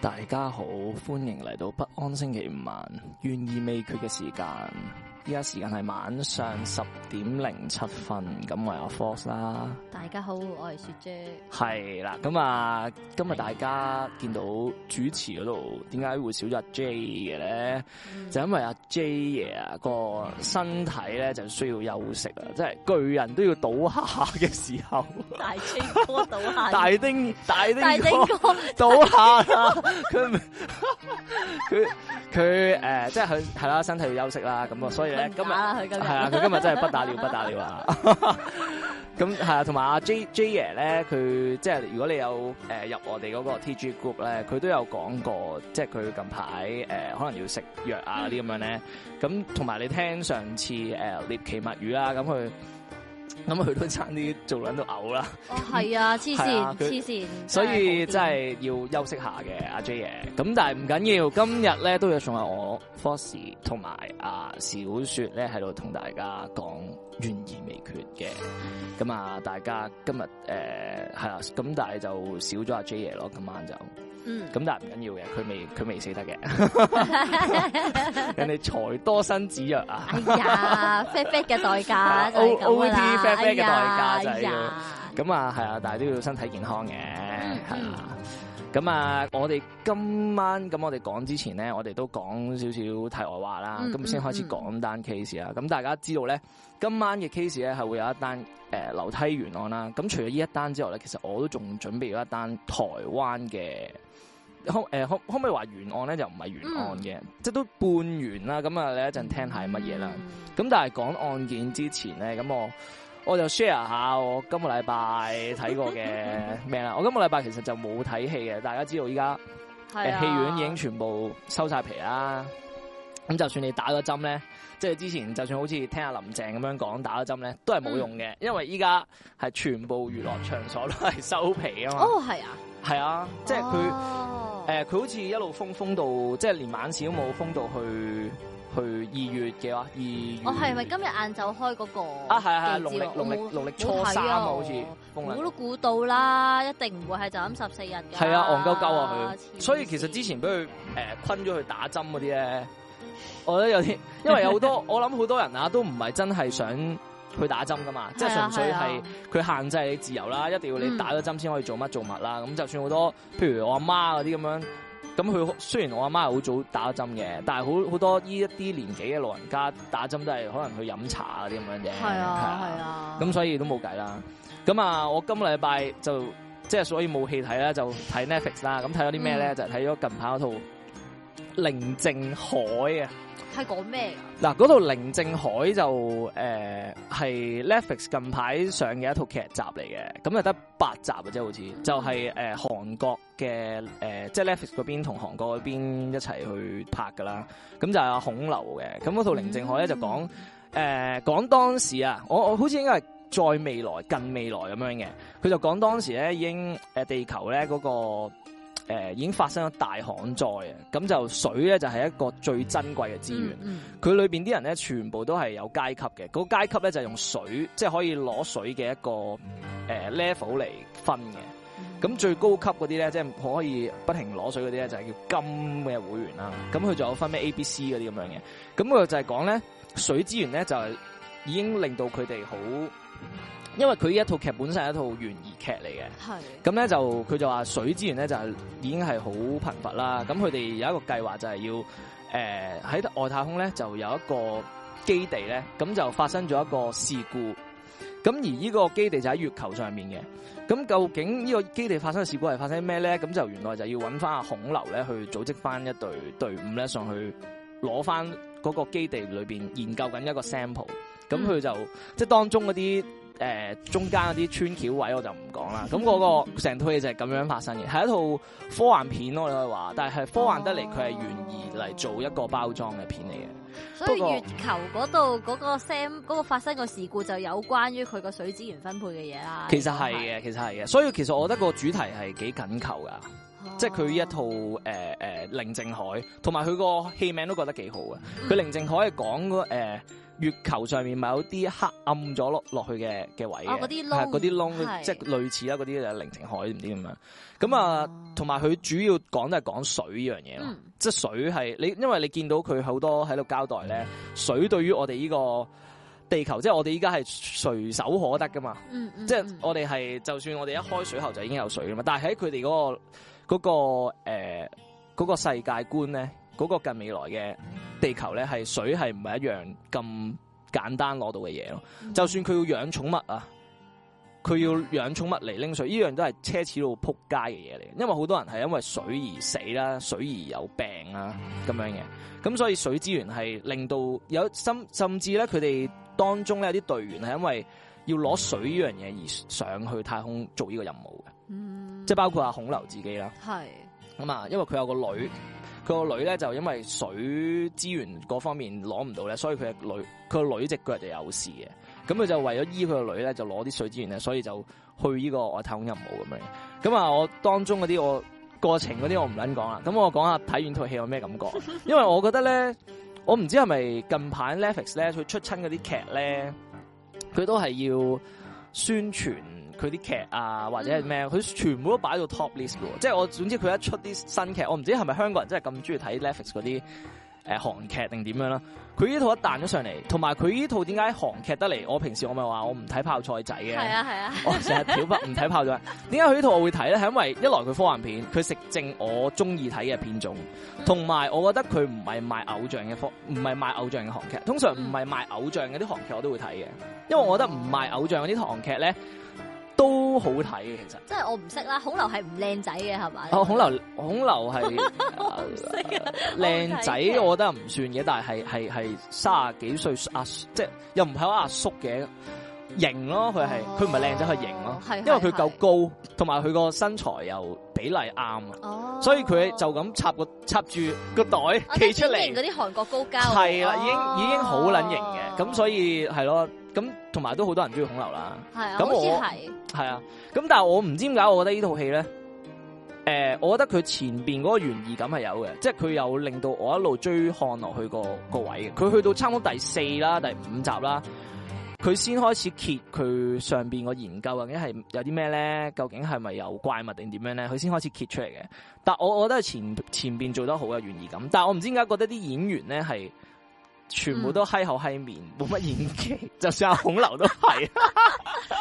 大家好，歡迎嚟到不安星期五晚，懸疑未決嘅時間。依家時間係晚上十點零七分，咁我有 force 啦。大家好，我係雪姐。係啦，咁啊，今日大家見到主持嗰度，點解會少咗阿 J 嘅咧？嗯、就因為阿 J 爺啊個身體咧就需要休息啊，即、就、係、是、巨人都要倒下嘅時候。 大青哥倒下。大丁大丁大丁哥倒下啦。佢佢誒，即係佢係啦，身體要休息啦，咁啊，所以咧今日係啊，佢今日真係不打了，不打了啊！ 咁係啊，同埋阿 J J 爺咧，佢即係如果你有誒入我哋嗰個 TG Group 咧，佢都有講過，即係佢近排誒可能要食藥啊啲咁樣咧。咁同埋你聽上次誒獵奇物語啦，咁佢。咁佢都差啲做緊到嘔啦，係、哦、啊，黐線黐線，啊、所以真係要休息下嘅阿 J 爺。咁、啊、但係唔緊要，今日咧都有剩下我 Force 同埋小雪咧喺度同大家講懸而未決嘅。咁、嗯、啊，嗯、大家今日誒係啦，咁、呃啊、但係就少咗阿 J 爺咯，今晚就。咁、嗯、但係唔緊要嘅，佢未佢未死得嘅。人哋財多身子弱啊！哎呀，肥肥嘅代價，O O T 嘅代價就係要咁啊，係啊、哎呀，但係都要身體健康嘅係啊。咁啊、嗯，我哋今晚咁，我哋講之前咧，我哋都講少少題外話啦。咁先、嗯嗯、開始講單 case 啊。咁、嗯、大家知道咧，今晚嘅 case 咧係會有一單誒樓梯懸案啦。咁除咗呢一單之外咧，其實我都仲準備咗一單台灣嘅。可可可，唔可以話完案咧就唔係完案嘅，嗯、即係都半完啦。咁啊，你一陣聽下係乜嘢啦？咁、嗯、但係講案件之前咧，咁我我就 share 下我今個禮拜睇過嘅咩啦。我今個禮拜其實就冇睇戲嘅，大家知道依家是、啊呃、戲院已經全部收曬皮啦。咁就算你打咗針咧，即、就、係、是、之前就算好似聽阿林鄭咁樣講打咗針咧，都係冇用嘅，嗯、因為依家係全部娛樂場所都係收皮啊嘛。哦，係啊。係啊，即係佢，誒、oh. 呃，佢好似一路封封到，即係連晚市都冇封到去去二月嘅話，啊，二月。哦，係咪今日晏晝開嗰個？啊，係係、啊，農曆農曆農曆初三啊，好似、啊。農曆。我都估到啦，一定唔會係就咁十四日。係啊，戇鳩鳩啊佢，嗯、哄哄啊他。所以其實之前俾佢誒坤咗去打針嗰啲咧，我覺得有啲，因為有好多， 我諗好多人啊，都唔係真係想。去打針㗎嘛，即係純粹係佢限制你自由啦，的一定要你打咗針先可以做乜做乜啦。咁、嗯、就算好多，譬如我阿媽嗰啲咁樣，咁佢雖然我阿媽係好早打咗針嘅，但係好好多呢一啲年紀嘅老人家打針都係可能去飲茶嗰啲咁樣嘅。係啊，係啊。咁的所以都冇計啦。咁啊，我今個禮拜就即係所以冇戲睇啦，就睇 Netflix 啦。咁睇咗啲咩咧？就係睇咗近排套《寧靜海》啊。係講咩噶？嗱，嗰套，啊《寧靜海》就誒係 Netflix 近排上嘅一套劇集嚟嘅，咁就得八集嘅啫，好似就係誒韓國嘅誒，即係 Netflix 嗰邊同韓國嗰邊一齊去拍噶啦，咁就係阿孔劉嘅。咁嗰套《寧靜海》咧就講誒講當時啊，我我好似應該係在未來近未來咁樣嘅，佢就講當時咧已經誒、呃、地球咧嗰，那個。誒、呃、已經發生咗大旱災嘅，咁就水咧就係一個最珍貴嘅資源。佢裏、嗯嗯、面啲人咧全部都係有階級嘅，嗰個階級咧就用水即係、就是、可以攞水嘅一個、呃、level 嚟分嘅。咁最高級嗰啲咧，即、就、係、是、可以不停攞水嗰啲咧，就係叫金嘅會員啦。咁佢仲有分咩 A、B、C 嗰啲咁樣嘅。咁佢就係講咧，水資源咧就係已經令到佢哋好。因為佢呢一套劇本身係一套懸疑劇嚟嘅，咁咧是就佢就話水資源咧就係已經係好貧乏啦。咁佢哋有一個計劃就係要誒喺、呃、外太空咧就有一個基地咧，咁就發生咗一個事故。咁而呢個基地就喺月球上面嘅。咁究竟呢個基地發生嘅事故係發生咩咧？咁就原來就要揾翻阿孔劉咧去組織翻一隊隊伍咧上去攞翻嗰個基地裏邊研究緊一個 sample。咁佢就、嗯、即係當中嗰啲。誒、呃，中間嗰啲穿橋位我就唔講啦。咁嗰、嗯、哼個成套嘢就咁樣發生嘅，係、嗯、哼一套科幻片咯、啊，你可以話。但係科幻得嚟，佢係懸疑嚟做一個包裝嘅片嚟嘅。所以過月球嗰度嗰個 Sam 嗰個發生個事故，就有關於佢個水資源分配嘅嘢啦。其實係嘅，嗎其實係嘅。所以其實我覺得個主題係幾緊扣噶，即係佢一套誒誒寧靜海，同埋佢個戲名都覺得幾好嘅。佢寧靜海係講誒。呃月球上面咪有啲黑暗咗落落去嘅嘅位嘅，係嗰啲窿，係，係即係類似啦嗰啲就係寧靜海唔知咁樣啊。咁啊，同埋佢主要講都係講水呢樣嘢囉。即係水係你，因為你見到佢好多喺度交代咧，水對於我哋呢個地球，即係我哋依家係隨手可得噶嘛。嗯嗯嗯，即係我哋係就算我哋一開水喉就已經有水噶嘛。但係喺佢哋嗰個嗰個、呃、嗰個世界觀咧。嗰個近未來嘅地球咧，係水係唔係一樣咁簡單攞到嘅嘢咯？就算佢要養寵物啊，佢要養寵物嚟拎水，呢樣都係奢侈到撲街嘅嘢嚟。因為好多人係因為水而死啦，水而有病啦，啊，咁樣嘅。咁所以水資源係令到有甚甚至咧，佢哋當中咧有啲隊員係因為要攞水呢樣嘢而上去太空做呢個任務嘅。嗯，即係包括阿孔劉自己啦，係咁啊，因為佢有個女。個女咧就因為水資源嗰方面攞唔到咧，所以佢嘅女，佢個女隻腳就有事嘅，咁佢就為咗醫佢個女咧，就攞啲水資源咧，所以就去呢個太空任務咁樣。咁啊，我當中嗰啲我過程嗰啲我唔捻講啦，咁我講下睇完套戲有咩感覺， 因為我覺得咧，我唔知係咪近排 Netflix 咧佢出親嗰啲劇咧，佢都係要宣傳。佢啲劇啊，或者係咩，佢全部都擺到 top list 喎。嗯、即係我，總之佢一出啲新劇，我唔知係咪香港人真係咁中意睇 Netflix 嗰啲誒、呃、韓劇定點樣啦。佢呢套一彈咗上嚟，同埋佢呢套點解韓劇得嚟？我平時我咪話我唔睇泡菜仔嘅，係啊係啊、我成日挑撥唔睇泡菜。點解佢呢套我會睇咧？係因為一來佢科幻片，佢食正我中意睇嘅片種，同埋我覺得佢唔係賣偶像嘅科，唔係賣偶像嘅韓劇。通常唔係賣偶像嘅啲韓劇我都會睇嘅，因為我覺得唔賣偶像嗰啲韓劇咧。都好睇嘅，其實。即係我唔識啦，孔劉係唔靚仔嘅，係咪？哦，孔劉，孔劉係靚仔，我覺得唔算嘅， 但係係係係三十啊幾歲阿，即係又唔係我阿叔嘅。型咯，佢係佢唔係靚仔，佢型咯，啊、因為佢夠高，同埋佢個身材又比例啱，啊、所以佢就咁插個插住個袋企出嚟。我之前嗰啲韓國高膠係啦，已經已經好撚型嘅，咁、啊、所以係咯，咁同埋都好多人中意孔劉啦。係啊，我好似係係啊，咁但係我唔知點解、呃，我覺得呢套戲咧，誒，我覺得佢前邊嗰個懸疑感係有嘅，即係佢有令到我一路追看落去個個位嘅，佢去到差唔多第四啦、第五集啦。佢先開始揭佢上邊個研究，究是有些什麼呢，究竟係有啲咩咧？究竟係咪有怪物定點樣咧？佢先開始揭，揭出嚟嘅。但我我覺得前前邊做得好有懸疑感，但係我唔知點解覺得啲演員咧係全部都嘿口嘿面，冇乜、嗯、演技， 就算阿孔劉都係，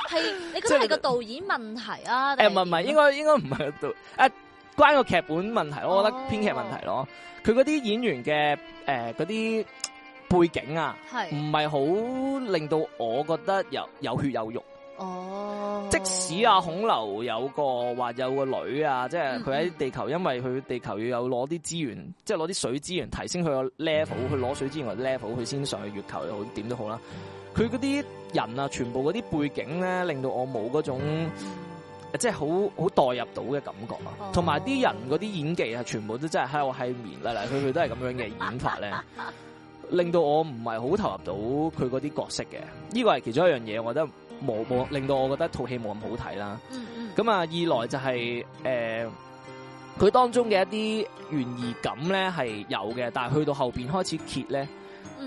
係你覺得係個導演問題啊？誒、 就是，唔係唔係，應該應該唔係導演，誒、呃、關個劇本問題，我覺得編劇問題咯。佢嗰啲演員嘅誒嗰啲。呃背景啊，唔係好令到我覺得有有血有肉有。哦，即使啊，孔劉有個或有個女啊，即係佢喺地球，因為佢地球要有攞啲資源，即係攞啲水資源提升佢個 level，去攞水資源或者 level，佢先上去月球又好點都好啦。佢嗰啲人啊，全部嗰啲背景咧，令到我冇嗰種，即係好好代入到嘅感覺啊。同埋啲人嗰啲演技啊，全部都真係喺我喺面嚟嚟去去都係咁樣嘅演法咧。 令到我唔係好投入到佢嗰啲角色嘅，呢個係其中一樣嘢，我覺得冇冇令到我覺得套戲冇咁好睇啦。咁啊，二來就係、是、誒，佢、呃、當中嘅一啲懸疑感咧係有嘅，但係去到後面開始揭咧。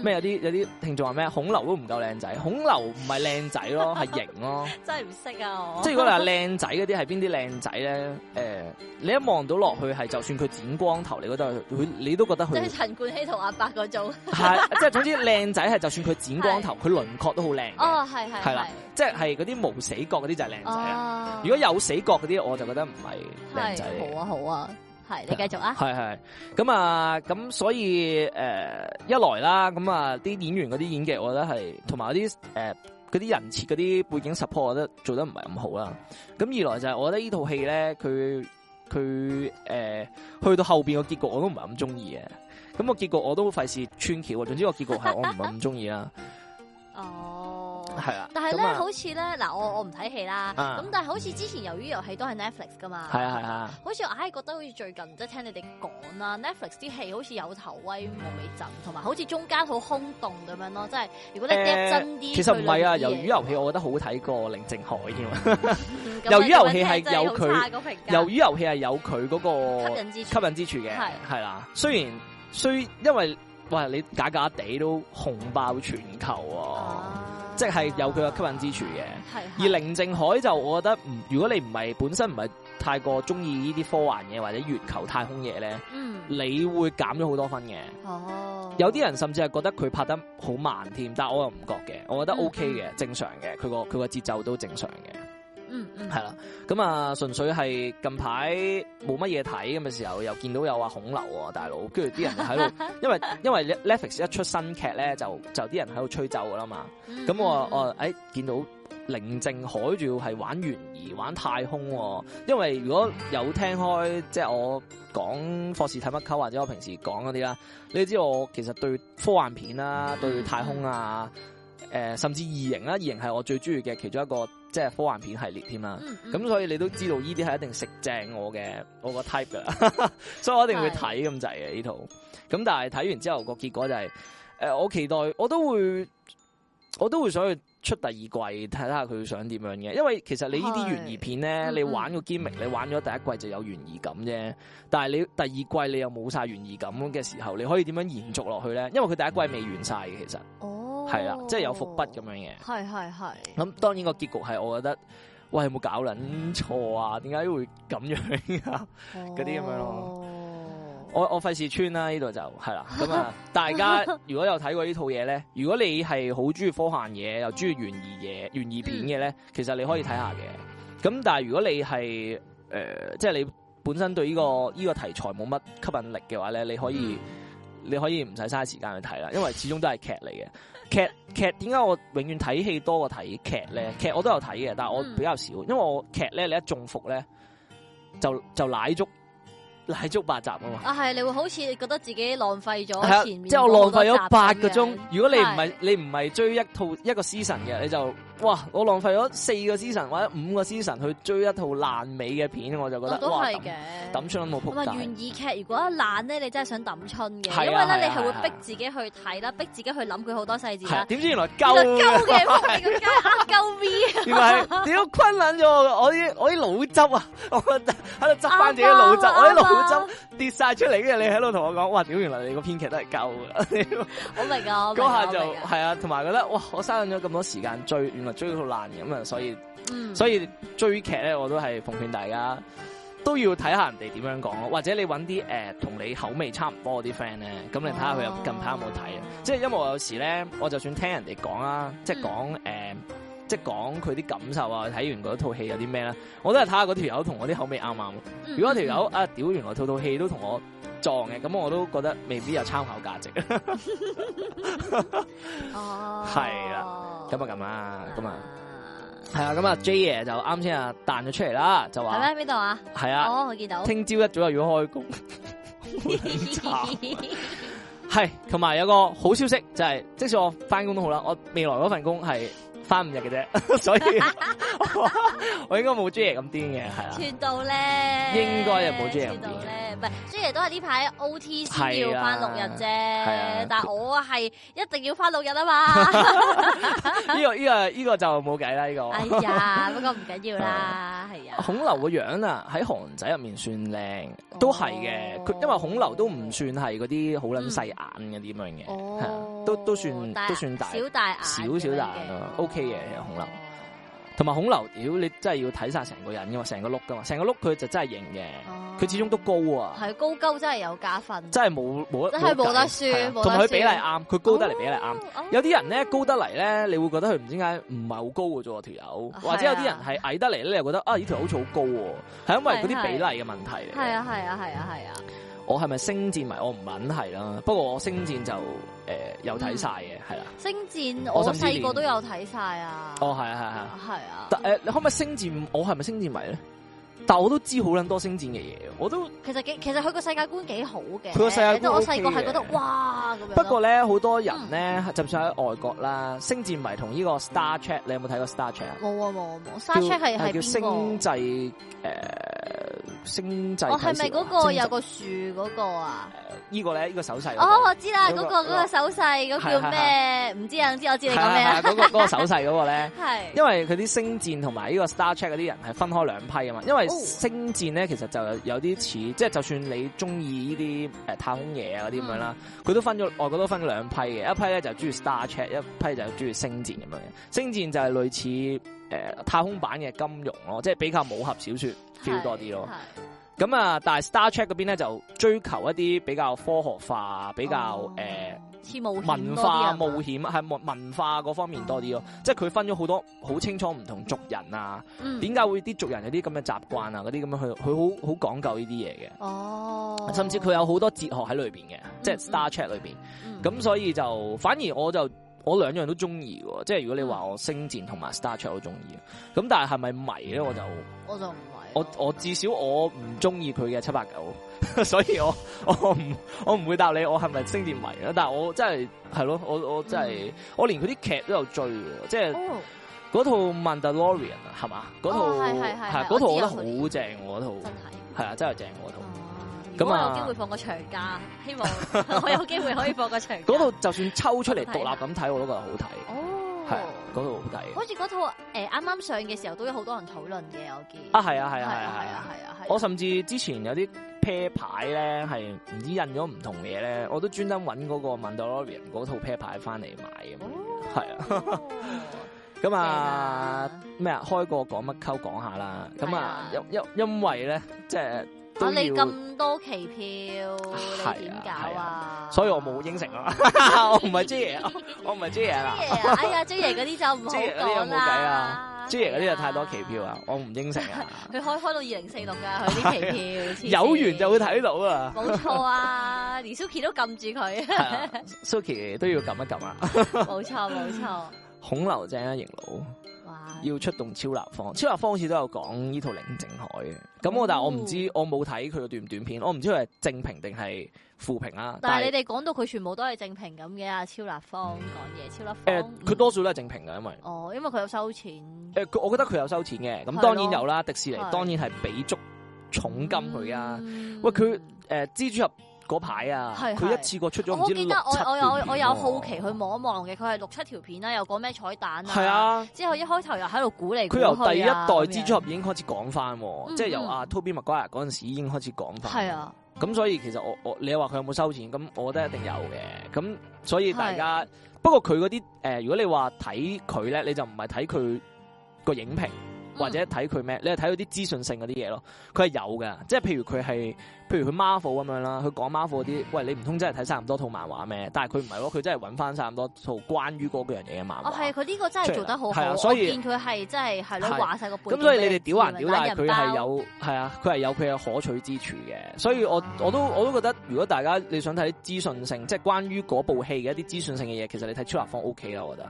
咩、嗯、有啲有啲聽眾話咩孔劉都唔夠靚仔，孔劉唔係靚仔咯，係型咯。 的 真係唔識啊！即係如果你話靚仔嗰啲係邊啲靚仔咧？誒、欸，你一望到落去係就算佢剪光頭，你覺得佢你都覺得佢即係陳冠希同阿伯嗰種。即 係總之靚仔係就算佢剪光頭，佢是輪廓都好靚。哦，係係。係啦，即係係嗰啲冇死角嗰啲就係靚仔啦。哦、如果有死角嗰啲，我就覺得唔係靚仔。好啊，好啊。係，你繼續啊！係係，咁啊，咁所以誒、呃，一來啦，咁啊，啲演員嗰啲演技，我覺得係同埋啲誒，嗰啲、呃、人設嗰啲背景 support，我覺得做得唔係咁好啦。咁二來就係，我覺得戲呢套戲咧，佢佢誒，去到後邊個結局，我都唔係咁中意嘅。咁個結局我都費事穿橋啊。總之個結局係，我唔係咁中意啦。哦。係啊，但係咧好似咧，嗱，我我唔睇戲啦，咁但係好似之前魷魚遊戲都係 Netflix 噶嘛，係啊係啊，好似我硬係覺得好似最近即係聽你哋講啦，Netflix 啲戲好似有頭威冇尾陣，同埋好似中間好空洞咁樣咯，即係如果你 d 真啲，其實唔係啊，魷魚遊戲我覺得好睇過寧靜海添啊，魷魚遊戲係有佢，魷魚遊戲係有佢嗰個吸引之處嘅，係啦，雖然雖因為哇你假假地都紅爆全球啊。即係有佢嘅吸引之處嘅，而寧靜海就我覺得，如果你唔係本身唔係太過中意呢啲科幻嘢或者月球太空嘢咧，你會減咗好多分嘅。有啲人甚至係覺得佢拍得好慢添，但係我又唔覺嘅，我覺得 OK 嘅，正常嘅，佢個佢個節奏都正常嘅。嗯嗯，係、嗯、啦，咁啊，純粹係近排冇乜嘢睇咁嘅時候，嗯、又見到有話恐流啊、哦，大佬，跟住啲人喺度， 因為因為 Netflix 一出新劇咧，就就啲人喺度吹奏噶啦嘛。咁、嗯、我我誒、哎、見到寧靜海仲要係玩懸疑，玩太空、哦，因為如果有聽開即係、就是、我講《霍士睇乜溝》，或者我平時講嗰啲啦，你知道我其實對科幻片啦、啊，對太空啊。嗯嗯誒、呃，甚至異形啦，異形係我最中意嘅其中一個，即係科幻片系列添啦。咁、嗯嗯、所以你都知道呢啲係一定食正我嘅，我個 type 嘅、嗯，嗯、 所以我一定會睇咁滯嘅呢套。咁但係睇完之後個結果就係、是，誒、呃，我期待我都會，我都會想去出第二季睇下佢想點樣嘅。因為其實你原呢啲懸疑片咧，是你玩個 game、嗯、你玩咗第一季就有懸疑感啫。但係你第二季你又冇晒懸疑感嘅時候，你可以點樣延續落去咧？因為佢第一季未完晒嘅，其實。哦。係啦，即係、就是、有伏筆咁樣嘅。係係係。咁當然個結局係，我覺得喂有冇搞捻錯啊？點解會咁樣啊？嗰啲咁樣咯。我我費事穿啦，呢度就係啦。咁啊， 大家如果有睇過套呢套嘢咧，如果你係好中意科幻嘢，又中意懸疑嘢、懸疑片嘅咧，其實你可以睇下嘅。咁但係如果你係誒，即、呃、係、就是、你本身對呢、這個呢、這個題材冇乜吸引力嘅話咧，你可以、嗯、你可以唔使嘥時間去睇啦，因為始終都係劇嚟嘅。劇劇，點解我永遠睇戲多過睇劇咧？劇我都有睇嘅，但係我比較少，嗯、因為我劇咧你一中伏咧就就奶足奶足八集啊嘛。啊係，你會好似覺得自己浪費咗前面係嘅，前面即係我浪費咗八個鐘。如果你唔係對你唔係追一套一個 season 嘅，你就。哇！我浪費咗四個 season 或者五個 season 去追一套爛尾嘅片，我就覺得都係嘅，抌春冇扑。咁啊，懸疑劇如果一爛咧，你真係想抌春嘅，因為咧你係會逼自己去睇啦，逼自己去諗佢好多細節啦。點知原來夠，夠嘅，你個夠夠味啊！原來係，點樣昆咗我啲我啲腦汁啊！我覺得喺度執翻自己腦汁，我啲腦汁跌晒出嚟，嘅，你喺度同我講，哇！屌，原來你個編劇都係夠嘅。我明啊，嗰下就係啊，同埋覺得哇！我嘥咗咁多時間追，原來。追到爛咁啊！所以，嗯、所以追劇咧，我都係奉勸大家，都要睇下人哋點樣講咯。或者你揾啲誒同你口味差唔多啲 friend 咧，咁你睇下佢近排有冇睇啊？即係、哦、因為我有時咧，我就算聽人哋講啊，即係講誒。嗯呃即係講佢啲感受啊，睇完嗰套戲有啲咩咧？我都係睇下嗰條友同我啲口味啱唔啱。嗯、如果條友啊屌，嗯、原來套套戲都同我撞嘅，咁我都覺得未必有參考價值。 哦，係啦，咁啊咁啊咁啊，係啊的，咁啊 J 爺就啱先啊彈咗出嚟啦，就話係咩？邊度啊？係啊，我見到。聽朝一早又要開工，係同埋有個好消息就係、是，即使我翻工都好啦，我未來嗰份工係。三五日嘅啫，所以我應該冇中意咁癲嘅，係啊。斷到咧，應該又冇中意咁癲。雖然都係呢排 OT 先要翻六日啫，但係我係一定要翻六日啊嘛！呢個呢個呢個就冇計啦呢個。哎呀，不過唔緊要啦，係啊。孔劉個樣啊，喺韓仔入面算靚，都係嘅。因為孔劉都唔算係嗰啲好撚細眼嘅啲咁樣嘅，都都算都算大，小大眼小小大啊，OK 嘅孔劉。同埋孔劉，屌你真係要睇晒成個人噶嘛，成個碌噶嘛，成個碌佢就真係型嘅。佢始終都高啊，係高高真係有加分，真係冇冇，真係冇得輸。同埋佢比例啱，佢高得嚟比例啱。有啲人咧高得嚟咧，你會覺得佢唔知點解唔係好高嘅啫喎，條友。或者有啲人係矮得嚟咧，你又覺得啊，呢條好似好高喎，係因為嗰啲比例嘅問題。係啊係啊係啊係啊！我係咪星戰迷？我唔撚係啦，不過我星戰就誒有睇晒嘅，係啦。星戰我細個都有睇晒啊！哦，係啊係係係啊！誒，你可唔可以星戰？我係咪星戰迷咧？但我都知好撚多星戰嘅嘢，我都其實幾其實佢個世界觀幾好嘅，即係我細個係覺得哇咁樣。不過咧，好多人咧，就算喺外國啦，星戰迷同呢個 Star Trek，你有冇睇過 Star Trek 啊？冇啊冇冇，Star Trek 係係叫星際誒星際。我係咪嗰個有個樹嗰個啊？呢個咧，呢個手勢。哦，我知啦，嗰個嗰個手勢，嗰叫咩？唔知啊，唔知我知你講咩。嗰個嗰個手勢嗰個咧，係因為佢啲星戰同埋呢個 Star Trek 嗰啲人係分開兩批嘅嘛，因為。星戰咧，其實就有啲似，即係就算你中意呢啲誒太空嘢啊，嗰啲咁樣啦，佢、嗯、都分咗外國都分咗兩批嘅，一批咧就中意 Star Trek，一批就中意星戰咁樣嘅。星戰就係類似誒、呃、太空版嘅金庸咯，即係比較武俠小說 feel 對多啲咯。咁啊，但係 Star Trek 嗰邊咧就追求一啲比較科學化，比較誒。哦呃啊、文化啊，冒險啊，文文化嗰方面多啲咯，嗯、即係佢分咗好多好清楚唔同族人啊，點解、嗯、會啲族人有啲咁嘅習慣啊？嗰啲咁樣佢佢好好講究呢啲嘢嘅，哦，甚至佢有好多哲學喺裏邊嘅，嗯嗯即係 Star Trek 裏邊。咁、嗯嗯、所以就反而我就我兩樣都中意嘅，即係如果你話我星戰同埋 Star Trek 都中意，咁但係係咪迷咧？我就我就。我就我我至少我唔中意佢嘅七百九。 所以我我唔我唔會答你我係咪星電迷啊，但係我真係係咯，我我真係我連佢啲劇都有追，即係嗰套《曼達洛人》係嘛？嗰套係嗰套我覺得好正，我嗰套真係係啊，真係正我嗰套。咁啊有機會放個長假， 希望我有機會可以放個長假。嗰 套就算抽出嚟獨立咁睇，我都覺得好睇。哦嗰套好睇，好似嗰套誒啱啱上嘅時候都有好多人討論嘅，我見啊係啊係啊係啊係啊係啊係。我甚至之前有啲啤牌咧係唔知印咗唔同嘢咧，我都專登揾嗰個 Mandalorian 嗰套啤牌翻嚟買咁，係啊。咁啊咩啊？開個講乜溝講下啦。咁啊因因因為咧即係。你咁多期票，你點搞啊？所以我冇應承啊，我唔係 J 爺，我唔係 J 爺啊，哎呀，J 爺嗰啲就唔好講，冇計啊。J 爺嗰啲就太多期票啊，我唔應承啊。佢開開到二零四六噶，佢啲期票。有緣就會睇到啊。冇錯啊，連 Suki 都撳住佢，Suki 都要撳一撳啊。冇錯冇錯，恐流正啊型佬。要出動超立方，嗯、超立方好似都有講呢套《寧靜海》嘅，嗯，咁我但係我唔知，我冇睇佢嘅段短片，我唔知佢係正評定係負評啦。但係你哋講到佢全部都係正評咁嘅，超立方講嘢，超立方，佢、呃、多數都係正評㗎，因為哦，因為佢有收錢。誒、呃，我我覺得佢有收錢嘅，咁當然有啦，咯迪士尼對 當然係俾足重金佢啊。嗯、喂，佢誒、呃，蜘蛛俠。嗰排啊，佢是一次過出咗，我好記得我、啊、我有我有好奇去望一望嘅，佢係六七條片啦，又講咩彩蛋啊，啊之後一開頭又喺度鼓你、啊，佢由第一代蜘蛛俠已經開始講翻，嗯嗯即係由阿 Toby 麥格雷嗰陣時已經開始講翻，係是啊，咁所以其實我我你話佢有冇收錢，咁我覺得一定有嘅，咁所以大家是、啊、不過佢嗰啲誒，如果你話睇佢咧，你就唔係睇佢個影評。或者睇佢咩？你係睇到啲資訊性嗰啲嘢咯？佢係有嘅，即係譬如佢係譬如佢 Marvel 咁樣啦，佢講 Marvel 嗰啲，喂，你唔通真係睇差唔多套漫畫咩？但係佢唔係喎，佢真係搵翻差唔多套關於嗰幾樣嘢嘅漫畫。哦係佢呢個真係做得好，所以見佢係真係係咯，畫晒個背景，咁所以你哋屌人，但係佢係有係啊，佢係有佢嘅可取之處嘅。所以我我都我都覺得，如果大家你想睇資訊性，即係關於嗰部戲嘅一啲資訊性嘅嘢，其實你睇超粒方 O K 啦，我覺得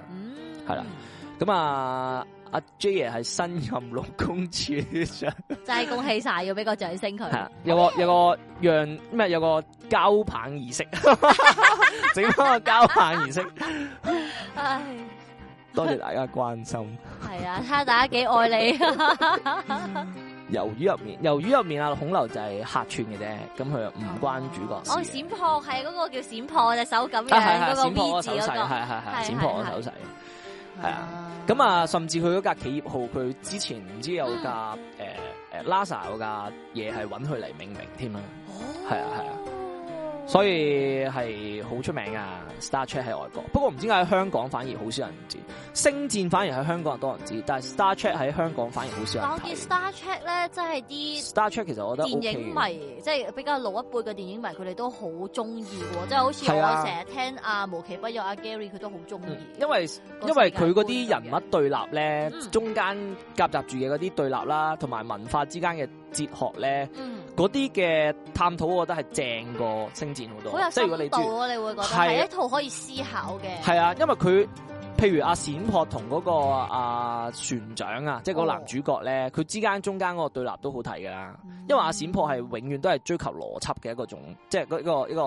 係啦。咁啊、嗯。阿 Jay 係新任六公主啫，真係恭喜晒，要俾個掌聲佢 。有個有個讓咩有個交棒儀式，整 個個交棒儀式。 唉，多謝大家關心。係 啊，睇下大家幾愛你、啊。魷 魚入面，魷魚入面啊，孔劉就係客串嘅啫，咁佢又唔關主角。哦，閃破，係嗰個叫閃破隻手咁樣，嗰、啊、個 V 字嗰個係係係，閃破手勢。 係啊，咁啊，甚至佢嗰架企業號，佢之前唔知有架誒誒 Lasa 嗰架嘢係揾佢嚟命名添啊，哦，係啊係啊。所以係好出名啊，Star Trek 喺外國，不過唔知解喺香港反而好少人知。星戰反而喺香港人多人知，但係 Star Trek 喺香港反而好少人睇。我見 Star Trek 咧，即係啲 Star Trek 其實我覺得電影迷，即係比較老一輩嘅電影迷，佢哋都好中意嘅，即係好似我成日聽阿無奇不有阿 Gary 佢都好中意。因為因為佢嗰啲人物對立咧，中間夾雜住嘅嗰啲對立啦，同埋文化之間嘅。哲學咧，嗰啲嘅探討，我覺得係正過星戰好多。有即係如果你你會覺得係是一套可以思考嘅。係啊，因為佢，譬如阿冼博同嗰個阿、啊、船長啊，即係嗰個男主角咧，佢、哦、之間中間嗰個對立都好睇噶喇。嗯、因為阿冼博係永遠都係追求邏輯嘅一個種，即、就、係、是、一個一個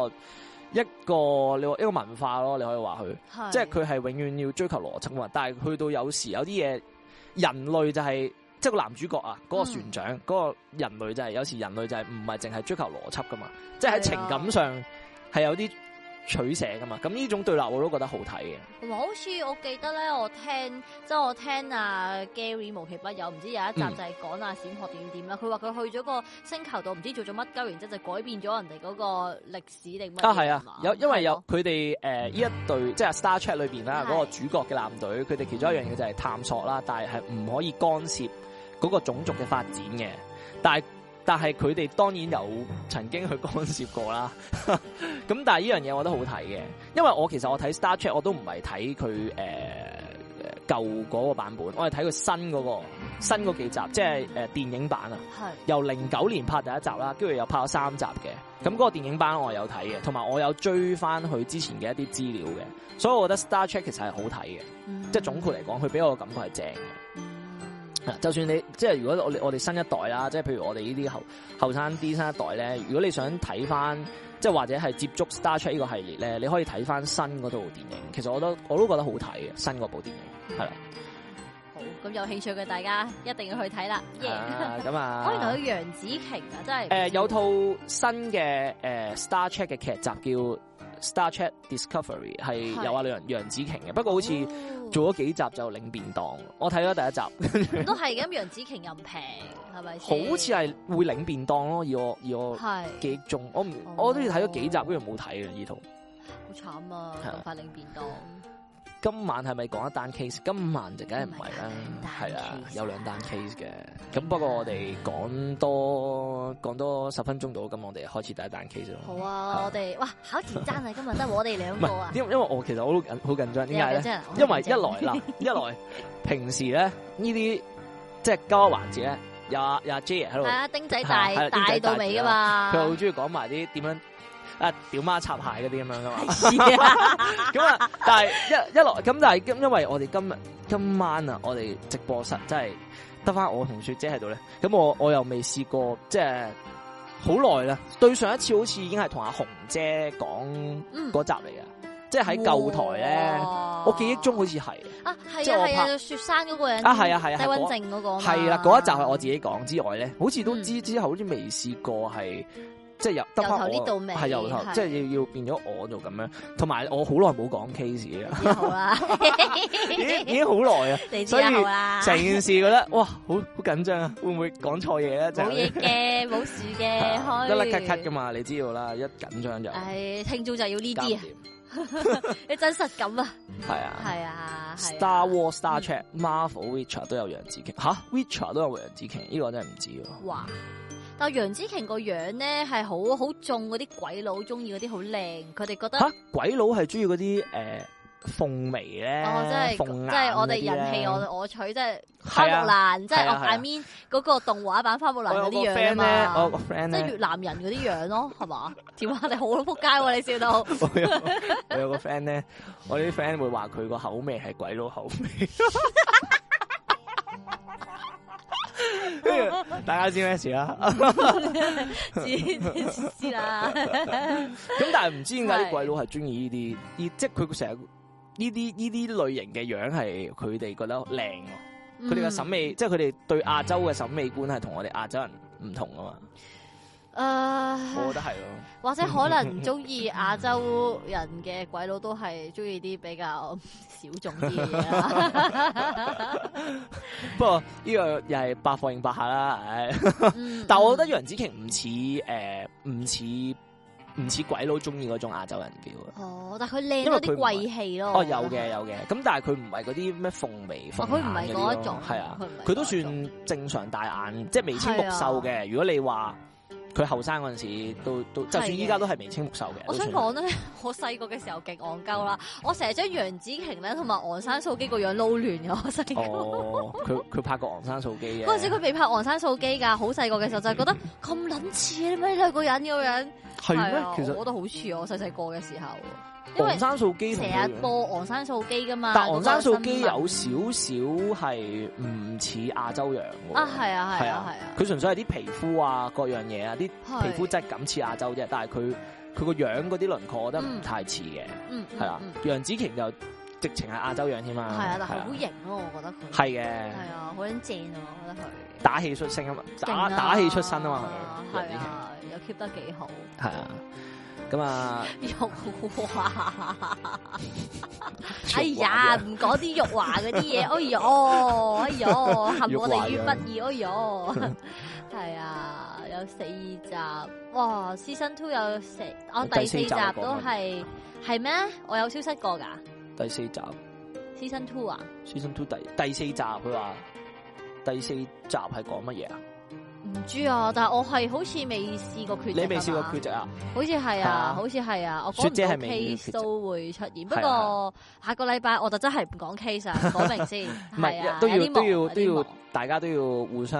一個你話一個文化咯，你可以話佢。即係佢係永遠要追求邏輯嘅，但係去到有時有啲嘢，人類就係、是。即係個男主角啊，嗰、那個船長，嗰、嗯、個人類就係、是、有時人類就係唔係淨係追求邏輯噶嘛，嗯、即係喺情感上係有啲取捨噶嘛。咁呢種對立我都覺得好睇嘅。同埋好似我記得咧，我聽即係我聽啊 Gary 無奇不有，唔知有一集就係講啊閃學點點啦。佢話佢去咗個星球度，唔知做咗乜鳩，然之後就改變咗人哋嗰個歷史定乜？啊係啊，啊有因為有佢哋誒呢一隊即係 Star Trek 裏邊啦，嗰、那個主角嘅艦隊，佢哋其中一樣嘢就係探索啦，嗯、但係係唔可以干涉。嗰個種族嘅發展嘅，但係但係佢哋當然有曾經去干涉過啦。咁但係呢樣嘢我都好睇嘅，因為我其實我睇 Star Trek 我都唔係睇佢誒舊嗰個版本，我係睇佢新嗰個、新嗰個幾集，即係誒電影版啊。係是由零九年拍第一集啦，跟住又拍咗三集嘅。咁嗰個電影版我有睇嘅，同埋我有追翻佢之前嘅一啲資料嘅，所以我覺得 Star Trek 其實係好睇嘅，嗯、即係總括嚟講，佢俾我嘅感覺係正嘅。就算你即係如果我我哋新一代啦，即係譬如我哋呢啲後後生啲新一代咧？如果你想睇翻即係或者係接觸 Star Trek 呢個系列咧，你可以睇翻新嗰套電影。其實我都我都覺得好睇嘅，新嗰部電影係啦。是好，咁有興趣嘅大家一定要去睇啦。咁、yeah uh, 啊， 可以睇楊紫瓊啊，真係。誒，有套新嘅誒、呃、Star Trek 嘅劇集叫。Star Trek Discovery 係有啊，梁楊紫瓊嘅，不過好似做咗幾集就領便當。我睇咗第一集，都係咁。楊紫瓊又唔平，係咪？好似係會領便當咯，而我而我記憶中，我唔、哦、我都係睇咗幾集，跟住冇睇嘅呢套。好慘啊！咁快領便當。今晚係咪講一單 case？今晚就梗係唔係啦，係啊，有兩單 case 嘅。咁、啊、不過我哋講多講多十分鐘到，咁我哋開始第一單 case 咯。好啊，啊我哋哇，好緊張啊！今日得我哋兩個啊。因 因為我其實緊張緊張我都好緊張，點解咧？因為一來啦一來平時咧呢啲即係交環節咧，有有阿 J 喺度、啊，丁仔大大到尾噶嘛，佢好中意講埋啲點樣。啊！屌媽插鞋嗰啲咁樣噶嘛、哎喲啊 是，咁啊！但係一一來咁，但係咁，因為我哋今日今晚啊，我哋直播室真係得翻我同雪姐喺度咧。咁我我又未試過，即係好耐啦。對上一次好似已經係同阿紅姐講嗰集嚟嘅，嗯、即係喺舊台咧。哇我記憶中好似係啊，係啊係啊，雪山嗰個人啊，係啊係啊，低溫症嗰個係啊，嗰一集係我自己講之外咧，好似都知之後、嗯、好似未試過係。即係由頭呢到尾，係由頭，即係要要變咗我做咁樣。同埋我好耐冇講 case 啦，已經好耐啊。所以成件事覺得哇，好好緊張啊！會唔會講錯嘢咧？冇嘢嘅，冇事嘅，開得甩噶嘛？你知道啦，一緊張就係聽眾就要呢啲啊，你真實感啊。係啊，係啊，Star Wars、Star Trek、Marvel、Witcher 都有楊紫瓊，吓 Witcher 都有楊紫瓊，呢個我真係唔知喎。但楊紫瓊個樣咧係好好中嗰啲鬼佬中意嗰啲好靚，佢哋覺得吓鬼佬係中意嗰啲誒鳳眉咧、哦，即係鳳男 即係我哋人氣我我取即係花木蘭，啊、即係我下面嗰個動畫版花木蘭嗰啲樣啊嘛，即係越南人嗰啲樣咯，係嘛？條話哋好撲街，你笑到 我有個 friend 咧，我啲 friend 會話佢個口味係鬼佬口味。 大家知咩事啦？ 知知啦。咁但係唔知點解啲鬼佬係中意呢啲，即係佢成日呢啲呢啲類型嘅樣係佢哋覺得靚，佢哋嘅審美即係佢哋對亞洲嘅審美觀係同我哋亞洲人唔同啊嘛。啊、呃，我覺得係咯、啊。或者可能中意亞洲人嘅鬼佬都係中意啲比較。 小眾啲，不過呢個又係百貨應百客啦。唉， 但係我覺得楊紫瓊唔似誒，唔似唔似鬼佬中意嗰種亞洲人表。哦，但係佢靚有啲貴氣咯。 哦，有嘅有嘅，咁但係佢唔係嗰啲咩鳳眉鳳眼嗰，哦，種。係啊，佢都算正常大眼，嗯，即係眉清目秀嘅。是啊，如果你話。佢後生嗰陣時都都，就算依家都係眉清目秀嘅。的我想講呢，我細個嘅時候極戇鳩啦，我成日將楊紫瓊咧同埋昂山素姬個樣撈亂嘅。我細個，佢佢拍過昂山素姬嘅。嗰陣時佢未拍昂山素姬㗎，好細個嘅時候就覺得咁撚似，你咪兩個人嗰樣係咩？其實嗎我覺得好似我細細個嘅時候。黃山素基成日播黃山素基噶嘛，但黃山素基有少少係唔似亞洲樣。啊，係啊，係啊，係啊。佢純粹係啲皮膚啊，各樣嘢啊，啲皮膚質感似亞洲啫，但係佢佢個樣嗰啲輪廓，我覺得唔太似嘅。嗯，係啊。楊紫瓊就直情係亞洲樣添嘛。係啊，但係好型咯，我覺得佢。係嘅。係啊，好正啊，我覺得佢。打戲出聲啊嘛，打打戲出身啊嘛，楊紫瓊又 keep 得幾好。係啊。咁啊，玉華華， 哎呀，唔講啲玉華嗰啲嘢， 哎呦，哎呦，陷我哋於不義，哎呦呀，係 啊，有四集，哇，season two 有四，哦，第四集都係，係咩？我有消失過噶、啊？第四集，season two 啊？season two 第第四集，佢話第四集係講乜嘢啊？唔知啊，但係我係好似未試過缺席，你未試過缺席啊？好似係啊，好似係啊，我講唔到 case 都會出現。不過下個禮拜我就真係唔講 case 啊，講明先。係啊，都要都要都要，大家都要互相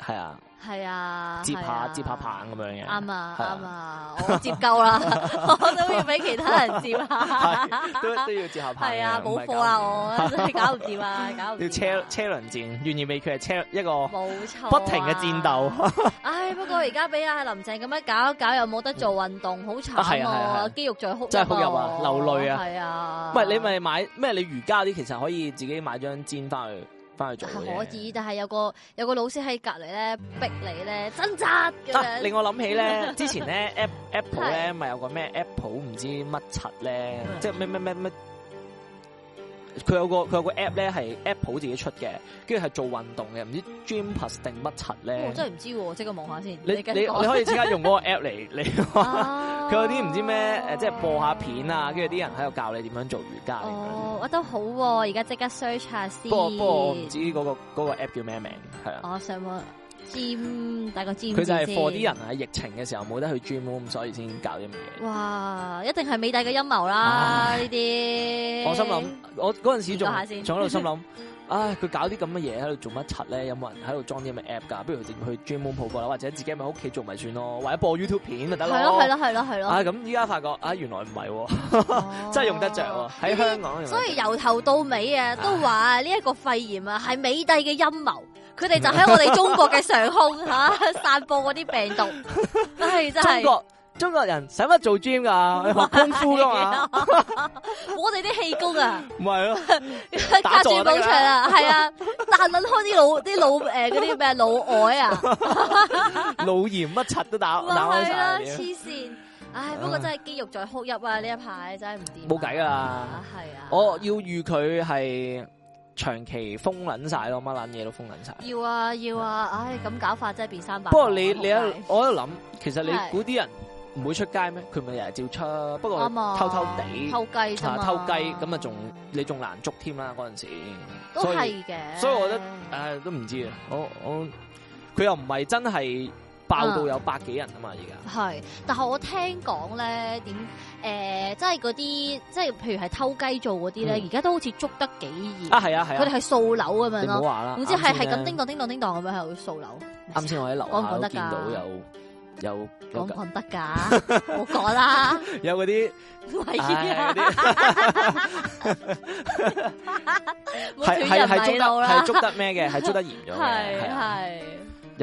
係啊。係啊，接下接下棒咁樣嘅，啱啊啱啊，我接夠啦，我都要俾其他人接下，都都要接下棒。係啊，冇貨啊，我真係搞唔掂啊，搞唔掂。要車車輪戰，怨言未決，車一個冇錯，不停嘅戰鬥。唉，不過而家俾阿林鄭咁樣搞一搞，又冇得做運動，好慘啊！肌肉再哭，真係好有啊，流淚啊。係啊。喂，你咪買咩？你瑜伽啲其實可以自己買張氈翻去。係可以，但係有個有個老師喺隔籬咧逼你咧掙扎嘅、啊。令我諗起咧，之前咧 Apple ，Apple 咧咪有個咩 Apple 唔知乜柒咧，即係咩咩咩咩。佢有個佢有個 app 咧，係 Apple 自己出嘅，跟住係做運動嘅，唔知 DreamPlus 定乜柒咧？我真係唔知喎，即刻望下先。你你你可以即刻用嗰個 app 嚟嚟。佢 有啲唔知咩，即係播下片啊，跟住啲人喺度教你點樣做瑜伽。哦，樣我都好喎、啊，而家即刻 search 下先。不過不過，我唔知嗰個 app 叫咩名，係啊。我想問、哦占大概占，佢就係貨啲人喺疫情嘅時候冇得去 gym，所以先搞啲嘢。哇，一定係美帝嘅陰謀啦！呢啲，唉些我心諗，我嗰陣時仲仲喺度心諗， 唉，佢搞啲咁嘅嘢喺度做乜柒咧？有冇人喺度裝啲咩 app 噶？不如直去 gym 鋪波或者自己喺屋企做咪算咯，或者播 YouTube 片啊得咯。係咯係咯係咯係咯。咁，依家發覺啊，原來唔係，啊、 真係用得着喺香港。所以由頭到尾啊，都話呢一個肺炎啊，係美帝嘅陰謀。佢哋就喺我哋中國嘅上空吓，散布嗰啲病毒，真係真係。中國中國人使乜做 gym 噶？學功夫咯。我哋啲氣功啊，唔係咯，隔住寶牆啊，係啊，但諗開啲老啲老誒嗰啲咩老外啊，老嚴乜柒都打打翻晒。黐線，唉，不過真係肌肉在哭泣啊！呢一排真係唔掂，冇計啊！係啊，我要預佢係。長期封撚曬咯，乜撚嘢都封撚曬。要啊要啊，唉，咁搞法真係變三百。不過你你界我一諗，其實你估啲人唔會出街咩？佢咪日日照出，不過偷偷地偷，偷，偷雞，啊、偷雞咁啊，仲你仲難捉添啦嗰陣時。都係嘅，是所以我覺得誒、呃、都唔知啊。我我佢又唔係真係爆到有百幾人啊嘛，而家係，但係我聽講咧點。誒，即係嗰啲，即係譬如係偷雞做嗰啲咧，而家都好似捉得幾嚴啊！係啊係啊，佢哋係掃樓咁樣咯，唔知係係咁叮噹叮噹叮噹咁樣喺度掃樓。啱先我喺樓下都見到有有講講得噶，我講啦。有嗰啲係係係捉得係捉得咩嘅？係捉得嚴咗，係係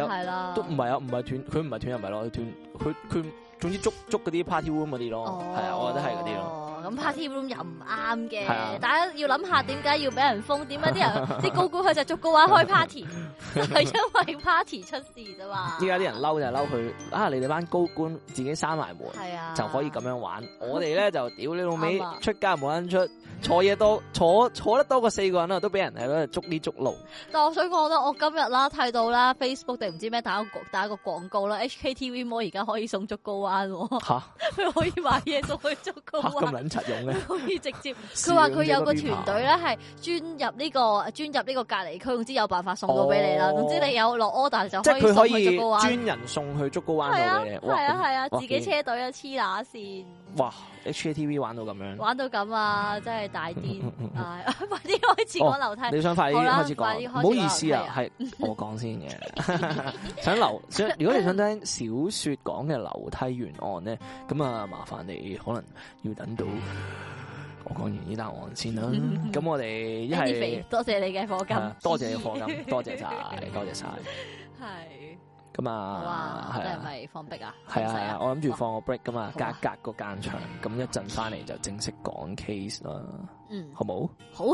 係啦。都唔係啊，唔係斷，佢唔係斷人咪咯，佢斷，佢佢。總之捉捉嗰啲 party room 嗰啲咯，係啊、哦，我覺得係嗰啲咯。咁 party room 對又唔啱嘅，大家、啊、要諗下點解要俾人封？點解啲人即 高官佢就捉高話開 party，係 因為 party 出事啫嘛。依家啲人嬲就係嬲佢啊！你哋班高官自己閂埋門，係啊，就可以咁樣玩。我哋咧就屌你老味， 出街冇捻出。坐嘢多，坐坐得多過四個人啊，都俾人喺度捉呢捉路。但我想講得我今日啦睇到啦，Facebook 定唔知咩打個打個廣告啦，HKTV mall 而家可以送竹篙灣。吓！佢可以買嘢送去竹篙灣。咁卵柒用咧？可以直接。佢話佢有個團隊咧，係專入呢個專入呢個隔離區，總之有辦法送到俾你啦。總之你有落 order 就即係佢可以專人送去竹篙灣度。係啊係啊，自己車隊啊，黐乸線。哇！HATV 玩到咁樣，玩到咁啊，真係大癲，快啲開始講樓梯，你想快啲開始講樓梯，唔好意思啊，係我講先嘅。想樓，如果你想聽小說講嘅樓梯原案咧，咁啊麻煩你可能要等到我講完呢單案先啦。咁我哋一係多謝你嘅課金，多謝你課金，多謝晒，多謝晒，係。咁啊，係啊，係咪放 b 啊？係啊，係啊，啊啊我諗住放個 break 噶嘛，oh. 隔隔個間場，咁、啊、一陣翻嚟就正式講 case 啦，嗯，好冇？好，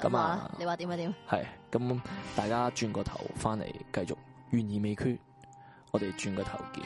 咁好啊，你話點啊點？係，咁大家轉個頭翻嚟繼續，懸而未決，我哋轉個頭見。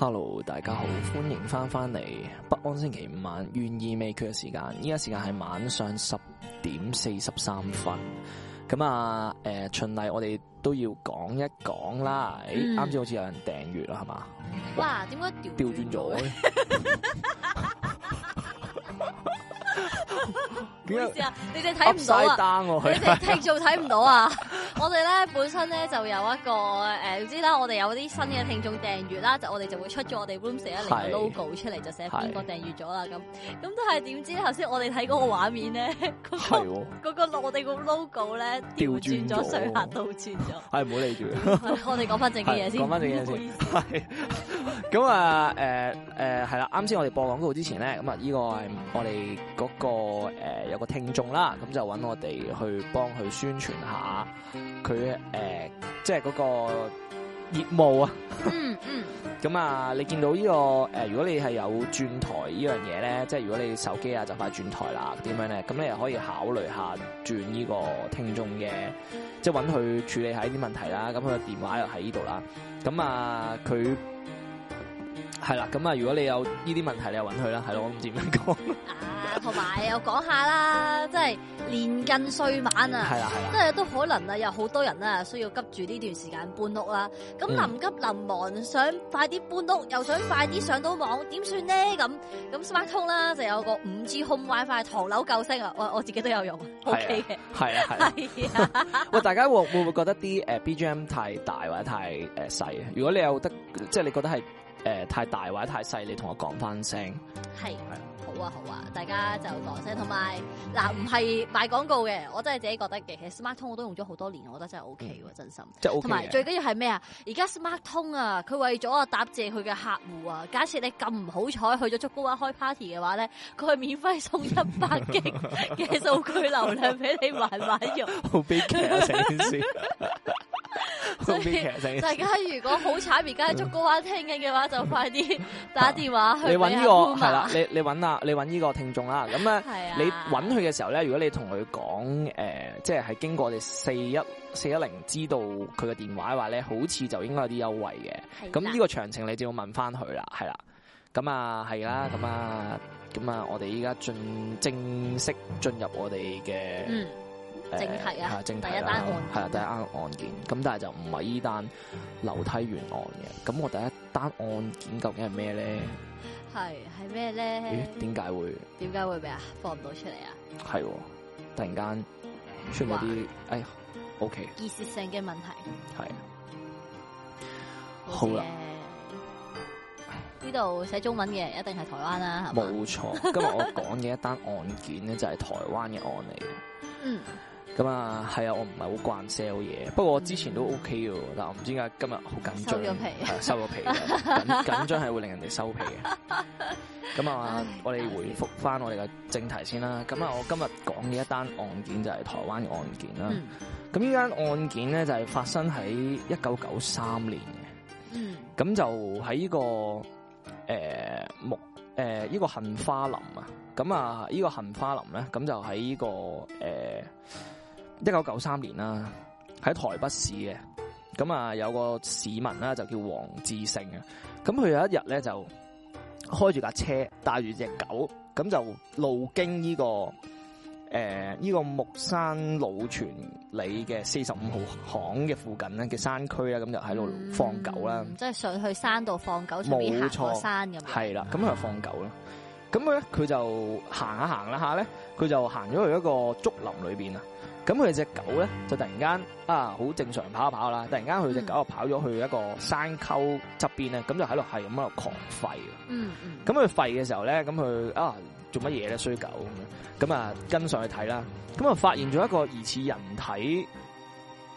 Hello，大家好，歡迎翻翻嚟北安星期五晚願意未決嘅時間，依家時間係晚上十點四十三分。咁啊，誒、呃，循例我哋都要講一講啦。誒，啱先好似有人訂閱啦，係嘛、嗯嘩？哇，點解調轉咗嘅？幾時啊？你哋睇唔到單我，你哋踢做睇唔到啊？ 我哋咧本身咧就有一個誒，唔知啦，我哋有啲新嘅聽眾訂閲啦，就我哋就會出咗我哋 room 四一零嘅 logo 出嚟，就寫邊個訂閲咗啦咁。咁是的 但係點知頭先我哋睇嗰個畫面咧，嗰、嗰個嗰是的 我哋個 logo 咧調轉咗，上下倒轉咗 係唔好理住，我哋講翻正經嘢先。講翻正嘢先。係。咁啊，誒、呃、誒，係、呃、啦，啱先我哋播廣告之前咧，咁啊、那個，呢個係我哋嗰個誒有個聽眾啦，咁就搵我哋去幫佢宣傳下佢誒，即係嗰個業務啊、嗯。嗯嗯。咁 啊，你見到呢、這個誒、呃，如果你係有轉台呢樣嘢咧，即、就、係、是、如果你手機啊就快轉台啦，點樣咧？咁你又可以考慮下轉呢個聽眾嘅，即係搵佢處理下呢啲問題啦。咁佢電話又喺呢度啦。咁啊，佢。係啦，咁啊，如果你有呢啲問題，你又揾佢啦，係咯，我唔知點樣講啊。同埋又講下啦，即係年近歲晚啊，係啦係啦，即係都可能啊，有好多人啊需要急住呢段時間搬屋啦。咁臨急臨忙，想快啲搬屋，又想快啲上到網，點算呢？咁咁 Smart 通啦，home, 就有個五 G home WiFi 唐樓救星啊！我我自己都有用，OK 嘅，係啊了，係啊。喂， 大家會會唔會覺得啲誒 B G M 太大或者太誒細啊？如果你有得，即係你覺得係。誒太大或者太細，你同我講翻聲。係。好啊，好啊，大家就講聲，同埋嗱，唔係賣廣告嘅，我真係自己覺得嘅。其實 Smart 通我都用咗好多年，我覺得真係 O K 喎，嗯、真心。同埋、OK、最緊要係咩啊？而家 Smart 通啊，佢為咗啊答謝佢嘅客戶啊，假設你咁唔好彩去咗竹篙灣開 party 嘅話咧，佢係免費送一百 G 嘅數據流量俾你慢慢用。好悲劇啊！成件事。所以， 所以大家如果好慘而家喺竹篙灣聽緊嘅話，就快啲打電話去搵、啊、我。係啦，你你搵啊。 你揾呢個聽眾啦，咁你揾佢嘅時候咧，如果你同佢講，誒、呃，即係係經過我哋四一四一零知道佢嘅電話嘅話咧，好似就應該有啲優惠嘅。咁呢個詳情你就要問翻佢啦，係啦。咁啊係啦，咁啊咁啊，啊，我哋依家進正式進入我哋嘅，嗯呃、正題啊，正題第一單案係第一單案件。咁但係就唔係呢單樓梯懸案嘅。咁我第一單案件究竟係咩咧？係係咩咧？點解會？點解會咩啊？放唔到出嚟啊？係，突然間出嗰啲，啊，哎，OK。意識性嘅問題係。好啦，呢度寫中文嘅一定係台灣啦。冇錯，今日我講嘅一單案件咧 就係台灣嘅案嚟。嗯。咁啊，係啊，我唔係好慣 sell 嘢，不過我之前都 OK 喎，嗯、但我唔知點解今日好緊張，收咗皮，緊緊張係會令人哋收皮嘅。咁 啊，我哋回覆翻我哋嘅正題先啦。咁啊，我今日講嘅一單案件就係台灣嘅案件啦。咁呢單案件咧就係發生喺一九九三年嘅。咁、嗯、就喺呢、這個誒、呃、木誒呢、呃這個杏花林啊。咁啊，呢、這個杏花林咧，咁就喺呢、這個誒。呃一九九三年啦，喺台北市嘅，咁啊有一個市民啦就叫王志勝啊，咁佢有一日咧就開住架車，帶住隻狗，咁就路經呢、這個誒呢、呃這個木山老泉里嘅四十五號巷嘅附近咧嘅山區啦，咁就喺度放狗啦、嗯嗯，即係上去山度放狗，從邊錯行山咁，係啦，咁佢就放狗咯，咁咧佢就行下行啦下咧，佢就行咗去了一個竹林裏邊啊。咁佢隻狗咧就突然間啊好正常跑一跑啦，突然間佢隻狗就跑咗去一個山溝側邊咧，咁、嗯、就喺度係咁喺度狂吠。嗯咁佢、嗯、吠嘅時候咧，咁佢啊做乜嘢咧？衰狗咁啊跟上去睇啦，咁啊發現咗一個疑似人體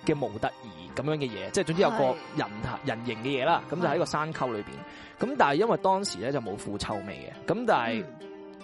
嘅模特兒咁樣嘅嘢，即、就、係、是、總之有個人是人形嘅嘢啦。咁就喺個山溝裏邊。咁是但係因為當時咧就冇腐臭味嘅。咁但係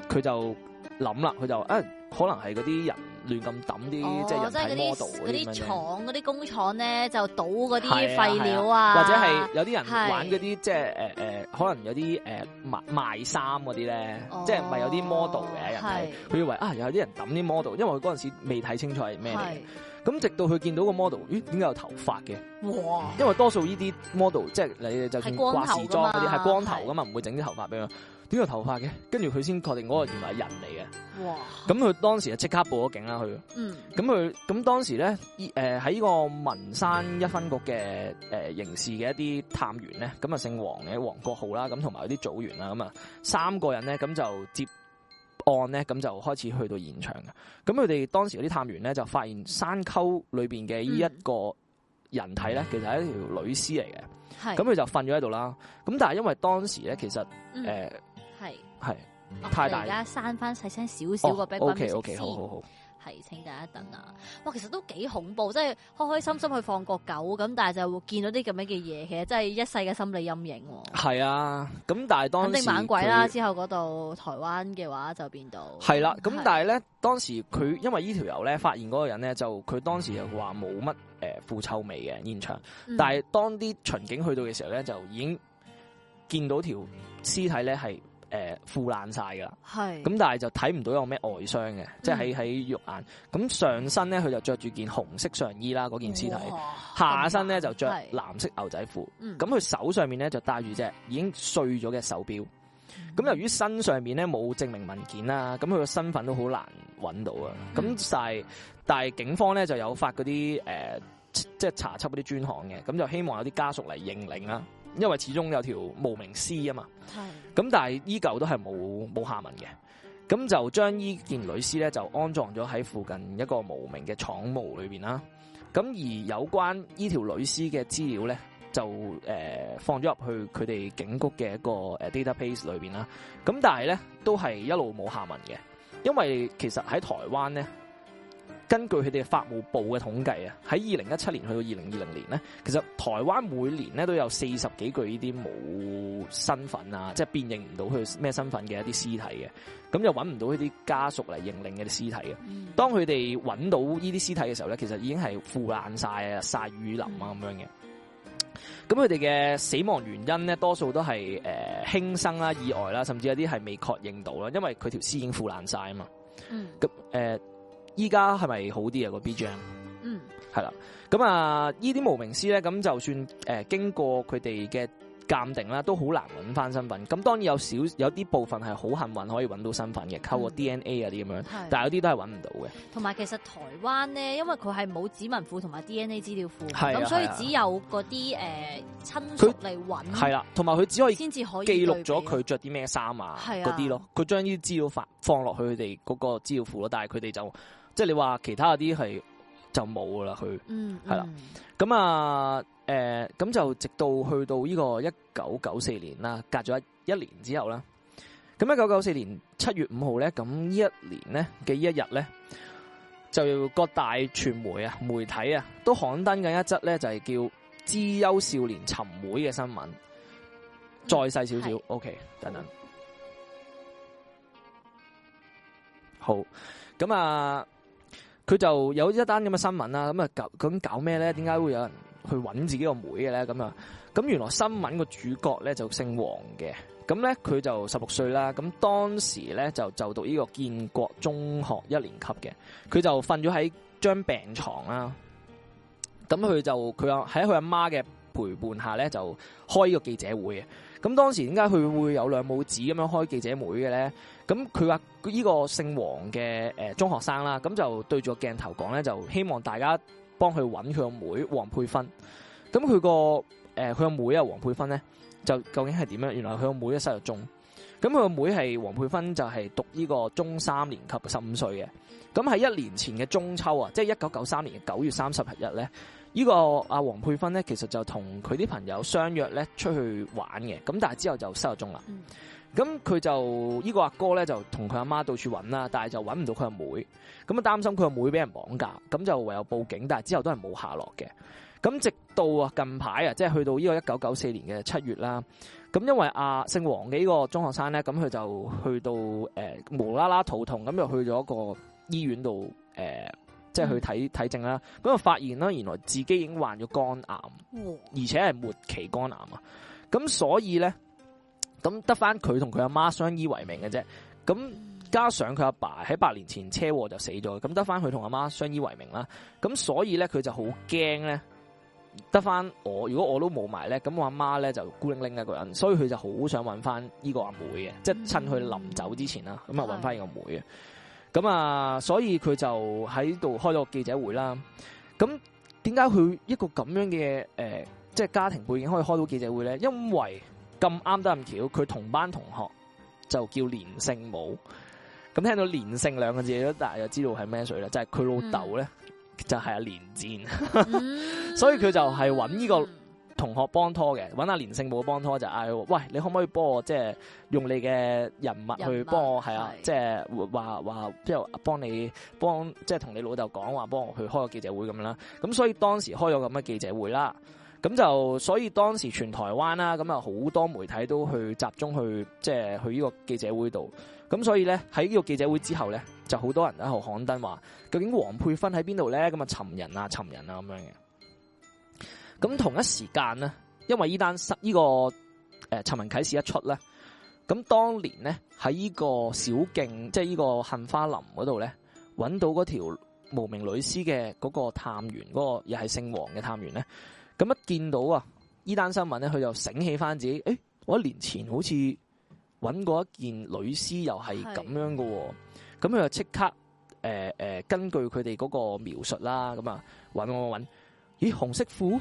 佢就諗啦，佢就、啊、可能係嗰啲人。亂咁抌啲即係人體 model 嗰啲咩咧？嗰啲廠嗰啲工廠咧就倒嗰啲廢料啊，或者係有啲人玩嗰啲即係誒誒，可能有啲誒賣賣衫嗰啲咧，即係唔係有啲 model 嘅人體，佢以為啊有啲人抌啲 model，因為佢嗰陣時未睇清楚係咩嚟嘅。咁直到佢見到個 model，咦，點解有頭髮嘅？哇！因為多數呢啲 model 即係你就算掛時裝啲係光頭噶嘛，唔會整啲頭髮俾佢。邊個頭髮嘅？跟住佢先確定嗰個原來係人嚟嘅。哇！咁佢當時就即刻報咗警啦，嗯。佢嗯，咁佢咁當時咧，誒喺呢個文山一分局嘅誒、呃、刑事嘅一啲探員咧，咁啊姓黃嘅，黃國浩啦，咁同埋啲組員啦，咁啊三個人咧，咁就接案咧，咁就開始去到現場嘅。咁佢哋當時嗰啲探員咧就發現山溝裏邊嘅依一個人體咧，其實係一條女屍嚟嘅。咁佢、嗯、就瞓咗喺度啦。咁但係因為當時咧，其實誒。呃嗯嗯係太大了，而家閂翻細聲少少個，O K O K，好好好係，請大家等一等啊。哇，其實都幾恐怖，即係開開心心去放個狗，咁但係就會見到啲咁樣嘅嘢，其實真係一世嘅心理陰影。係啊，咁但係當時肯定猛鬼啦。之後嗰度台灣嘅話就變到係啦。咁、啊、但係咧，是當時佢因為呢條友咧發現嗰個人咧，就佢當時又話冇乜誒腐臭味嘅現場，嗯、但係當啲巡警去到嘅時候咧，就已經見到條屍體咧係。誒，腐爛晒噶啦，係咁，是但係就睇唔到有咩外傷嘅，嗯、即係喺喺肉眼。咁上身咧，佢就着住件紅色上衣啦，嗰件屍體；哇下身咧白就着藍色牛仔褲。咁佢、嗯、手上面咧就戴住隻已經碎咗嘅手錶。咁、嗯、由於身上面咧冇證明文件啦，咁佢嘅身份都好難揾到啊。咁、嗯嗯、但係但係警方咧就有發嗰啲誒、即、呃、係、就是、查緝嗰啲專項嘅，咁就希望有啲家屬嚟認領啦。因為始終有條無名屍啊嘛。嗯嗯咁但係依舊都係冇冇下文嘅，咁就將呢件女屍咧就安葬咗喺附近一個無名嘅廠墓裏邊啦。咁而有關呢條女屍嘅資料咧，就誒、呃、放咗入去佢哋警局嘅一個誒、呃、database 裏邊啦。咁但係咧都係一路冇下文嘅，因為其實喺台灣咧。根據佢哋嘅法務部嘅統計啊，喺二零一七年去到二零二零年咧，其實台灣每年咧都有四十幾具呢啲冇身份啊，即係辨認唔到佢咩身份嘅一啲屍體嘅，咁就揾唔到佢啲家屬嚟認領嘅屍體嘅。嗯、當佢哋揾到呢啲屍體嘅時候咧，其實已經係腐爛曬啊，曬雨淋啊咁、嗯、樣嘅。咁佢哋嘅死亡原因咧，多數都係誒輕生啦、意外啦，甚至有啲係未確認到啦，因為佢條屍已經腐爛晒啊嘛。咁、嗯依家係咪好啲啊？個 B 章、嗯，嗯，係、呃、啦。咁啊，依啲無名屍咧，咁就算、呃、經過佢哋嘅鑑定啦，都好難揾翻身份。咁當然有少有啲部分係好幸運可以揾到身份嘅，溝個 DNA 啊啲咁樣，嗯、但係有啲都係揾唔到嘅。同埋其實台灣咧，因為佢係冇指紋庫同埋 DNA 資料庫，咁是的 所以只有嗰啲是的、呃、親屬嚟揾。係啦，同埋佢只可以先至可以記錄咗佢着啲咩衫啊是的，嗰啲咯。佢將呢啲資料放放落去佢哋嗰個資料庫咯，但係佢哋就。即係你話其他嗰啲係就冇噶啦佢，係啦咁啊，誒、呃、咁就直到去到呢個一九九四年啦，隔咗一年之後啦，咁一九九四年七月五號咧，咁呢一年咧嘅呢一日咧，就各大傳媒啊、媒體啊都刊登緊一則咧，就係、是、叫《知優少年尋梅》嘅新聞。再細少少，OK，等等。嗯、好，咁啊。佢就有一單咁嘅新聞啦，咁啊搞咁搞咩咧？點解會有人去揾自己個妹嘅咧？咁啊，咁原來新聞個主角咧就姓黃嘅，咁咧佢就十六歲啦，咁當時咧就就讀呢個建國中學一年級嘅，佢就瞓咗喺張病床啦。咁佢就佢阿喺佢阿媽嘅陪伴下咧，就開呢個記者會嘅。咁當時點解佢會有兩母子咁樣開記者會嘅咧？咁佢話呢個姓黃嘅誒中學生啦，咁就對住個鏡頭講咧，就希望大家幫佢揾佢個妹黃佩芬。咁佢個誒佢個妹啊，黃佩芬咧，就究竟係點樣？原來佢個妹啊失咗蹤。咁佢個妹係黃佩芬，就係讀呢個中三年級歲，十五歲嘅。咁喺一年前嘅中秋，就是這個，啊，即係一九九三年嘅九月三十日咧，呢個阿黃佩芬咧，其實就同佢啲朋友相約咧出去玩嘅。咁但係之後就失咗蹤啦。嗯咁佢就個哥哥呢個阿哥咧，就同佢阿媽到處揾啦，但係就揾唔到佢阿妹、妹，咁啊擔心佢阿妹俾人綁架，咁就唯有報警，但係之後都係冇下落嘅。咁直到啊近排啊，即係去到呢個一九九四年嘅七月啦。咁因為阿姓黃嘅呢個中學生咧，咁佢就去到誒、呃、無啦啦肚痛，咁又去咗一個醫院度誒，即、呃、係、就是、去睇睇、嗯、症啦。咁就發現啦，原來自己已經患咗肝癌，而且係末期肝癌啊。咁所以咧。咁得翻佢同佢阿媽相依為命嘅啫，咁加上佢阿爸喺八年前車禍就死咗，咁得翻佢同阿媽相依為命啦。咁所以咧，佢就好驚咧，得翻我如果我都冇埋咧，咁我阿媽咧就孤零零一個人，所以佢就好想搵翻呢個阿妹嘅，即係、嗯、趁佢臨走之前啦，咁啊搵翻呢個妹嘅。咁啊，所以佢就喺度開咗個記者會啦。咁點解佢一個咁樣嘅誒，即係家庭背景可以開到記者會咧？因為咁啱得咁巧，佢同班同學就叫連勝武。咁聽到連勝兩個字，但係又知道係咩水啦，就係佢老豆咧，就係、是、阿、嗯、連戰。嗯、 所以佢就係揾呢個同學幫拖嘅，揾阿連勝武幫拖，就嗌，喂，你可唔可以幫我？即、就、係、是、用你嘅人物去幫我，係物啊，即係話話即係幫你幫，即係同你老豆講話，幫我去開個記者會咁樣啦。咁所以當時開咗咁嘅記者會啦。咁就所以，當時全台灣啦、啊，咁啊好多媒體都去集中去，即係去呢個記者會度。咁所以咧，喺呢個記者會之後咧，就好多人喺度刊登話，究竟黃佩芬喺邊度咧？咁啊尋人啊，尋人啊咁樣嘅。咁同一時間呢，因為呢單呢個誒尋人、呃、啟事一出咧，咁當年咧喺呢個小徑，即係呢個杏花林嗰度咧，揾到嗰條無名女屍嘅嗰個探員，嗰、嗰個又係姓黃嘅探員咧。咁一見到啊，依單新聞咧，佢就醒起翻自己，誒、欸，我一年前好似揾過一件女屍，又係咁樣嘅喎、哦。咁佢的就即刻誒誒、呃呃，根據佢哋嗰個描述啦，咁啊揾我揾，咦，紅色褲、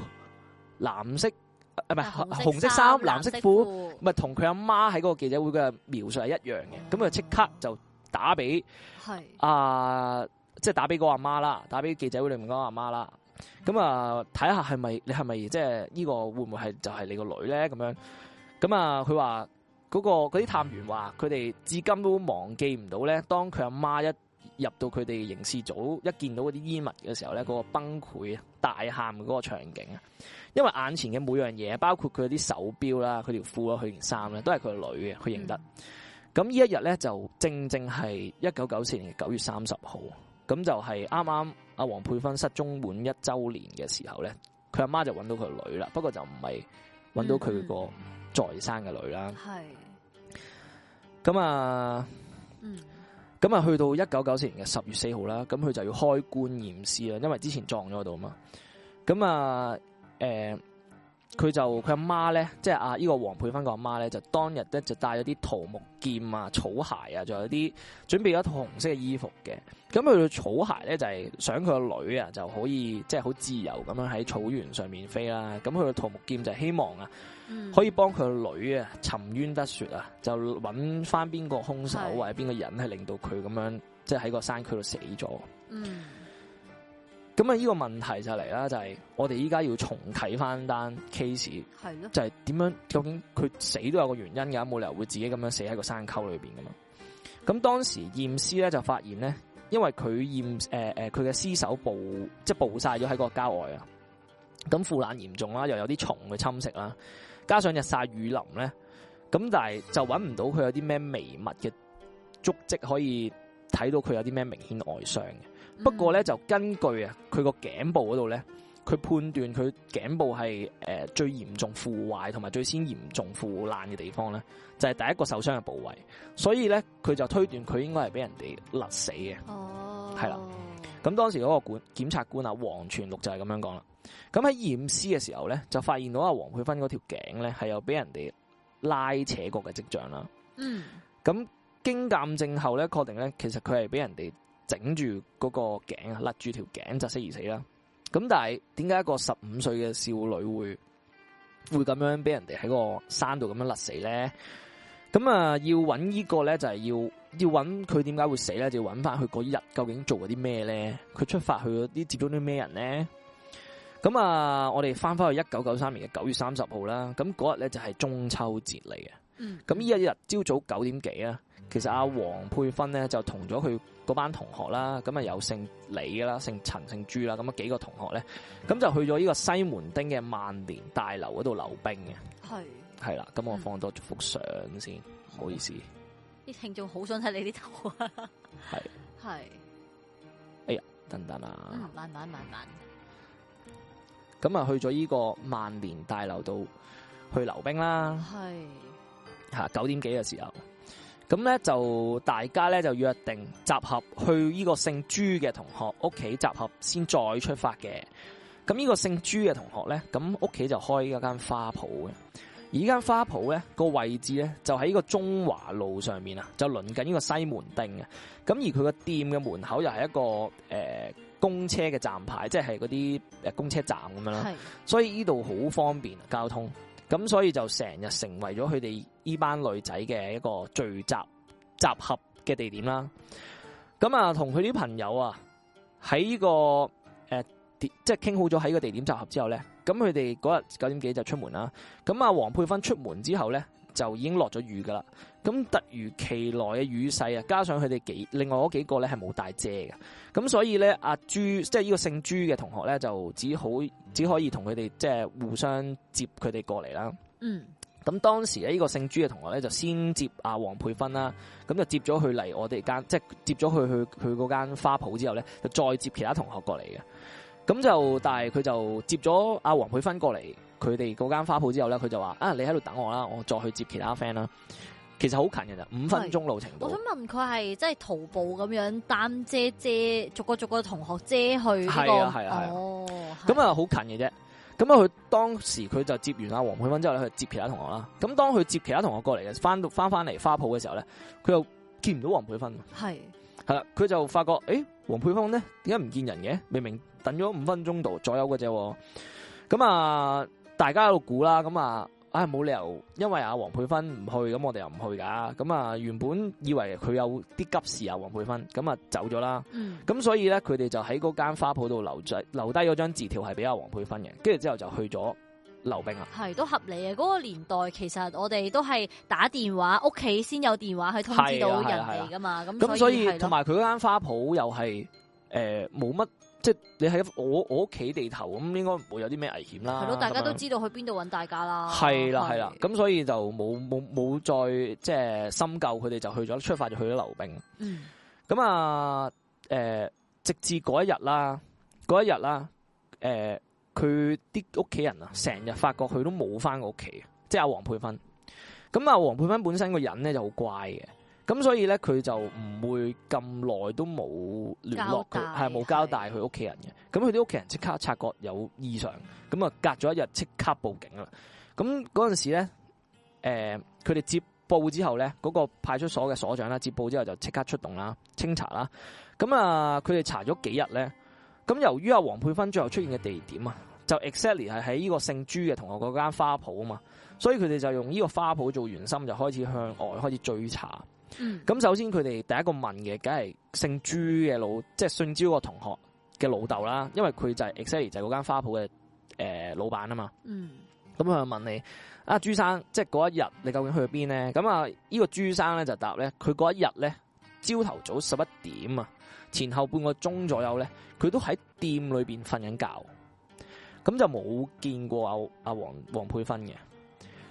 藍色啊，唔係紅色衫、藍色褲，咪同佢阿媽喺嗰個記者會嘅描述係一樣嘅。咁佢就即刻就打俾係啊，呃、的即係打俾個阿媽啦，打俾記者會裏面嗰個阿媽啦。咁啊，睇下係咪你係咪即係呢個會唔會係就係你個女咧？咁樣咁啊，佢話嗰個嗰啲探員話，佢哋至今都忘記唔到咧，當佢阿媽一入到佢哋刑事組，一見到嗰啲衣物嘅時候咧，嗰個崩潰啊，大喊嗰個場景啊，因為眼前嘅每樣嘢，包括佢啲手錶啦，佢條褲啦，佢件衫咧，都係佢個女嘅，佢認得。咁呢一日咧就正正係一九九四年嘅九月三十號，咁就係啱啱。阿黃佩芬失蹤滿一周年嘅時候咧，佢阿媽就揾到佢女啦，不過就唔係揾到佢個在生嘅女啦。係，咁啊，咁啊，去到一九九四年嘅十月四號啦，咁佢就要開棺驗屍啦，因為之前葬咗度嘛。咁啊，誒、呃。佢就佢阿媽咧，即係啊，呢個黃佩芬個阿媽咧，就當日咧就帶咗啲桃木劍啊、草鞋啊，仲有啲準備咗一套紅色嘅衣服嘅。咁佢嘅草鞋咧就係、是、想佢個女啊就可以即係好自由咁樣喺草原上面飛啦、啊。咁佢嘅桃木劍就希望啊，嗯、可以幫佢個女啊沉冤得雪啊，就揾翻邊個凶手是 或者邊個人係令到佢咁樣即係喺個山區度死咗。嗯。咁啊！依個問題就嚟啦，就係我哋依家要重啟翻單 case，係咯，就係點樣？究竟佢死都有個原因㗎，冇理由會自己咁樣死喺個山溝裏面㗎嘛？咁當時驗屍咧就發現咧，因為佢驗誒誒佢嘅屍首暴即係暴曬咗喺個郊外啊，咁腐爛嚴重啦，又有啲蟲嘅侵蝕啦，加上日曬雨淋咧，咁但係就揾唔到佢有啲咩微物嘅足跡可以睇到佢有啲咩明顯外傷嘅。不過咧，就根據啊，佢個頸部嗰度咧，佢判斷佢頸部係誒最嚴重腐壞同埋最先嚴重腐爛嘅地方咧，就係、是、第一個受傷嘅部位。所以咧，佢就推斷佢應該係俾人哋勒死嘅。哦、oh.，係啦。咁當時嗰個管檢察官啊王，黃全祿就係咁樣講啦。咁喺驗屍嘅時候咧，就發現到阿黃佩芬嗰條頸咧係有俾人哋拉扯過嘅跡象啦。嗯、oh.。咁經鑑證後咧，確定咧，其實佢係俾人哋，整住嗰個頸啊，勒住條頸窒息而死啦。咁但係點解一個十五歲嘅少女會會咁樣俾人哋喺個山度咁樣勒死咧？咁啊，要搵呢個咧就係要要揾佢點解會死咧，就搵翻佢嗰日究竟做咗啲咩咧？佢出發去嗰啲接觸啲咩人咧？咁啊，我哋翻翻去一九九三年嘅九月三十號啦。咁嗰日咧就係中秋節嚟嘅。咁呢一日朝早九點幾啊？其實阿黃佩芬咧就同咗佢嗰班同學啦，咁啊有姓李嘅啦，姓陳、姓朱啦，咁啊幾個同學咧，咁就去咗呢個西門町嘅萬年大樓嗰度溜冰嘅。係係啦，咁我放多幅相先，唔、嗯、好意思。啲聽眾好想睇你啲頭啊！係 係是，是哎呀，等等啊、嗯，慢慢慢慢。咁啊，去咗呢個萬年大樓度去溜冰啦。係吓九點幾嘅時候。咁咧，就大家咧就約定集合去呢個姓朱嘅同學屋企集合先再出發嘅。咁呢個姓朱嘅同學咧，咁屋企就開一間花圃嘅。而呢間花圃咧，個位置咧就喺呢個中華路上面啊，就鄰近呢個西門町嘅。咁而佢個店嘅門口又係一個誒、呃、公車嘅站牌，即係嗰啲誒公車站咁樣啦。是所以呢度好方便交通。咁所以就成日成為咗佢哋依班女仔嘅一個聚集集合嘅地點啦。咁啊，同佢啲朋友啊喺呢個、呃、即係傾好咗喺個地點集合之後咧，咁佢哋嗰日九點幾就出門啦。咁啊，黃佩芬出門之後咧，就已經落咗雨㗎喇，咁突如其來嘅雨勢啊，加上佢哋幾另外嗰幾個咧係冇帶遮嘅，咁所以咧阿朱即係呢個姓朱嘅同學咧就只好只可以同佢哋即係互相接佢哋過嚟啦。嗯，咁當時咧呢個姓朱嘅同學咧就先接阿黃佩芬啦，咁就接咗佢嚟我哋間即係接咗佢去佢嗰間花圃之後咧，就再接其他同學過嚟嘅。咁就但係佢就接咗阿黃佩芬過嚟。佢哋嗰間花鋪之後咧，佢就話：啊，你喺度等我啦，我再去接其他 friend 啦。其實好近嘅，咋五分鐘路程度。我想問佢係即係徒步咁樣擔遮遮，傘傘傘逐個逐個逐個同學遮去。係啊係啊，哦，咁啊好近嘅啫。咁啊，佢當時佢就接完阿黃佩芬之後咧，去接其他同學啦。咁當佢接其他同學過嚟嘅，翻到翻翻嚟花鋪嘅時候咧，佢又見唔到黃佩芬。係係啦，佢就發覺，誒、欸，黃佩芬咧，點解唔見人嘅？明明等咗五分鐘度左右嘅啫。咁啊。大家喺度估啦，咁啊，唉、哎、冇理由，因為阿黃佩芬唔去，咁我哋又唔去噶。咁啊，原本以為佢有啲急事啊，黃佩芬，咁啊走咗啦。咁、嗯、所以咧，佢哋就喺嗰間花圃度留留低嗰張字條，係俾阿黃佩芬嘅。跟住之後就去咗溜冰啊，係都合理嘅。嗰、那個年代其實我哋都係打電話，屋企先有電話去通知到人哋噶嘛。咁、啊啊啊、所以同埋佢嗰間花圃又係誒冇乜。呃即係你喺我我屋企地頭，咁應該唔會有啲咩危險啦。係咯，大家都知道去邊度揾大家啦。係啦係啦，咁所以就冇冇冇再即係深究，佢哋就去咗出發，就去咗溜冰。嗯，咁啊，誒、呃，直至嗰一日啦，嗰一日啦，誒、呃，佢啲屋企人啊，成日發覺佢都冇翻過屋企，即係阿黃佩芬。咁啊，黃佩芬本身個人咧就好怪嘅。咁所以咧，佢就唔會咁耐都冇聯絡佢，係冇交代佢屋企人嘅。咁佢啲屋企人即刻察覺有異常，咁啊隔咗一日即刻報警啦。咁嗰陣時咧，誒、呃，佢哋接報之後咧，嗰、嗰個派出所嘅所長啦，接報之後就即刻出動啦，清查啦。咁啊，佢哋查咗幾日咧，咁由於阿黃佩芬最後出現嘅地點啊，就 exactly 係喺呢個姓朱嘅同學嗰間花圃啊嘛，所以佢哋就用呢個花圃做圓心，就開始向外開始追查。咁、嗯、首先佢哋第一個問嘅，梗係姓朱嘅老，即係信招個同學嘅老豆啦，因為佢就係 e x c t l 就係嗰間花鋪嘅誒老闆啊嘛。嗯，咁佢就問你啊朱生，即係嗰一日你究竟去咗邊咧？咁啊呢、呢個朱生咧就答咧，佢嗰一日咧朝頭早十一點啊，前後半個鐘左右咧，佢都喺店裏邊瞓緊覺，咁就冇見過阿阿黃黃佩芬嘅。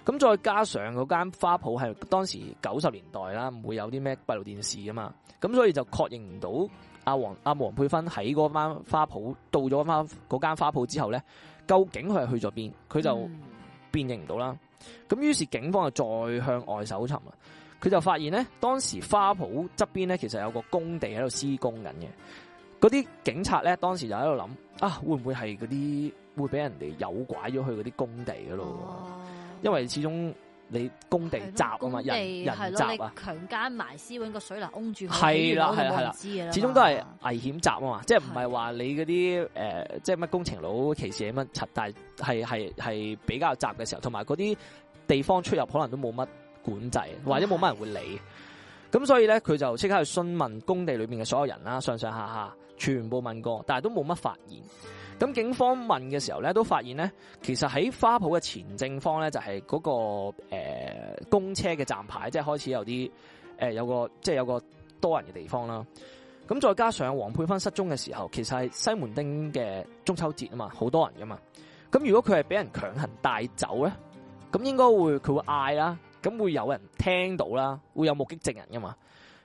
咁再加上嗰間花圃係當時九十年代啦，唔會有啲咩閉路電視噶嘛，咁所以就確認唔到阿黃阿黃佩芬喺嗰間花圃到咗翻嗰間花圃之後咧，究竟佢係去咗邊，佢就辨認唔到啦。咁於是警方就再向外搜尋啦，佢就發現咧，當時花圃側邊咧其實有個工地喺度施工緊嘅，嗰啲警察咧當時就喺度諗啊，會唔會係嗰啲會俾人哋誘拐咗去嗰啲工地噶咯？因為始終你工地雜啊嘛，地人人，是的人雜啊你強姦，強姦埋私穩個水泥擁住，係啦係啦係啦，始終都係危險雜啊嘛，即係唔係話你嗰啲誒，即係乜工程佬歧視乜柒，但係係係比較雜嘅時候，同埋嗰啲地方出入可能都冇乜管制，是的 或者冇乜人會理，咁是的 所以咧佢就即刻去詢問工地裏面嘅所有人啦、啊，上上下下全部問過，但係都冇乜發現。咁警方問嘅時候咧，都發現咧，其實喺花圃嘅前正方咧，就係嗰個誒公車嘅站牌，即係開始有啲誒有個即係有個多人嘅地方啦。咁再加上黃佩芬失蹤嘅時候，其實係西門町嘅中秋節啊嘛，好多人噶嘛。咁如果佢係俾人強行帶走咧，咁應該會佢會嗌啦，咁會有人聽到啦，會有目擊證人噶嘛。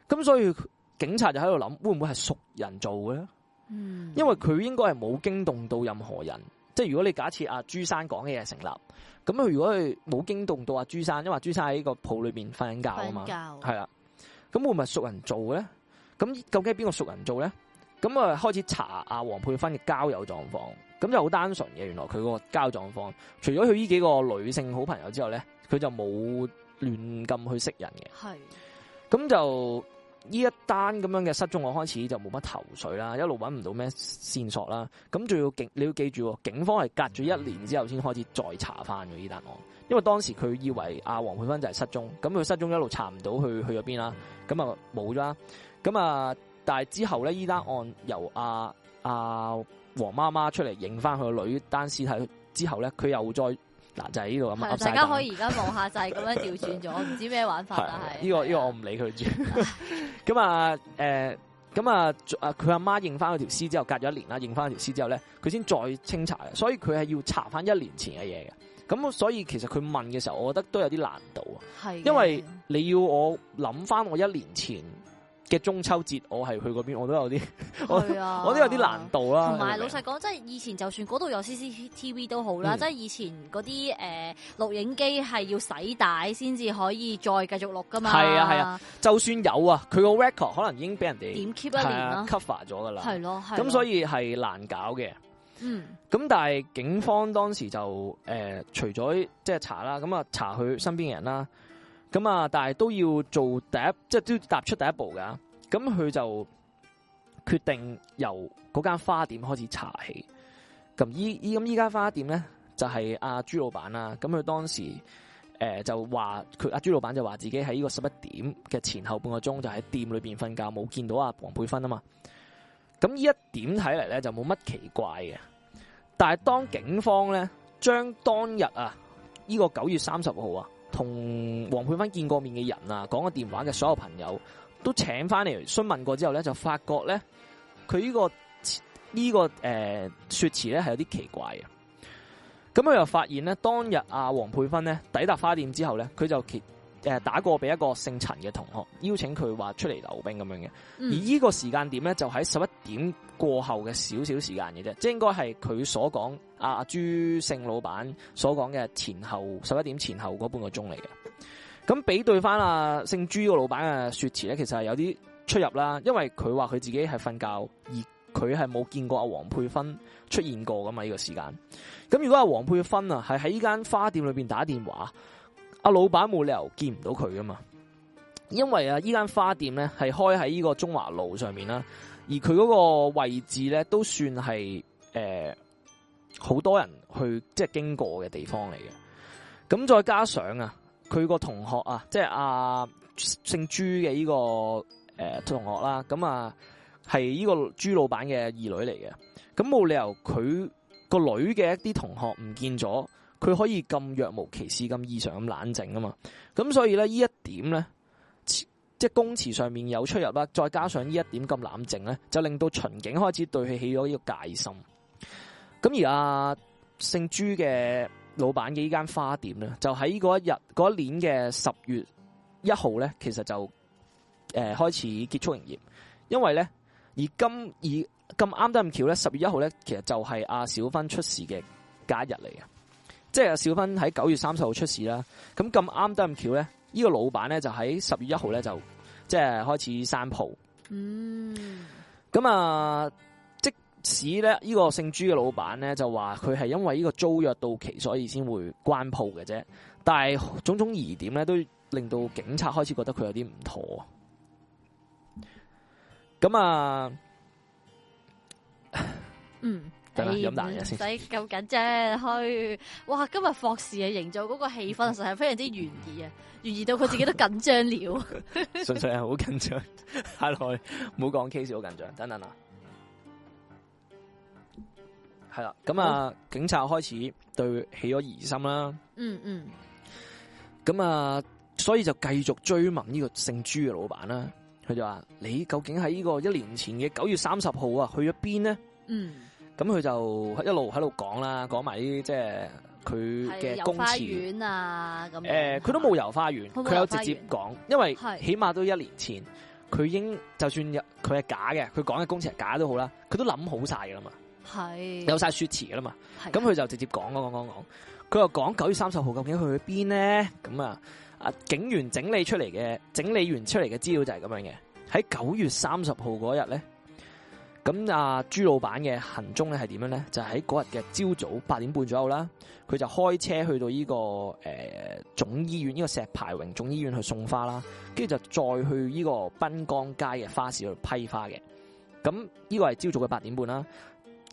咁所以警察就喺度諗，會唔會係熟人做嘅咧？嗯、因為佢應該係冇驚動到任何人，即係如果你假設阿、啊、朱生講嘅嘢成立，咁佢如果佢冇驚動到阿、啊、朱生，因為朱生喺個鋪裏面瞓緊覺啊嘛，係啦覺，咁會唔會熟人做嘅咧？咁究竟係邊個熟人做咧？咁啊開始查阿黃佩芬嘅交友狀況，咁就好單純嘅，原來佢個交友狀況，除咗佢呢幾個女性好朋友之後咧，佢就冇亂咁去識人嘅，係的，咁就。呢一單咁樣嘅失蹤案開始就冇乜頭緒啦，一路揾唔到咩線索啦，咁仲要你要記住，警方係隔咗一年之後先開始再查翻呢單案，因為當時佢以為阿黃佩芬就係失蹤，咁佢失蹤一路查唔到去去咗邊啦，咁啊冇咗啦，咁啊但係之後咧呢單案由阿阿黃媽媽出嚟認翻佢個女，單屍體之後咧佢又再。嗱，就係呢度啊！是 up 大家可以而家望下就係，咁樣調轉咗，我唔知咩玩法。但係呢個呢是的 個我唔理佢住。咁 啊，誒、呃，咁啊，佢阿媽認翻嗰條屍之後，隔咗一年啦，認翻條屍之後咧，佢先再清查嘅，所以佢係要查翻一年前嘅嘢嘅。咁所以其實佢問嘅時候，我覺得都有啲難度啊。係，是的 因為你要我諗翻我一年前嘅中秋節，我係去嗰邊，我都有啲、啊， 我都有啲難度啦。同埋有老實講，即係以前就算嗰度有 CCTV 都好啦，嗯、即係以前嗰啲誒錄影機係要洗帶先至可以再繼續錄噶嘛。係啊係啊，就算有啊，佢個 record 可能已經俾人哋點 keep 一年啦、啊啊，cover 咗噶啦。係咯、啊，係、啊。咁、啊、所以係難搞嘅。嗯。咁但係警方當時就誒、呃、除咗即係查啦，咁啊查佢身邊嘅人啦。咁啊，但係都要做第一，即係都要踏出第一步噶。咁佢就決定由嗰間花店開始查起。咁依依咁呢間花店咧，就係、是、阿、啊、朱老闆啦、啊。咁佢當時誒、呃、就話佢阿朱老闆就話自己喺呢個十一點嘅前後半個鐘就喺店裏邊瞓覺，冇見到阿黃佩芬啊嘛。咁呢一點睇嚟咧就冇乜奇怪嘅。但係當警方咧將當日啊呢、呢個九月三十號啊，同黃佩芬見過面嘅人啊，講個電話嘅所有朋友都請翻嚟詢問過之後咧，就發覺咧佢呢、呢個呢、呢個誒說辭咧係有啲奇怪嘅。咁佢又發現咧，當日阿、啊、黃佩芬咧抵達花店之後咧，佢就揭。誒、呃，打過俾一個姓陳嘅同學，邀請佢話出嚟溜冰，咁樣嘅。嗯、而呢個時間點咧，就喺十一點過後嘅少少時間嘅啫，即係應該係佢所講阿、啊、朱姓老闆所講嘅前後十一點前後嗰半個鐘嚟嘅。咁比對翻阿、啊、姓朱個老闆嘅說辭咧，其實係有啲出入啦，因為佢話佢自己係瞓覺，而佢係冇見過阿黃佩芬出現過咁啊呢個時間。咁如果阿黃佩芬啊係喺間花店裏邊打電話。阿老闆冇理由見唔到佢噶嘛？因為啊，依間花店咧係開喺依個中華路上面啦，而佢嗰個位置咧都算係誒好多人去即係經過嘅地方嚟嘅。咁再加上啊，佢個同學啊，即係啊，阿姓朱嘅依個誒同學啦，咁啊係依個朱老闆嘅二女嚟嘅。咁冇理由佢個女嘅一啲同學唔見咗，佢可以咁若無其事咁異常咁冷靜啊嘛，咁所以呢，呢一點呢，即係供詞上面有出入啦，再加上呢一點咁冷靜呢，就令到巡警開始對佢起咗呢個戒心。咁而阿、啊、姓朱嘅老闆嘅呢間花店呢，就喺嗰一日嗰一年嘅十月一號呢，其實就誒、呃、開始結束營業，因為呢，而今而咁啱得咁巧呢，十月一號呢，其實就係阿、啊、小芬出事嘅假日嚟嘅。即係小芬喺九月三十號出事啦，咁咁啱得咁巧咧，呢個老闆咧就喺十月一號咧就即係開始閂鋪。嗯，咁啊，即使咧呢個姓朱嘅老闆咧就話佢係因為呢個租約到期所以先會關鋪嘅啫，但係種種疑點咧都令到警察開始覺得佢有啲唔妥咁啊。咁啊，嗯。飲啖嘢先，唔使咁緊張，去哇！今日霍士嘅營造嗰個氣氛實係非常之懸疑啊，懸疑到佢自己都緊張了。純 粹係好緊張，太耐， 冇講 case 好緊張。等等 啊，係啦、嗯，咁啊，警察開始對起咗疑心啦。嗯嗯，咁啊，所以就繼續追問呢個姓朱嘅老闆啦。佢就話：你究竟喺呢個一年前嘅九月三十號啊去咗邊呢？嗯。咁佢就一路喺度講啦，講埋啲即係佢嘅供詞啊。咁佢、呃、都冇遊花園，佢有直接講，因為起碼都一年前，佢已經是就算佢係假嘅，佢講嘅供詞係假都好啦，佢都諗好曬噶嘛。係有曬説詞噶嘛。咁佢是就直接講講講講，佢又講九月三十號究竟去邊呢？咁啊啊，警員整理出嚟嘅整理完出嚟嘅資料就係咁樣嘅。喺九月三十號嗰日咧。咁啊朱老闆嘅行蹤咧，係點樣咧？就喺嗰日嘅朝早八點半左右啦，佢就開車去到呢個誒、呃、總醫院呢個石牌榮總醫院去送花啦，跟住就再去呢個濱江街嘅花市去批花嘅。咁呢個係朝早嘅八點半啦，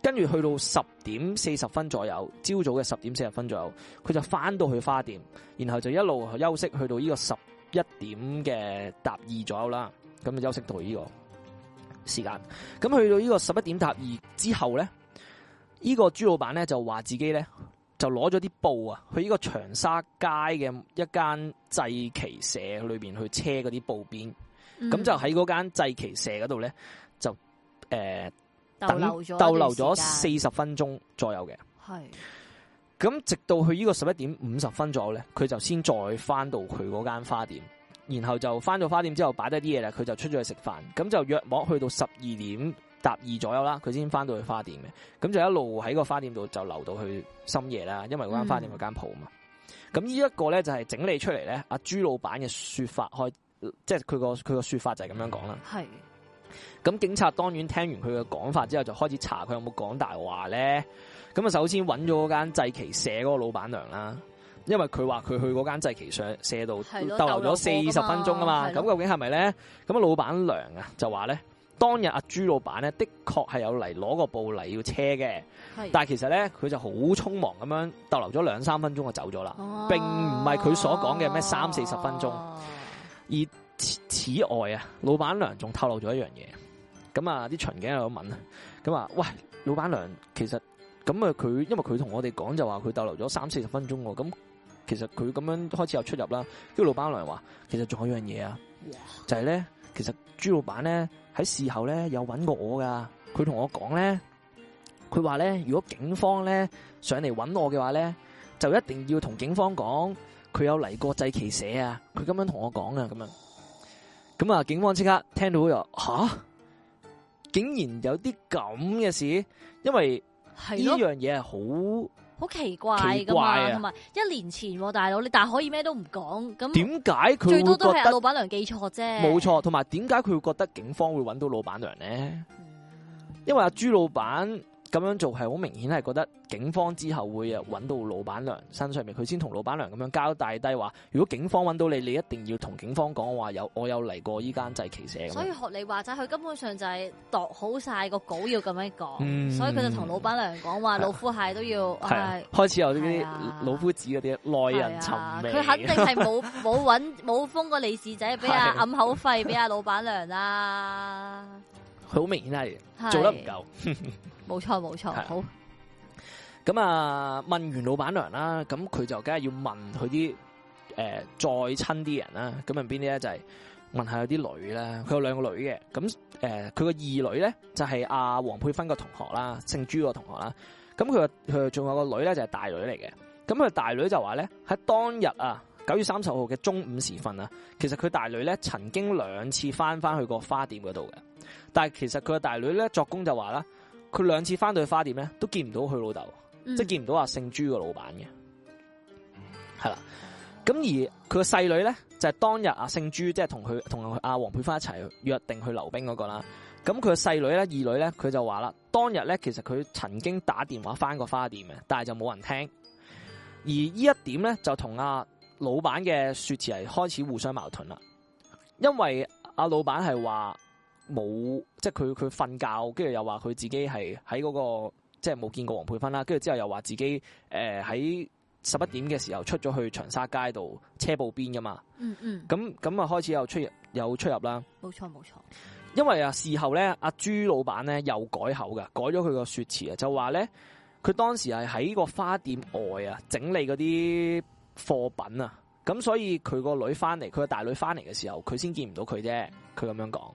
跟住去到十點四十分左右，朝早嘅十點四十分左右，佢就翻到去花店，然後就一路休息去到呢個十一點嘅搭二左右啦，咁就休息到呢個。時間咁去到呢個十一點踏二之後呢，呢、這個朱老闆呢就話自己呢，就攞咗啲布啊去呢個長沙街嘅一間製旗社裏邊去車嗰啲布邊，咁、嗯、就喺嗰間製旗社嗰度呢，就誒、呃、逗留咗四十分鐘左右嘅，係咁是直到去呢個十一點五十分左右呢，佢就先再翻到佢嗰間花店。然後就翻到花店之後擺低啲嘢啦，佢就出咗去食飯，咁就約莫去到十二點搭二左右啦，佢先翻到去花店嘅，咁就一路喺個花店度就留到去深夜啦，因為嗰間花店係間鋪啊嘛，咁呢一個咧就係整理出嚟咧，阿朱老闆嘅說法，呃、即係佢個佢個說法就係咁樣講啦。係，咁警察當然聽完佢嘅講法之後，就開始查佢有冇講大話咧。咁啊，首先揾咗嗰間制奇社嗰個老闆娘啦。因為佢話佢去嗰間製旗上社度逗留咗四十分鐘啊嘛，咁究竟係咪咧？咁的老闆娘啊就話咧，當日阿朱老闆咧的確係有嚟攞個布嚟要車嘅。的但係其實咧佢就好匆忙咁樣逗留咗兩三分鐘就走咗啦，啊、並唔係佢所講嘅咩三四十分鐘。啊、而此外啊，老闆娘仲透露咗一樣嘢，咁啊啲巡警又有問啊，咁啊喂，老闆娘其實咁啊佢因為佢同我哋講就話佢逗留咗三四十分鐘，咁、啊。其實佢咁樣開始有出入啦，跟住老闆娘話，其實仲有一樣嘢啊，Yeah. 就係咧，其實朱老闆咧喺事後咧有揾過我噶，佢同我講咧，佢話咧如果警方咧上嚟揾我嘅話咧，就一定要同警方講，佢有嚟過製旗社啊，佢咁樣同我講啊，咁樣，咁啊，警方即刻聽到佢話吓，竟然有啲咁嘅事，因為呢的樣嘢係好。好奇怪噶嘛，同埋怪、啊、一年前、啊、大佬你，但係可以咩都唔講咁。點解佢最多都係阿老板娘記錯啫？冇錯，同埋點解佢會覺得警方會揾到老板娘咧？嗯、因為阿、啊、朱老板。咁樣做係好明顯係覺得警方之後會誒揾到老闆娘身上面，佢先同老闆娘咁樣交代低話，如果警方揾到你，你一定要同警方講話有我有嚟過依間濟旗社。所以學你話齋，佢根本上就係度好晒個稿要咁樣講，嗯、所以佢就同老闆娘講話老夫鞋都要、啊哇啊。開始有啲老夫子嗰啲耐人尋味、啊。佢、啊、肯定係冇冇冇封個利、啊、是仔、啊，俾阿暗口費俾阿老闆娘啦、啊。佢好明顯係做得唔夠是，冇錯冇錯。錯是的 好咁啊，問完老闆娘啦，咁佢就梗係要問佢啲誒再親啲人啦。咁問邊啲咧？就係、是，問下有啲女啦。佢有兩個女嘅，咁誒，佢、呃、個二女咧就係阿黃佩芬個同學啦，姓朱個同學啦。咁佢佢仲有個女咧就係、是、大女嚟嘅。咁佢大女就話咧喺當日啊九月三十號嘅中午時分啊，其實佢大女咧曾經兩次翻翻去過花店嗰度嘅。但係其實佢個大女咧作供就話啦，佢兩次翻到去花店咧，都見唔到佢老豆，嗯、即係見唔到阿姓朱個老闆嘅，係啦。咁而佢個細女咧就係當日阿姓朱即係同佢同阿黃佩芬一齊約定去溜冰嗰個啦。咁佢個細女咧，二女咧，佢就話啦，當日咧其實佢曾經打電話翻過花店嘅，但係就冇人聽。而呢一點咧就同阿老闆嘅說辭係開始互相矛盾啦，因為阿老闆係話。冇即係佢佢瞓覺，跟住又話佢自己係喺嗰個即係冇見過黃佩芬啦，跟住之後又話自己誒喺十一點嘅時候出咗去長沙街度車步邊噶嘛，嗯嗯，咁咁啊開始又出入有出入啦，冇錯冇錯，因為啊事後咧阿朱老闆咧又改口噶，改咗佢個說辭啊，就話咧佢當時係喺個花店外啊整理嗰啲貨品啊，咁所以佢個女翻嚟，佢個大女翻嚟嘅時候，佢先見唔到佢啫，佢咁、嗯、樣講。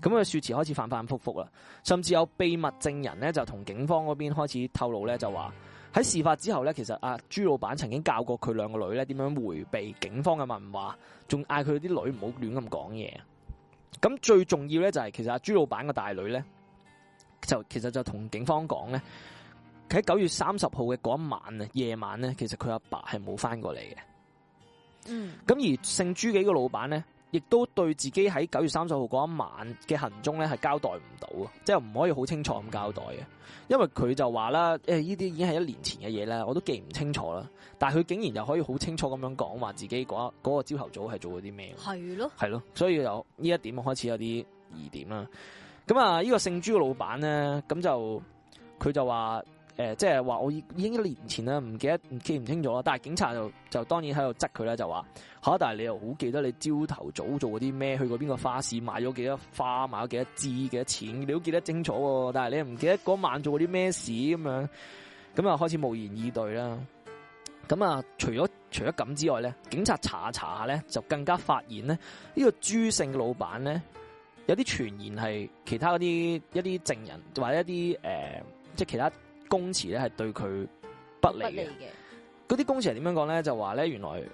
咁佢說詞開始反反复复啦，甚至有秘密證人咧就同警方嗰邊開始透露咧就話喺事發之後咧，其實阿、啊、朱老闆曾經教過佢兩個女咧點樣回避警方嘅問話，仲嗌佢啲女唔好亂咁講嘢。咁最重要咧就係其實阿、啊、朱老闆嘅大女咧就其實就同警方講咧，喺九月三十號嘅嗰一晚啊夜晚咧，其實佢阿爸係冇翻過嚟嘅。咁、嗯、而姓朱幾個老闆咧。亦都對自己喺九月三十號嗰一晚嘅行蹤咧，係交代唔到，即係唔可以好清楚咁交代嘅，因為佢就話啦，誒呢啲已經係一年前嘅嘢啦，我都記唔清楚啦。但係佢竟然又可以好清楚咁樣講話自己嗰一嗰個朝頭早係做咗啲咩？係對咯，係咯，所以有呢一點開始有啲疑點啦。咁啊，呢個姓朱嘅老闆咧，咁就佢就話。誒，即係話我已已經一年前啦，唔記得記唔清楚啦。但係警察就就當然喺度窒佢啦，就話吓、啊，但係你又好記得你朝頭早做嗰啲咩？去過邊個花市買咗幾多花，買咗幾多枝，幾多錢，你都記得清楚。但係你唔記得嗰晚做嗰啲咩事咁樣，咁啊開始無言以對啦。咁啊，除咗除咗咁之外咧，警察查查下咧，就更加發現咧呢、呢個朱姓老闆咧有啲傳言係其他嗰啲一啲證人或者一啲誒、呃、即係其他。公辭咧係對佢不利嘅，嗰啲供詞係點樣講咧？就話咧，原來誒，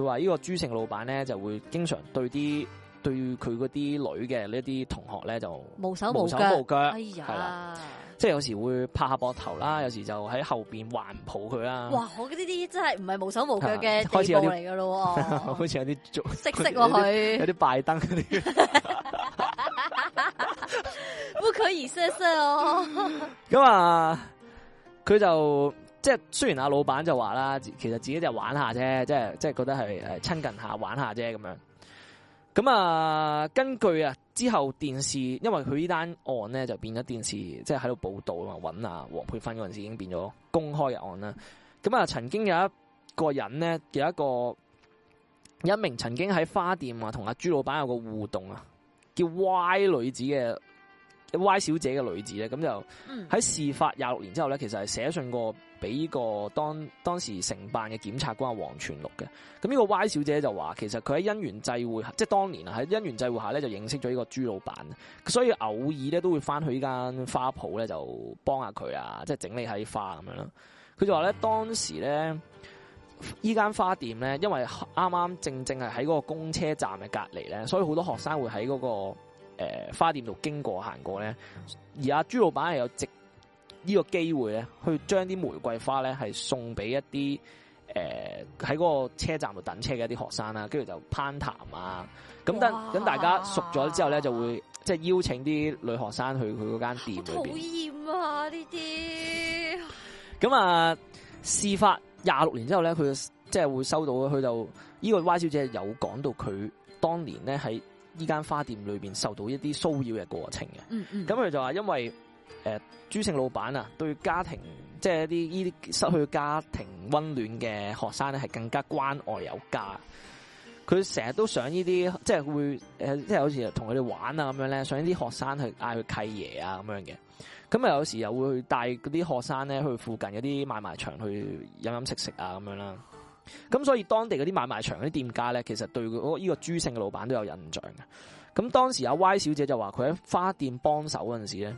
佢話呢個朱姓老闆咧就會經常對啲對佢嗰啲女嘅呢啲同學咧就無手無腳，係啦、哎呀，即係有時會拍下膊頭啦，有時就喺後邊環抱佢啦。哇！我呢啲真係唔係無手無腳嘅地步嚟噶咯，好似有啲色色佢，有啲拜登。 可以哦，咁 啊，佢就即係雖然阿老闆就話啦，其實自己就玩下啫，即係即係覺得係誒親近下玩下啫咁樣。咁啊，根據啊之後電視，因為佢呢單案咧就變咗電視，即係喺度報道啊，嘛，搵啊黃佩芬嗰陣時已經變咗公開嘅案啦。咁啊，曾經有一個人咧，有一個一名曾經喺花店啊同阿朱老闆有個互動啊，叫歪女子嘅。Y 小姐嘅女子咧，咁就喺事發廿六年之後咧，其實係寫信過俾呢個當當時承辦嘅檢察官黃全祿嘅。咁呢個 Y 小姐就話，其實佢喺姻緣際會，即係當年啊喺姻緣際會下咧，就認識咗呢個朱老闆，所以偶爾咧都會翻去呢間花圃咧就幫下佢啊，即係整理下啲花咁樣咯。佢就話咧，當時咧呢間花店咧，因為啱啱正正係喺嗰個公車站嘅隔離咧，所以好多學生會喺嗰個。誒、呃，花店度經過行過咧，而阿朱老闆係有值這個機呢個機會咧，去將啲玫瑰花咧係送俾一啲誒喺嗰個車站度等車嘅一啲學生啦，跟住就攀談啊，咁等咁大家熟咗之後咧，就會即係、就是、邀請啲女學生去佢嗰間店裡面。討厭啊呢啲！咁啊，事發廿六年之後咧，佢就即係會收到佢就呢、這個 Y 小姐有講到佢當年咧喺。依間花店裏邊受到一啲騷擾嘅過程嘅，咁佢、嗯嗯、就話因為誒、呃、朱姓老闆啊，對家庭即係一啲依啲失去家庭溫暖嘅學生咧，係更加關愛有加。佢成日都想呢啲即係會誒，即係好似同佢哋玩啊咁樣咧，想啲學生去嗌佢契爺啊咁樣嘅。咁啊有時又會帶嗰啲學生咧去附近有啲買賣場去飲飲食食啊咁樣啦。咁所以當地嗰啲買賣場啲店家咧，其實對佢依個朱姓嘅老闆都有印象嘅。咁當時阿 Y 小姐就話佢喺花店幫手嗰陣時咧，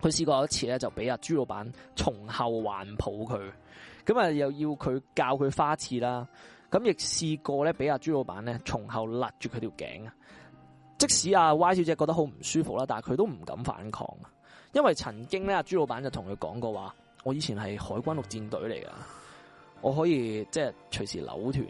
佢試過一次咧就俾阿朱老闆從後環抱佢，咁啊又要佢教佢花刺啦，咁亦試過咧俾阿朱老闆咧從後勒住佢條頸啊。即使阿 Y 小姐覺得好唔舒服啦，但係佢都唔敢反抗，因為曾經咧阿朱老闆就同佢講過話：我以前係海軍陸戰隊嚟噶。我可以即係隨時扭斷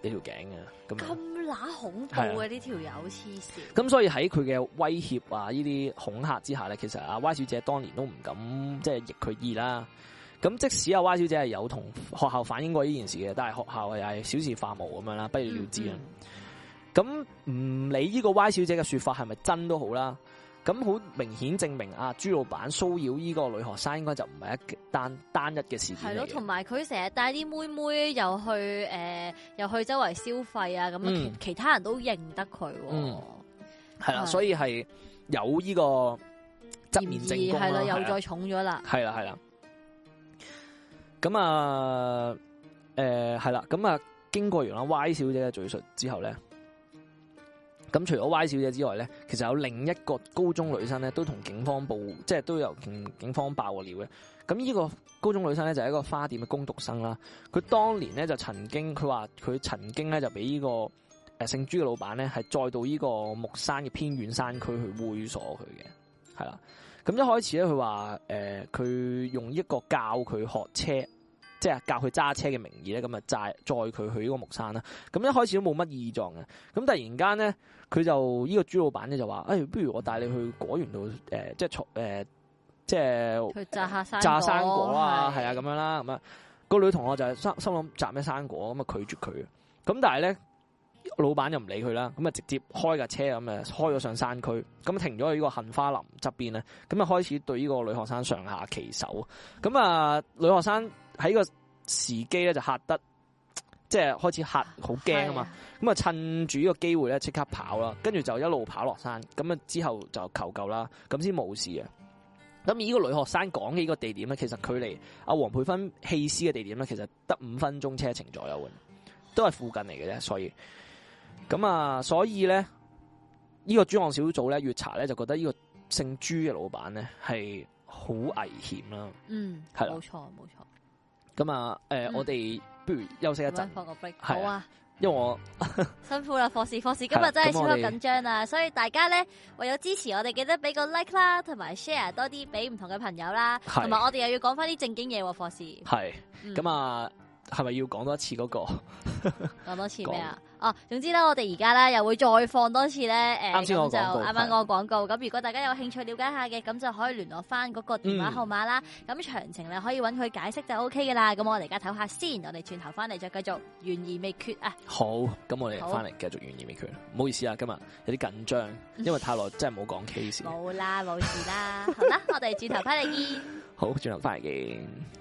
你條頸嘅，咁咁乸恐怖啊，呢條友黐線。咁的所以喺佢嘅威脅啊，呢啲恐嚇之下咧，其實阿 Y 小姐當年都唔敢即係逆佢意啦。咁即使阿 Y 小姐係有同學校反映過呢件事嘅，但係學校係係小事化無咁樣啦，不了了之啦。咁唔、嗯嗯、理呢個 Y 小姐嘅說法係咪真都好啦。咁好明顯證明啊朱老闆騷擾呢個女學生，應該應該就唔係一單單一嘅事件嚟嘅。係咯，同埋佢成日帶啲妹妹又去誒、呃，又去周圍消費啊，咁、嗯、其，其他人都認得佢，啊。嗯，係啦，所以係有呢個側面證。啊、嫌疑係啦，又再重咗啦。係啦，係啦。咁啊，誒、呃，係啦，咁啊，經過完啦，Y 小姐嘅敘述之後咧。咁除咗 Y 小姐之外咧，其實有另一個高中女生咧，都同警方報，即係都由警警方爆過料嘅。咁呢個高中女生咧就係、是、一個花店嘅工讀生啦。佢當年咧就曾經佢話佢曾經咧就俾呢、這個誒、呃、姓朱嘅老闆咧係載到呢個木山嘅偏遠山區去猥瑣佢嘅，係啦。咁一開始咧佢話誒佢用一個教佢學車。即係教佢揸車嘅名義咧，咁啊載載佢去呢個木山啦。咁一開始都冇乜異狀嘅，咁突然間咧，佢就呢個朱老闆咧就話，誒、哎，不如我帶你去果園度，誒、呃，即係從誒，即係去摘下山生果啊，係啊，咁樣啦，咁啊，個女同學就心心諗摘咩生果，咁啊拒絕佢。咁但係咧，老闆就唔理佢啦，咁啊直接開架車咁啊開咗上山區，咁停咗喺呢個杏花林側邊咧，咁啊開始對呢個女學生上下其手，咁啊、呃、女學生。喺個時機咧就嚇得，即係開始嚇，好驚啊嘛！咁啊，趁住呢個機會咧，即刻跑啦，跟住就一路跑落山。咁啊之後就求救啦，咁先冇事啊。咁呢個女學生講嘅呢個地點咧，其實距離阿黃佩芬棄屍嘅地點咧，其實得五分鐘車程左右，都係附近嚟嘅啫。所以，咁啊，所以咧，呢個專案小組咧，越查咧就覺得呢個姓朱嘅老闆咧係好危險啦。嗯，係啦，冇錯，冇錯。咁啊，誒、呃，嗯、我哋不如休息一陣，放個 break，好啊，哇因為我 辛苦啦，博士，博士、啊，今日真係超級緊張啦，所以大家咧，為咗支持我哋，記得俾個 like 啦，同埋 share 多啲俾唔同嘅朋友啦，同埋、啊、我哋又要講翻啲正經嘢，博士，係，咁啊，係咪、啊嗯啊、要講多、那個、 多次嗰個？講多次咩啊？哦，總之咧，我哋而家咧又會再放多次咧，誒、呃，咁就啱啱個廣告。咁吧如果大家有興趣了解下嘅，咁就可以聯絡翻嗰個電話號碼啦。咁詳、嗯、情，你可以揾佢解釋就 O K 噶啦。咁我哋而家睇下先，我哋轉頭翻嚟再繼續懸而未決啊！好，咁我哋翻嚟繼續懸而未決。唔好，好意思啊，今日有啲緊張，因為太耐真係冇講 case。冇 啦，冇事啦。好啦，我哋轉頭翻嚟先。好，轉頭翻嚟見。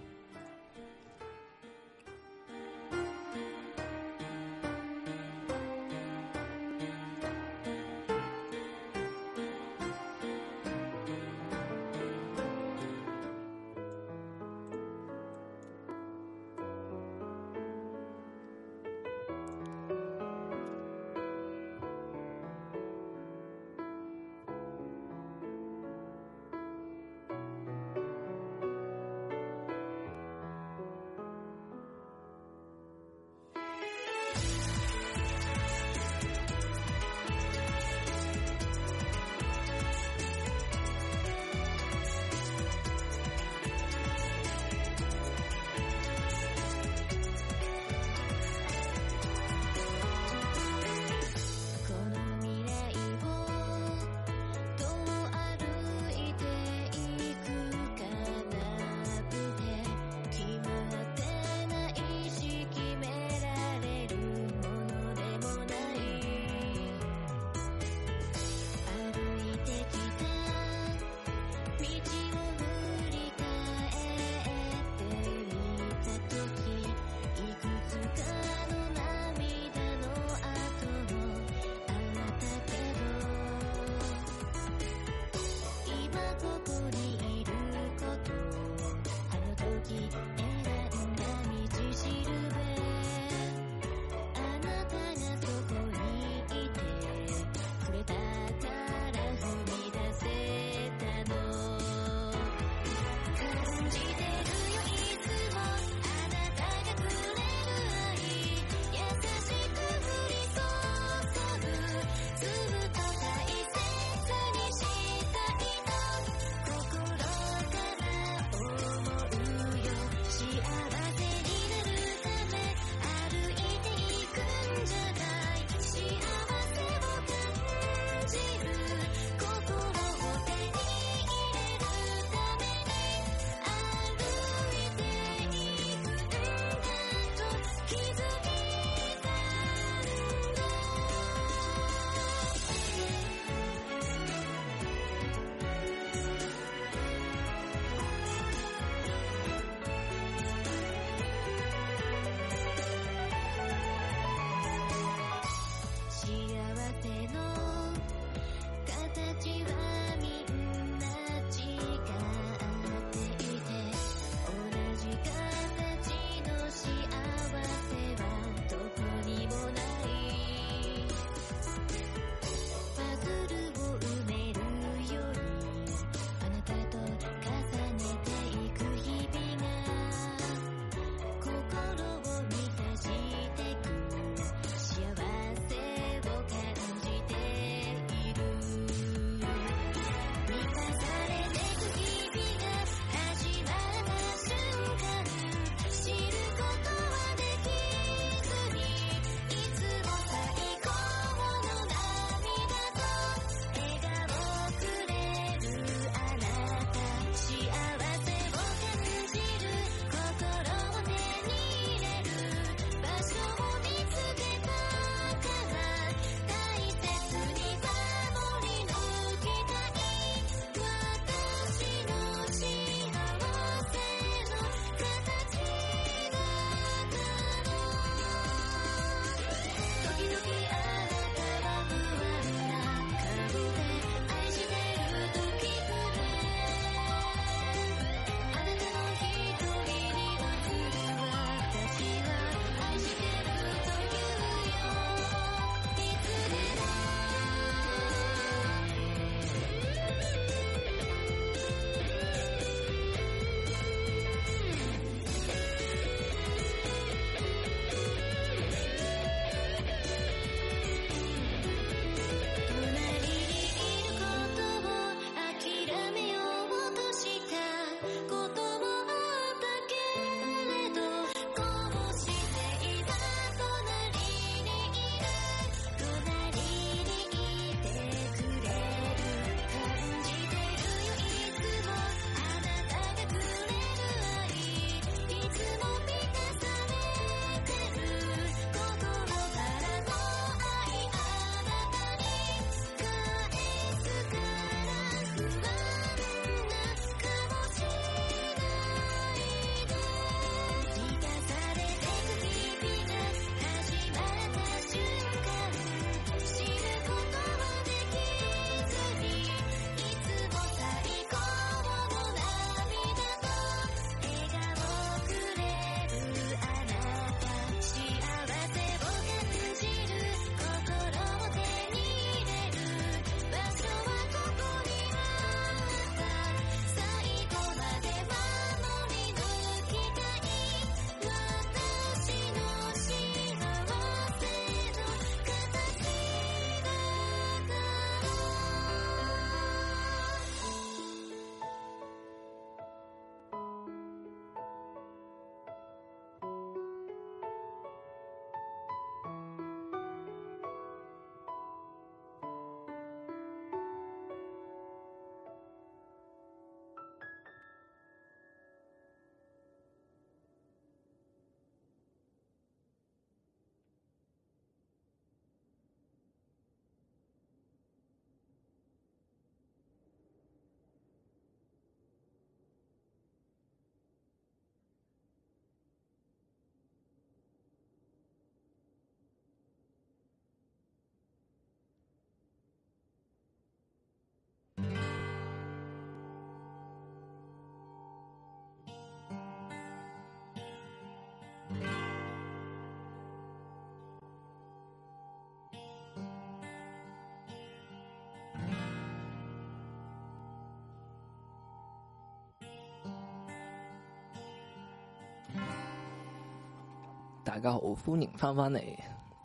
大家好，歡迎翻返嚟，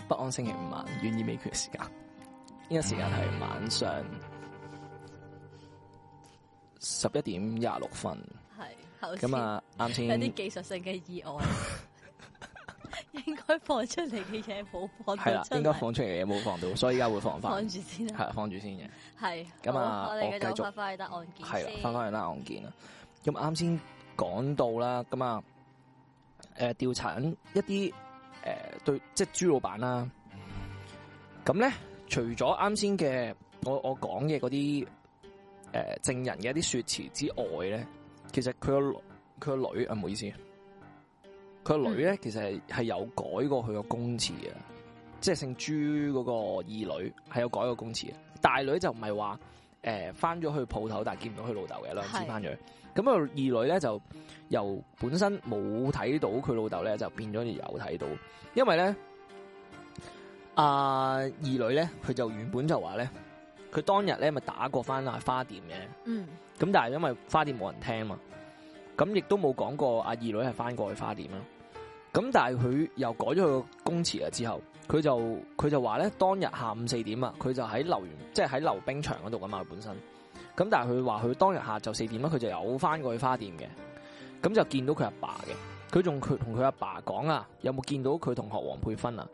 不安星期五晚，願意未決時間呢個時間係晚上十一點廿六分，係咁啊，啱先才有啲技術性嘅意外， 應該放出嚟嘅嘢冇，係啦，應該放出嚟嘅嘢冇放到，所以而家會放翻，放住先啦，係放住先嘅，係咁啊，我哋繼續翻去單案件，係啦，翻翻去單案件啊，咁啱先講到啦，咁啊。誒，調查緊一啲誒，對，即係朱老闆啦。咁咧，除咗啱先嘅我我講嘅嗰啲誒證人嘅一啲說辭之外咧，其實佢個佢個女啊，唔好意思，佢個女咧，其實係係有改過佢個公詞嘅，即係姓朱嗰個二女係有改過公詞，大女就唔係話。誒，翻咗去鋪頭，但係見唔到佢老豆嘅，兩次翻咗去。咁是啊，二女咧就由本身冇睇到佢老豆咧，就變咗而有睇到。因為咧，阿二女咧，佢就原本就話咧，佢當日咧咪打過翻阿花店嘅。嗯。咁但係因為花店冇人聽嘛，咁亦都冇講過阿二女係翻過去花店啦。咁但係佢又改咗佢個供詞啊之後。佢就佢就話咧，當日下午四點啊，佢就喺溜完，即係喺溜冰場嗰度噶嘛，本身。咁但係佢話佢當日下晝四點咧，佢就有翻過去花店嘅，咁就見到佢阿爸嘅。佢仲佢同佢阿爸講啊，有冇見到佢同學黃佩芬啊？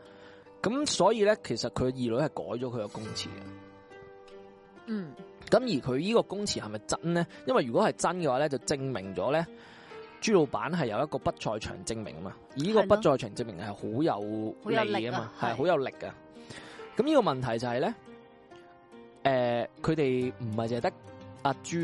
咁所以咧，其實佢二女係改咗佢嘅供詞嘅。嗯。咁而佢呢個供詞係咪真咧？因為如果係真嘅話咧，就證明咗咧。朱老闆係有一個不在場證明嘛，而呢個不在場證明係好有,有力啊嘛，係好有力噶。咁呢個問題就係、是、咧，誒、呃，佢哋唔係淨係得阿朱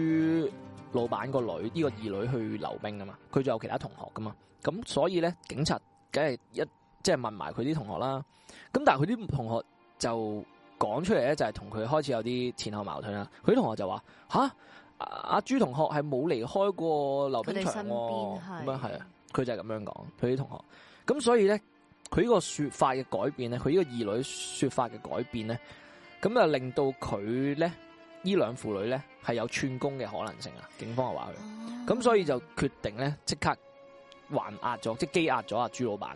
老闆、這個女呢個二女去溜冰噶嘛，佢仲有其他同學噶嘛，咁所以咧，警察梗係一即係、就是、問埋佢啲同學啦。咁但係佢啲同學就講出嚟咧，就係同佢開始有啲前後矛盾啦。佢啲同學就話吓。阿、啊、朱同學係冇離開過溜冰場邊，咁樣係啊，佢就係咁樣講，佢啲同學。咁所以咧，佢呢個說法嘅改變咧，佢呢個二女說法嘅改變咧，咁啊令到佢咧，呢兩父女咧係有串供嘅可能性啊。警方話佢，咁、哦、所以就決定咧即刻還押咗，即係羈押咗阿朱老闆。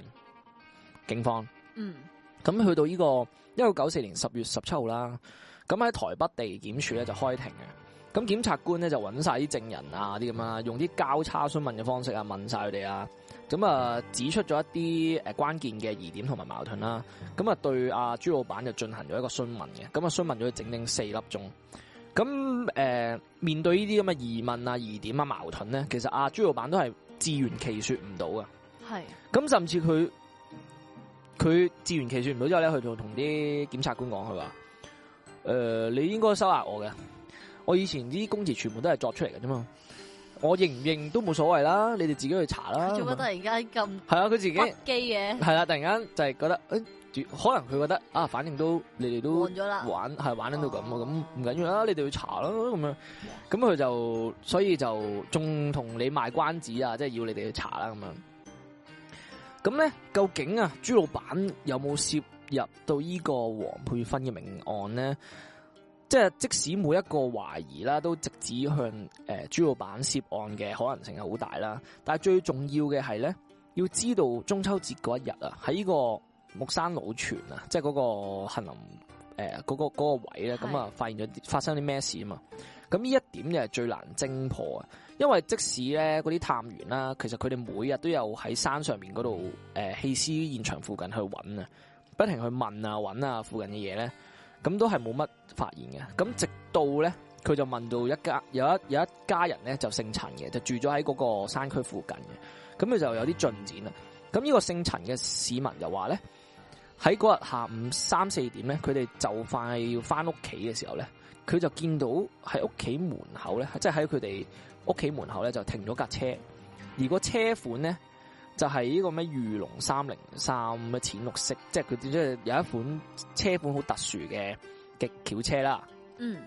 警方，嗯，咁去到呢個一九九四年十月十七號啦，咁喺台北地檢署咧就開庭嘅。咁檢察官咧就揾晒啲證人啊啲咁啊，用啲交叉詢問嘅方式啊問晒佢哋啊，咁啊指出咗一啲誒關鍵嘅疑點同埋矛盾啦、啊，咁啊對阿、啊、朱老闆就進行咗一個詢問嘅，咁啊詢問咗佢整整四粒鐘，咁、啊、誒面對呢啲咁嘅疑問啊疑點啊矛盾咧，其實阿、啊、朱老闆都係自圓其說唔到㗎。係是，咁甚至佢佢自圓其說唔到之後咧，佢就同啲檢察官講佢話，誒、呃、你應該收押我嘅。我以前啲供詞全部都係作出嚟嘅啫嘛，我認唔認都冇所謂啦，你哋自己去查啦。做乜突然間咁？係啊，佢自己機嘅。係啦、啊，突然間就係覺得，誒、欸，可能佢覺得啊，反正都你哋都玩咗啦，玩係玩得到咁，咁唔緊要啦，你哋去查啦，咁樣。咁佢 Yeah. 就所以就仲同你賣關子啊，即、就、係、是、要你哋去查啦，咁樣。咁咧，究竟啊，朱老闆有冇涉入到呢個黃佩芬嘅命案咧？即係即使每一個懷疑啦，都直指向誒朱老闆涉案嘅可能性係好大啦。但係最重要嘅係咧，要知道中秋節嗰一日啊，喺個木山老泉啊，即係嗰個杏林誒嗰個嗰個位咧，咁啊發現咗發生啲咩事啊嘛。咁呢是一點就係最難偵破啊，因為即使咧嗰啲探員啦，其實佢哋每日都有喺山上面嗰度誒棄屍現場附近去揾啊，不停去問啊，揾啊，附近嘅嘢咧。咁都係冇乜發現嘅，咁直到咧佢就問到一家有一有一家人咧，就姓陳嘅，就住咗喺嗰個山區附近嘅，咁佢就有啲進展啦。咁呢個姓陳嘅市民就話咧，喺嗰日下午三四點咧，佢哋就快要返屋企嘅時候咧，佢就見到喺屋企門口咧，即係喺佢哋屋企門口咧就停咗架車，而個車款咧。就係呢個咩？御龍三零三咩？淺綠色，即係佢即係有一款車款好特殊嘅極轎車啦。嗯。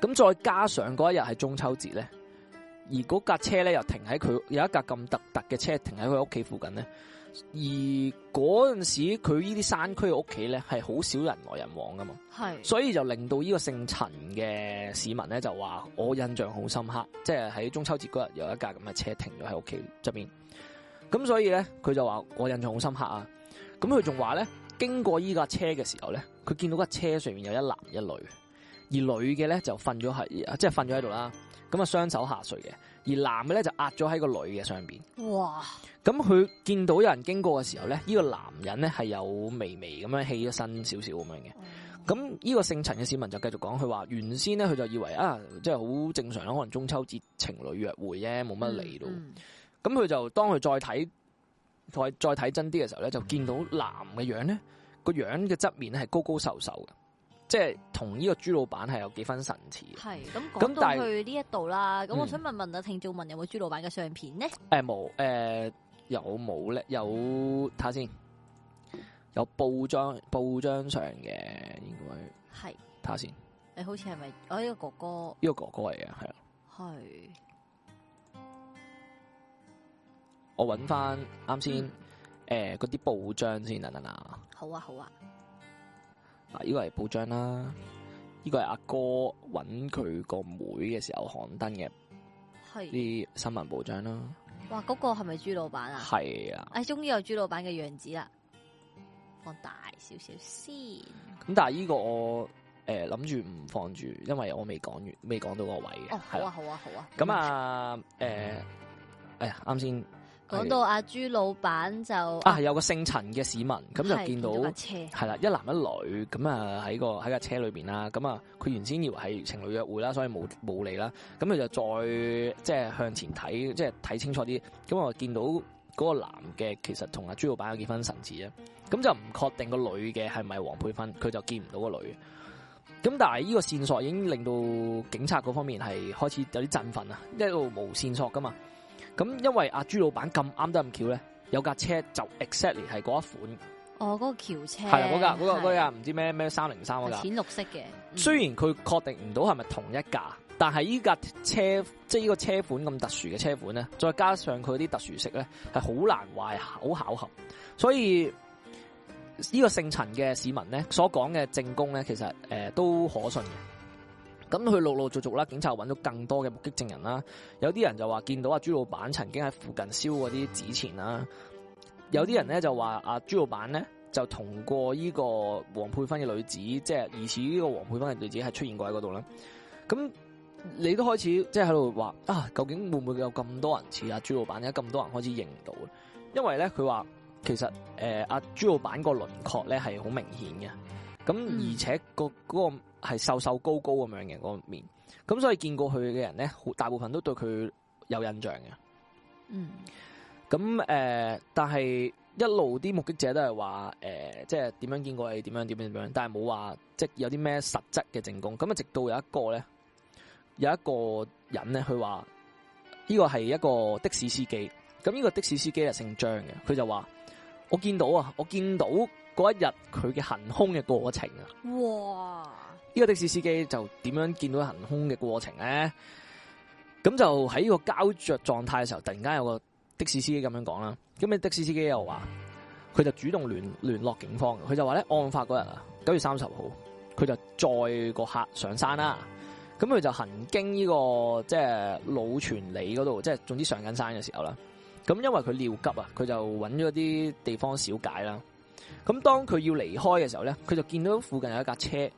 咁再加上嗰一日係中秋節咧，而嗰架車咧又停喺佢有一架咁突突嘅車停喺佢屋企附近咧。而嗰陣時佢呢啲山區嘅屋企咧係好少人來人往噶嘛。係是。所以就令到呢個姓陳嘅市民咧就話，我印象好深刻，即係喺中秋節嗰日有一架咁嘅車停咗喺屋企出邊。咁所以咧，佢就話我印象好深刻啊！咁佢仲話咧，經過依架車嘅時候咧，佢見到架車上面有一男一女，而女嘅咧就瞓咗喺，即係瞓咗喺度啦。咁啊，雙手下垂嘅，而男嘅咧就壓咗喺個女嘅上邊。哇！咁佢見到有人經過嘅時候咧，呢個男人咧係有微微咁樣起咗身少少咁樣嘅。咁呢個姓陳嘅市民就繼續講，佢話原先咧佢就以為啊，即係好正常啦，可能中秋節情侶約會啫，冇乜理到。嗯咁佢就當佢再睇，再再睇真啲嘅時候咧，就見到男嘅樣咧，個樣嘅側面係係高高瘦瘦嘅，即係同呢個朱老闆係有幾分神似。係咁但到去呢一度啦，咁我想問問阿、嗯、聽眾問有冇朱老闆嘅相片呢？誒、呃，冇誒、呃，有冇咧？有睇下先，有報章報章上嘅，應該係睇下先。是看看你好似係咪？我、哦、呢、這個哥哥，呢個哥哥嚟嘅，係啊，係。我揾翻啱先誒嗰啲報章先，嗱嗱嗱，好啊好啊，啊、這、依個係報章啦，呢、這個係阿哥揾佢個妹嘅時候刊登嘅，係啲新聞報章啦。嗯、哇，嗰、那個係咪朱老闆啊？係啊，誒、哎，終於有朱老闆嘅樣子啦，放大少少先。咁但係依個我誒諗住唔放住，因為我未講完，未講到個位嘅。哦、啊好啊，好啊好啊好啊。咁啊誒、嗯呃，哎呀，啱先。講到阿朱老闆就啊，有個姓陳嘅市民咁、啊、就見到係啦，一男一女咁啊喺個喺架車裏邊啦，咁啊佢原先以為係情侶約會啦，所以冇冇理啦，咁佢就再即係向前睇，即係睇清楚啲，咁啊見到嗰個男嘅其實同阿朱老闆有幾分神似，啊，咁就唔確定個女嘅係咪黃佩芬，佢就見唔到個女，咁但係呢個線索已經令到警察嗰方面係開始有啲振奮啊，一路冇線索噶嘛。咁因為阿朱老板咁啱得咁巧咧，有架車就 exactly 係嗰一款，哦，嗰、那個轎車係嗰架，嗰架嗰架唔知咩咩三零三嗰架，淺、那個、綠色嘅。嗯、雖然佢確定唔到係咪同一架，但係呢架車即係呢個車款咁特殊嘅車款咧，再加上佢啲特殊色咧，係好難懷好巧合，所以呢個姓陳嘅市民咧所講嘅證供咧，其實誒都可信嘅。咁佢陸陸續續啦，警察揾到更多嘅目擊證人啦。有啲人就話見到阿朱老闆曾經喺附近燒嗰啲紙錢啦。有啲人咧就話阿朱老闆咧就同過依個黃佩芬嘅女子，即係疑似呢個黃佩芬嘅女子係出現過喺嗰度啦。咁你都開始即係喺度話啊，究竟會唔會有咁多人似阿朱老闆？而家咁多人開始認到，因為咧佢話其實呃、阿朱老闆個輪廓咧係好明顯嘅，咁而且個、那、嗰個、那個係瘦瘦高高咁樣嘅面，咁所以見過佢嘅人咧，好大部分都對佢有印象嘅。嗯，咁誒、呃，但係一路啲目擊者都係話，誒、呃，即係點樣見過係點樣點樣點樣，但係冇話即係有啲咩，就是、實質嘅證供。咁啊，直到有一個咧，有一個人咧，佢話呢個係一個的士司機，咁呢個的士司機係姓張嘅，佢就話我見到啊，我見到嗰一日佢嘅行兇嘅過程啊，哇！呢個的士司機就點樣見到行兇嘅過程咧？咁就喺呢個膠着狀態嘅時候，突然間有個的士司機咁樣講啦。咁，的士司機又話佢就主動聯聯絡警方。佢就話咧，案發嗰日啊，九月三十號，佢就載個客上山啦。咁佢就行經呢個，即係老泉里嗰度，即係總之上緊山嘅時候啦。咁因為佢尿急啊，佢就揾咗啲地方小解啦。咁當佢要離開嘅時候咧，佢就見到附近有一架車。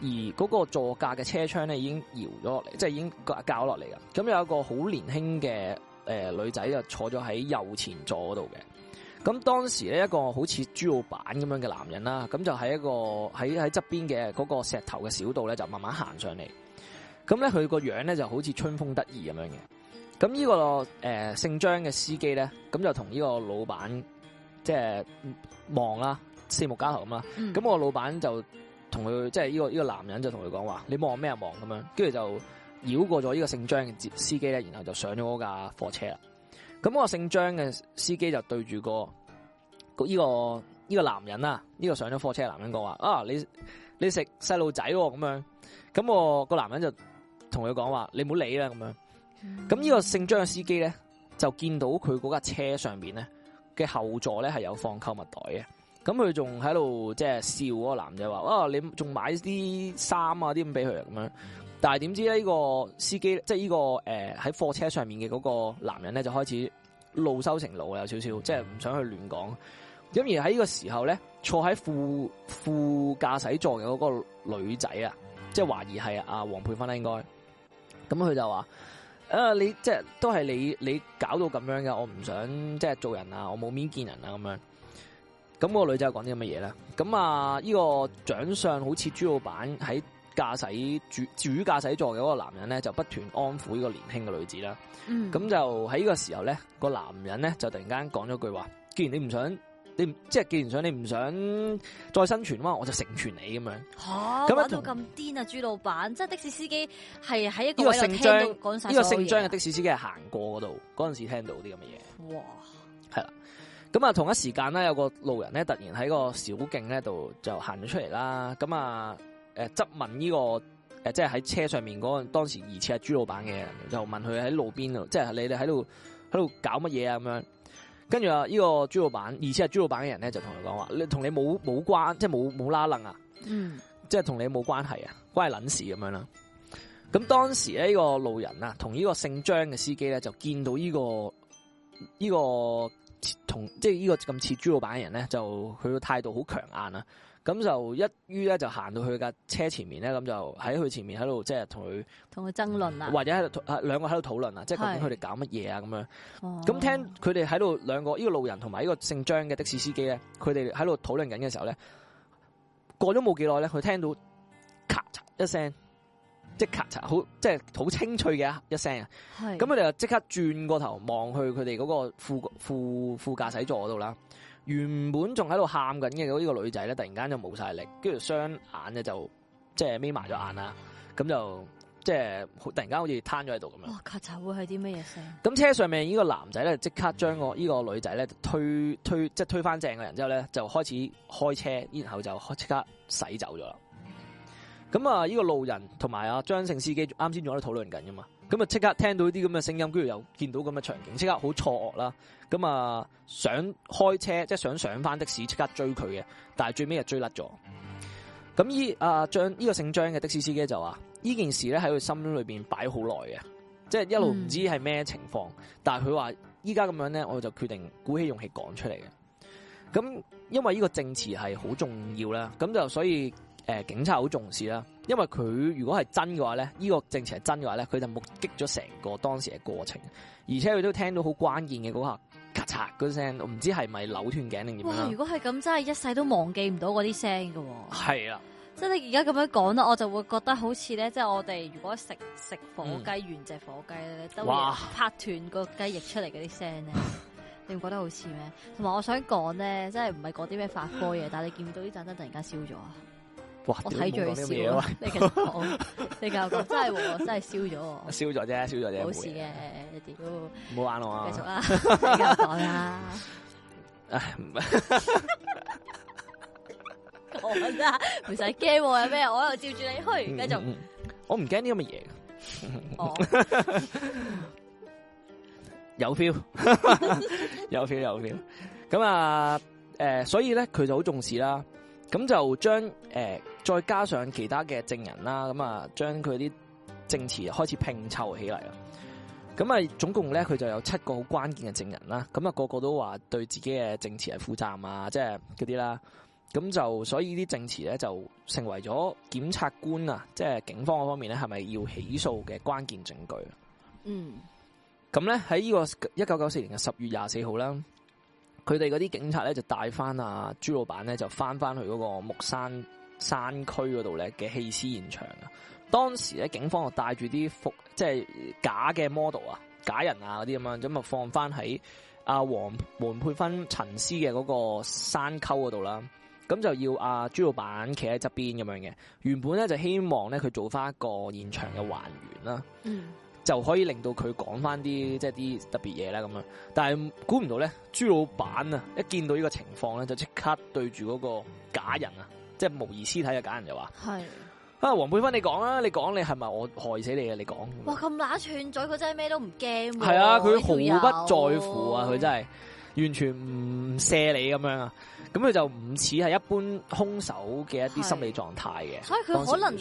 而嗰個座駕嘅車窗咧已經搖咗落嚟，即係已經降落嚟噶。咁有一個好年輕嘅誒、呃、女仔就坐咗喺右前座嗰度嘅。咁當時咧一個好似朱老闆咁樣嘅男人啦，咁就喺一個喺喺側邊嘅嗰個石頭嘅小道咧就慢慢行上嚟。咁咧佢個樣咧就好似春風得意咁樣嘅。咁呢、這個誒、呃、姓張嘅司機咧，咁就同呢個老闆即係望啦，四目交投咁啦。咁我老闆就。同佢即係呢個呢個男人就同佢講話，你望咩望咁樣？跟住就繞過咗呢個姓張嘅司司機咧，然後就上咗嗰架貨車啦。咁個姓張嘅司機就對住個呢個呢個男人啦，呢個上咗貨車嘅男人講話啊，你你食細路仔喎咁樣。咁我個男人就同佢講話，你唔好理啦咁樣。咁呢個姓張嘅司機咧，就見到佢嗰架車上面咧嘅後座咧係有放購物袋嘅。咁佢仲喺度即係笑嗰個男仔話，啊，你仲買啲衫啊啲咁俾佢咁樣，但係點知咧呢個司機即係、這、呢個誒喺貨車上面嘅嗰個男人咧就開始惱羞成怒啊，有少少即係唔想去亂講。咁而喺呢個時候咧，坐喺副副駕駛座嘅嗰個女仔啊，即係懷疑係阿黃佩芬啦，應該咁佢就話、呃：，你即係都係你你搞到咁樣嘅，我唔想即係做人啊，我冇面見人啊咁樣。咁個女仔講啲咁嘅嘢啦，咁啊呢、呢個長相好似朱老闆喺駕駛主主駕駛座嘅嗰個男人咧，就不斷安撫呢個年輕嘅女子啦。咁、嗯、就喺呢個時候咧，個男人咧就突然間講咗句話：既然你唔想，你即係既然想你唔想再生存啊嘛，我就成全你咁樣。嚇、啊！講到咁癲啊，朱老闆即係的士司機係喺一個有聽呢講呢個姓張嘅的士司機行過嗰度嗰陣時聽到啲咁嘅嘢，哇咁啊，同一時間咧，有個路人咧，突然喺個小徑咧度就行咗出嚟啦。咁啊，誒質問呢個誒，即係喺車上面嗰個當時疑似係朱老闆嘅人，就問佢喺路邊度，即係你哋喺度喺度搞乜嘢啊？咁樣跟住啊，呢個朱老闆，疑似係朱老闆嘅人咧，就同佢講話，你同你冇冇關，即係冇冇拉楞啊，嗯，即係同你冇關係啊，關係撚事咁樣啦。咁當時咧，呢個路人啊，同呢個姓張嘅司機咧，就見到呢個呢個。這個同即係呢個咁似朱老闆嘅人咧，就佢個態度好強硬啊！咁就一於咧就行到佢架車前面，咧，咁就喺佢前面喺度即係同佢同佢爭論啊，或者喺度兩個喺度討論啊，是即係究竟佢哋搞乜嘢啊咁樣。咁、哦、聽佢哋喺度兩個呢、呢個路人同埋呢個姓張嘅的、的士司機咧，佢哋喺度討論緊嘅時候咧，過咗冇幾耐咧，佢聽到咔嚓一聲。即咔嚓，好，即係好清脆嘅一一聲。咁佢哋就即刻轉過頭望去，佢哋嗰個副副副駕駛座度啦。原本仲喺度喊緊嘅嗰呢個女仔咧，突然間就冇晒力，跟住雙眼咧就即係眯埋咗眼啦。咁就即係突然間好似癱咗喺度咁樣。哇！咔嚓會係啲咩嘢聲？咁車上面呢個男仔咧，即刻將個呢個女仔咧推、嗯、推，即係推返正嘅人之後咧，就開始開車，然後就即刻駛走咗啦。咁啊！呢個路人同埋啊張姓司機啱先仲喺度討論緊噶嘛，咁啊即刻聽到啲咁嘅聲音，跟住又見到咁嘅場景，即刻好錯愕啦！咁啊想開車，即係想上翻的士，即刻追佢嘅，但係最尾就追甩咗。咁依啊張呢、呢個姓張嘅的,的士司機就話：呢件事咧喺佢心裏邊擺好耐嘅，即係一路唔知係咩情況，嗯、但係佢話依家咁樣咧，我就決定鼓起勇氣講出嚟嘅。咁因為呢個證詞係好重要啦，咁就所以。誒警察好重視啦，因為佢如果係真嘅話咧，依、呢個證詞係真嘅話咧，佢就目擊咗成個當時嘅過程，而且佢都聽到好關鍵嘅嗰下咔嚓嗰聲，唔知係咪扭斷頸定點哇！如果係咁，真係一世都忘記唔到嗰啲聲嘅喎。係是啊，即係你而家咁樣講咧，我就會覺得好似咧，即係我哋如果食食火雞原隻火雞咧，嗯、都會拍斷個雞翼出嚟嗰啲聲咧，哇 你唔覺得好似咩？同埋我想講咧，即係唔係講啲咩發科嘢？ 但係你見唔到呢盞燈突然間燒咗啊？我睇住你笑、啊，你繼續你教我真係，真係燒咗。燒咗啫，燒咗啫。冇事嘅，點都唔好玩啦。繼續啦，講啦、啊啊。繼續唉，啦， 唔使驚有咩，我又照住你去。繼續、嗯。我唔驚啲咁嘅嘢。有 feel，有 feel，有 feel。咁啊，誒、呃，所以咧，佢就好重視啦。咁就將誒。呃再加上其他嘅證人啦，咁啊，將佢啲證詞開始拼湊起嚟啦。咁啊，總共咧佢就有七個好關鍵嘅證人啦。咁啊，個個都話對自己嘅證詞係負責啊，即係嗰啲啦。咁就所以呢啲證詞咧就成為咗檢察官啊，即係警方嗰方面咧係咪要起訴嘅關鍵證據？嗯。咁咧喺呢個一九九四年嘅十月廿四號啦，佢哋嗰啲警察咧就帶翻啊朱老闆咧就翻翻去嗰個木山。山區嗰度咧嘅棄屍現場啊！當時咧，警方就帶住啲服，即係假嘅 model 啊、假人啊嗰啲咁樣，咁就放翻喺阿黃黃佩芬陳屍嘅嗰個山溝嗰度啦。咁就要阿朱老闆企喺側邊咁樣嘅。原本咧就希望咧佢做翻一個現場嘅還原啦，嗯，就可以令到佢講翻啲即係啲特別嘢啦咁樣。但係估唔到咧，朱老闆啊，一見到呢個情況咧，就即刻對住嗰個假人啊！即係模擬屍體就揀人就話係是啊，黃佩芬你講啦，你講你係咪我害死你嘅？你講，哇咁乸串嘴，佢真係咩都唔驚。係啊，佢毫不在乎啊，佢真係完全唔射你咁樣啊。咁佢就唔似係一般兇手嘅一啲心理狀態嘅。所以佢可能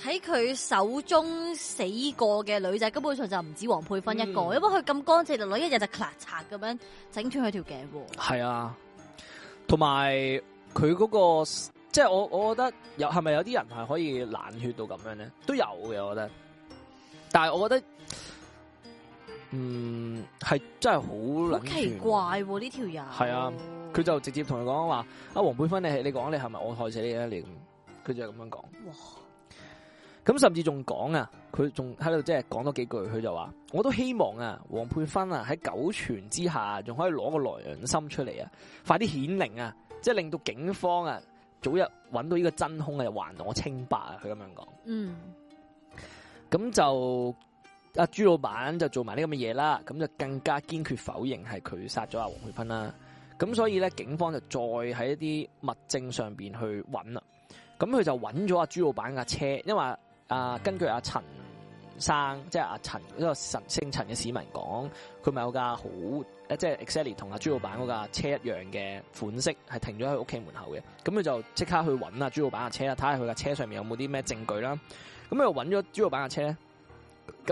喺佢手中死過嘅女仔根本上就唔止黃佩芬一個，嗯、因為佢咁乾淨就女，一日就咔嚓咁樣整斷佢條頸喎。係啊，同埋佢嗰個。即係我，我覺得有係咪有啲人係可以冷血到咁樣咧？都有嘅，我覺得。但係我覺得，嗯，係真係好冷的。奇怪，呢條人係啊，佢、啊、就直接同佢講話：，阿、啊、黃佩芬，你係你講，你係咪我害死你咧？你佢就咁樣講。哇！咁甚至仲講啊，佢仲喺度即係講多幾句，佢就話：，我都希望啊，黃佩芬啊，喺九泉之下仲、啊、可以攞個良心出嚟啊，快啲顯靈啊！即係令到警方啊。早日揾到呢個真凶啊，還我清白啊！佢咁樣講。嗯，咁就阿朱老闆就做埋呢咁嘅嘢啦，咁就更加堅決否認係佢殺咗阿黃佩芬啦。咁所以咧，警方就再喺一啲物證上邊去揾啦。咁佢就揾咗阿朱老闆架車，因為阿、呃、根據阿陳生，即係阿陳呢個陳姓陳嘅市民講，佢咪有架好。即係 Excel 同阿朱老闆嗰架車一樣嘅款式，係停咗喺屋企門口嘅。咁佢就即刻去揾啊，朱老闆嘅車啦，睇下佢架車上面有冇啲咩證據啦。咁佢又揾咗朱老闆嘅車，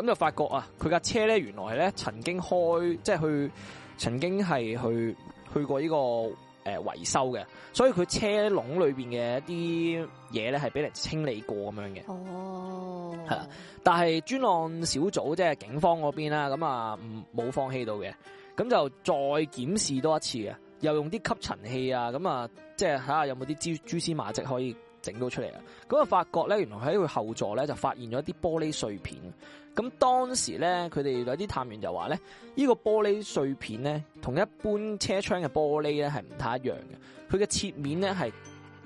咁就發覺啊，佢架車咧原來咧曾經開，即係去，曾經係去去過呢個誒、呃、維修嘅，所以佢車籠裏邊嘅一啲嘢咧係俾人清理過咁樣嘅。哦，係啦，但係專案小組即係警方嗰邊啦，咁啊冇放棄到嘅。咁就再檢視多一次，又用啲吸塵器啊，咁啊，即係睇下有冇啲蛛蛛絲馬跡可以整到出嚟啊。咁啊，發覺咧，原來喺佢後座咧就發現咗啲玻璃碎片。咁當時咧，佢哋有啲探員就話咧，呢個玻璃碎片咧，同一般車窗嘅玻璃咧係唔太一樣嘅。佢嘅切面咧係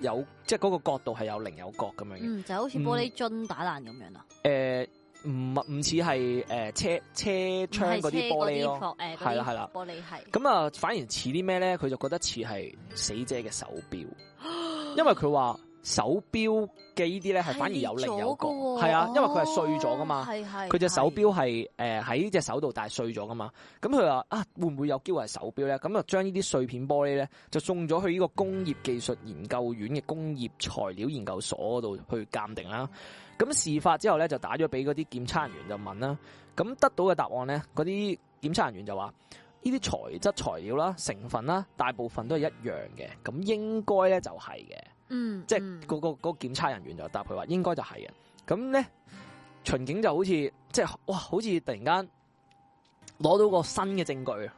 有，即係嗰個角度係有棱有角咁樣嘅。就好似玻璃樽打爛咁樣啊。呃唔唔似係誒車車窗嗰啲玻璃咯，啊，係啦係啦，玻璃係。咁啊，反而似啲咩咧？佢就覺得似係死者嘅手錶， 因為佢話。手錶嘅呢啲咧，係反而有裂有割，係啊，因為佢係碎咗㗎嘛，佢隻、哦、手錶係誒喺隻手度，但係碎咗㗎嘛。咁佢話啊，會唔會有機會係手錶咧？咁就將呢啲碎片玻璃咧，就送咗去呢個工業技術研究院嘅工業材料研究所度去鑑定啦。咁事發之後咧，就打咗俾嗰啲檢測人員就問啦。咁得到嘅答案咧，嗰啲檢測人員就話：呢啲材質材料啦、成分啦，大部分都係一樣嘅，咁應該咧就係嘅。嗯，即係、嗯那個、那個個檢測人員就答佢話、就是，應該就係嘅。咁咧，巡警，就好似即係哇，好似突然間攞到個新嘅證據。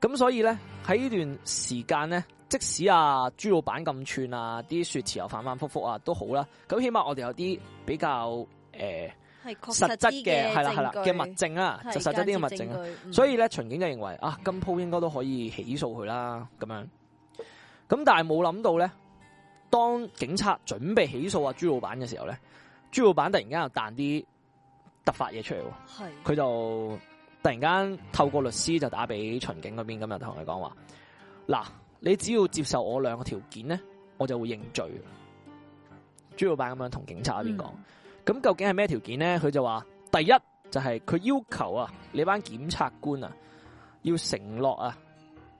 咁所以咧，喺呢段時間咧，即使阿、啊、朱老闆咁串啊，啲說辭又反反复复啊，都好、呃、啦。咁起碼我哋有啲比較誒，係實質嘅係啦係啦嘅物證啊，是實質啲嘅物證，證、嗯、所以咧，巡警就認為啊，今鋪應該都可以起訴佢啦。咁樣，咁但係冇諗到咧。當警察準備起訴啊朱老闆嘅時候咧，朱老闆突然間又彈啲突發嘢出嚟，係佢是就突然間透過律師就打俾巡警嗰邊咁就同佢講話，嗱、嗯，你只要接受我兩個條件咧，我就會認罪。朱老闆咁樣同警察嗰邊講，咁、嗯、究竟係咩條件咧？佢就話，第一就係、是、佢要求啊，你班檢察官啊，要承諾啊，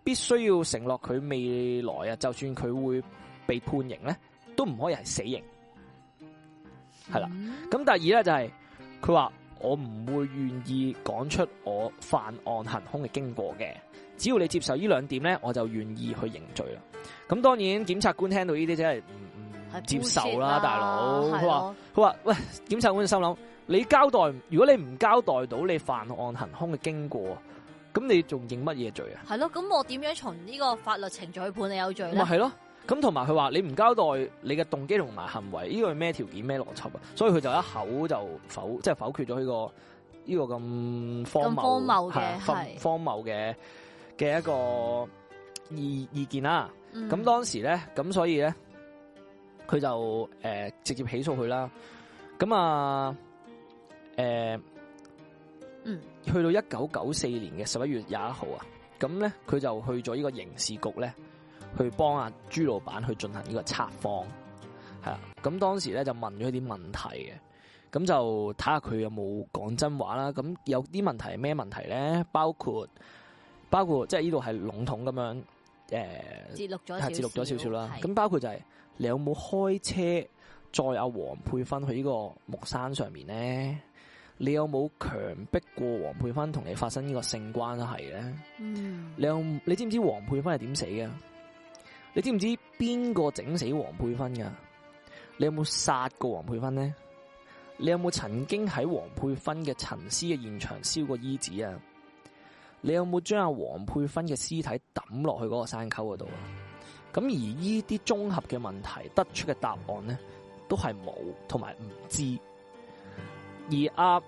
必須要承諾佢未來啊，就算佢會。被判刑咧，都唔可以係死刑，係啦、嗯。咁第二咧就係佢話我唔會願意講出我犯案行凶嘅經過嘅，只要你接受呢兩點咧，我就願意去認罪啦。咁當然，檢察官聽到呢啲真係唔唔接受啦，大佬哥。佢話佢話喂，檢察官心諗你交代，如果你唔交代到你犯案行凶嘅經過，咁你仲認乜嘢罪啊？係咯，咁我點樣從呢個法律程序判你有罪？係咯。咁同埋佢話你唔交代你嘅動機同埋行為，呢個係咩條件咩邏輯啊？所以佢就一口就否，即係否決咗呢個呢個咁荒謬嘅荒謬嘅嘅一個意意見啦。咁當時咧，咁所以咧，佢就誒直接起訴佢啦。咁啊，誒，嗯，去到一九九四年嘅十一月廿一號啊，咁咧佢就去咗呢個刑事局咧。去幫阿朱老闆去進行呢個測謊，係啦。咁當時咧就問咗一啲問題嘅，咁就睇下佢有冇講真話啦。咁有啲問題係咩問題咧？包括包括即係呢度係籠統咁樣，誒、呃，截錄咗，錄咗少少啦。咁的包括就係、是、你有冇開車載阿黃佩芬去呢個木山上面咧？你有冇強迫過黃佩芬同你發生呢個性關係咧、嗯？你有你知唔知黃佩芬係點死嘅？你知唔知邊個整死黃佩芬噶？你有冇殺過黃佩芬呢？你有冇曾經喺黃佩芬嘅陳屍嘅現場燒過衣紙啊？你有冇將阿黃佩芬嘅屍體抌落去嗰個山溝嗰度啊？咁而呢啲綜合嘅問題得出嘅答案呢，都係冇同埋唔知。而阿、啊、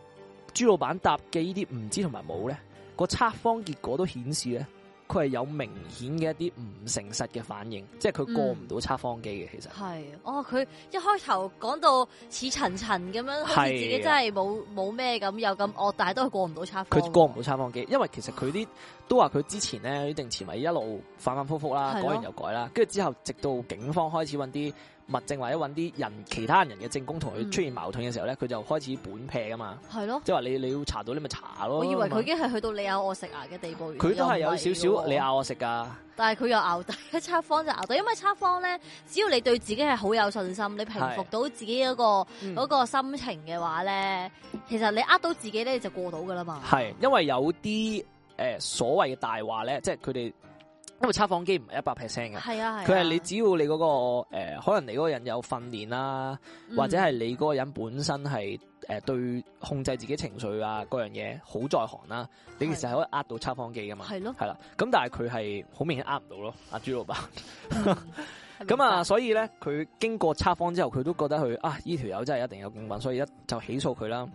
朱老闆答嘅呢啲唔知同埋冇呢，個測謊結果都顯示呢。佢係有明顯嘅一啲唔誠實嘅反應，即係佢過唔到測謊機嘅其實。係、嗯，哦，佢一開頭講到似塵塵咁樣，係的自己真係冇冇咩咁，有咁我、嗯、但係都係過唔到測謊機。佢過唔到測謊機，因為其實佢啲都話佢之前咧定前咪一路反反覆覆啦，改完又改啦，跟住的之後直到警方開始搵啲。物證或者揾啲人其他人嘅證供同佢出現矛盾嘅時候咧，佢、嗯、就開始本劈噶嘛對咯。咯，即係話你你要查到，你咪查咯。我以為佢已經係去到你咬我食牙嘅地步，佢都係有少少你咬我食噶。但係佢又咬到，一測謊就咬到，因為測謊咧，只要你對自己係好有信心，你平復到自己嗰、那個嗯、個心情嘅話咧，其實你呃到自己咧就過到噶啦嘛。係，因為有啲、呃、所謂嘅大話咧，即係佢哋。因為測謊機唔係一百 percent 嘅。佢係、啊啊、你只要你嗰、那個誒、呃，可能你嗰個人有訓練啦，嗯、或者係你嗰個人本身係誒對控制自己情緒啊各樣嘢好在行啦，是的你其實係可以呃到測謊機噶嘛係咯的，係啦的，咁但係佢係好明顯呃唔到咯，阿、啊、朱老闆，咁 啊，所以咧佢經過測謊之後，佢都覺得佢啊，呢條友真係一定有精品，所以一就起訴佢啦。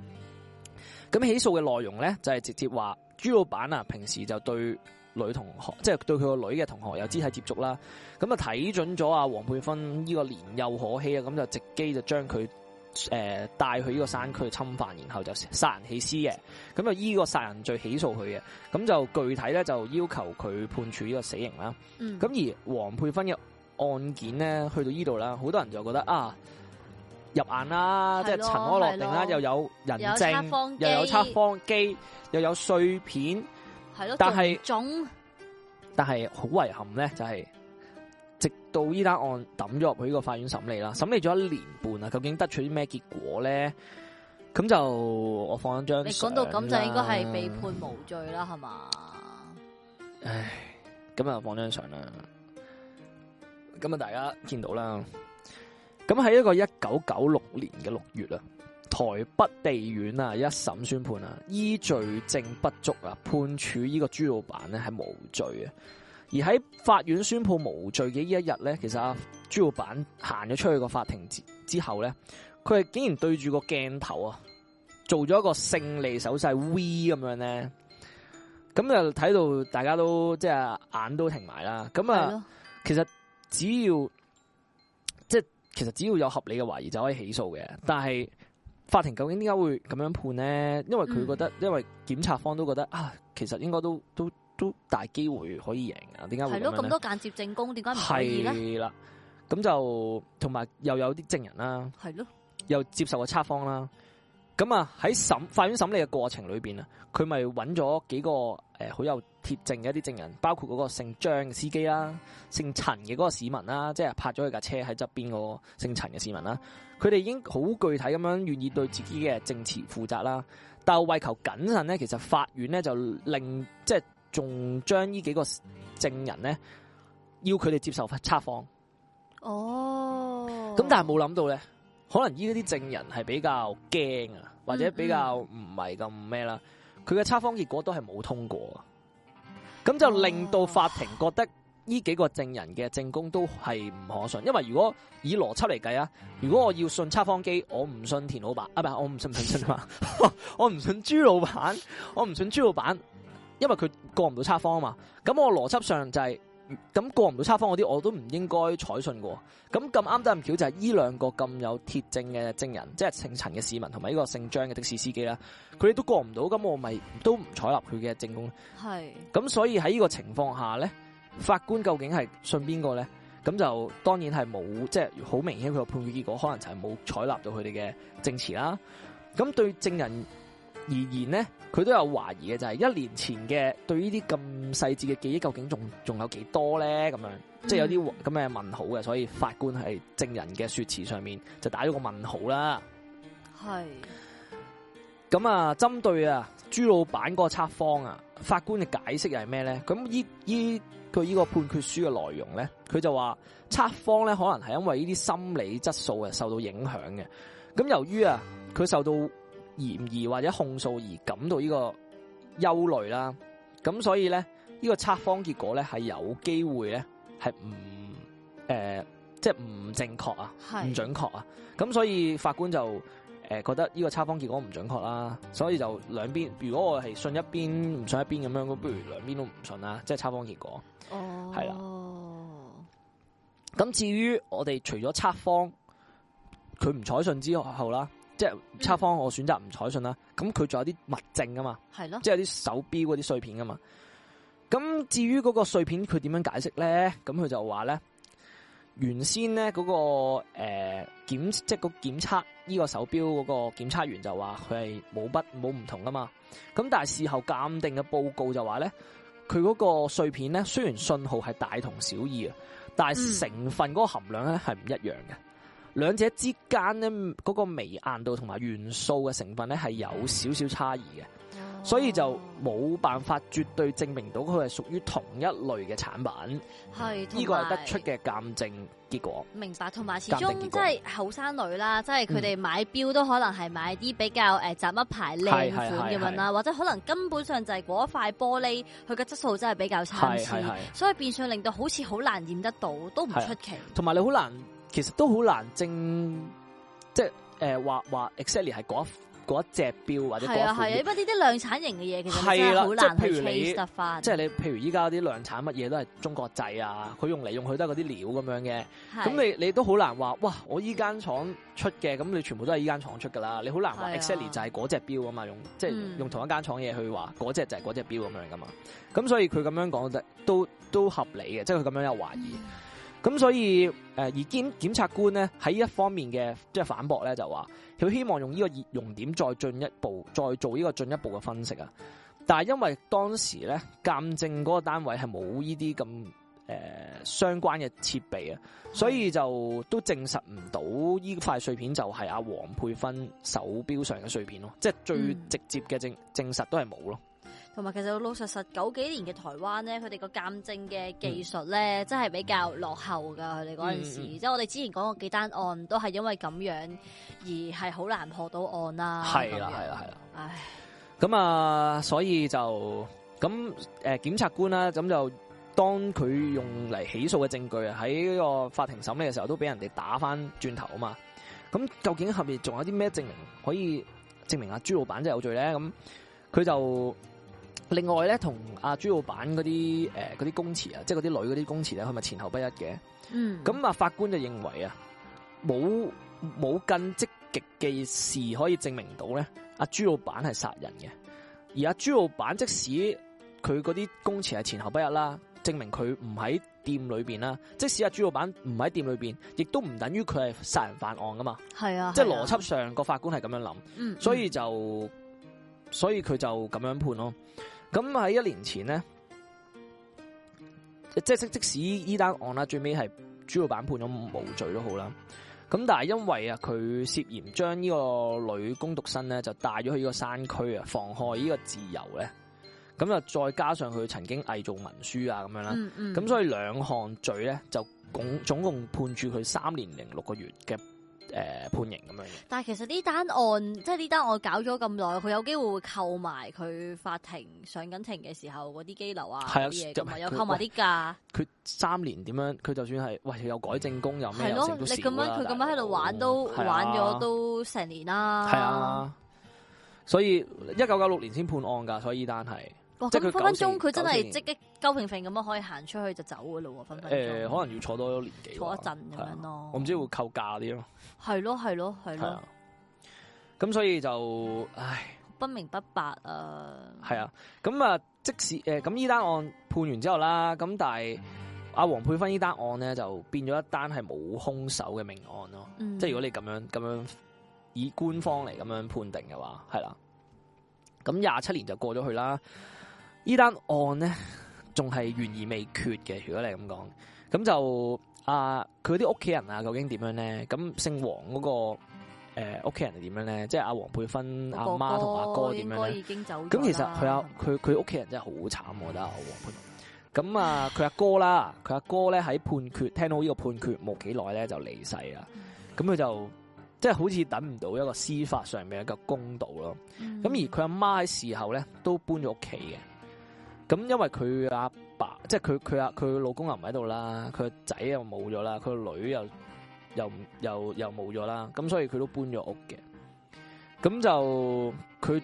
咁起訴嘅內容咧就係、是、直接話朱老闆啊，平時就對。女同學，即係對佢個女嘅同學有肢體接觸啦，咁啊睇準咗啊，黃佩芬呢個年幼可欺啊，咁就直機就將佢誒帶去呢個山區侵犯，然後就殺人棄屍嘅，咁就呢個殺人罪起訴佢嘅，咁就具體咧就要求佢判處呢個死刑啦。咁、嗯、而黃佩芬嘅案件咧去到呢度啦，好多人就覺得啊入眼啦，咯即係塵埃落定啦咯，又有人證，有測又有測謊機，又有碎片。係咯，但係但係好遺憾咧，就係直到依單案抌咗入去呢個法院審理啦，審理咗一年半啦，究竟得出啲咩結果咧？咁就我放張，你講到咁就應該係被判無罪啦，係嘛？唉，咁啊放張相啦，咁啊大家見到啦，咁喺一個一九九六年嘅六月啦台北地院啊，一審宣判啊，依罪證不足啊，判處呢個朱老闆咧係無罪啊。而喺法院宣判無罪嘅呢一日咧，其實阿、啊、朱老闆行咗出去個法庭之之後咧，佢係竟然對住個鏡頭啊，做咗一個勝利手勢 V 咁樣咧，咁就睇到大家都即係眼都停埋啦。咁啊，對了 其實只要即係其實只要有合理嘅懷疑就可以起訴嘅，但係。法庭究竟點解會咁樣判咧？因為佢覺得，嗯、因為檢察方都覺得啊，其實應該都都都大機會可以贏噶、啊。點解會咁咧？係咯，咁多間接證供，點解唔可以咧？係啦，咁就同埋又有啲證人啦、啊。係咯了，又接受個測謊啦。咁啊，喺審法院審理嘅過程裏邊啊，佢咪揾咗幾個。誒、好、呃、有鐵證嘅一啲證人，包括嗰個姓張嘅司機啦、啊，姓陳嘅嗰個市民啦、啊，即係拍咗佢架車喺側邊嗰個姓陳嘅市民啦，佢、啊、哋已經好具體咁樣願意對自己嘅證詞負責啦、啊。但係為求謹慎呢，其實法院呢就令即係仲將呢幾個證人呢，要佢哋接受測謊，哦，咁但係冇諗到咧，可能呢一啲證人係比較驚啊，或者比較唔係咁咩啦。嗯嗯.佢嘅測謊結果都係冇通過，咁就令到法庭覺得呢幾個證人嘅證供都係唔可信。因為如果以邏輯嚟計啊，如果我要信測謊機，我唔信田老闆，啊唔係，我唔信陳振華， 我唔信朱老闆，我唔信朱老闆，因為佢過唔到測謊啊嘛。咁我邏輯上就係、是。咁過唔到測謊嗰啲，我都唔應該採信嘅。咁咁啱得咁巧就係呢兩個咁有鐵證嘅證人，即係姓陳嘅市民同埋呢個姓張嘅的士司機啦。佢哋都過唔到，咁我咪都唔採納佢嘅證供。係。咁所以喺呢個情況下咧，法官究竟係信邊個咧？咁就當然係冇，即係好明顯佢個判決結果可能就係冇採納到佢哋嘅證詞啦。咁對證人。而言咧，佢都有懷疑嘅，就係一年前嘅對呢啲咁細節嘅記憶，究竟仲仲有幾多咧？咁樣、嗯、即係有啲咁嘅問號嘅，所以法官喺證人嘅說辭上面就打咗個問號啦。係咁啊！針對啊朱老闆嗰個測謊啊，法官嘅解釋又係咩咧？咁依依佢依個判決書嘅內容咧，佢就話測謊咧可能係因為呢啲心理質素啊受到影響嘅。咁由於啊佢受到。嫌疑或者控訴而感到呢個憂慮啦，咁所以咧呢、這個測謊結果咧係有機會咧係唔誒即係唔正確啊，唔是準確啊，咁所以法官就誒、呃、覺得呢個測謊結果唔準確啦，所以就兩邊如果我係信一邊唔信一邊咁樣，不如兩邊都唔信啦、啊，即係測謊結果。哦，係啦。哦，咁至於我哋除咗測謊佢唔採信之後啦。即係測方，我選擇唔採信啦。咁佢仲有啲物證噶嘛？係咯的，即係有啲手表嗰啲碎片噶嘛。咁至於嗰個碎片，佢點樣解釋咧？咁佢就話咧，原先咧、那、嗰個誒檢、呃、即係個檢測呢個手表嗰個檢測員就話佢係冇不冇唔同噶嘛。咁但係事後鑑定嘅報告就話咧，佢嗰個碎片咧雖然信號係大同小異啊，但係成分嗰個含量咧係唔一樣嘅。嗯兩者之間咧，嗰個微硬度同埋元素嘅成分咧，係有少少差異嘅，所以就冇辦法絕對證明到佢係屬於同一類嘅產品。係，呢個係得出嘅鑒證結果，結果。明白，同埋始終即係後生女啦，即係佢哋買表都可能係買啲比較誒雜排牌靚款咁樣啦，或者可能根本上就係嗰塊玻璃佢嘅質素真係比較差，是是是是，所以變相令到好似好難驗得到，都唔出奇啊。同埋你好難。其實都好難證，即係誒話話 exactly 係嗰一隻表或者係啊係，因為啲啲量產型嘅嘢其實都好、啊、難譬如你 s t 化。即係你譬如依家啲量產乜嘢都係中國製啊，佢用嚟用去都係嗰啲料咁樣嘅。咁是你你都好難話，哇！我依間廠出嘅，咁你全部都係依間廠出噶啦。你好難話 exactly 就係嗰隻標啊嘛，用即係用同一間廠嘢去話嗰隻就係嗰隻標咁樣噶嘛。咁所以佢咁樣講得都都合理嘅，即係佢咁樣有懷疑、嗯。咁所以，誒而檢察官咧喺呢一方面嘅即係反駁咧，就話佢希望用呢個熱熔點再進一步再做呢個進一步嘅分析啊。但係因為當時咧鑑證嗰個單位係冇呢啲咁誒相關嘅設備啊，所以就都證實唔到呢塊碎片就係阿黃佩芬手表上嘅碎片咯，即係最直接嘅證證實都係冇咯。同埋，其實老老實實九幾年嘅台灣咧，佢哋個鑑證嘅技術咧，嗯、真係比較落後噶。佢哋嗰陣時，嗯、即係我哋之前講過幾單案，都係因為咁樣而係好難破到案啦。係啦，係啦，係啦。唉，咁啊，所以就咁誒，檢、呃、察官啦、啊，咁就當佢用嚟起訴嘅證據喺呢個法庭審理嘅時候，都俾人哋打返轉頭啊嘛。咁究竟後面仲有啲咩證明可以證明阿、啊、朱老闆真係有罪咧？咁佢就。另外咧，同阿朱老闆嗰啲誒，嗰、呃、啲供詞啊，即係嗰啲女嗰啲供詞咧，佢咪前後不一嘅。嗯。咁啊，法官就認為啊，冇冇更積極嘅事可以證明到咧，阿、啊、朱老闆係殺人嘅。而阿朱老闆即使佢嗰啲供詞係前後不一啦，證明佢唔喺店裏邊啦。即使阿朱老闆唔喺店裏邊，亦都唔等於佢係殺人犯案㗎嘛。係啊。啊、即係邏輯上，個法官係咁樣諗。嗯。所以就嗯嗯所以佢就咁樣判咯。咁喺一年前呢，即係即即使依單案啦，最尾係主要版判咗無罪都好啦。咁但係因為啊，佢涉嫌將呢個女工讀生咧就帶咗去呢個山區啊，妨害呢個自由咧。咁就再加上佢曾經偽造文書啊咁樣啦，咁、嗯嗯、所以兩項罪咧就共總共判住佢三年零六個月嘅。誒、呃、判刑咁樣嘅，但係其實呢單案，即係呢單案搞咗咁耐，佢有機會會扣埋佢法庭上緊庭嘅時候嗰啲羈留啊，嘢咁啊，就又扣埋啲價。佢三年點樣？佢就算係，喂，有改正工，嗯、有咩？係咯、啊，你咁樣佢咁是樣喺度玩都、哦、玩咗都成年啦、啊。係啊所，所以一九九六年先判案㗎，所以呢單係。咁分分鐘佢真係積極鳩平平咁樣可以行出去就走噶咯，分分誒、呃，可能要坐多年幾坐一陣咁樣咯、啊。我唔知會扣價啲咯。係咯，係咯，係咯。咁所以就唉不明不白啊。係啊，咁啊，即使誒咁呢單案判完之後啦，咁但係阿黃佩芬呢單案咧就變咗一單係冇兇手嘅命案咯。嗯、即係如果你咁樣咁樣以官方嚟，咁樣判定嘅話，係啦。咁廿七年就過咗去啦。呢單案咧，仲係懸而未決嘅。如果你咁講，咁就啊，佢啲屋企人啊，究竟點樣咧？咁姓黃嗰個、呃、屋企人係點樣咧？即係阿黃佩芬阿媽同阿哥點樣咧？咁其實佢佢佢屋企人真係好慘，覺得阿黃佩芬。咁啊，佢阿哥啦，佢阿哥咧喺判決聽到呢個判決冇幾耐咧就離世啦。咁佢就即係、就是、好似等唔到一個司法上面一個公道咯。咁、嗯、而佢阿媽喺事後咧都搬咗屋企嘅。咁因為佢阿爸，即係佢佢阿佢老公又唔喺度啦，佢個仔又冇咗啦，佢個女又又又又冇咗啦，咁所以佢都搬咗屋嘅。咁就佢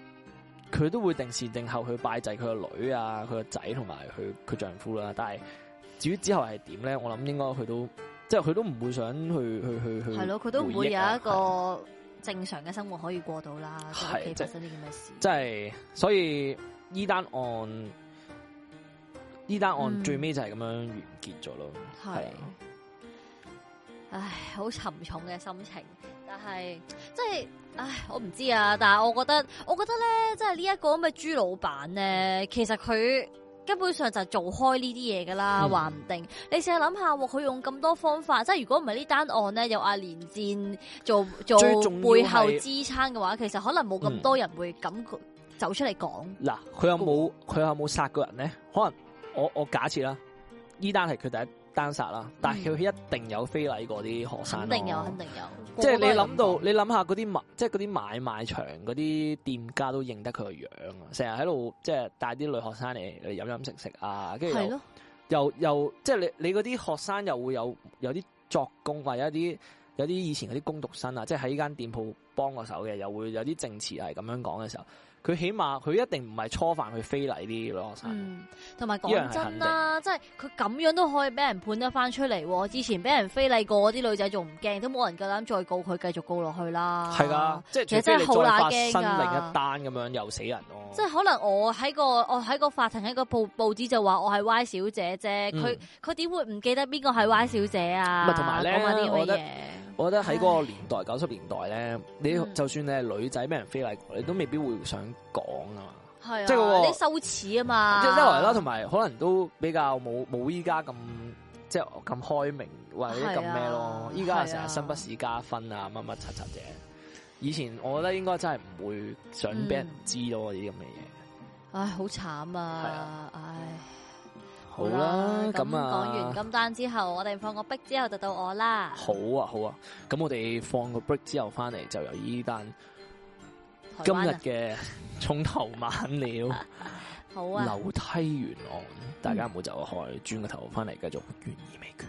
佢都會定時定候去拜祭佢個女啊，佢個仔同埋佢佢丈夫啦。但係至於之後係點咧？我諗應該佢都即係佢都唔會想去去去去係咯，佢都唔會有一個正常嘅生活可以過到啦。係即係屋企發生呢啲咁嘅事，即係所以呢單案。呢單案最尾就係咁樣完結咗咯，係、嗯，啊、唉，好沉重嘅心情，但係即係，唉，我唔知啊，但係我覺得，我覺得咧，即係呢一個咁嘅朱老闆咧，其實佢根本上就做開呢啲嘢噶啦，話唔、嗯、定。你成日諗下，佢用咁多方法，即係如果唔係呢單案咧，有阿連戰做做背後支撐嘅話，其實可能冇咁多人會敢、嗯、走出嚟講。嗱，佢有冇佢有冇殺過人咧？可能。我我假設啦，依單係佢第一單殺啦，但係佢一定有非禮過啲學生，一、嗯、定有，肯定有。即係你諗到，你諗下嗰啲即係嗰啲買賣場嗰啲店家都認得佢個樣啊，成日喺度即係帶啲女學生嚟飲飲食食啊，跟住又又即係你你嗰啲學生又會有有啲作供或者有一啲有啲以前嗰啲工讀生啊，即係喺依間店鋪幫過手嘅，又會有啲證詞係咁樣講嘅時候。佢起碼佢一定唔係初犯，佢非禮啲學生。嗯，同埋講真啦，即係佢咁樣都可以俾人判得翻出嚟。之前俾人非禮過啲女仔，仲唔驚？都冇人夠膽再告佢，繼續告落去啦。係㗎，即係其實真係好乸驚㗎。另一單咁樣又死人咯。即係可能我喺個我喺個法庭喺個報報紙就話我係 Y 小姐啫。佢佢點會唔記得邊個係 Y 小姐啊？同埋咧，我我覺得喺嗰個年代九十唉 年代咧，你、嗯、就算你係女仔，俾人非禮你都未必會想講啊嘛、嗯那個。係啊，即係你羞恥啊嘛。即係因為啦，同埋可能都比較冇冇依家咁即係咁開明或者咁咩咯。依家成日新不士加分是啊，乜乜柒柒嘅。以前我覺得應該真係唔會想俾人知囉，嗰啲咁嘅嘢。嗯、唉，好慘啊！是啊、唉。好啦，咁講那、啊、完今單之後，我哋放個 break 之後就到我啦。好啊，好啊，咁我哋放個 break 之後翻嚟就由呢單今日嘅重頭猛料。好啊，樓梯懸案，大家唔好走開，轉、嗯、個頭翻嚟繼續懸而未決。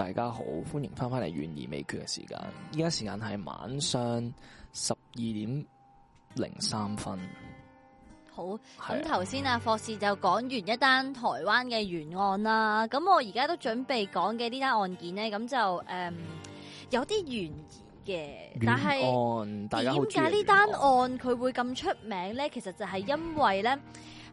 大家好，歡迎翻返嚟懸疑未決嘅時間，依家時間係晚上十二點零三分。好，咁頭先阿霍士就講完一單台灣嘅懸案啦。咁我而家都準備講嘅呢單案件呢，咁就誒、嗯、有啲懸疑嘅，但係點解呢單案佢會咁出名呢？其實就係因為呢，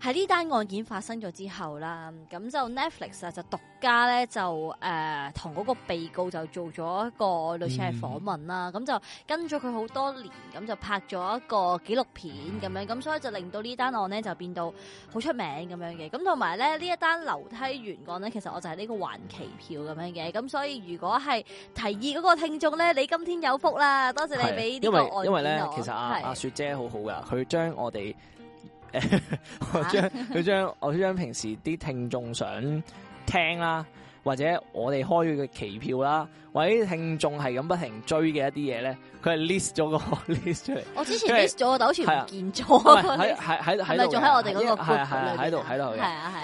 喺呢單案件發生咗之後啦，咁就 Netflix 就讀。家咧就誒，同、呃、嗰個被告就做咗一個類似係訪問啦。咁、嗯、就跟咗佢好多年，咁就拍咗一個紀錄片咁、嗯、樣，咁所以就令到呢單案咧就變到好出名咁樣嘅。咁同埋咧呢一單樓梯懸案咧，其實我就係呢個還期票咁樣嘅。咁所以如果係提議嗰個聽眾咧，你今天有福啦，多謝你俾呢個案例，因為因為咧，其實阿、啊、阿是、啊、雪姐好好噶，佢將我哋誒，我將佢將我將平時啲聽眾想聽啦、啊，或者我哋開佢嘅期票啦、啊，或者聽眾係咁不停追嘅一啲嘢咧，佢係 list 咗個 list 出嚟。我之前 list 咗是、啊、個但好似唔見咗，唔係喺喺喺，仲喺我哋嗰個 group 度，喺度喺度。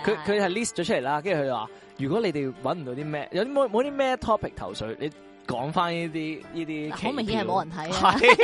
佢佢係 list 咗出嚟啦，跟住佢話：如果你哋搵唔到啲咩，有冇冇啲咩 topic 頭緒，你講翻呢啲呢啲。好明顯係冇人睇是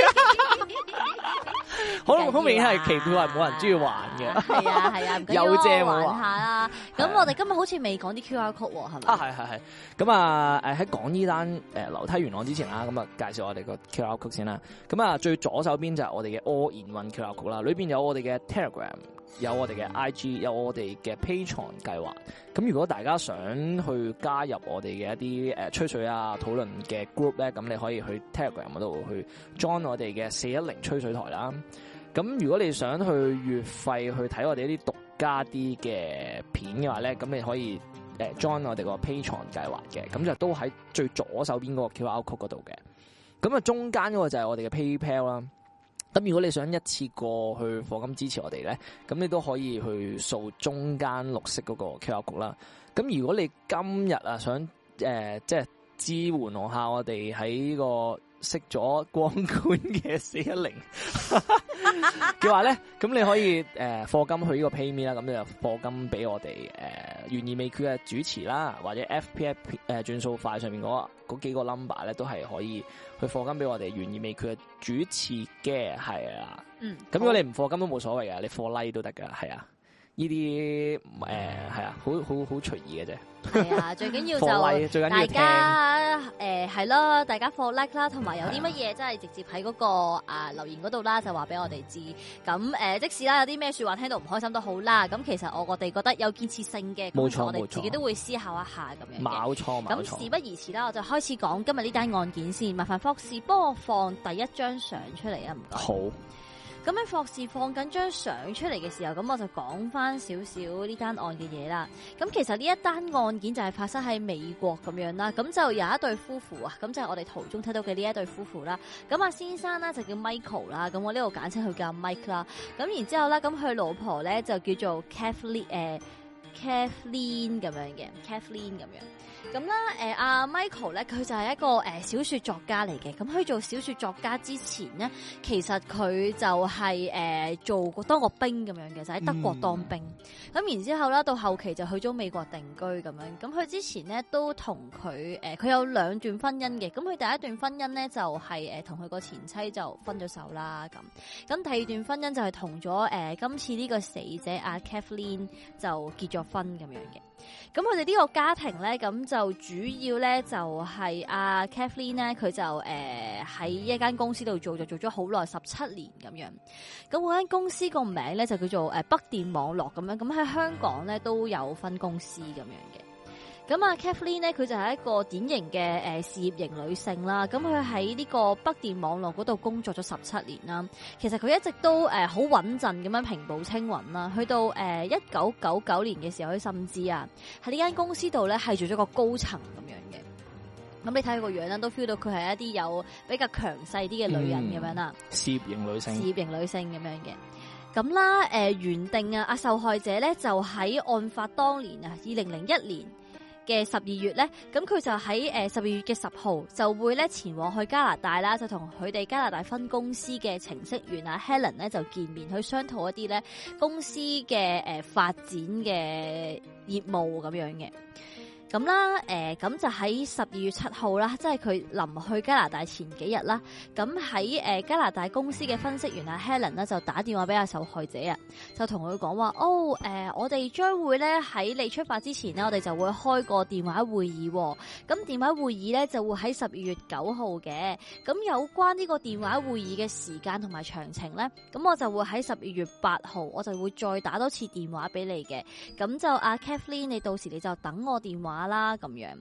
可能好明顯係奇，佢話，冇人中意玩嘅。係啊係啊，有借玩下啦。咁、啊、我哋今日好似未講啲 QR Code 係咪啊？係係係。咁啊，誒喺講呢單誒樓梯元朗之前啦，咁啊介紹我哋個 QR Code 先啦。咁啊最左手邊就係我哋嘅 All in One QR Code 啦，裏邊有我哋嘅 Telegram。有我哋嘅 IG，有我哋嘅 Patreon 計劃。咁如果大家想去加入我哋嘅一啲、呃、吹水啊討論嘅 group 咧，咁你可以去 Telegram 嗰度去 join 我哋嘅四一零吹水台啦。咁如果你想去月費去睇我哋一啲獨家啲嘅片嘅話咧，咁你可以誒 join 我哋個 Patreon 計劃嘅。咁就都喺最左手邊嗰個 QR code 嗰度嘅。咁啊，中間嗰個就係我哋嘅 PayPal 啦。咁如果你想一次過去課金支持我哋咧，咁你都可以去掃中間綠色嗰個 QR 局啦。咁如果你今日啊想誒、呃、即係支援我下我哋喺、呢個。熄咗光管嘅四一零，佢話咧，咁你可以誒課金去呢個 PayMe 啦，咁你就課金俾我哋誒願意未決嘅主持啦，或者、FPS 誒轉數快上面嗰幾幾個 number 咧都係可以去課金俾我哋願意未決嘅主持嘅，係啊，嗯，咁如果你唔課金都冇所謂嘅，你課 like 都得噶，係啊。呢啲誒係啊，好好好隨意嘅啫。係啊，最緊要就大家誒係咯，大家放 like 啦，同埋有啲乜嘢真係直接喺嗰個啊留言嗰度啦，就話俾我哋知。咁、呃、誒，即使啦有啲咩説話聽到唔開心都好啦。咁其實我我哋覺得有建設性嘅，冇錯，我哋自己都會思考一下咁樣，冇錯，咁事不宜遲啦，我就開始講今日呢單案件先。麻煩博士，幫我放第一張相出嚟啊！唔該。好。咁樣霍士放緊張相出嚟嘅時候，咁我就講翻少少呢單案嘅嘢啦。咁其實呢一單案件就係發生喺美國咁樣啦。咁就有一對夫婦啊，咁就係我哋途中睇到嘅呢一對夫婦啦。咁阿先生呢，就叫 Michael 啦，咁我呢度簡稱佢叫 Mike 啦。咁然之後咧，咁佢老婆咧就叫做 Kathleen、呃、Kathleen 咁樣嘅 Kathleen 咁樣。咁啦，阿、啊、Michael 咧，佢就係一個誒、呃、小說作家嚟嘅。咁佢做小說作家之前咧，其實佢就係、是、誒、呃、做過當過兵咁樣嘅，就喺、是、德國當兵。咁、嗯、然之後咧，到後期就去咗美國定居咁樣。咁佢之前咧都同佢誒，佢、呃、有兩段婚姻嘅。咁佢第一段婚姻咧就係誒同佢個前妻就分咗手啦咁。咁第二段婚姻就係同咗誒今次呢個死者阿 Kathleen 就結咗婚咁樣嘅。咁佢哋呢個家庭咧，咁就主要咧就係阿 Kathleen 咧，佢就誒喺一間公司度做，就做咗好耐，十七年咁樣。咁嗰間公司個名咧就叫做誒北電網絡咁樣，咁喺香港咧都有分公司咁樣嘅。咁啊，Kathleen 咧，佢就係一個典型嘅誒事業型女性啦。咁佢喺呢個北電網絡嗰度工作咗十七年啦。其實佢一直都誒好穩陣咁樣平步青雲啦。去到誒一九九九年嘅時候，佢甚至啊，喺呢間公司度咧係做咗個高層咁樣嘅。咁你睇佢個樣啦，都 feel 到佢係一啲有比較強勢啲嘅女人咁樣啦。事業型女性，事業型女性咁樣嘅。咁啦，誒、呃、原定啊，阿受害者咧就喺案發當年啊，二零零一年。嘅十二月咧，咁佢就喺誒十二月嘅十號，就會咧前往去加拿大啦，就同佢哋加拿大分公司嘅程式員啊 Helen 咧就見面，去商討一啲咧公司嘅誒、呃、發展嘅業務咁樣嘅。咁啦，誒、呃，咁就喺十二月七號啦，即係佢臨去加拿大前幾日啦。咁喺誒加拿大公司嘅分析員阿、啊、Helen 咧，就打電話俾阿受害者啊，就同佢講話，哦，誒、呃，我哋將會咧喺你出發之前咧，我哋就會開個電話會議，哦。咁電話會議咧就會喺十二月九號嘅。咁有關呢個電話會議嘅時間同埋詳情咧，咁我就會喺十二月八號，我就會再打多次電話俾你嘅。咁就阿、啊、Kathleen，你到時你就等我電話。啦咁樣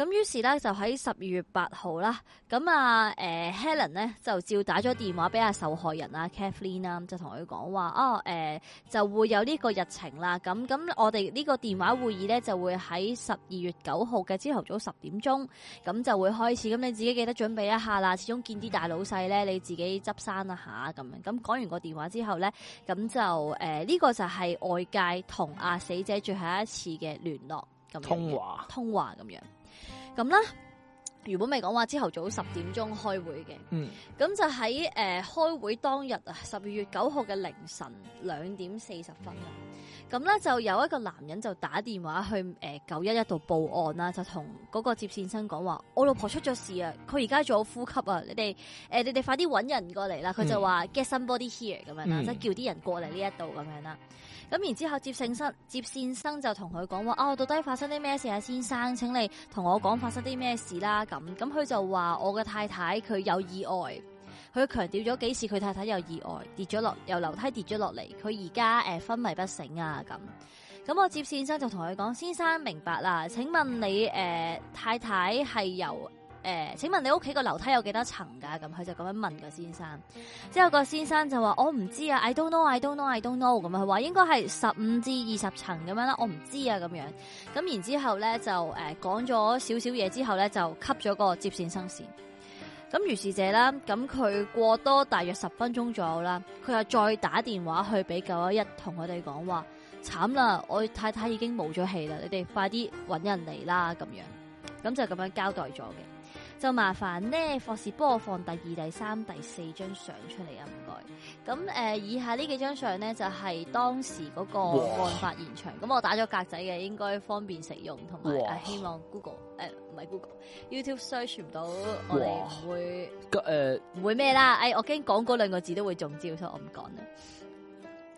咁，於是咧就喺十二月八號啦。咁啊，誒、欸，Helen 呢，就照打咗電話俾阿受害人啊，Kathleen 啊，就同佢講話哦，誒、欸，就會有呢個日程啦。咁咁，我哋呢個電話會議呢，就會喺十二月九號嘅朝頭早十點鐘咁就會開始。咁你自己記得準備一下啦，始終見啲大老細呢，你自己執生一下咁樣。咁講完個電話之後呢，咁就誒呢、欸呢個就係外界同阿死者最後一次嘅聯絡。樣通話通話咁樣，咁啦，原本咪講話朝頭早十點鐘開會嘅，嗯，咁就喺誒開會當日啊，十二月九號嘅凌晨兩點四十分啊，咁咧、嗯、就有一個男人就打電話去誒九一一度報案啦，就同嗰個接線生講話，嗯、我老婆出咗事啊，佢而家仲有呼吸啊，你哋誒、呃、你哋快啲搵人過嚟啦，佢就話、嗯、Get somebody here 咁樣啦，嗯、即係叫啲人過嚟呢一度咁樣啦。咁然之後接線生接線生就同佢講話，哦、啊、到底發生啲咩事啊先生，請你同我講發生啲咩事啦、啊、咁，咁佢就話我嘅太太佢有意外，佢強調咗幾次佢太太有意外，跌咗落由樓梯跌咗落嚟，佢而家誒昏迷不醒啊咁，咁我接線生就同佢講，先生明白啦，請問你誒、呃、太太係由。誒、呃，請問你屋企個樓梯有幾多層噶？咁佢就咁樣問個先生。之後個先生就話我唔知啊，I don't know，I don't know，I don't know。咁佢話應該係十五至二十層咁樣啦，我唔知啊咁樣。咁然之後咧就誒講咗少少嘢，之後咧就吸咗個接線生線。咁如是者啦，咁佢過多大約十分鐘左右啦，佢又再打電話去俾九一一，同佢哋講，話慘啦，我太太已經冇咗氣啦，你哋快啲搵人嚟啦咁樣。咁就咁樣交代咗嘅。就麻煩咧，博士幫我放第二、第三、第四張相出嚟啊！唔該。咁誒、呃，以下呢幾張相咧，就係、是、當時嗰個案發現場。咁哇我打咗格仔嘅，應該方便食用同埋哇希望 Google 呃、唔係 Google YouTube search 唔到，我哋唔會誒唔會咩啦？誒，我驚講嗰兩個字都會中招，所以我唔講啦。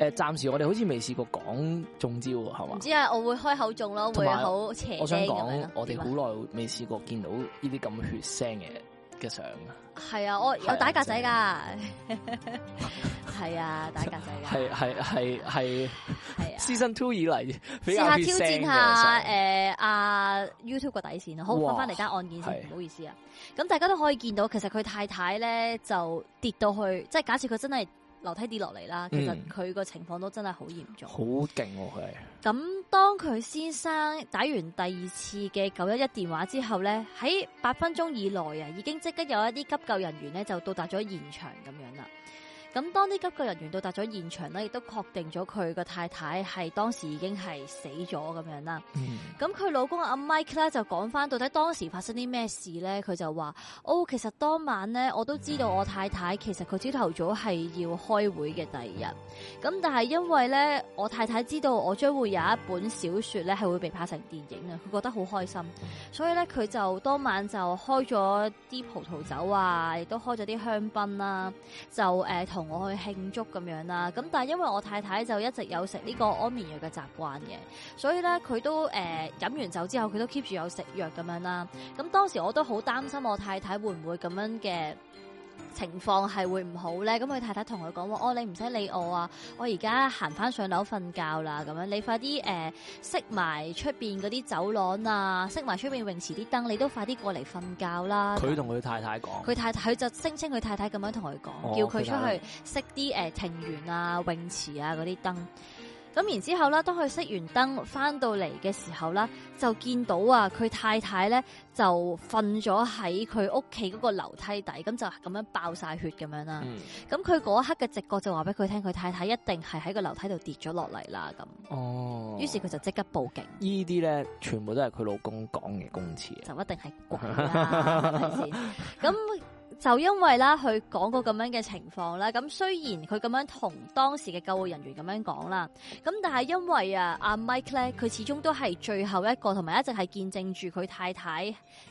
誒，暫時我哋好似未試過講中招喎，係嘛？唔知啊，我會開口中咯，會好邪嘅。我想講，我哋好耐未試過見到呢啲咁血腥嘅嘅相。係啊，我有打格仔㗎，係啊，打格仔㗎。係係係係。season two 以嚟比較血腥嘅相。試下挑戰下誒阿 YouTube 個底線啊，好，翻翻嚟間案件先，唔好意思啊。咁大家都可以見到，其實佢太太咧就跌到去，即係假設佢真係。樓梯跌落嚟啦，其實佢個情況都真係好嚴重。好勁喎佢！咁、啊、當佢先生打完第二次嘅九一一電話之後呢，喺八分鐘以內啊，已經即刻有一啲急救人員呢，就到達咗現場咁樣啦。咁當啲急救人員到達咗現場咧，亦都確定咗佢個太太係當時已經係死咗咁樣啦。咁佢，嗯、老公阿 Mike 咧，就講翻，到底當時發生啲咩事咧？佢就話：哦，其實當晚咧，我都知道我太太其實佢朝頭早係要開會嘅第二日。咁但係因為咧，我太太知道我將會有一本小說咧係會被拍成電影啊，佢覺得好開心，所以咧佢就當晚就開咗啲葡萄酒啊，亦都開咗啲香檳啦，就誒、呃同我去慶祝咁樣啦，咁但係因為我太太就一直有食呢個安眠藥嘅習慣嘅，所以咧佢都誒、呃、飲完酒之後，佢都 keep 住有食藥咁樣啦，咁當時我都好擔心我太太會唔會咁樣嘅。情況係會唔好咧？咁佢太太同佢講話：哦，你唔使理我啊！我而家行翻上樓瞓覺啦。咁樣你快啲誒熄埋出面嗰啲走廊啊，熄埋出面泳池啲燈，你都快啲過嚟瞓覺啦！佢同佢太太講，佢太太佢就聲稱佢太太咁樣同佢講，哦、叫佢出去熄啲誒庭園啊、泳池啊嗰啲燈。咁然之後咧，當佢熄完燈翻到嚟嘅時候咧，就見到啊，佢太太咧就瞓咗喺佢屋企嗰個樓梯底，咁就咁樣爆晒血咁樣啦。咁佢嗰一刻嘅直覺就話俾佢聽，佢太太一定係喺個樓梯度跌咗落嚟啦。咁，哦，於是佢就即刻報警。呢啲咧，全部都係佢老公講嘅供詞，就一定係鬼啦。 係咪先？就因為啦，佢講過咁樣嘅情況咧，咁雖然佢咁樣同當時嘅救護人員咁樣講啦，咁但係因為啊阿 Mike 咧，佢始終都係最後一個，同埋一直係見證住佢太太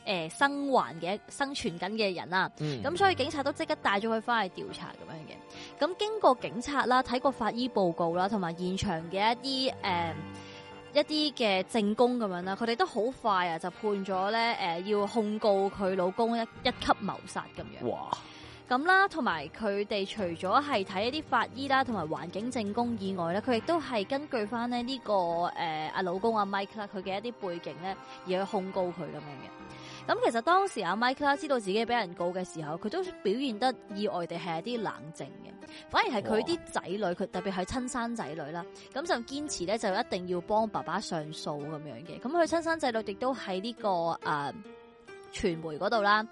誒生還嘅生存緊嘅人啦。咁、嗯、所以警察都即刻帶咗佢翻去調查咁樣嘅。咁經過警察啦睇過法醫報告啦，同埋現場嘅一啲誒，呃一啲嘅證供咁樣啦，佢哋都好快啊就判咗咧誒，要控告佢老公一一級謀殺咁樣。哇！咁啦，同埋佢哋除咗係睇一啲法醫啦，同埋環境證供以外咧，佢亦都係根據翻咧呢個誒阿、呃、老公阿、啊、Mike 啦，佢嘅一啲背景咧，而去控告佢咁樣嘅。咁其實當時阿 Mike 啦知道自己俾人告嘅時候，佢都表現得意外地係一啲冷靜嘅，反而係佢啲仔女，佢哇特別係親生仔女啦，咁就堅持咧就一定要幫爸爸上訴咁樣嘅，咁佢親生仔女亦都喺呢個誒。呃傳媒嗰度啦，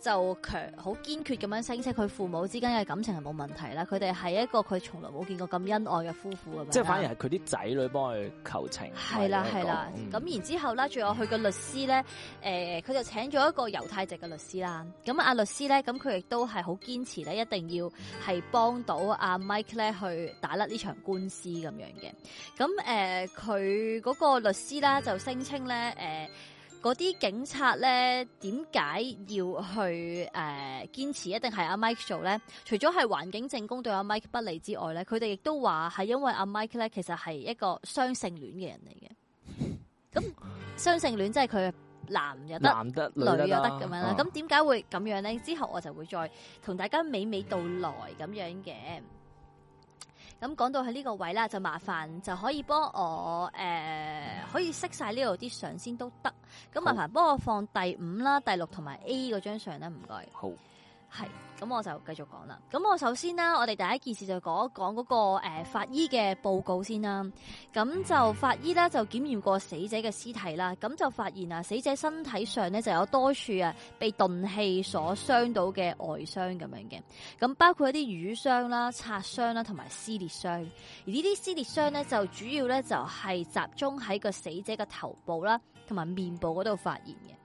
就強好堅決咁樣聲稱佢父母之間嘅感情係冇問題啦，佢哋係一個佢從來冇見過咁恩愛嘅夫婦啊。即係反而係佢啲仔女幫佢求情。係啦係啦，咁然之後啦，仲有佢、呃個、啊啊呃、個律師咧，誒，佢就請咗一個猶太籍嘅律師啦。咁阿律師咧，咁佢亦都係好堅持咧，一定要係幫到阿 Mike 咧去打甩呢場官司咁樣嘅。咁誒，佢嗰個律師啦，就聲稱咧，誒、呃。嗰啲警察咧，點解要去誒、呃、堅持一定係阿 Mike 做咧？除咗係環境證供對阿 Mike 不利之外咧，佢哋亦都話係因為阿 Mike 咧，其實係一個雙性戀嘅人嚟嘅。咁 雙性戀即係佢男又得，得女又得咁、啊、樣啦。咁點解會咁樣咧？之後我就會再同大家娓娓道來咁樣嘅。咁講到喺呢個位啦，就麻煩就可以幫我、呃、可以熄曬呢度啲相先都得。咁麻煩幫我放第五啦、第六同埋 A 嗰張相啦，唔該。好。係，咁我就繼續講啦。咁我首先啦，我哋第一件事就講一講嗰個誒法醫嘅報告先啦。咁就法醫啦，就檢驗過死者嘅屍體啦，咁就發現啊，死者身體上呢，就有多處啊被鈍器所傷到嘅外傷咁樣嘅，咁包括一啲瘀傷啦、擦傷啦，同埋撕裂傷。而呢啲撕裂傷呢，就主要呢，就係集中喺個死者嘅頭部啦，同埋面部嗰度發現嘅。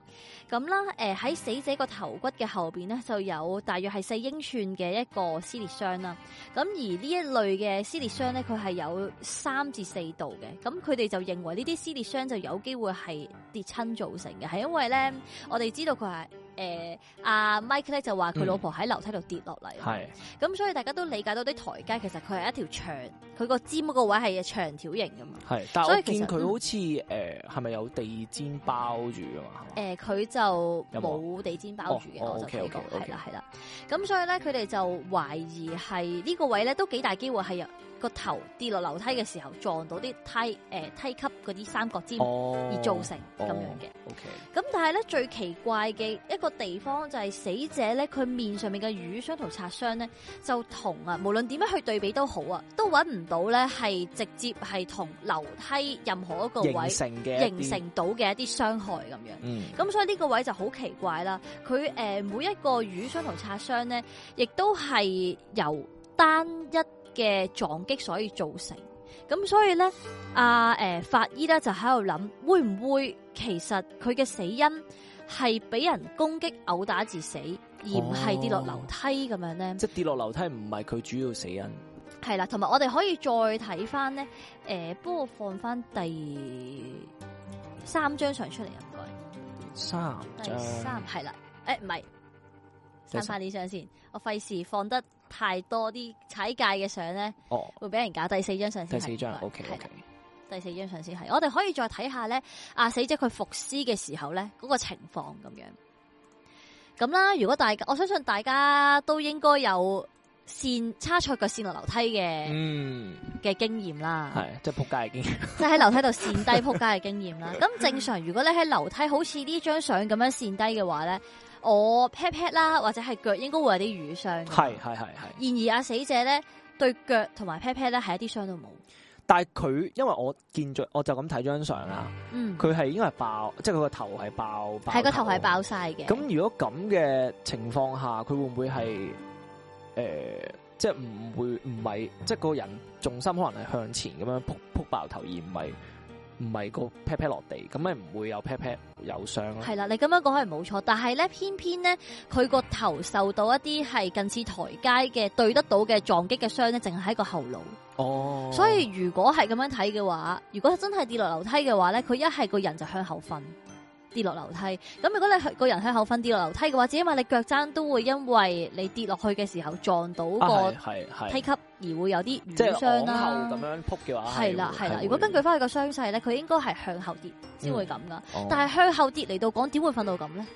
咁啦，誒喺、嗯、死者個頭骨嘅後邊咧，就有大約係四英寸嘅一個撕裂傷啦。咁而呢一類嘅撕裂傷咧，佢係有三至四度嘅。咁佢哋就認為呢啲撕裂傷就有機會係跌親造成嘅，係因為咧，我哋知道佢係。誒阿、呃啊、Mike 咧就話佢老婆喺樓梯度跌落嚟，咁、嗯、所以大家都理解到啲台階其實佢係一條長，佢個尖個位係長條形噶嘛。係，但係我見佢好似誒係咪有地氈包住噶嘛？誒佢、嗯吧呃、就冇地氈包住嘅，有有我就係咁講。係啦係啦，咁所以咧佢哋就懷疑係呢個位咧都幾大機會係有。個頭跌落樓梯嘅時候撞到啲梯誒、呃、梯級嗰啲三角尖、oh, 而造成咁樣嘅。咁、oh, okay. 但係咧最奇怪嘅一個地方就係死者咧佢面上面嘅瘀傷同擦傷咧就同啊無論點樣去對比都好啊都揾唔到咧係直接係同樓梯任何一個位形成嘅形成到嘅一啲傷害咁樣。咁、mm. 所以呢個位就好奇怪啦。佢誒、呃、每一個瘀傷同擦傷咧亦都係由單一。嘅撞擊所以造成，咁所以咧，阿、啊、誒、呃、法醫咧就喺度諗，會唔會其實佢嘅死因係俾人攻擊毆打致死，而唔係跌落樓梯咁樣咧、哦？即跌落樓梯唔係佢主要死因，係啦。同埋我哋可以再睇翻咧，誒、呃，幫我放翻第三張相出嚟，應該、欸、第三三張，係啦，誒，唔係三翻呢張先，我費事放得。太多啲踩界嘅相咧，會俾人搞。哦、第四張相先，第四張，OK OK。第四張相先係，我哋可以再睇下咧。啊，死者佢伏屍嘅時候咧，嗰、嗰個情況咁樣。咁啦，如果大，家，我相信大家都應該有線差錯腳線落樓梯嘅，嘅、嗯、經驗啦。係，即係仆街嘅經驗。即係喺樓梯度線低仆街嘅經驗啦。咁 正常，如果你喺樓梯好似呢張相咁樣線低嘅話咧。我劈劈啦，或者係腳應該會有啲瘀傷。係係係係。然而阿死者咧對腳同埋劈劈咧係一啲傷都冇。但係佢因為我見着，我就咁睇張相啊。嗯。佢係應該係爆，即係佢個頭係爆。係個頭係爆晒嘅。咁如果咁嘅情況下，佢會唔會係誒，即係唔會唔係，即係、就是、個人重心可能係向前咁樣扑扑爆頭，而唔係。唔係個 pat pat 落地，咁咪唔會有 pat pat 有傷咯。係啦、啊，你咁樣講係冇錯，但係咧偏偏咧，佢個頭受到一啲係近似台階嘅對得到嘅撞擊嘅傷咧，淨係喺個後腦。哦，oh。所以如果係咁樣睇嘅話，如果真係跌落樓梯嘅話咧，佢一係個人就向後瞓。跌落樓梯，咁如果你個人向後分跌落樓梯嘅話，最起碼你腳踭都會因為你跌落去嘅時候撞到個梯級、啊、而會有啲軟傷啦。即係向後咁樣撲嘅話，係啦係啦。如果根據翻佢個傷勢咧，佢應該係向後跌先會咁噶。嗯哦、但係向後跌嚟到講，點會瞓到咁咧？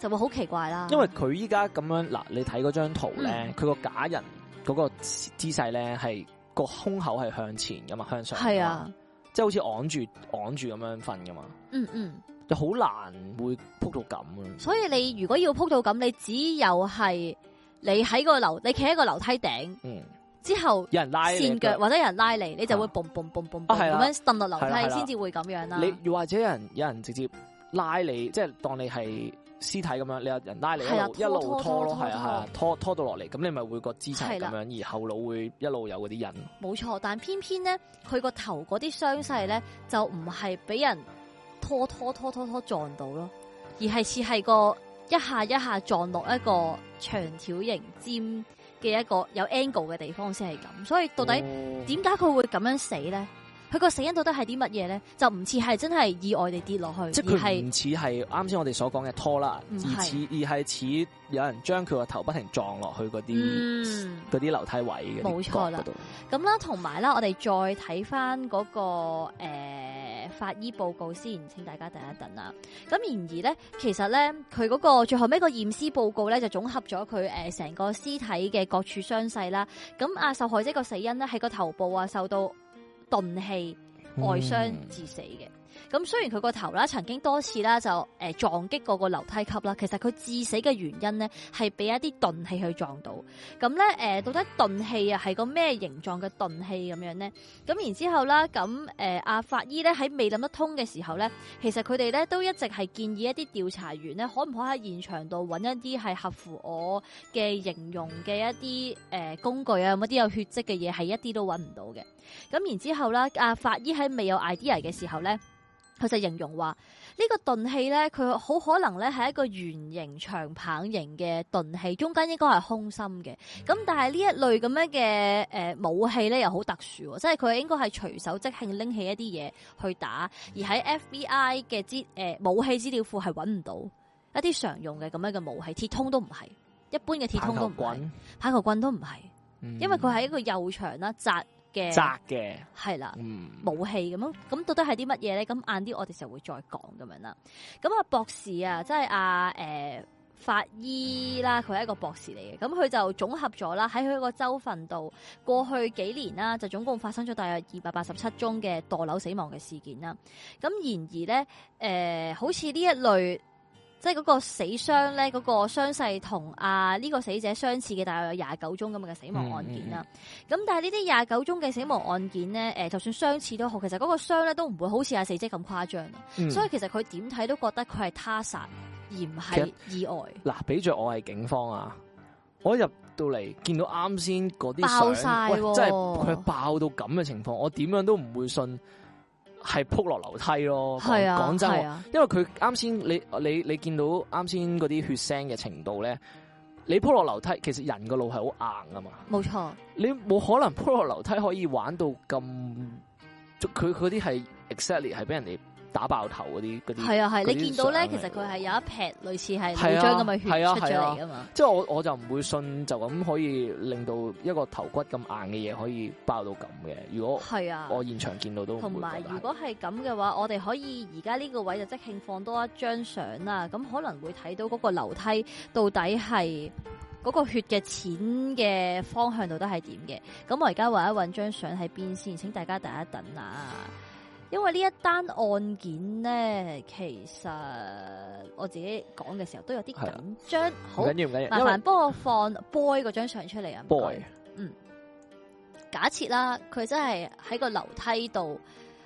就會好奇怪啦。因為佢依家咁樣嗱，你睇嗰張圖咧，佢個、嗯、假人嗰個姿勢咧係個胸口係向前噶嘛，向上係啊。即係好似昂住昂住咁樣瞓噶嘛，嗯嗯，就好難會扑到咁啊、嗯！所以你如果要扑到咁，你只有係你喺個樓，你企喺個樓梯頂，嗯，之後有人拉跣腳或者有人拉你，你就會嘣嘣嘣嘣咁樣揼落樓梯、啊啊，先至會咁樣啦、啊。你又或者有人有人直接拉你，即係當你係。屍體咁樣，你有人拉你 laser. 一路一路拖咯，係啊係啊，拖拖到落嚟，咁你咪會個姿勢咁樣，對了 而後腦會一路有嗰啲印。冇錯，但偏偏咧，佢個頭嗰啲傷勢咧，就唔係俾人拖拖拖拖拖撞到咯，而係似係個一下一下撞落一個長條形尖嘅一個有 angle 嘅地方先係咁，所以到底點解佢會咁樣死咧？Oh. 佢個死因到底係啲乜嘢咧？就唔似係真係意外地跌落去，即係唔似係啱先我哋所講嘅拖啦，是而似而係似有人將佢個頭不停撞落去嗰啲嗰啲樓梯位嘅。冇錯啦。咁啦，同埋啦，我哋再睇翻嗰個誒、呃、法醫報告先，請大家等一等啦。咁然而咧，其實咧，佢嗰個最後尾個驗屍報告咧，就總合咗佢誒成個屍體嘅各處傷勢啦。咁啊，受害者個死因咧，喺個頭部啊受到。鈍器外傷致死嘅，咁、嗯、雖然佢個頭啦，曾經多次啦就誒、呃、撞擊過個樓梯級啦，其實佢致死嘅原因呢係俾一啲鈍器去撞到，咁咧誒，到底鈍器啊係個咩形狀嘅鈍器咁樣呢？咁然之後啦，咁誒阿法醫咧喺未諗得通嘅時候咧，其實佢哋咧都一直係建議一啲調查員咧，可唔可以喺現場度搵一啲係合乎我嘅形容嘅一啲誒、呃、工具啊？有冇啲有血跡嘅嘢，係一啲都搵唔到嘅。咁然之後咧，阿法醫喺未有 idea 嘅時候咧，佢就形容話、這個、呢個鈍器咧，佢好可能咧係一個圓形長棒形嘅鈍器，中間應該係空心嘅。咁、嗯、但係呢一類咁樣嘅誒、呃、武器咧，又好特殊、哦，即係佢應該係隨手即興拎起一啲嘢去打，嗯、而喺 FBI 嘅資誒、呃、武器資料庫係揾唔到一啲常用嘅咁樣嘅武器，鐵通都唔係，一般嘅鐵通都唔係，棒球棍、棒球棍都唔係，嗯、因為佢係一個幼長啦，窄。紮嘅係啦，武器咁樣，咁到底係啲乜嘢咧？咁晏啲我哋就會再講咁樣啦。咁啊博士啊，即係阿誒法醫啦，佢係一個博士嚟嘅。咁佢就總合咗啦，喺佢個州份度過去幾年啦、啊，就總共發生咗大約二百八十七宗嘅墮樓死亡嘅事件啦、啊。咁然而咧，誒、呃，好似呢一類。即係嗰個死傷咧，嗰、嗰個傷勢同啊呢個死者相似嘅，大約有廿九宗咁嘅死亡案件啦。咁、嗯嗯嗯、但係呢啲廿九宗嘅死亡案件咧，誒就算相似都好，其實嗰個傷咧都唔會好似阿四姐咁誇張，嗯、所以其實佢點睇都覺得佢係他殺而唔係意外。嗱，比著我係警方啊，我一入到嚟見到啱先嗰啲相，真係佢爆到咁嘅情況，我點樣都唔會信。係撲落樓梯咯，講真、啊，係啊、因為佢啱先你你你見到啱先嗰啲血腥嘅程度咧，你撲落樓梯，其實人個腦係好硬噶嘛，冇錯。你冇可能撲落樓梯可以玩到咁，佢嗰啲係 exactly 係俾人哋。打爆頭嗰啲，嗰啲係啊係，啊你見到咧，其實佢係有一劈類似係半張咁嘅血、啊、出咗嚟噶嘛、啊。啊啊、 即係我我就唔會信，就咁可以令到一個頭骨咁硬嘅嘢可以爆到咁嘅。如果係啊，我現場見到都同埋、啊。如果係咁嘅話，我哋可以而家呢個位就即興放多一張相啦。咁可能會睇到嗰個樓梯到底係嗰個血嘅淺嘅方向到底係點嘅。咁我而家搵一搵張相喺邊先，請大家等一等啊。因為呢一單案件咧，其實我自己講嘅時候都有啲緊張，的好，為麻煩幫我放 boy 嗰張相出嚟啊！boy，嗯，假設啦，佢真係喺個樓梯度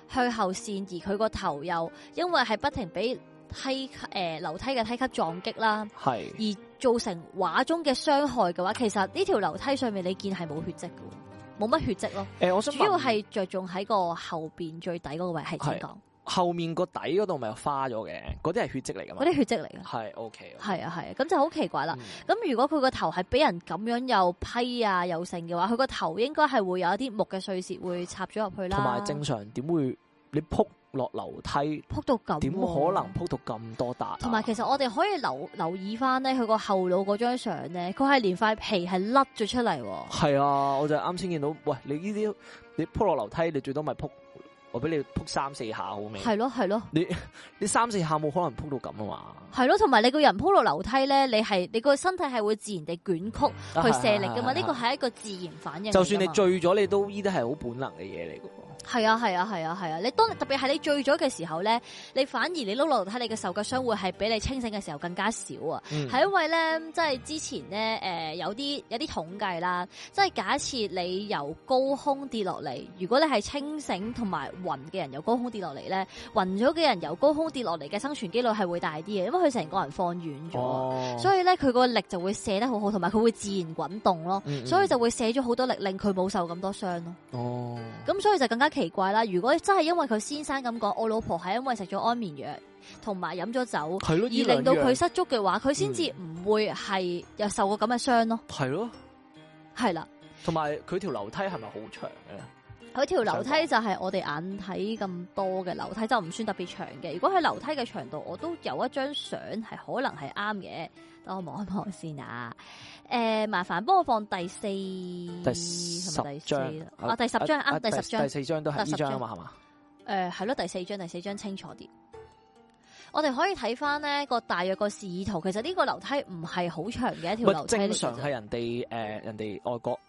向後線，而佢個頭又因為係不停俾梯誒樓、呃、梯嘅梯級撞擊啦，係的，而造成畫中嘅傷害嘅話，其實呢條樓梯上面你見係冇血跡嘅。冇乜血跡咯，誒、欸，我主要係着重喺個後面最底嗰個位係點講？是說後面個底嗰度咪有花咗嘅，嗰啲係血跡嚟㗎嘛？嗰啲血跡嚟㗎，係 OK, okay. 啊，係啊，咁就好奇怪啦。咁、嗯、如果佢個頭係俾人咁樣又批啊又剩嘅話，佢個頭應該係會有一啲木嘅碎屑會插咗入去啦。同埋正常點會你撲？落樓梯撲到咁、啊，點可能撲到咁多笪、啊？同埋，其實我哋可以留留意翻咧，佢個後腦嗰張相咧，佢係連塊皮係甩咗出嚟。係啊，我就啱先見到，喂，你呢啲你撲落樓梯，你最多咪撲，我俾你撲三四下好未？係咯、啊，係咯、啊，你你三四下冇可能撲到咁啊嘛？係咯、啊，同埋你個人撲落樓梯咧，你係你個身體係會自然地捲曲去卸力噶嘛？呢個係一個自然反應。就算你醉咗，你、嗯、都呢啲係好本能嘅嘢嚟噶。係啊，係啊，係啊，係啊，啊！你當特別係你醉咗嘅時候咧，你反而你碌落樓梯你嘅受腳傷會係比你清醒嘅時候更加少啊！係、嗯、因為咧，即係之前咧，誒、呃、有啲有啲統計啦，即係假設你由高空跌落嚟，如果你係清醒同埋暈嘅人由高空跌落嚟咧，暈咗嘅人由高空跌落嚟嘅生存幾率係會大啲嘅，因為佢成個人放軟咗，哦、所以咧佢個力就會卸得好好，同埋佢會自然滾動咯，嗯嗯所以就會卸咗好多力，令佢冇受咁多傷咯。哦，咁所以就更加。奇怪啦！如果真係因為佢先生咁講，我老婆係因為食咗安眠藥同埋飲咗酒，了而令到佢失足嘅話，佢先至唔會係又受過咁嘅傷咯。係咯了，係啦了。同埋佢條樓梯係咪好長嘅？佢條樓梯就係我哋眼睇咁多嘅樓梯就唔算特別長嘅。如果喺樓梯嘅長度，我都有一張相係可能係啱嘅。我望一望先啊，誒、呃，麻煩幫我放第四、第十張，啊，第十張，啱，第十張，第四張都係呢張嘛，係嘛？誒，係咯，第四張，第四張清楚啲。我哋可以睇翻咧個大約個示意圖，其實呢個樓梯唔係好長嘅是一條樓梯，正常係人哋誒，呃、人哋外國。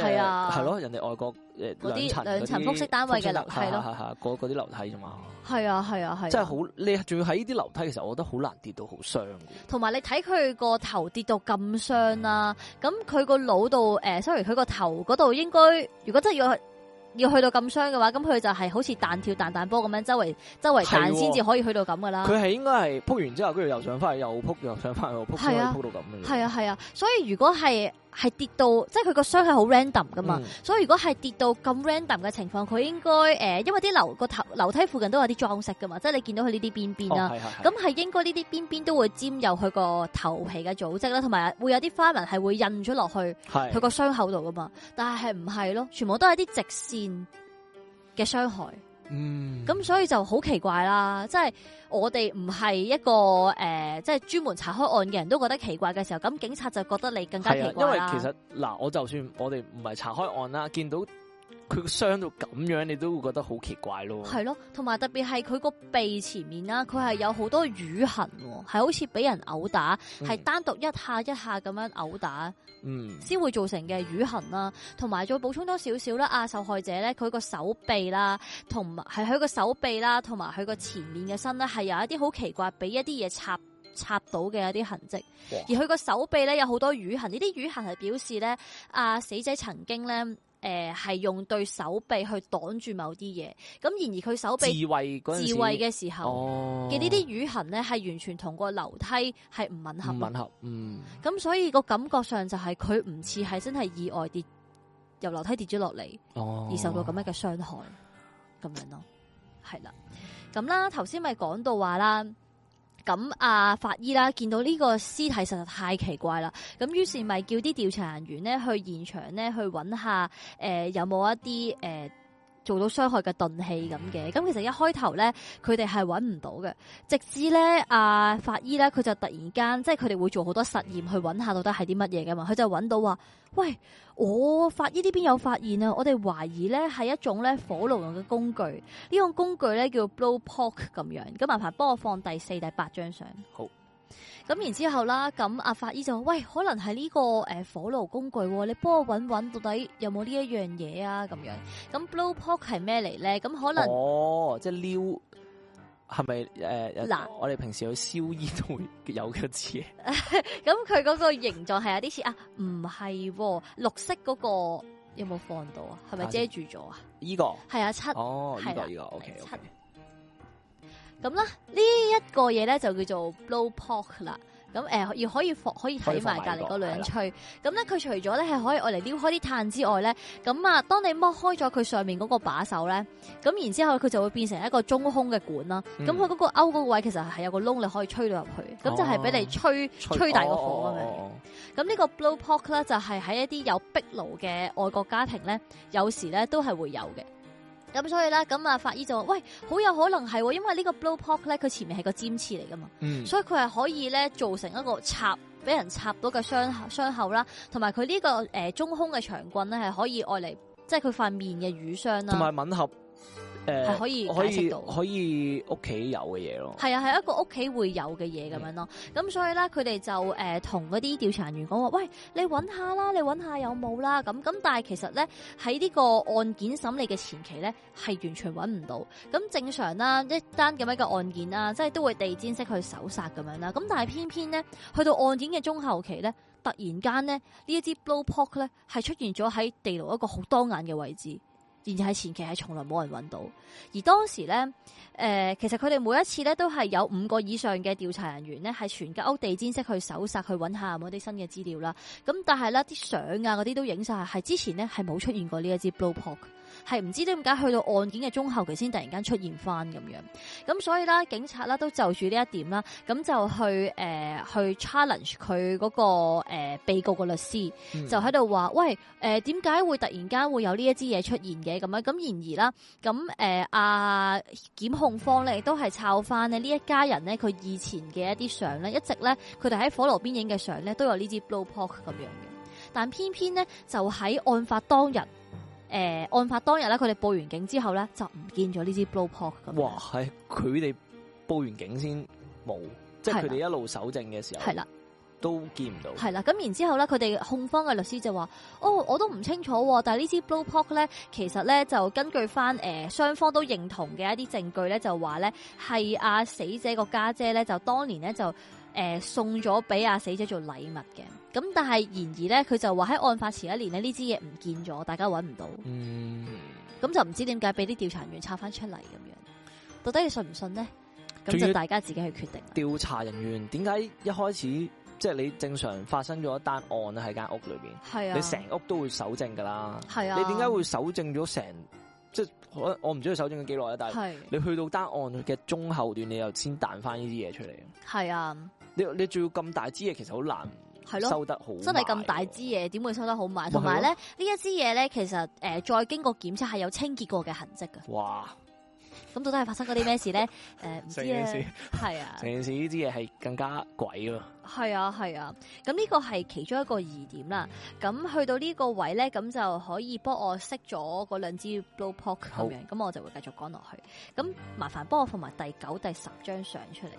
係啊，係咯，人哋外國誒，兩層兩層複式單位嘅樓係咯，係係，嗰嗰啲樓梯啫嘛。係啊，係啊，係。即係好，你仲要喺呢啲樓梯，嘅時候，我覺得好難跌到好傷。同埋你睇佢個頭跌到咁傷啦，咁佢個腦度誒，sorry，佢個頭嗰度應該，如果真要要去到咁傷嘅話，咁佢就係好似彈跳彈彈波咁樣，周圍周圍彈先至可以去到咁噶啦。佢係應該係撲完之後，跟住又上翻去，又撲，又上翻去，撲，所以撲到咁嘅。係啊，係啊，所以如果係。係跌到，即係佢個傷係好 random 噶嘛，嗯、所以如果係跌到咁 random 嘅情況，佢應該誒、呃，因為啲樓個頭樓梯附近都有啲裝飾噶嘛，即係你見到佢呢啲邊邊啦，咁係、哦、應該呢啲邊邊都會沾有佢個頭皮嘅組織啦，同埋會有啲花紋係會印咗落去，佢個傷口度噶嘛，是 但係係唔係咯？全部都係啲直線嘅傷害。嗯，咁所以就好奇怪啦，即係我哋唔係一個誒，即係專門查開案嘅人都覺得奇怪嘅時候，咁警察就覺得你更加奇怪。因為其實嗱，我就算我哋唔係查開案啦，見到佢傷到咁樣，你都會覺得好奇怪咯。係咯，同埋特別係佢個鼻前面啦，佢係有好多瘀痕，係好似俾人毆打，係、嗯、單獨一下一下咁樣毆打。嗯，先會造成嘅瘀痕啦、啊，同埋再補充多少少啦。啊，受害者咧，佢個手臂啦、啊，同埋係佢個手臂啦、啊，同埋佢個前面嘅身咧，係有一啲好奇怪，俾一啲嘢插插到嘅一啲痕迹。哇而佢個手臂咧，有好多瘀痕。呢啲瘀痕係表示咧，啊，死者曾經咧。誒，係、呃、用對手臂去擋住某啲嘢，咁然而佢手臂自衛嗰陣自衛嘅時候嘅、哦、呢啲瘀痕呢係完全同個樓梯係唔吻合，唔吻合，嗯，咁所以個感覺上就係佢唔似係真係意外跌由樓梯跌咗落嚟，哦，而受到咁樣嘅傷害，咁樣咯，係啦，咁啦，頭先咪講到話啦。咁啊，法醫啦，見到呢個屍體實在太奇怪啦，咁於是咪叫啲調查人員咧去現場咧去揾下，誒、呃，有冇一啲誒。呃做到傷害嘅鈍器咁嘅。咁其實一開頭咧，佢哋係揾唔到嘅，直至咧阿、啊、法醫咧，佢就突然間，即係佢哋會做好多實驗去揾下到底係啲乜嘢噶嘛。佢就揾到話，喂，我法醫呢邊有發現啊，我哋懷疑咧係一種咧火爐嘅工具，呢種工具咧叫 blow p o k 咁樣。咁麻煩幫我放第四、第八張相。好。咁然之後啦，咁阿法醫就話喂，可能係呢、這個誒、呃、火爐工具、哦，你幫我搵搵到底有冇呢一樣嘢啊？咁樣咁 blowpoke 係咩嚟咧？咁可能哦，即係撩，係咪誒？嗱、呃，啦我哋平時去燒衣都會有嘅字。咁佢嗰個形狀係有啲似啊？唔係、哦，綠色嗰、那個有冇放到是是、這個、啊？係咪遮住咗啊？呢、這個係啊七哦，呢、這個呢個 OK OK。咁咧，呢一個嘢咧就叫做 blow poke 啦。咁而、呃、可以可以睇埋隔離嗰兩人吹。咁咧，佢除咗咧係可以愛嚟撩開啲炭之外咧，咁啊，當你剝開咗佢上面嗰個把手咧，咁然之後佢就會變成一個中空嘅管啦。咁佢嗰個勾嗰個位其實係有個窿，你可以吹到入去。咁、嗯、就係俾你吹吹，吹大火、哦、個火咁樣。咁呢個 blow poke 啦就係、係、喺一啲有壁爐嘅外國家庭咧，有時咧都係會有嘅。咁所以啦，咁啊法醫就話：喂，好有可能係、啊，因為個呢個 blow pop 咧，佢前面係個尖刺嚟噶嘛，嗯、所以佢係可以咧造成一個插俾人插到嘅傷傷口啦，同埋佢呢個誒、呃、中空嘅長棍咧係可以外嚟，即係佢塊面嘅瘀傷啦，同埋吻合。誒，係可以解釋到，呃，可以屋企有嘅嘢咯。係啊，係一個屋企會有嘅嘢咁樣咯。咁所以咧，佢哋就誒同嗰啲調查員講話，喂，你揾下啦，你揾下有冇啦。咁咁，但係其實咧，喺呢個案件審理嘅前期咧，係完全揾唔到。咁正常啦，一單咁樣嘅案件啦，啊，即係都會地氈式去搜殺咁樣啦。咁但係偏偏咧，去到案件嘅中後期咧，突然間咧，一呢一啲 blow pop 咧，係出現咗喺地牢一個好當眼嘅位置。而喺前期係從來冇人揾到。而當時咧，誒、呃、其實佢哋每一次咧都係有五個以上嘅調查人員咧，係全間屋地氈式去搜殺，去揾下有啲新嘅資料啦。咁但係咧，啲相啊嗰啲都影晒，係之前呢係冇出現過呢一支 blue pop。係唔知點解去到案件嘅中後期先突然間出現翻咁樣，咁所以咧，警察咧都就住呢一點啦，咁就去誒、呃、去 challenge 佢嗰個誒、呃、被告嘅律師，嗯、就喺度話喂誒，點解會突然間會有呢一支嘢出現嘅咁樣？咁然而啦，咁誒阿檢控方咧亦都係抄翻呢一家人咧佢以前嘅一啲相咧，一直咧佢哋喺火爐邊影嘅相咧都有呢支 blow poke 咁樣嘅，但偏偏咧就喺案發當日。誒、呃、案發當日咧，佢哋報完警之後咧，就唔見咗呢支 blue pop 咁。哇！係佢哋報完警先冇，係啦即係佢哋一路搜證嘅時候，係啦，都見唔到。係啦，咁然之後咧，佢哋控方嘅律師就話：哦，我都唔清楚、哦，但係呢支 blue pop 咧，其實咧就根據翻誒、呃、雙方都認同嘅一啲證據咧，就話咧係阿死者個家姐咧，就當年咧就。誒、呃，送咗俾阿死者做禮物嘅，咁但係然而咧，佢就話喺案發前一年呢，呢支嘢唔見咗，大家揾唔到，咁、嗯、就唔知點解俾啲調查人員拆翻出嚟咁樣，到底你信唔信呢？咁就大家自己去決定。調查人員點解一開始即係、就是、你正常發生咗一單案喺間屋裏邊，係啊，你成屋都會搜證噶啦，係啊，你點解會搜證咗成即係我唔知佢搜證咗幾耐，但係你去到單案嘅中後段，你又先彈翻呢啲嘢出嚟，係啊。你你仲要咁大支嘢，其實好難收得好，真係咁大支嘢點會收得好埋？同埋咧呢一支嘢咧，其實誒、呃、再經過檢測係有清潔過嘅痕跡嘅。哇！咁到底係發生過啲咩事咧？誒唔、 呃、知啊，啊，成件事呢支嘢係更加鬼咯。係啊係啊，咁呢、啊、個係其中一個疑點啦。咁、嗯、去到呢個位咧，咁就可以幫我熄咗嗰兩支 blow poke 咁樣。咁我就會繼續講落去。咁麻煩幫我放埋第九、第十張相出嚟。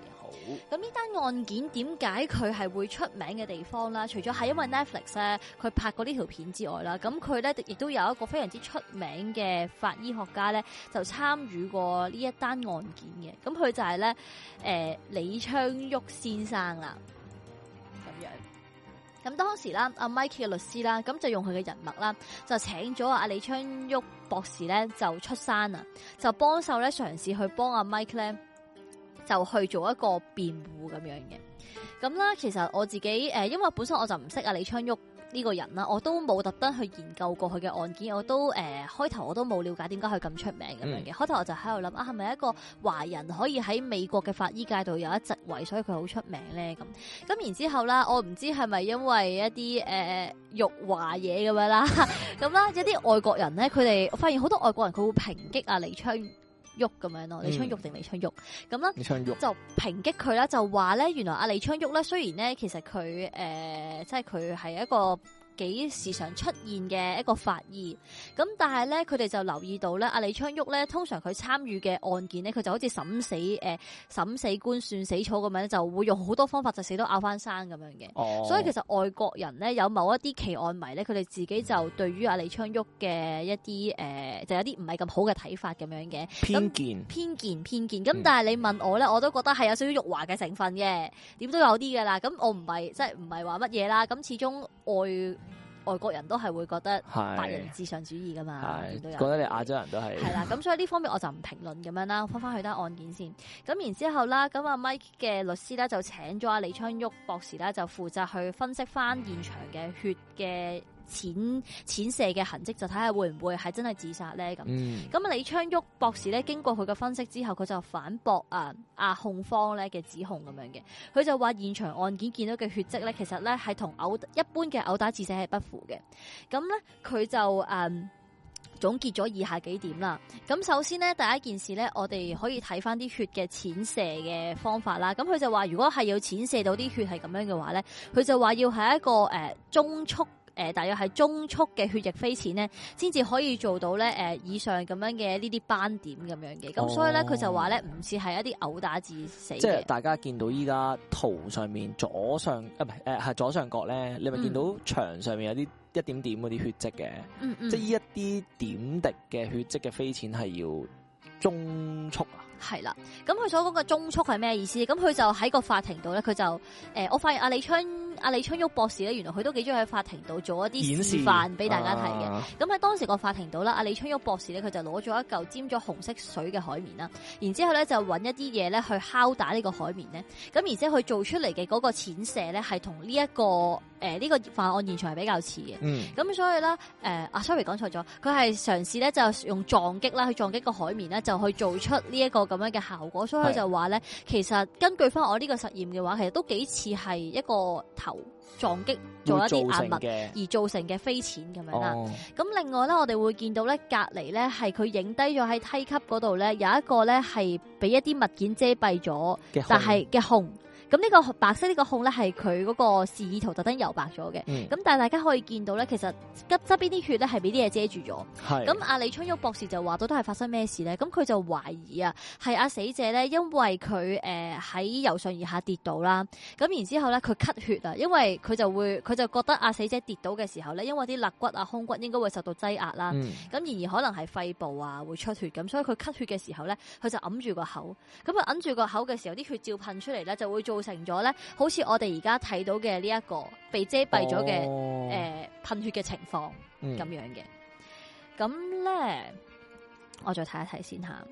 咁呢單案件點解佢係會出名嘅地方啦？除咗係因為 Netflix 咧，啊，佢拍過呢條片之外啦，啊，咁佢咧亦都有一個非常之出名嘅法醫學家咧，就參與過呢一單案件嘅。咁佢就係咧，誒、呃、李昌鈺先生啦，啊，咁樣。咁當時啦，阿 Mike 嘅律師啦，啊，咁就用佢嘅人脈啦，啊，就請咗阿，啊、李昌鈺博士咧，就出山啊，就幫手咧嘗試去幫阿，啊、Mike 咧。就去做一個辯護咁樣嘅，咁啦其實我自己、呃、因為本身我就唔識阿李昌鈺呢個人啦，我都冇特登去研究過佢嘅案件，我都開頭、呃、我都冇了解點解佢咁出名咁樣嘅，開頭、嗯、我就喺度諗啊，係咪一個華人可以喺美國嘅法醫界度有一席位，所以佢好出名咧咁，咁然之後咧，我唔知係咪因為一啲誒、呃、辱華嘢咁樣啦，咁 啦，一啲外國人咧，佢哋發現好多外國人佢會抨擊阿、啊、李昌喐，咁樣咯，李昌喐定李昌喐咁啦，李昌喐就抨擊佢啦，就話咧，原來阿李昌喐咧，雖然咧，其實佢誒、呃，即係佢係一個。幾時常出現嘅一個法醫，咁但係咧佢哋就留意到咧，阿李昌鈺咧通常佢參與嘅案件咧，佢就好似審死誒審、呃、審死官算死草咁樣就會用好多方法就死都拗翻生咁樣嘅。哦、所以其實外國人咧有某一啲奇案迷咧，佢哋自己就對於阿李昌鈺嘅一啲誒、呃，就有啲唔係咁好嘅睇法咁樣嘅偏見偏見偏見。咁但係你問我咧，我都覺得係有少少辱華嘅成分嘅，點都有啲噶啦。咁我唔係即係唔係話乜嘢啦。咁始終外。外國人都係會覺得白人至上主義噶嘛，見到的有覺得你亞洲人都係係啦。咁所以呢方面我就唔評論咁樣啦，翻翻去單案件先。咁然之後啦，咁阿 Mike 嘅律師咧就請咗阿李昌旭博士咧就負責去分析翻現場嘅血嘅，淺淺射嘅痕迹，就睇下會唔會係真係自殺呢？咁、嗯，咁李昌旭博士咧，經過佢嘅分析之後，佢就反駁啊，啊控方咧嘅指控咁樣嘅。佢就話現場案件見到嘅血跡咧，其實咧係同毆一般嘅毆打致死係不符嘅。咁呢，佢就誒、嗯、總結咗以下幾點啦。咁首先呢，第一件事呢，我哋可以睇翻啲血嘅淺射嘅方法啦。咁佢就話，如果係要淺射到啲血係咁樣嘅話呢，佢就話要係一個誒、呃、中速。誒，大約係中速嘅血液飛濺咧，先至可以做到咧。誒，以上咁樣嘅呢啲斑點咁樣嘅，咁所以咧、嗯嗯嗯嗯嗯嗯嗯，佢就話咧，唔似係一啲毆打致死。即係大家見到依家圖上面左上誒，係左上角咧，你咪見到牆上面有啲一點點嗰啲血跡嘅。即係呢一啲點滴嘅血跡嘅飛濺係要中速啊。係啦，咁佢所講嘅中速係咩意思？咁佢就喺個法庭度咧，佢就誒，我發現阿李春。阿李春旭博士咧，原來佢都幾中意喺法庭度做一啲示範俾大家睇嘅。咁喺、啊、當時個法庭度啦，阿李春旭博士咧，佢就攞咗一嚿沾咗紅色水嘅海綿啦，然之後咧就揾一啲嘢咧去敲打呢個海綿咧，咁然之後佢做出嚟嘅嗰個淺射咧，係同呢一個誒呢、呃這個犯案現場係比較似嘅。咁、嗯、所以咧，誒、呃啊、，sorry，講錯咗，佢係嘗試咧就用撞擊啦，去撞擊個海綿咧，就去做出呢一個咁樣嘅效果。所以佢就話咧，是 其實根據翻我呢個實驗嘅話，其實都幾似係一個頭。撞擊做一啲硬物造的而造成嘅飛濺咁樣啦。咁、哦、另外咧，我哋會見到咧，隔籬咧，係佢影低咗喺梯級嗰度咧，有一個咧係俾一啲物件遮蔽咗，的雄 但係嘅紅。咁呢個白色呢個控咧，係佢嗰個示意圖特登油白咗嘅。咁但係大家可以見到咧，其實吉側邊啲血咧係俾啲嘢遮住咗。咁，阿李春旭博士就話到底係發生咩事咧？咁佢就懷疑啊，係阿死者咧，因為佢誒喺由上而下跌倒啦。咁然之後咧，佢咳血啊，因為佢就會佢就覺得阿死者跌倒嘅時候咧，因為啲肋骨啊、胸骨應該會受到擠壓啦。咁然、嗯、而，而可能係肺部啊會出血咁，所以佢咳血嘅時候咧，佢就揞住個口。咁佢揞住個口嘅時候，啲血照噴出嚟咧，就會做。造成咗咧，好似我哋而家睇到嘅呢一個被遮蔽咗嘅誒噴血嘅情況咁樣嘅，咁咧。我再睇一睇先吓，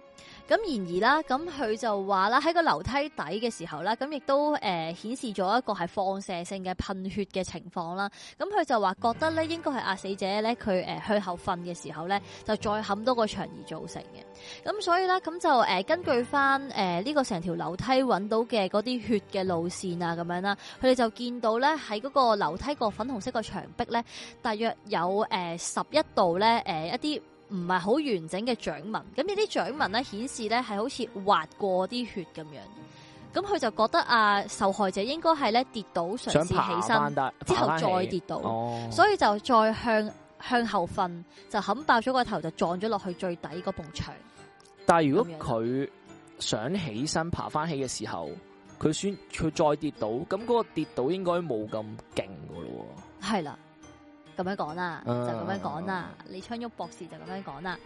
咁然而啦，咁佢就話啦，喺個樓梯底嘅時候啦，咁亦都誒顯示咗一個係放射性嘅噴血嘅情況啦。咁佢就話覺得咧，應該係阿死者咧，佢誒、呃、去後瞓嘅時候咧，就再冚多個牆而造成嘅。咁所以咧，咁就誒、呃、根據翻誒呢個成條樓梯揾到嘅嗰啲血嘅路線啊，咁樣啦，佢哋就見到咧喺嗰個樓梯個粉紅色個牆壁咧，大約有誒十一度咧，誒一啲。唔係好完整嘅掌紋，咁呢啲掌紋咧顯示咧係好似滑過啲血咁樣，咁佢就覺得啊受害者應該係咧跌倒嘗試起身，之後再跌倒，所以就再向向後瞓，哦，就冚爆咗個頭就撞咗落去最底嗰埲牆。但係如果佢想起身爬翻起嘅時候，佢先佢再跌倒，咁嗰個跌倒應該冇咁勁噶咯。係啦。咁樣講啦，就咁樣講啦。李昌旭博士就咁樣講啦。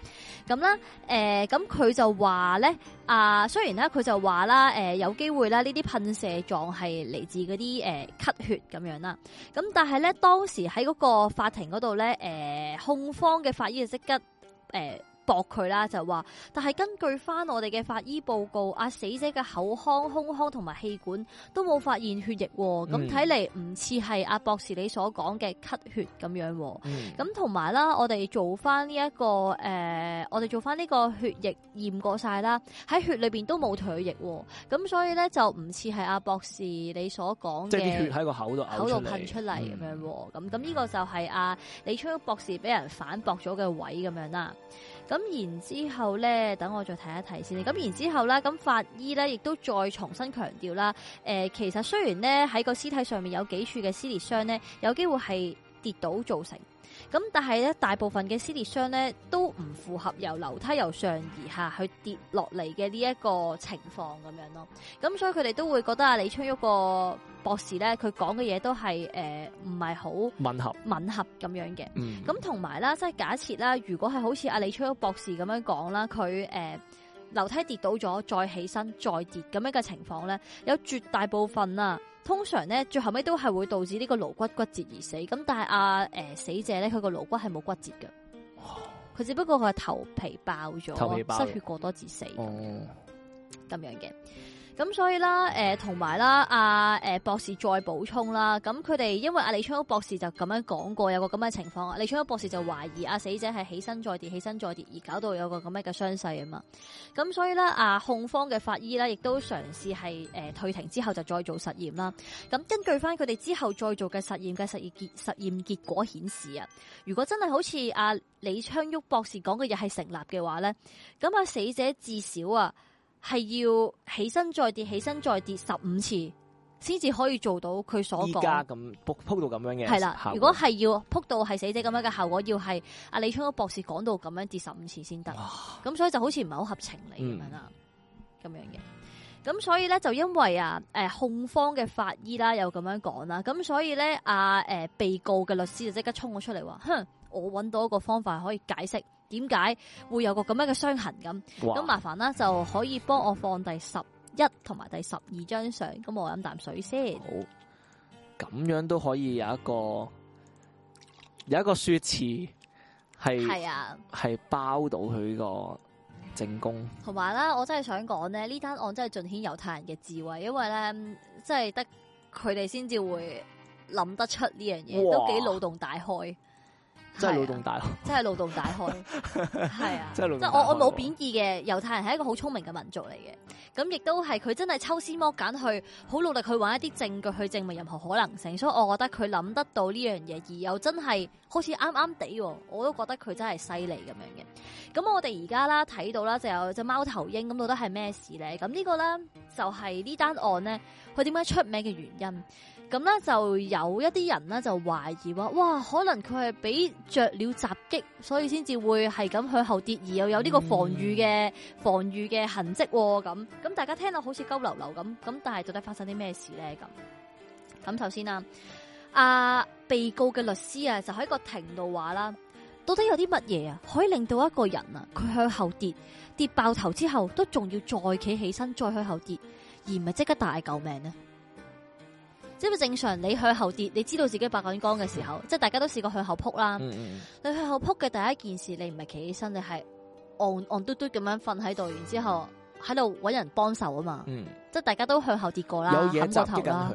咁咧，誒，咁佢就話咧，啊，雖然咧佢就話啦，誒、呃，有機會咧呢啲噴射狀係嚟自嗰啲誒咳血咁樣啦。咁但係咧，當時喺嗰個法庭嗰度咧，誒、呃、控方嘅法醫就即刻誒。呃駁佢啦，就話，但係根據翻我哋嘅法醫報告，阿死者嘅口腔、胸腔同埋氣管都冇發現血液，啊，咁睇嚟唔似係阿博士你所講嘅咳血咁樣，啊。咁同埋啦，我哋做翻呢一個誒、呃，我哋做翻呢個血液驗過晒啦，喺血裏邊都冇唾液，咁所以咧就唔似係阿博士你所講嘅，即係啲血喺個口度口度噴出嚟咁樣，啊。咁咁呢個就係阿李昌博士俾人反駁咗嘅位咁樣啦，啊。咁然之後咧，等我再睇一睇先。咁然之後啦，咁法醫咧亦都再重新強調啦。誒、呃，其實雖然咧喺個屍體上面有幾處嘅撕裂傷咧，有機會係跌倒造成。咁但係咧，大部分嘅撕裂傷咧都唔符合由樓梯由上而下去跌落嚟嘅呢一個情況咁樣咯。咁所以佢哋都會覺得阿李昌旭個博士咧，佢講嘅嘢都係唔係好吻合吻合咁樣嘅。咁同埋啦，即係假設啦，如果係好似阿李昌旭博士咁樣講啦，佢誒樓梯跌倒咗再起身再跌咁樣嘅情況咧，有絕大部分啦通常咧，最後尾都係會導致呢個顱骨骨折而死。咁但係啊，誒、呃、死者咧，佢個顱骨係冇骨折嘅，佢、哦、只不過佢係頭皮爆咗，頭皮爆失血過多致死咁、哦、樣嘅。咁所以啦，誒、呃，同埋啦，阿、啊、誒、啊、博士再補充啦，咁佢哋因為阿李昌旭博士就咁樣講過，有個咁嘅情況啊，李昌旭博士就懷疑阿死者係起身再跌，起身再跌而搞到有個咁樣嘅傷勢啊嘛，咁所以咧、啊，控方嘅法醫咧，亦都嘗試係誒退庭之後就再做實驗啦，咁根據翻佢哋之後再做嘅實驗嘅實驗結實驗結果顯示啊，如果真係好似阿、啊、李昌旭博士講嘅嘢係成立嘅話咧，咁阿死者至少啊。係要起身再跌，起身再跌十五次，先至可以做到佢所講。依家，咁撲撲到咁樣嘅係啦。如果係要撲到係死者咁樣嘅效果，要係阿李春哥博士講到咁樣跌十五次先得。咁哇 所以就好似唔係好合情理咁樣啦，咁、嗯、樣嘅。咁所以咧，就因為啊，誒控方嘅法醫啦、啊，又咁樣講啦。咁所以咧阿誒被告嘅律師就即刻衝咗出嚟話：，哼，我揾到一個方法可以解釋。點解會有個咁樣嘅傷痕咁？咁嘩麻煩啦，就可以幫我放第十一同埋第十二張相，咁我飲啖水先。好，咁樣都可以有一個有一個說辭，係係啊，係包到佢呢個正宮。同埋咧，我真係想講咧，呢單案真係盡顯猶太人嘅智慧，因為咧，即係得佢哋先至會諗得出呢樣嘢，嘩都幾腦洞大開。啊、真係腦洞大開， 啊、真係腦洞大開，係 啊！即係我我冇貶義嘅，猶 太人係一個好聰明嘅民族嚟嘅，咁亦都係佢真係抽絲剝繭去，好努力去搵一啲證據去證明任何可能性，所以我覺得佢諗得到呢樣嘢，而又真係好似啱啱地，我都覺得佢真係犀利咁樣嘅。咁我哋而家啦睇到啦，就有隻貓頭鷹，咁到底係咩事咧？咁呢個咧就係呢單案咧，佢點解出名嘅原因？咁呢，就有一啲人呢，就懷疑話，哇，可能佢係俾雀鳥襲擊，所以先至會係咁向後跌，而又有呢個防禦嘅防禦嘅痕跡咁、哦。咁大家聽到好似鳩流流咁，咁但係到底發生啲咩事呢？咁咁首先啊，阿、啊、被告嘅律師啊，就喺個庭度話啦，到底有啲乜嘢啊，可以令到一個人啊，佢向後跌跌爆頭之後，都仲要再企起身，再向後跌，而唔係即刻大救命呢？」即係正常，你向後跌，你知道自己百感光嘅時候， 即係大家都試過向後扑啦。嗯嗯，你向後扑嘅第一件事，你唔係企起身，你係卧卧嘟嘟咁樣瞓喺度，然之後喺度揾人幫手啊嘛。嗯、即係大家都向後跌過啦，有嘢襲擊佢。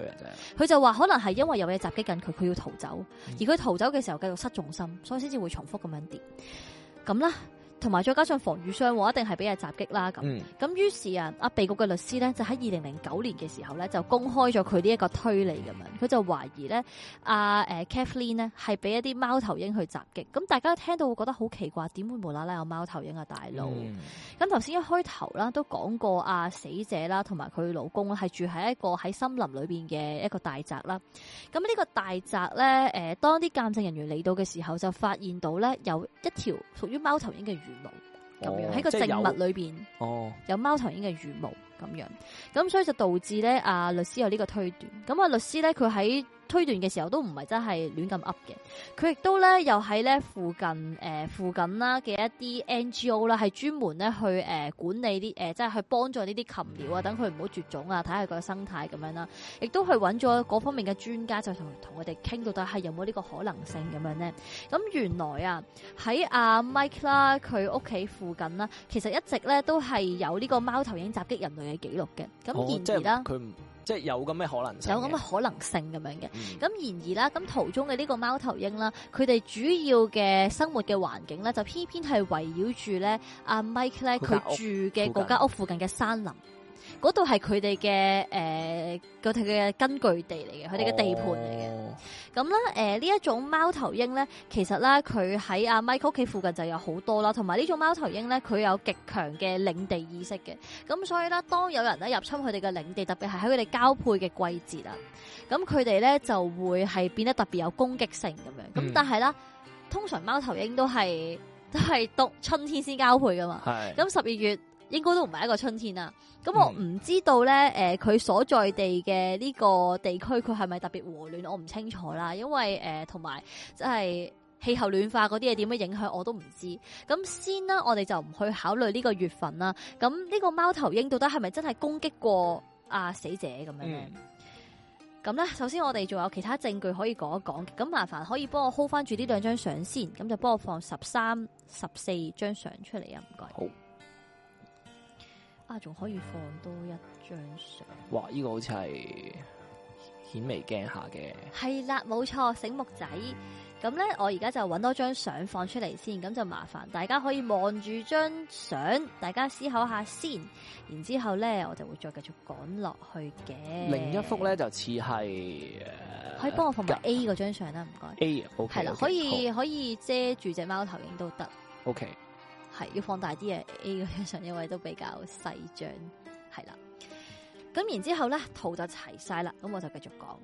佢就話可能係因為有嘢襲擊緊佢，佢要逃走，嗯、而佢逃走嘅時候繼續失重心，所以先至會重複咁樣跌。咁啦。同埋再加上防禦傷，一定係俾人襲擊啦咁。咁、嗯、於是啊，阿被告嘅律師咧，就喺二零零九年嘅時候咧，就公開咗佢呢一個推理咁。佢就懷疑咧，阿誒 Kathleen 咧係俾一啲貓頭鷹去襲擊。咁大家聽到會覺得好奇怪，點會無啦啦有貓頭鷹啊大佬。咁頭先一開頭啦，都講過啊死者啦，同埋佢老公咧係住喺一個喺森林裏邊嘅一個大宅啦。咁呢個大宅咧，誒當啲鑑證人員嚟到嘅時候，就發現到咧有一條屬於貓頭鷹嘅魚。咁樣喺、哦、個植物裏邊，哦，有貓頭鷹嘅羽毛咁樣，咁所以就導致咧啊，律師有呢個推斷。咁啊，律師咧佢喺。推斷嘅時候都唔係真係亂咁 up 嘅，佢亦都咧又喺咧附近誒、呃、附近啦嘅一啲 NGO 啦，係專門咧去誒、呃、管理啲誒、呃，即係去幫助呢啲禽鳥啊，等佢唔好絕種啊，睇下佢個生態咁樣啦，亦都去揾咗嗰方面嘅專家，就同同佢哋傾到底係有冇呢個可能性咁樣呢。咁原來啊喺阿、啊、Mike 啦，佢屋企附近啦，啊，其實一直咧都係有呢個貓頭鷹襲擊人類嘅記錄嘅。咁，然而啦。即係有咁嘅可能性，有咁嘅可能性咁樣嘅。咁然而啦，咁途中嘅呢個貓頭鷹啦，佢哋主要嘅生活嘅環境咧，就偏偏係圍繞住咧阿 Mike 咧，佢住嘅嗰間屋附近嘅山林。嗰度係佢哋嘅誒，佢哋嘅根據地嚟嘅，佢哋嘅地盤嚟嘅。咁咧、哦，誒呢、呃、一種貓頭鷹咧，其實咧佢喺阿 Mike 屋企附近就有好多啦。同埋呢種貓頭鷹咧，佢有極強嘅領地意識嘅。咁所以咧，當有人咧入侵佢哋嘅領地，特別係喺佢哋交配嘅季節啊，咁佢哋咧就會係變得特別有攻擊性咁樣。咁但係咧，嗯、通常貓頭鷹都係都係到春天先交配噶嘛。咁十二月。應該都唔係一個春天啦，咁我唔知道咧，誒、呃、佢所在地嘅呢個地區佢係咪特別和暖？我唔清楚啦，因為誒同埋即係氣候暖化嗰啲嘢點樣影響我都唔知道。咁先啦，我哋就唔去考慮呢個月份啦。咁呢個貓頭鷹到底係咪真係攻擊過阿、啊、死者咁樣咧？咁咧、嗯，首先我哋仲有其他證據可以講一講。咁麻煩可以幫我 hold 翻住呢兩張相先，咁就幫我放十三、十四張相出嚟啊！唔該。好。啊！仲可以放多一張相。哇！呢個好似係顯微鏡下嘅。係啦，冇錯，醒目仔。咁咧，我而家就搵多張相放出嚟先，咁就麻煩大家可以望住張相，大家思考下先。然之後咧，我就會再繼續講落去嘅。另一幅咧就似係。可以幫我放埋 A 嗰張相啦，唔該。A，OK okay, 了。係啦，可以好可以遮住隻貓頭鷹都得。OK。係要放大啲啊！A 嘅上，因為都比較細張，係啦。咁然之後咧，圖就齊晒啦。咁我就繼續講。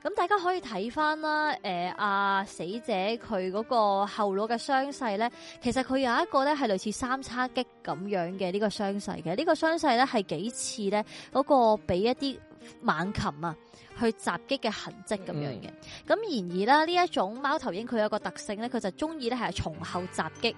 咁大家可以睇翻啦，誒、呃，阿、啊、死者佢嗰個後腦嘅傷勢咧，其實佢有一個咧係類似三叉戟咁樣嘅、這個這個、呢個傷勢嘅。呢個傷勢咧係幾似咧嗰、那個俾一啲猛禽啊去襲擊嘅痕迹咁樣嘅。咁、嗯、然而呢，呢一種貓頭鷹佢有個特性咧，佢就中意咧係從後襲擊。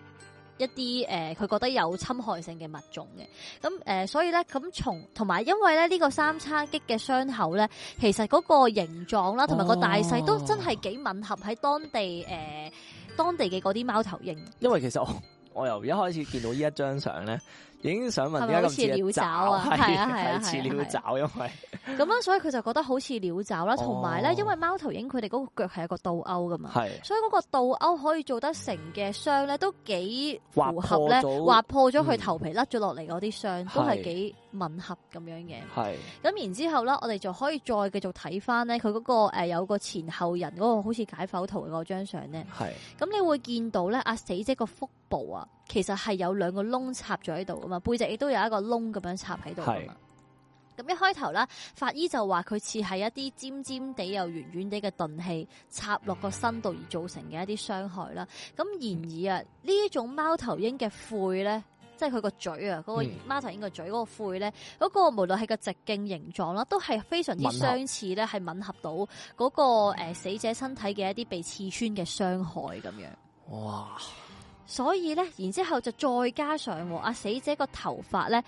一啲誒，佢、呃、覺得有侵害性嘅物種嘅，咁誒、呃，所以咧，咁從同埋因為咧，呢、這個三叉戟嘅傷口咧，其實嗰個形狀啦，同埋個大細都真係幾吻合喺當地誒、呃、當地嘅嗰啲貓頭鷹。因為其實我我由一開始見到呢一張相咧。影相問，而家好似鳥爪啊，係啊係啊似鳥爪，因為咁啊，所以佢就覺得好似鳥爪啦。同埋咧，因為貓頭鷹佢哋嗰個腳係一個倒鈎噶嘛，是所以嗰個倒鈎可以做得成嘅傷咧，都幾符合咧，劃破咗佢頭皮甩咗落嚟嗰啲傷都係幾吻合咁樣嘅。係咁是然之後咧，我哋就可以再繼續睇翻咧，佢嗰個誒有個前後人嗰個好似解剖圖嘅嗰張相咧。係咁是你會見到咧啊，死者個腹部啊。其實係有兩個窿插咗喺度嘛，背脊亦都有一個窿咁樣插喺度。咁是一開頭啦，法醫就話佢似係一啲尖尖地又圓圓地嘅鈍器插落個身度而造成嘅一啲傷害啦。咁然而啊，呢一種貓頭鷹嘅喙咧，即係佢個嘴啊，嗰個貓頭鷹嘅嘴嗰個喙咧，嗰個無論係個直徑形狀啦，都係非常之相似咧，係吻合到嗰個誒死者身體嘅一啲被刺穿嘅傷害咁樣。哇！所以咧，然之後就再加上阿、啊、死者個頭髮咧，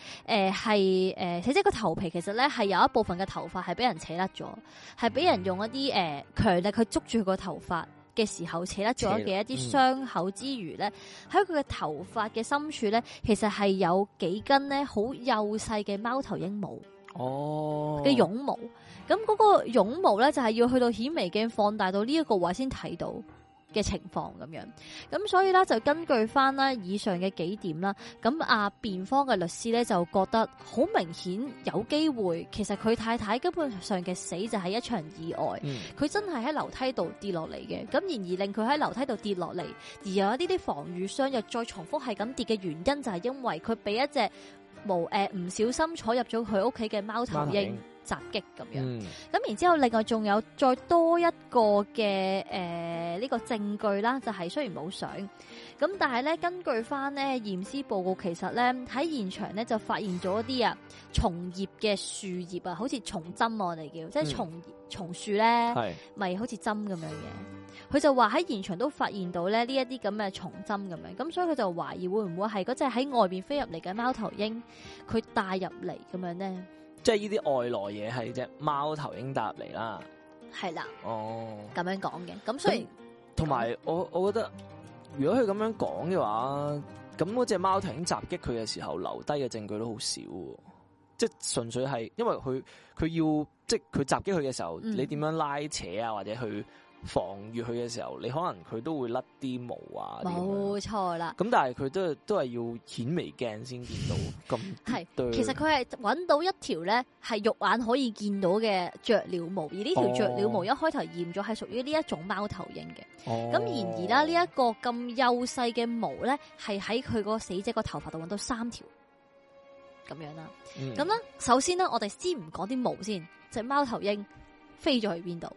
係、呃呃、死者個頭皮其實咧係有一部分嘅頭髮係俾人扯甩咗，係俾、嗯、人用一啲誒強力去捉住佢個頭髮嘅時候扯甩咗嘅一啲傷口之餘咧，喺佢嘅頭髮嘅深處咧，其實係有幾根咧好幼細嘅貓頭鷹毛哦嘅絨毛，咁嗰、哦、個絨毛咧就係、是、要去到顯微鏡放大到呢一個位先睇到。嘅情況咁樣，咁所以咧就根據翻啦以上嘅幾點啦，咁啊辯方嘅律師咧就覺得好明顯有機會，其實佢太太根本上嘅死就係一場意外，佢、嗯、真係喺樓梯度跌落嚟嘅。咁然而令佢喺樓梯度跌落嚟，而又有一啲啲防禦傷又再重複係咁跌嘅原因，就係因為佢俾一隻無誒唔、呃、小心坐入咗佢屋企嘅貓頭鷹。襲擊咁樣，咁、嗯、然之後，另外仲有再多一個嘅誒，呢、呃呢個證據啦，就係、是、雖然冇相，咁但係咧，根據翻咧驗屍報告，其實咧喺現場咧就發現咗一啲啊松葉嘅樹葉像啊，好似松針我哋叫，嗯、即係松松樹咧，咪是好似針咁樣嘅。佢就話喺現場都發現到咧呢一啲咁嘅松針咁樣，咁所以佢就懷疑會唔會係嗰隻喺外邊飛入嚟嘅貓頭鷹，佢帶入嚟咁樣咧。即係呢啲外來嘢係隻貓頭鷹搭嚟啦，係啦的，哦咁樣講嘅，咁所以同埋我我覺得，如果佢咁樣講嘅話，咁嗰隻貓頭鷹襲擊佢嘅時候留低嘅證據都好少喎，即係純粹係因為佢佢要即係佢襲擊佢嘅時候，嗯、你點樣拉扯啊或者去。防禦佢嘅時候，你可能佢都會甩啲毛啊，冇錯啦。咁但係佢都都係要顯微鏡先見到咁。係，其實佢係揾到一條咧，係肉眼可以見到嘅雀鳥毛。而呢條雀鳥毛一開頭驗咗，係屬於呢一種貓頭鷹嘅。咁、哦、然而啦，呢一個咁幼細嘅毛咧，係喺佢個死者個頭髮度揾到三條，咁樣啦。咁啦，首先呢，我哋先唔講啲毛先，隻貓頭鷹飛咗去邊度？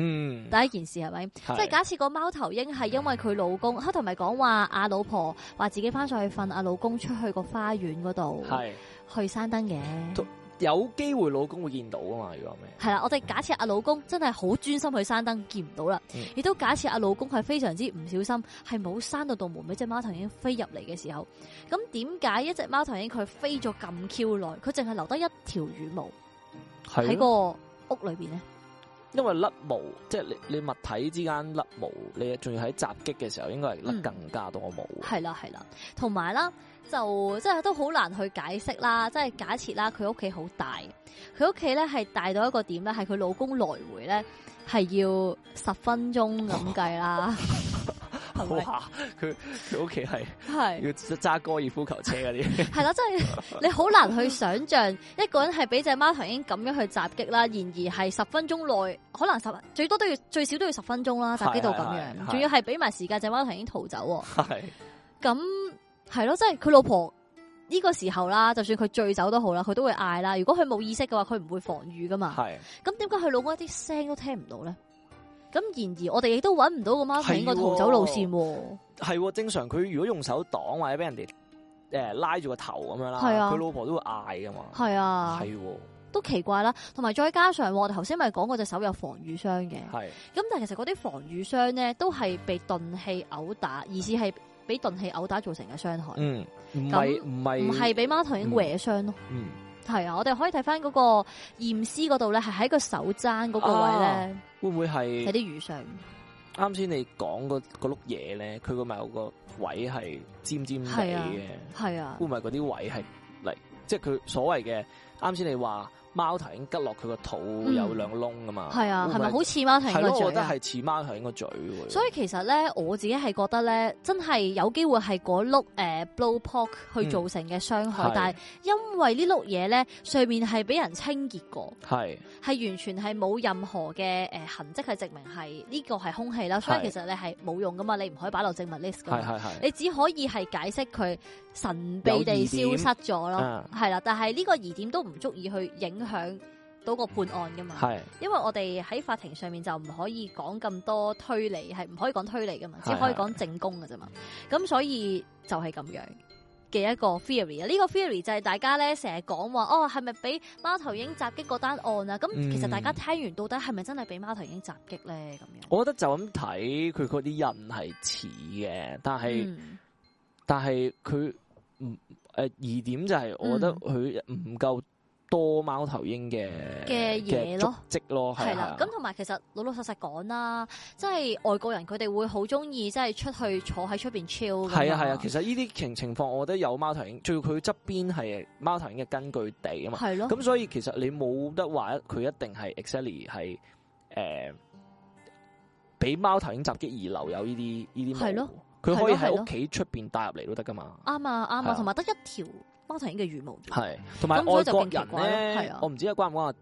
嗯，第一件事係咪？是是即係假設個貓頭鷹係因為佢老公，是黑頭咪講話阿老婆話自己翻上去瞓，阿老公出去個花園嗰度，係去山燈嘅，有機會老公會見到噶嘛？如果係咩？係啦，我哋假設阿老公真係好專心去山燈見唔到啦，亦、嗯、都假設阿老公係非常之唔小心，係冇閂到道門，俾隻貓頭鷹飛入嚟嘅時候，咁點解一隻貓鷹隻貓頭鷹佢飛咗咁 Q 耐，佢淨係留得一條羽毛喺個屋裏邊呢？因為甩毛，即係你你物體之間甩毛，你仲要喺襲擊嘅時候，應該係甩更加多毛。嗯，係啦係啦，同埋啦，就即係都好難去解釋啦。即係假設啦，佢屋企好大，佢屋企咧係大到一個點咧，係佢老公來回咧係要十分鐘咁計啦。 佢佢屋企係係要揸高爾夫球車嗰啲的，係啦， 真係你好難去想象一個人係俾隻貓頭鷹咁樣去襲擊啦，然而係十分鐘內可能十最多都要最少都要十分鐘啦，襲擊到咁樣，仲要係俾埋時間隻貓頭鷹逃走，咁係咯，即係佢老婆呢個時候啦，就算佢醉酒都好啦，佢都會嗌啦。如果佢冇意識嘅話，佢唔會防禦噶嘛，係。咁點解佢老公一啲聲都聽唔到咧？咁然而，我哋亦都揾唔到個貓頭鷹嘅逃走路線喎。係喎，正常佢如果用手擋或者俾人哋誒拉住個頭咁樣啦，係啊的，佢老婆都會嗌㗎嘛。係啊，係喎，都奇怪啦。同埋再加上，我哋頭先咪講嗰隻手有防御傷嘅，係的。咁但係其實嗰啲防御傷咧，都係被鈍器毆打，而是係俾鈍器毆打造成嘅傷害。嗯，唔係唔係唔係俾貓頭鷹搲傷咯。嗯。嗯。係啊，我哋可以睇翻嗰個驗屍嗰度咧，係喺個手踭嗰個位咧、啊，會唔會係喺啲魚上？啱先你講個碌嘢咧，佢個某個位係尖尖地嘅，係啊，會唔會嗰啲位係嚟，即係佢所謂嘅。啱先你話。貓頭鷹吉落佢個肚、嗯、有兩窿㗎嘛？係啊，係咪好似貓頭鷹個嘴是、啊？我覺得係似貓頭鷹個嘴喎。所以其實咧，我自己係覺得咧，真係有機會係嗰粒 blow pop 去造成嘅傷害，嗯、但係因為這東西呢碌嘢咧，上面係俾人清潔過，係係是完全係冇任何嘅誒、呃、痕跡係證明係呢個係凶器啦，所以其實你係冇用㗎嘛，你唔可以擺落證物 list 㗎，你只可以係解釋佢神秘地消失咗咯，係、嗯、啦。但係呢個疑點都唔足以去影。影響到個判案噶嘛？係是，因為我哋喺法庭上面就唔可以講咁多推理，係唔可以講推理噶嘛，只可以講證供噶啫嘛。咁是的 所以就係咁樣嘅一個 theory 啊。呢、這個 theory 就係大家咧成日講話哦，係咪俾貓頭鷹襲擊嗰單案啊？咁其實大家聽完到底係咪、嗯、真係俾貓頭鷹襲擊咧？咁樣，我覺得就咁睇佢嗰啲印係似嘅，但係、嗯、但係佢唔誒疑點就係，我覺得佢唔夠。多貓頭鷹嘅嘅嘢咯，積咯係啦。咁同埋其實老老實實講啦，即係外國人佢哋會好中意即係出去坐喺出邊 chill。係啊係啊，其實呢啲情情況，我覺得有貓頭鷹，仲要佢側邊係貓頭鷹嘅根據地啊嘛。係咯。咁所以其實你冇得話佢一定係 exactly 係誒，俾貓頭鷹襲擊而留有呢啲呢啲。係咯，佢可以喺屋企出邊帶入嚟都得噶嘛。啱啊啱啊，同埋得一條。貓婷嘅羽毛，係同埋外國人咧，啊、我唔知關唔關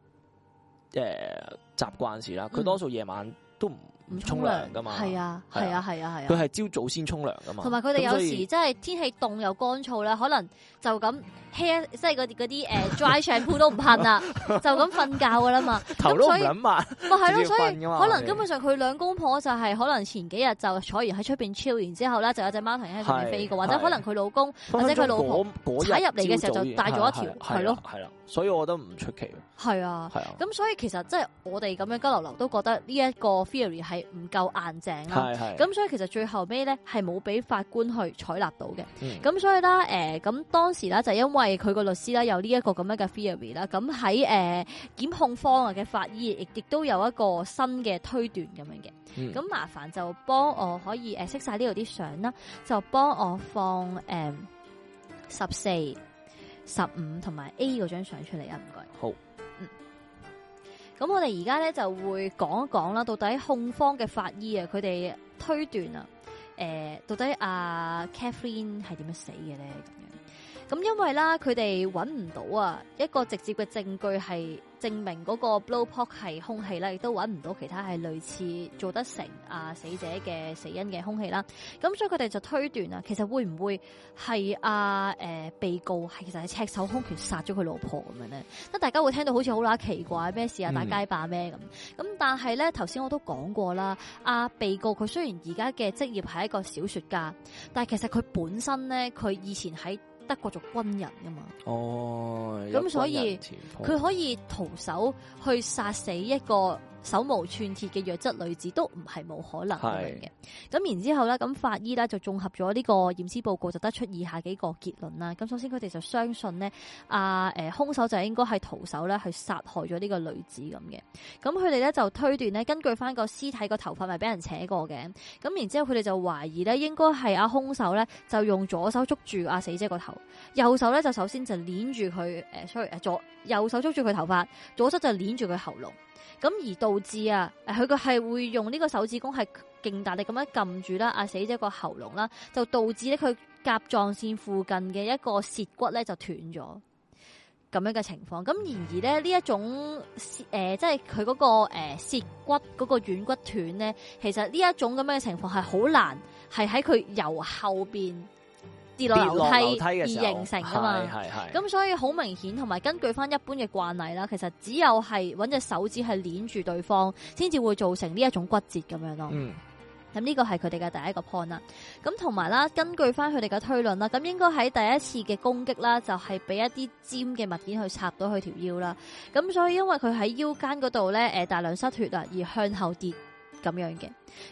誒、呃、習慣事啦。佢多數夜晚都唔。嗯都唔沖涼噶嘛？係啊，係啊，係啊，係啊！佢係朝早先沖涼噶嘛？同埋佢哋有時即係天氣凍又乾燥咧，可能就咁 hair 即係嗰啲嗰啲誒 dry shampoo 都唔噴啦，就咁瞓覺噶啦嘛，頭都唔搵嘛，係咯，所以可能根本上佢兩公婆就係可能前幾日就坐完喺出面超完然之後咧就有隻貓頭鷹喺上面飛過，或者可能佢老公或者佢老婆踩入嚟嘅時候就帶咗一條，係咯，係啦，所以我覺得唔出奇。係啊，係啊，咁所以其實即係我哋咁樣交流流都覺得呢一個 theory 唔夠硬淨啦，咁係係所以其實最後尾咧係冇俾法官去採納到嘅，咁、嗯、所以啦，誒、呃，咁當時啦就因為佢個律師啦有呢一個咁樣嘅 theory 啦，咁喺誒檢控方啊嘅法醫亦亦都有一個新嘅推斷咁樣嘅，咁、嗯、麻煩就幫我可以誒熄晒呢度啲相啦，就幫我放誒十四、十五同埋 A 嗰張相出嚟啊，唔該。好。咁我哋而家咧就會講一講啦，到底控方嘅法醫啊，佢哋推斷啊，誒、呃，到底阿、啊、Kathleen 係點樣死嘅咧？咁樣。咁，因為啦，佢哋揾唔到啊一個直接嘅證據係證明嗰個 b l o w p o k 係空氣啦，亦都揾唔到其他係類似做得成啊死者嘅死因嘅空氣啦。咁所以佢哋就推斷啊，其實會唔會係啊誒被告係其實係赤手空拳殺咗佢老婆咁樣咧？大家會聽到好似好啦奇怪咩事啊，打街霸咩咁咁，嗯、但係咧頭先我都講過啦，啊被告佢雖然而家嘅職業係一個小説家，但其實佢本身咧佢以前喺德國做軍人㗎嘛？哦，咁所以佢可以徒手去殺死一個。手無寸鐵嘅弱質女子都唔係冇可能嘅。咁是然之後呢，咁法醫呢就綜合咗呢個驗屍報告，就得出以下幾個結論啦。咁首先佢哋就相信呢，阿誒凶手就應該係徒手咧去殺害咗呢個女子咁嘅。咁佢哋咧就推斷呢，根據翻個屍體個頭髮咪俾人扯過嘅。咁然之後佢哋就懷疑呢，應該係阿凶手呢，就用左手捉住阿死者個頭，右手呢就首先就捻住佢誒，sorry 誒左右手捉住佢頭髮，左手就捻住佢喉嚨。咁而導致啊，佢個係會用呢個手指公係勁大力咁樣撳住啦，啊，死者個喉嚨啦，就導致咧佢甲狀腺附近嘅一個舌骨咧就斷咗咁樣嘅情況。咁然而咧，呢一種、呃、即係佢嗰個、呃、舌骨嗰個軟骨斷咧，其實呢一種咁樣嘅情況係好難，係喺佢由後面。跌落樓梯而形成㗎嘛，咁是所以好明顯，同埋根據翻一般嘅慣例啦，其實只有係揾隻手指係攆住對方，先至會造成呢一種骨折咁樣咯。咁呢、嗯、個係佢哋嘅第一個 point 啦。咁同埋啦，根據翻佢哋嘅推論啦，咁應該喺第一次嘅攻擊啦，就係俾一啲尖嘅物件去插到佢條腰啦。咁所以因為佢喺腰間嗰度咧，誒大量失血啊，而向後跌。咁樣嘅，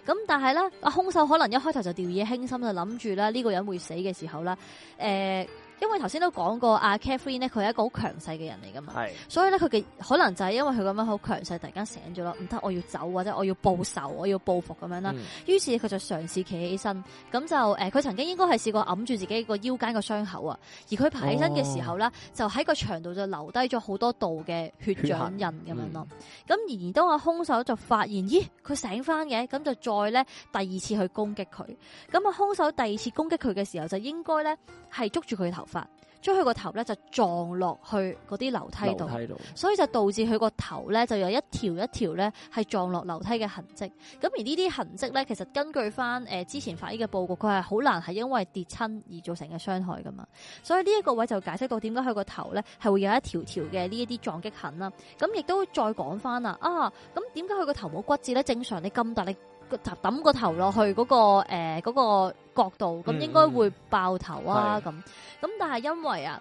咁但係咧，啊，兇手可能一開頭就掉以輕心，就諗住咧呢個人會死嘅時候啦，誒、呃。因為頭先都講過啊 Katherine 咧，佢係一個好強勢嘅人嚟噶嘛，是的 所以咧佢嘅可能就係因為佢咁樣好強勢，突然間醒咗咯，唔得我要走或者我要報仇，嗯、我要報復咁樣啦。於、嗯、是佢就嘗試企起身，咁就誒，佢、呃、曾經應該係試過揞住自己個腰間個傷口啊。而佢爬起身嘅時候咧，哦、就喺個牆度就留低咗好多道嘅血掌印咁、嗯、樣咯。咁然而當個凶手就發現，咦，佢醒翻嘅，咁就再咧第二次去攻擊佢。咁啊，凶手第二次攻擊佢嘅時候，就應該咧係捉住佢頭。發將佢個頭咧就撞落去嗰啲樓梯度，梯裡所以就導致佢個頭咧就有一條一條咧係撞落樓梯嘅痕跡。咁而這些跡呢啲痕跡咧，其實根據翻誒、呃、之前法醫嘅報告，佢係好難係因為跌親而造成嘅傷害噶嘛。所以呢一個位置就解釋到點解佢個頭咧係會有一條條嘅呢一啲撞擊痕啦。咁亦都再講翻啊，啊咁點解佢個頭冇骨折咧？正常你咁大力。就抌個頭落去嗰、嗰個誒、呃嗰個角度，咁應該會爆頭啊！咁咁、嗯嗯、但係因為啊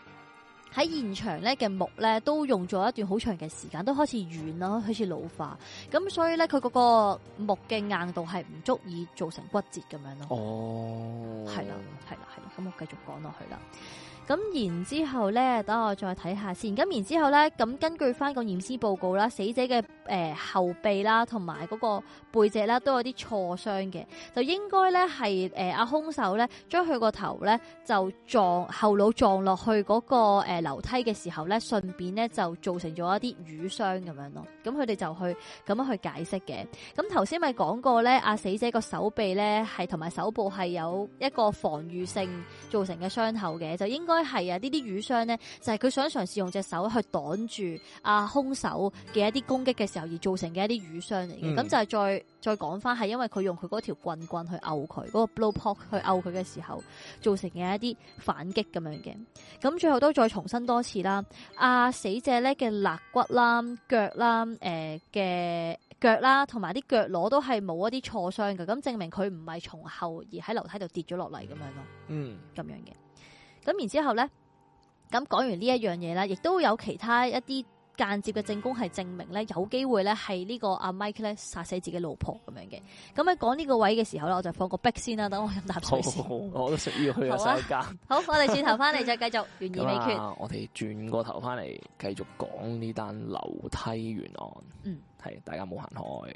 喺現場咧嘅木咧都用咗一段好長嘅時間，都開始軟啦，開始老化，咁所以咧佢嗰個木嘅硬度係唔足以造成骨折咁樣咯。哦，係啦，係啦，係啦，咁我繼續講落去啦。咁然之後咧，等我再睇下先。咁然之後咧，咁根據翻個驗屍報告啦，死者嘅誒後背啦，同埋嗰個背脊啦，都有啲挫傷嘅，就應該咧係誒阿凶手咧將佢個頭咧就撞後腦撞落去嗰個誒樓梯嘅時候咧，順便咧就造成咗一啲瘀傷咁樣咯。咁佢哋就去咁樣去解釋嘅。咁頭先咪講過咧，阿死者個手臂咧係同埋手部係有一個防禦性造成嘅傷口嘅，就應該。應該係啊，是些呢啲瘀傷咧，就係、是、佢想嘗試用隻手去擋住啊凶手嘅一啲攻擊嘅時候而造成嘅一啲瘀傷嚟嘅。咁、嗯、就係再再講翻，係因為佢用佢嗰條棍棍去毆佢，嗰、那個 blow pop 去毆佢嘅時候造成嘅一啲反擊咁樣嘅。咁最後都再重申多次啦。阿、啊、死者咧嘅肋骨啦、腳啦、誒嘅腳啦，同埋啲腳踝都係冇一啲挫傷嘅，咁證明佢唔係從後而喺樓梯度跌咗落嚟咁樣咯。嗯，咁樣嘅。咁然之後咧，咁講完呢一樣嘢啦，亦都有其他一啲間接嘅證供係證明咧，有機會咧係呢個阿 Mike 咧殺死自己老婆咁樣嘅。咁喺講呢個位嘅時候咧，我就放個 break 先啦，等我飲啖水先。好，我都食完去啊，收世界 好，我哋轉頭翻嚟再繼續懸疑未決。啊，我哋轉個頭翻嚟繼續講呢單樓梯懸案。嗯，係大家冇行開。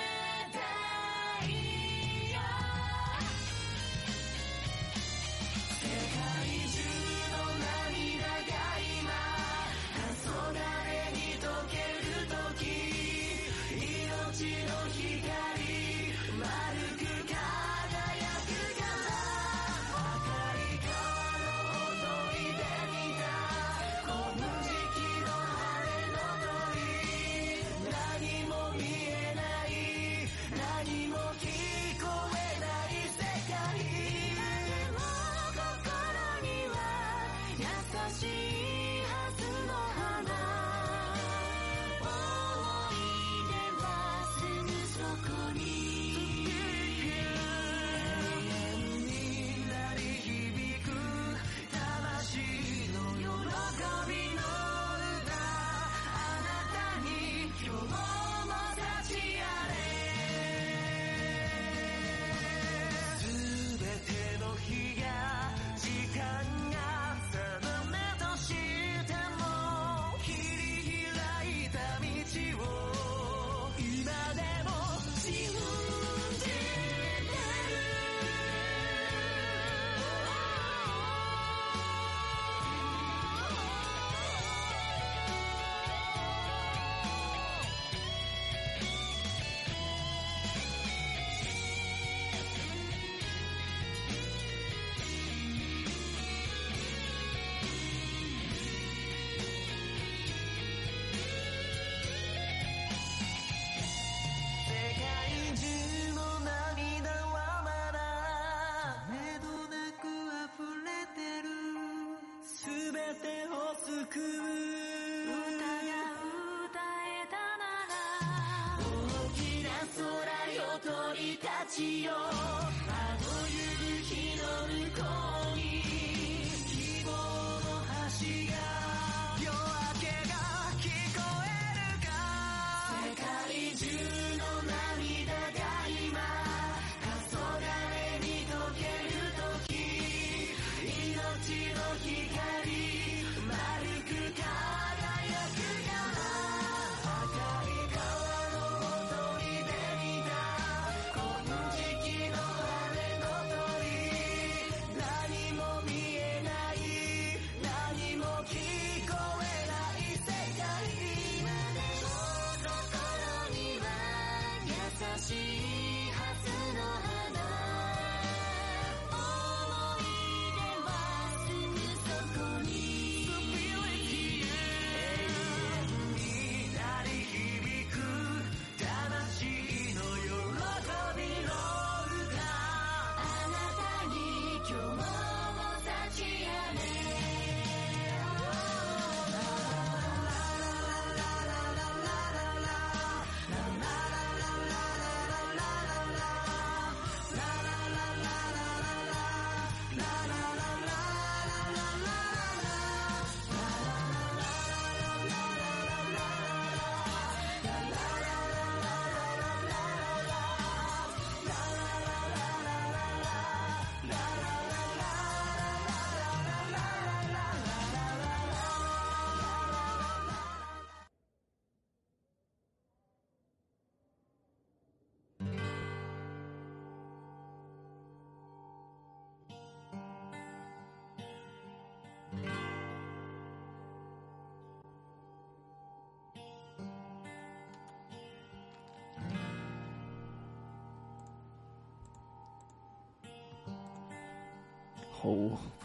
好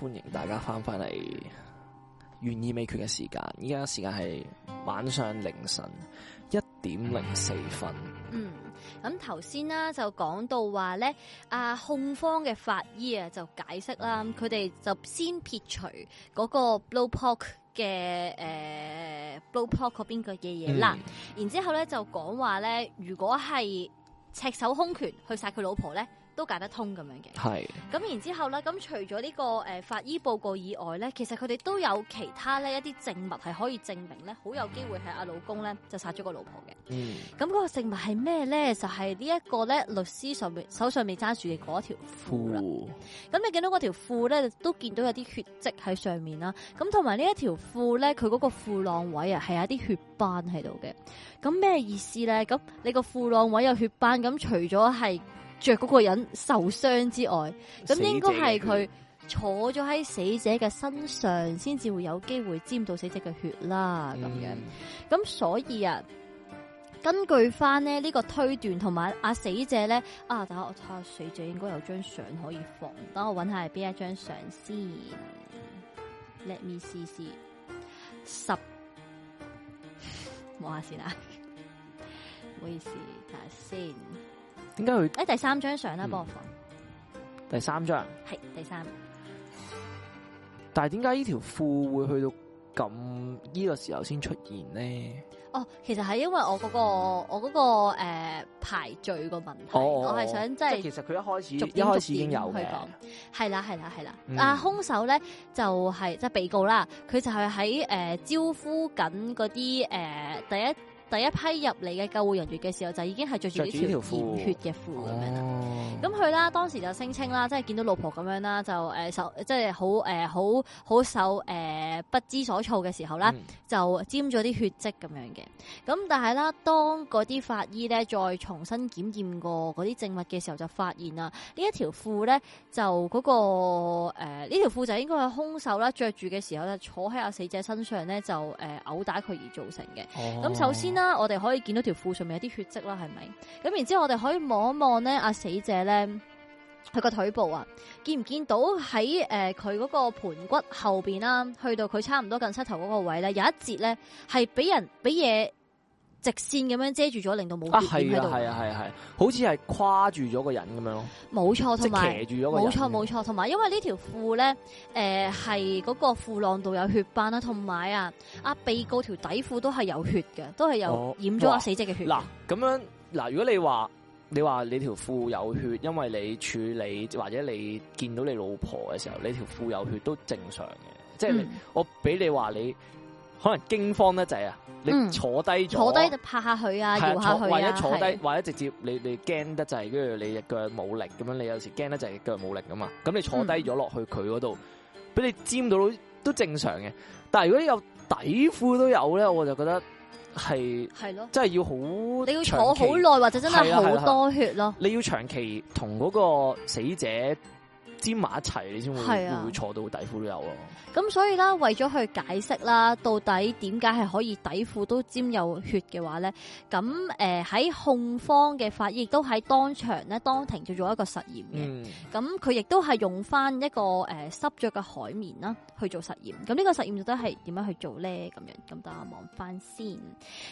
歡迎大家翻翻嚟，懸疑未決嘅時間，依家時間係晚上凌晨一點零四分。嗯，咁頭先啦就講到話咧，阿、啊、控方嘅法醫啊就解釋啦，佢哋、嗯、就先撇除嗰個 blue pork 嘅誒 blue pork 嗰邊嘅嘢嘢啦，呃嗯、然之後咧就講話咧，如果係赤手空拳去殺佢老婆咧。都解得通咁樣嘅，係咁是然之後咧，咁除咗呢、這個誒、呃、法醫報告以外咧，其實佢哋都有其他咧一啲證物係可以證明咧，好有機會係阿老公咧就殺咗個老婆嘅。嗯，咁嗰個證物係咩咧？就係、是、呢一個咧，律師上面手上面揸住嘅嗰條褲啦。咁富你見到嗰條褲咧，都見到有啲血跡喺上面啦。咁同埋呢一條褲咧，佢嗰個褲浪位啊，係有一啲血斑喺度嘅。咁咩意思咧？咁你個褲浪位有血斑，咁除咗係。着嗰個人受傷之外，咁應該係佢坐咗喺死者嘅身上，先至會有機會沾到死者嘅血啦。咁、嗯、樣，咁所以啊，根據翻咧呢個推斷，同埋阿死者咧啊，等我睇下、啊、死者應該有張相可以放，等我揾下係邊一張相先。Let me see see，十，望 下先啊，唔好意思，睇下先。點解佢？誒、欸，第三張相啦，幫、嗯、我放。第三張，係第三。但係點解呢條褲會去到咁呢個時候先出現咧？哦，其實係因為我嗰、那個我嗰、那個誒、呃、排序個問題，哦、我係想、就是、即係其實佢一開始一開始已經有嘅，係啦係啦係啦。啊，兇手咧就係即係被告啦，佢就係喺誒招呼緊嗰啲誒第一。第一批入嚟嘅救護人員嘅時候就已經係着住呢條染血嘅褲咁樣啦。咁佢啦當時就聲稱啦，即係見到老婆咁樣啦，就誒手、呃、即係好誒好好手誒不知所措嘅時候啦，嗯、就沾咗啲血跡咁樣嘅。咁但係啦，當嗰啲法醫咧再重新檢驗過嗰啲證物嘅時候，就發現喇呢一條褲咧就嗰個誒呢條褲就應該係兇手啦着住嘅時候咧坐喺阿死者身上咧就誒毆、呃、打佢而造成嘅。咁、哦、首先，我哋可以見到條褲上面有啲血跡啦，係咪？咁然之後我哋可以望一望咧，阿死者咧，佢個腿部啊，見唔見到喺誒佢嗰個盆骨後邊啦，去到佢差唔多近膝頭嗰個位咧，有一截咧係俾人俾嘢。被野直線咁樣遮住咗，令到冇啊係啊係啊係係，好似係跨住咗個人咁樣。冇錯，同埋住咗個人冇錯冇錯，同埋因為這條褲呢條褲咧，誒係嗰個褲浪度有血斑啦，同埋啊阿、啊、被告條底褲都係有血嘅，都係有染咗啊死者嘅血。嗱咁樣嗱，如果你話你話你條褲有血，因為你處理或者你見到你老婆嘅時候，你條褲有血都正常嘅，嗯、即係我俾你話你。可能驚慌得滯啊！你坐低坐，坐低就拍下佢啊，搖下佢啊，或者坐低，是的 或者直接你你驚得滯，跟住你隻腳冇力咁樣，你有時驚得滯腳冇力噶嘛？咁你坐低咗落去佢嗰度，俾、嗯、你尖到都正常嘅。但係如果你有底褲都有咧，我就覺得係係咯，的真係要好你要坐好耐，或者真係好多血咯。血了你要長期同嗰個死者，沾埋一齊，你先會會坐到底褲都有咯。咁所以啦，為咗去解釋啦，到底點解係可以底褲都沾有血嘅話咧？咁喺、呃、控方嘅法醫，亦都喺當場咧、當庭做咗一個實驗嘅。咁佢亦都係用翻一個、呃、濕著嘅海綿啦去做實驗。咁呢個實驗到底係點樣去做咧？咁樣咁大家望翻先。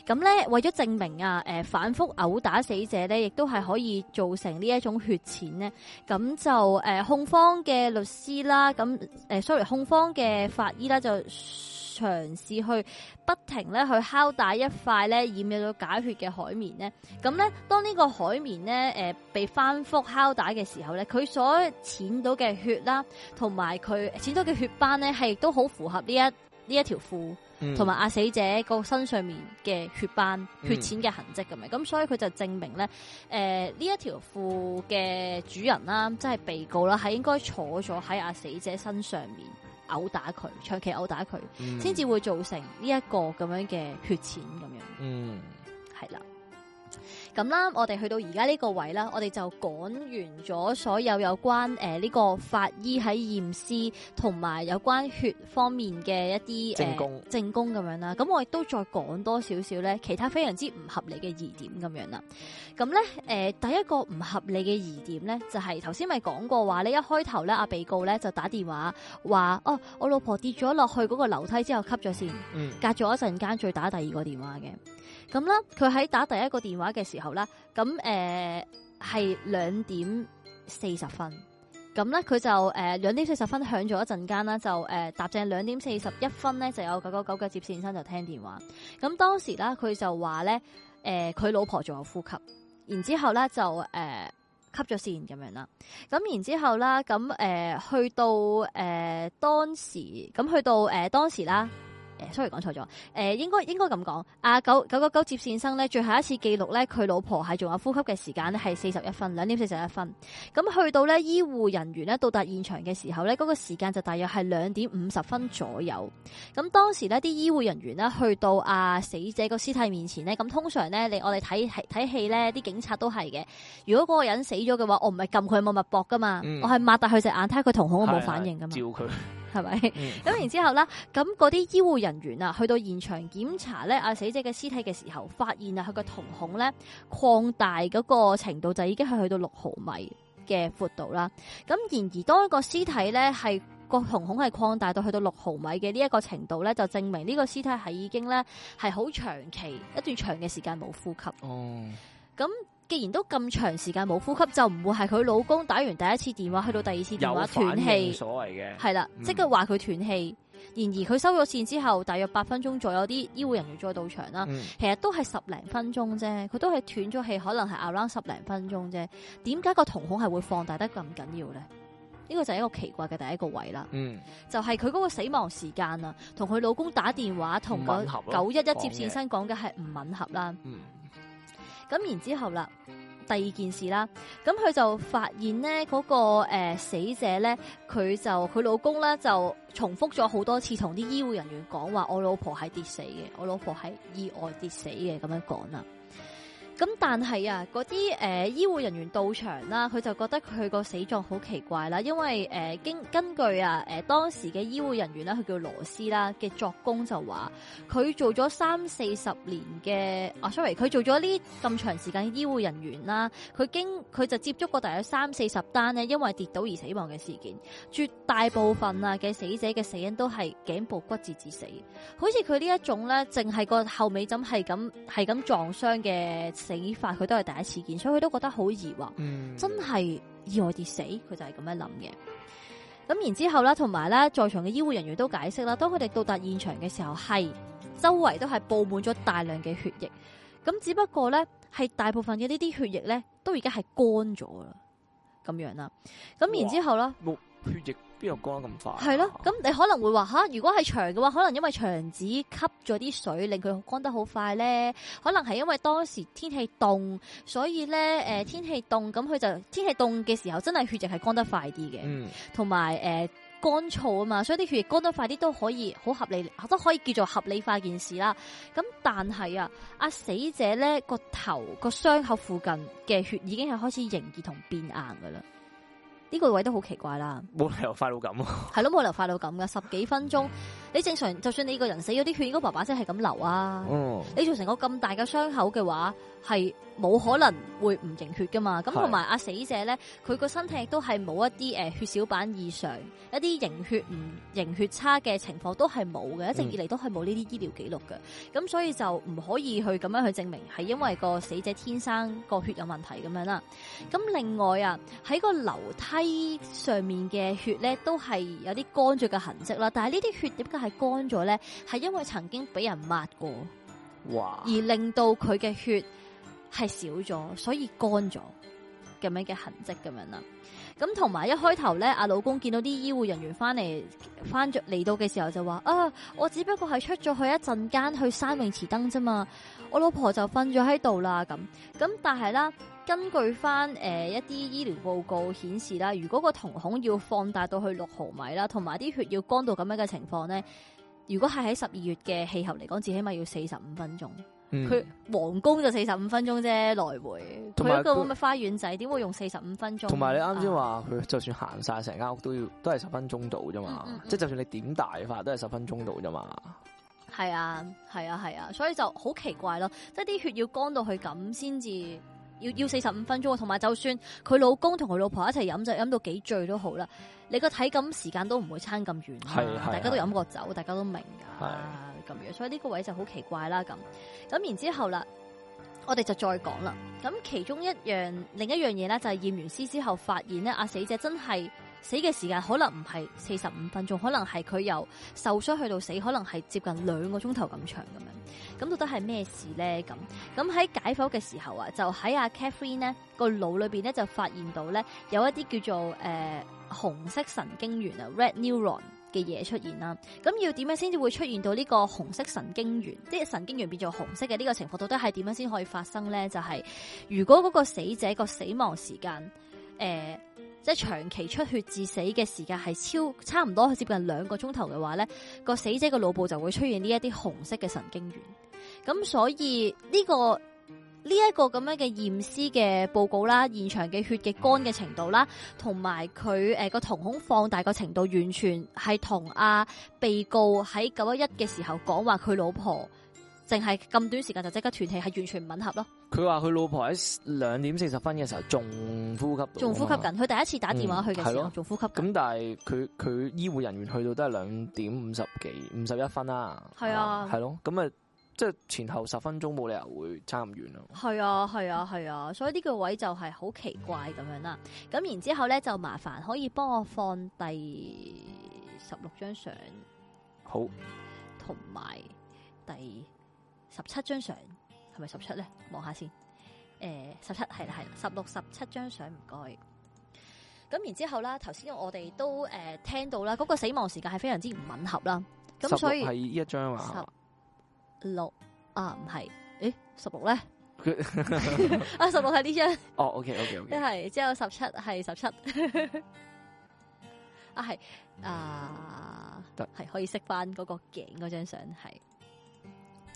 咁咧為咗證明啊、呃、反覆毆打死者咧，亦都係可以造成呢一種血漬咧。咁就誒控，呃空腹方嘅律師啦，咁誒，sorry，控方嘅法醫咧就嘗試去不停咧去敲打一塊咧染有咗假血嘅海綿咧，咁咧當呢個海綿咧誒被反覆敲打嘅時候咧，佢所濺到嘅血啦，同埋佢濺到嘅血斑咧，係亦都好符合呢一呢一條褲。同埋阿死者個身上面嘅血斑、血淺嘅痕跡咁樣，咁、嗯、所以佢就證明咧，誒、呃、呢一條褲嘅主人啦、啊，即係被告啦、啊，係應該坐咗喺阿死者身上面毆打佢，長期毆打佢，先至、嗯、會造成呢一個咁樣嘅血淺咁樣。嗯，係啦。咁啦，我哋去到而家呢個位啦，我哋就講完咗所有有關誒呢、呃這個法醫喺驗屍同埋有關血方面嘅一啲證供咁樣啦。咁我亦都再講多少少咧其他非常之唔合理嘅疑點咁樣啦。咁咧誒，第一個唔合理嘅疑點咧，就係頭先咪講過話呢一開頭咧阿被告咧就打電話話哦、啊，我老婆跌咗落去嗰個樓梯之後吸咗綫，嗯、隔咗一陣間再打第二個電話嘅。咁啦，佢喺打第一個電話嘅時候啦，咁誒係兩點四十分，咁咧佢就誒兩、呃、點四十分響咗一陣間啦，就誒踏、呃、正兩點四十一分咧，就有九九九嘅接線生就聽電話。咁當時啦，佢就話咧，誒、呃、佢老婆仲有呼吸，然之後咧就誒、呃、cut 咗線咁樣啦。咁然之後啦，咁、呃、誒去到誒、呃、當時，咁去到誒、呃、當時啦。誒，sorry 講錯咗，誒、呃，應該應該咁講，阿、啊、九九九九接線生咧，最後一次記錄咧，佢老婆係仲有呼吸嘅時間咧，係四十一分，兩點四十一分，咁去到咧，醫護人員咧到達現場嘅時候咧，嗰、那個時間就大約係兩點五十分左右，咁當時呢啲醫護人員呢去到啊死者個屍體面前咧，咁通常咧，你我哋睇睇戲咧，啲警察都係嘅，如果嗰個人死咗嘅話，我唔係撳佢冇脈搏噶嘛，嗯、我係擘大佢隻眼睇下佢瞳孔有冇反應噶嘛，照佢。 係咪？咁、嗯、然之後啦，咁嗰啲醫護人員啊，去到現場檢查咧，阿死者嘅屍體嘅時候，發現啊，佢個瞳孔咧擴大嗰個程度就已經係去到六毫米嘅闊度啦。咁然而當一個屍體咧係個瞳孔係擴大到去到六毫米嘅呢一個程度咧，就證明呢個屍體係已經咧係好長期一段長嘅時間冇呼吸。哦，咁。既然都咁長時間冇呼吸，就唔會係佢老公打完第一次電話去到第二次電話斷氣，所謂嘅係啦，即、嗯、刻話佢斷氣。然而佢收咗線之後，大約八分鐘左右，啲醫護人員再到場啦。嗯、其實都係十零分鐘啫，佢都係斷咗氣，可能係挨翻十零分鐘啫。點解個瞳孔係會放大得咁緊要呢？呢、這個就係一個奇怪嘅第一個位啦。嗯，就係佢嗰個死亡時間啊，同佢老公打電話同九一一接線生講嘅係唔吻合啦。嗯咁然之後啦，第二件事啦，咁佢就發現咧嗰個誒死者咧，佢就佢老公咧就重複咗好多次同啲醫護人員講話：我老婆係跌死嘅，我老婆係意外跌死嘅，咁樣講啦。咁但係啊，嗰啲誒醫護人員到場啦，佢就覺得佢個死狀好奇怪啦，因為誒、經、根據啊誒、呃、當時嘅醫護人員啦，佢叫羅斯啦嘅作工就話，佢做咗三四十年嘅啊，sorry，佢做咗呢咁長時間醫護人員啦，佢經佢就接觸過大約三四十單呢，因為跌倒而死亡嘅事件，絕大部分啊嘅死者嘅死因都係頸部骨折致死，好似佢呢一種咧，淨係個後尾枕係咁係咁撞傷嘅。死法佢都係第一次見，所以佢都覺得好疑惑，嗯、真係意外跌死，佢就係咁樣諗嘅。咁然之後咧，同埋咧，在場嘅醫護人員都解釋啦，當佢哋到達現場嘅時候，係周圍都係布滿咗大量嘅血液，咁只不過咧係大部分嘅呢啲血液咧都已經係乾咗啦，咁樣啦。咁然之後咧，冇血液。邊有乾咁快、啊？係咯、啊，咁你可能會話吓，如果係牆嘅話，可能因為牆紙吸咗啲水，令佢乾得好快咧。可能係因為當時天氣凍，所以咧誒、嗯呃、天氣凍，咁佢就天氣凍嘅時候，真係血液係乾得快啲嘅。嗯，同埋誒乾燥啊嘛，所以啲血液乾得快啲都可以好合理，都可以叫做合理化件事啦。咁但係啊，阿、啊、死者咧個頭個傷口附近嘅血已經係開始凝結同變硬噶啦。呢個位都好奇怪啦，冇理由快到咁、啊， 係咯冇理由快到咁噶，十幾分鐘，你正常就算你一個人死咗，啲血如果爸爸真係咁流啊，嗯、你造成個咁大嘅傷口嘅話，係冇可能會唔凝血噶嘛，咁同埋阿死者咧，佢個身體亦都係冇一啲誒、呃、血小板異常，一啲凝血唔凝血差嘅情況都係冇嘅，一直以嚟都係冇呢啲醫療記錄嘅，咁、嗯、所以就唔可以去咁樣去證明係因為個死者天生個血有問題咁樣啦，咁另外啊喺個樓梯。呢上面嘅血咧，都係有啲乾咗嘅痕迹啦。但係呢啲血點解係乾咗咧？係因為曾經俾人抹過，哇而令到佢嘅血係少咗，所以乾咗咁樣嘅痕迹咁樣啦。咁同埋一開頭咧，阿老公見到啲醫護人員翻嚟翻咗嚟到嘅時候，就話：啊，我只不過係出咗去一陣間去閂泳池燈啫嘛，我老婆就瞓咗喺度啦。咁咁，但係咧。根據翻誒一啲醫療報告顯示啦，如果個瞳孔要放大到去六毫米啦，同埋啲血要乾到咁樣嘅情況咧，如果係喺十二月嘅氣候嚟講，至起碼要四十五分鐘。佢、嗯、皇宮就四十五分鐘啫，來回佢有一個咁嘅花園仔點會用四十五分鐘？同埋你啱先話佢就算行晒成間屋都要都係十分鐘度啫嘛，即係、嗯嗯嗯、就算你點大化都係十分鐘度啫嘛。係、嗯嗯嗯、啊，係啊，係啊，啊，所以就好奇怪咯，即係啲血要乾到去咁先至。要要四十五分鐘，同埋就算佢老公同佢老婆一齊飲就飲到幾醉都好啦，你個體感時間都唔會差咁遠。係是的 大家都飲過酒，是的 大家都明㗎。係咁是的 樣，所以呢個位就好奇怪啦。咁咁然之後啦，我哋就再講啦。咁其中一樣另一樣嘢咧，就係驗完屍之後發現咧，阿死者真係死嘅時間可能唔係四十五分鐘，可能係佢由受傷去到死，可能係接近兩個鐘頭咁長咁樣。咁到底係咩事咧？咁咁喺解剖嘅時候啊，就喺阿 Kathryn 咧個腦裏邊咧就發現到咧有一啲叫做誒、呃、紅色神經元啊 （red neuron） 嘅嘢出現啦。咁要點樣先至會出現到呢個紅色神經元，即係神經元變做紅色嘅呢個情況，到底係點樣先可以發生咧？就係、係、如果嗰個死者個死亡時間誒。呃即係長期出血致死嘅時間係超差唔多接近兩個鐘頭嘅話咧，個死者嘅腦部就會出現呢一啲紅色嘅神經元。咁所以呢個呢一個咁樣嘅驗屍嘅報告啦，現場嘅血嘅乾嘅程度啦，同埋佢誒個瞳孔放大個程度，完全係同阿被告喺九一一嘅時候講話佢老婆。淨係咁短時間就即刻斷氣，係完全唔吻合咯。佢話佢老婆喺兩點四十分嘅時候仲呼吸，仲呼吸緊。佢、嗯、第一次打電話去嘅時候仲呼吸緊。咁、嗯啊、但係佢佢醫護人員去到都係兩點五十幾五十一分啦。係啊，係咯。咁啊，即係、就係、前後十分鐘冇理由會差咁遠咯。係啊，係啊，係啊。所以呢個位就係好奇怪咁樣啦。咁、嗯、然之後咧就麻煩可以幫我放第十六張相，好，同埋第十七張相係咪十七咧？望下先。誒、呃，十七係啦係十六、十七張相唔該。咁然之後啦，頭先我哋都誒、呃、聽到啦，嗰、嗰個死亡時間係非常之唔吻合啦。咁所以係呢一張嘛。十六啊，唔係誒，十六咧？啊，十六係呢張。哦，OK，OK，OK 的。係之後十七係十七。啊係啊，係可以識翻嗰個頸嗰張相係。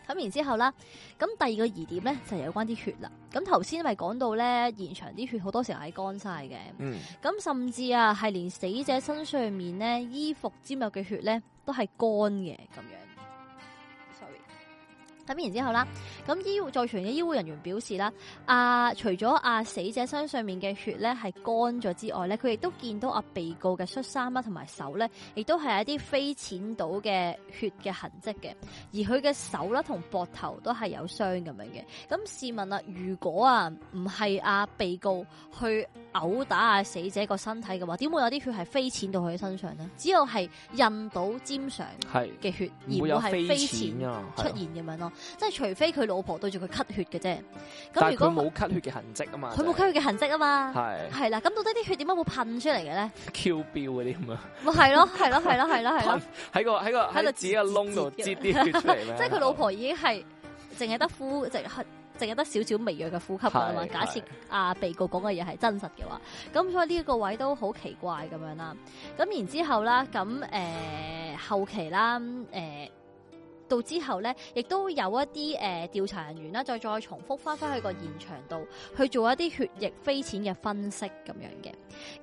咁然之後啦，咁第二個疑點咧就有關啲血啦。咁頭先咪講到咧，現場啲血好多時候係乾晒嘅。咁、嗯、甚至啊，係連死者身上面咧衣服沾有嘅血咧，都係乾嘅咁樣。咁然之後啦，咁醫護在場嘅醫護人員表示啦，啊，除咗阿死者身上面嘅血咧係乾咗之外咧，佢亦都見到阿被告嘅恤衫啦同埋手咧，亦都係一啲飛濺到嘅血嘅痕跡嘅。而佢嘅手啦同膊頭都係有傷咁樣嘅。咁試問啦，如果啊唔係阿被告去毆打阿死者個身體嘅話，點會有啲血係飛濺到佢身上呢？只有係印到尖上嘅血，是而唔係飛濺出現咁樣咯。的即係除非佢老婆對住佢咳血嘅啫，咁如果冇咳血嘅痕跡啊嘛，佢冇咳血嘅痕跡啊嘛，係係啦，咁到底啲血點解會噴出嚟嘅咧？Q 標嗰啲咁啊，咪係咯，係咯，係咯，係咯，係咯，喺 個喺個喺個自己個窿度接啲血嚟 即係佢老婆已經係淨係得呼，淨係淨係得少少微弱嘅呼吸噶嘛？的假設阿、啊、被告講嘅嘢係真實嘅話，咁所以呢一個位都好奇怪咁樣啦。咁然之後啦，咁誒、呃、後期啦，誒、呃。到之後咧，亦都有一啲誒、呃、調查人員啦，再再重複翻翻去個現場度去做一啲血液飛濺嘅分析咁樣嘅。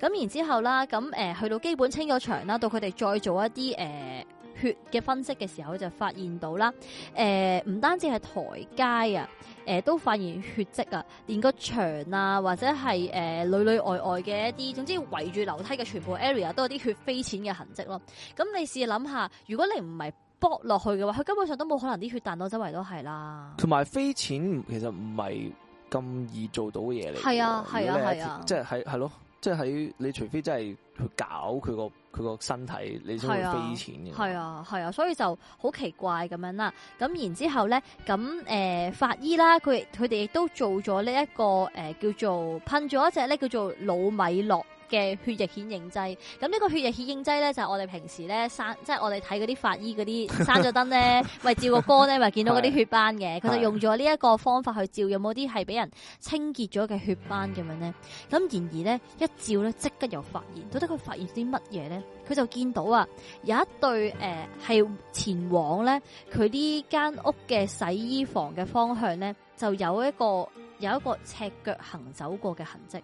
咁然之後啦，咁、呃、去到基本清咗場啦，到佢哋再做一啲、呃、血嘅分析嘅時候，就發現到啦，唔、呃、單止係台階啊、呃，都發現血跡啊，連個牆啊或者係誒裏裏外外嘅一啲，總之圍住樓梯嘅全部 area 都有啲血飛濺嘅痕跡咯。咁你試諗下，如果你唔係剝落去嘅話，佢根本上都冇可能啲血彈到周圍都係啦。同埋飛濺其實唔係咁易做到嘅嘢嚟。係啊係啊係啊，即係係係咯，即係喺你除非真係去搞佢個佢個身體，你先會飛濺嘅、啊。係啊係啊，所以就好奇怪咁樣啦。咁然之後咧，咁誒、呃、法醫啦，佢佢哋亦都做咗呢一個誒、呃、叫做噴咗一隻咧叫做魯米諾。嘅血液顯影劑，咁呢個血液顯影劑咧就係、是、我哋平時咧閂，即係我哋睇嗰啲法醫嗰啲閂咗燈咧，咪 照個光咧，咪見到嗰啲血斑嘅，佢 對 就用咗呢一個方法去照，有冇啲係俾人清潔咗嘅血斑咁樣咧？咁然而咧一照咧即刻又發現，到底佢發現啲乜嘢咧？佢就見到啊有一對誒係、呃、前往咧佢呢間屋嘅洗衣房嘅方向咧，就有一個有一個赤腳行走過嘅痕跡。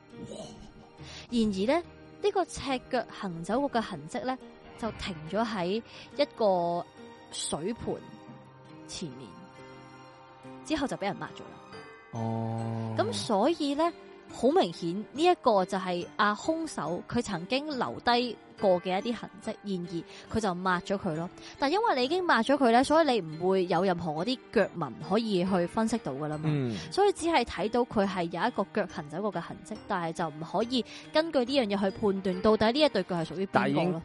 然而咧，呢個赤腳行走過嘅痕迹咧，就停咗喺一個水盆前面，之後就俾人抹咗啦。哦，咁所以咧，好明顯呢一個就係阿凶手佢曾經留低。過嘅一啲痕跡，然而佢就抹咗佢咯。但係因為你已經抹咗佢咧，所以你唔會有任何嗰啲腳紋可以去分析到噶啦嘛。嗯、所以只係睇到佢係有一個腳行走過嘅痕跡，但係就唔可以根據呢樣嘢去判斷到底呢一對腳係屬於邊個咯。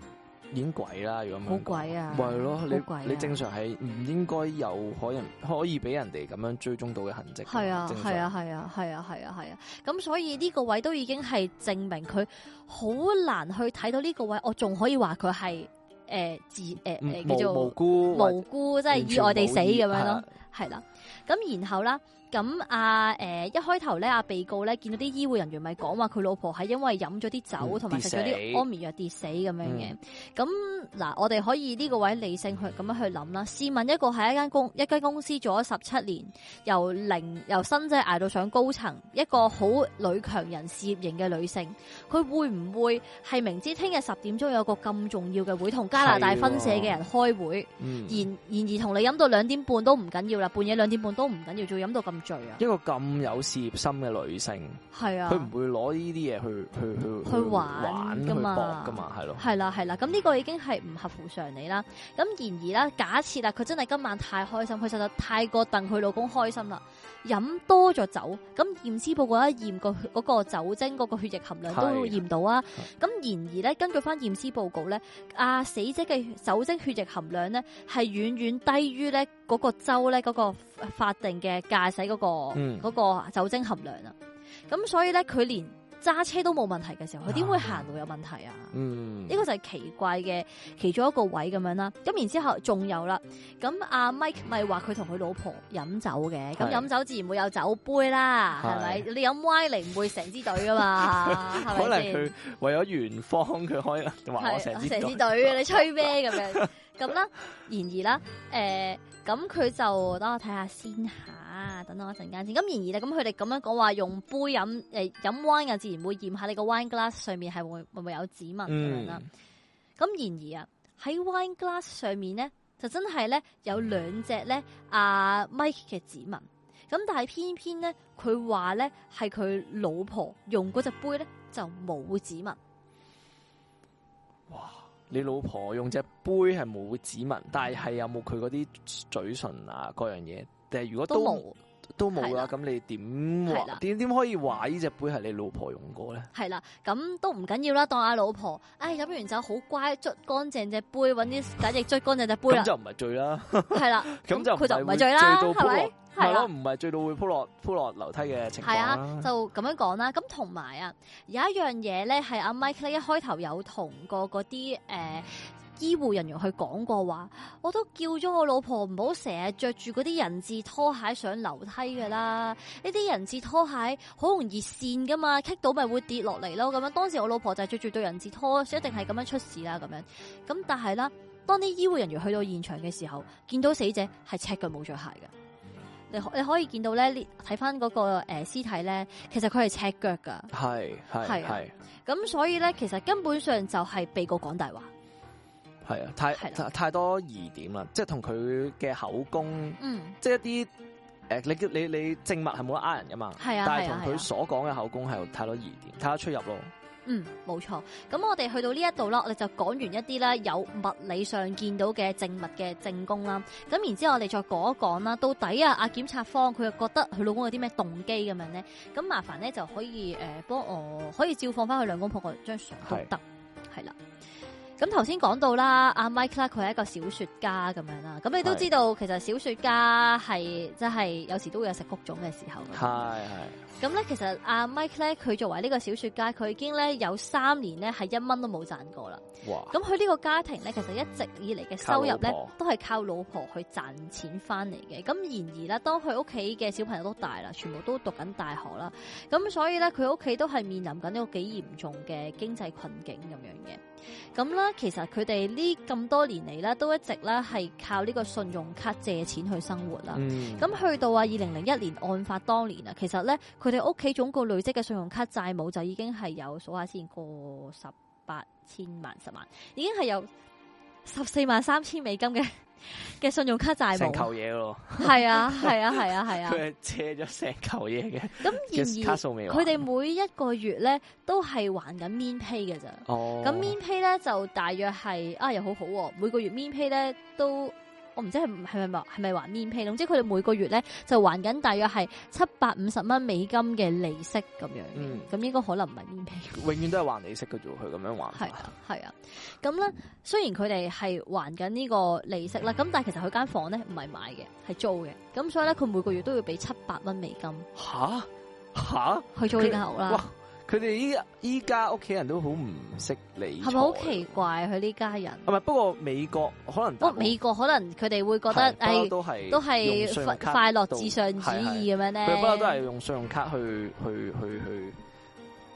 已經鬼啦，如果好鬼冇、啊，係咯，鬼啊、你你正常係唔應該有可能可以俾人哋咁樣追蹤到嘅痕跡。係啊，係正常 啊，係啊，係啊，係啊，啊！咁、啊、所以呢個位都已經係證明佢好難去睇到呢個位，我仲可以話佢係誒自誒、呃呃、叫做無，無辜無辜者即係意外地死咁、啊、樣咯，係啦，咁然後啦。咁啊誒、呃、一開頭咧，阿、啊、被告咧見到啲醫護人員咪講話佢老婆係因為飲咗啲酒，同埋食咗啲安眠藥跌死咁樣嘅。咁嗱、嗯，我哋可以呢個位理性去咁樣去諗啦。試問一個喺一間公一間公司做咗十七年，由零由新仔挨到上高層，一個好女強人事業型嘅女性，佢會唔會係明知聽日十點鐘有個咁重要嘅會，同加拿大分社嘅人開會，哦、然然而同你飲到兩點半都唔緊要啦，半夜兩點半都唔緊要，仲飲到咁。啊、一個咁有事業心嘅女性，係啊，佢唔會攞呢啲嘢去去去去玩玩噶嘛，係咯，係啦係啦，咁呢、啊、個已經係唔合乎常理啦。咁然而啦，假設啦，佢真係今晚太開心，佢實在太過戥佢老公開心啦。飲多咗酒，咁驗屍報告咧驗個嗰個酒精嗰個血液含量都會驗到啊！咁的然而咧，根據翻驗屍報告咧，啊死者嘅酒精血液含量咧係遠遠低於咧嗰個州咧嗰個法定嘅駕駛嗰個嗰、嗯、個酒精含量啊！咁所以咧佢連。揸車都冇問題嘅時候，佢點會行路有問題啊？嗯、呢個就係奇怪嘅其中一個位咁樣啦。咁然之後仲有啦，咁阿 Mike 咪話佢同佢老婆飲酒嘅，咁飲是 酒自然會有酒杯啦，係咪是？你飲歪嚟唔會成支隊噶嘛？ 吧 可能佢為咗圓方佢可以話我成支隊， 你吹咩咁樣？咁 啦，然而啦，誒、呃。咁佢就等我睇下先下，等等我一陣間先。咁然而咧，咁佢哋咁樣講話用杯飲誒飲 wine 又自然會驗下你個 wine glass 上面係會唔會有指紋咁樣啦。咁然而啊，喺 wine glass 上面咧，就真係咧有兩隻咧阿 Mike 嘅指紋。咁但係偏偏咧，佢話咧係佢老婆用嗰隻杯咧就冇指紋。你老婆用隻杯係冇指紋，但係有冇佢嗰啲嘴唇啊各樣嘢？定係如果都，都冇都冇啦，咁的你點點點可以話呢隻杯係你老婆用過咧？係啦，咁都唔緊要啦，當阿老婆，唉，飲完酒好乖，捽乾淨隻杯，揾啲洗隻捽乾淨隻杯咁 就唔係醉啦。係啦，咁就佢就唔係醉啦。係咪？係咯，唔係的醉到會扑落扑落樓梯嘅情況。係啊，就咁樣講啦。咁同埋啊，有一樣嘢咧，係阿 Mike 咧一開頭有同過嗰啲誒。呃醫護人員去講過話，我都叫咗我老婆唔好成日着住嗰啲人字拖鞋上樓梯噶啦，呢啲人字拖鞋好容易跣噶嘛，踢到咪會跌落嚟咯。咁樣當時我老婆就係着住對人字拖，所以一定係咁樣出事啦。咁樣咁但係啦，當啲醫護人員去到現場嘅時候，見到死者係赤腳冇着鞋㗎。你你可以見到咧，睇翻嗰個誒屍體咧，其實佢係赤腳噶，係係係，咁所以咧，其實根本上就係被告講大話。係啊，太太多疑點啦，即係同佢嘅口供，嗯、即係一啲誒，你叫你你，你證物係冇呃人噶嘛，係啊，但係同佢所講嘅口供係有太多疑點，睇下出入咯。嗯，冇錯。咁我哋去到呢一度啦，我哋就講完一啲咧有物理上見到嘅證物嘅證供啦。咁然之後我哋再講一講啦，到底啊阿檢察方佢又覺得佢老公有啲咩動機咁樣咧？咁麻煩咧就可以誒幫、呃、我可以照放翻佢兩公婆嗰張相都得，係啦是。咁頭先講到啦，阿 Mike 咧，佢係一個小說家咁樣啦。咁你都知道，其實小說家係即係有時都會有食谷種嘅時候。係係咁咧，其實阿 Mike 咧，佢作為呢個小說家，佢已經咧有三年咧係一蚊都冇賺過啦。哇！咁佢呢個家庭咧，其實一直以嚟嘅收入咧，都係靠老婆去賺錢翻嚟嘅。咁然而咧，當佢屋企嘅小朋友都大啦，全部都讀緊大學啦，咁所以咧，佢屋企都係面臨緊呢個幾嚴重嘅經濟困境咁樣嘅。咁啦，其實佢哋呢咁多年嚟咧，都一直咧係靠呢個信用卡借錢去生活啦。咁去到啊，二零零一年案發當年啊，其實咧，佢哋屋企總共累積嘅信用卡債務就已經係有數下先過十八千萬，十萬，已經係有十四萬三千美金嘅。嘅信用卡債務成嚿嘢咯，係啊係啊係啊係啊，佢係借咗成嚿嘢嘅。咁然而佢哋 每一個月咧都係還緊免 pay 嘅咋，咁免 pay 咧就大約係啊又好好，啊，每個月免 pay 咧都。我唔知係係咪話係咪還面皮，總之佢哋每個月咧就還緊大約係七百五十蚊美金嘅利息咁樣嘅，咁、嗯、應該可能唔係面皮。永遠都係還利息嘅啫，佢咁 樣還。係啊係啊，咁咧雖然佢哋係還緊呢個利息啦，咁但係其實佢間房咧唔係買嘅，係租嘅，咁所以咧佢每個月都要俾七百蚊美金，吓吓，去租呢間屋啦。佢哋依依家屋企人都好唔識理財，係咪好奇怪佢、啊、呢家人？不過美國可能，國可能、哎，不過美國可能佢哋會覺得誒、哎，都係都係快樂至上主義咁樣咧。佢不過都係用信用卡去去去去去，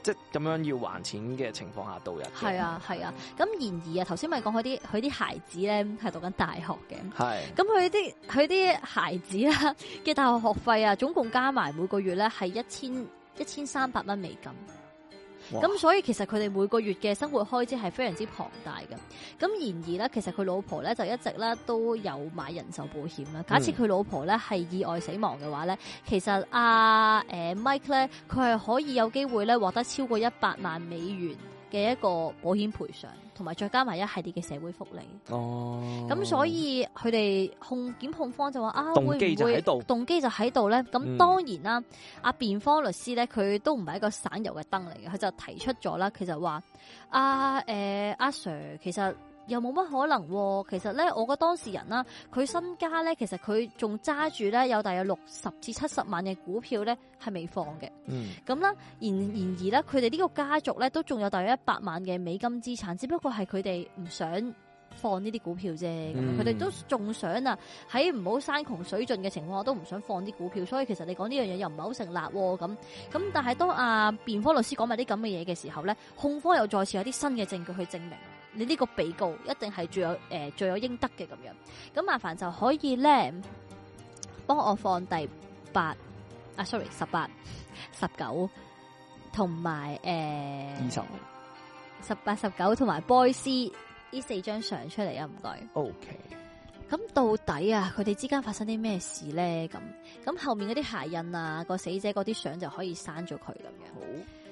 即係咁樣要還錢嘅情況下度日。係啊，係啊。咁然而啊，頭先咪講開啲佢啲孩子咧，係讀緊大學嘅。係。咁佢啲佢啲孩子啊嘅大學學費啊，總共加埋每個月咧係一千一千三百蚊美金。咁哇所以其實佢哋每個月嘅生活開支係非常之龐大嘅。咁然而咧，其實佢老婆咧就一直咧都有買人壽保險啦。假設佢老婆咧係意外死亡嘅話咧，其實阿、啊、誒、欸、Mike 咧，佢係可以有機會咧獲得超過一百萬美元嘅一個保險賠償。同埋再加埋一系列嘅社會福利，哦，咁所以佢哋控檢控方就話啊，動機就喺度，動機就喺度咧。咁當然啦，阿辯方律師咧，佢都唔係一個省油嘅燈嚟嘅，佢就提出咗啦。佢就話啊，誒、呃、阿、啊、Sir，其實。又冇乜可能，哦，其實咧，我個當事人啦，啊，佢身家咧，其實佢仲揸住咧有大約六十至七十萬嘅股票咧，係未放嘅。嗯，咁啦，然然而咧，佢哋呢個家族咧，都仲有大約一百萬嘅美金資產，只不過係佢哋唔想放呢啲股票啫。佢哋，嗯、都仲想啊，喺唔好山窮水盡嘅情況下，都唔想放啲股票。所以其實你講呢樣嘢又唔係好成立咁，哦、咁。但係當阿，啊、辯科律師講埋啲咁嘅嘢嘅時候咧，控方又再次有啲新嘅證據去證明。你呢個被告一定係罪有誒、呃、罪有應得嘅咁樣。咁麻煩就可以咧幫我放第八啊，sorry 十八、十九同埋誒二十、十八、十九同埋 boys 呢四張相出嚟啊唔該。O K。咁到底啊，佢哋之間發生啲咩事咧？咁咁後面嗰啲鞋印啊，個死者嗰啲相就可以刪咗佢咁樣。好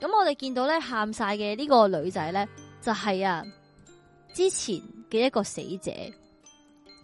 咁我哋見到咧，喊晒嘅呢個女仔咧，就係啊之前嘅一個死者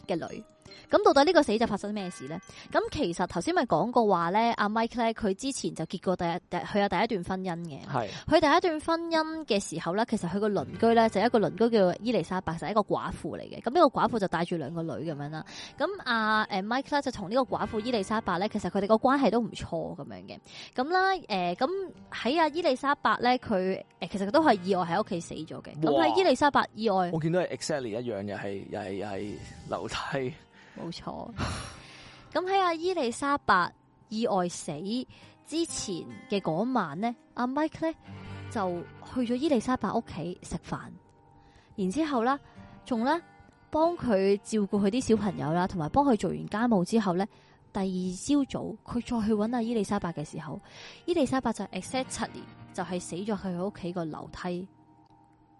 嘅女。咁到底呢個死就發生咩事咧？咁其實頭先咪講過話咧，阿、啊、Mike 咧佢之前就結過第一佢有第一段婚姻嘅。係佢是第一段婚姻嘅時候咧，其實佢個鄰居咧就是、一個鄰居叫伊麗莎白，就是、一個寡婦嚟嘅。咁呢個寡婦就帶住兩個女咁樣啦。咁阿誒 Mike 咧就同呢個寡婦伊麗莎白咧，其實佢哋個關係都唔錯咁樣嘅。咁啦誒，咁喺阿伊麗莎白咧，佢誒其實都係意外喺屋企死咗嘅。咁喺哇伊麗莎白意外，我見到係 exactly 一樣，又係又係係樓梯。冇錯，咁喺沒 阿伊麗莎白意外死之前嘅嗰晚呢，阿 Mike 呢就去咗伊麗莎白屋企食飯，然之後啦，仲呢，幫佢照顧佢啲小朋友啦，同埋幫佢做完家務之後呢，第二朝早佢再去揾阿伊麗莎白嘅時候，伊麗莎白就 except 七年，就係、是、死咗喺佢屋企個樓梯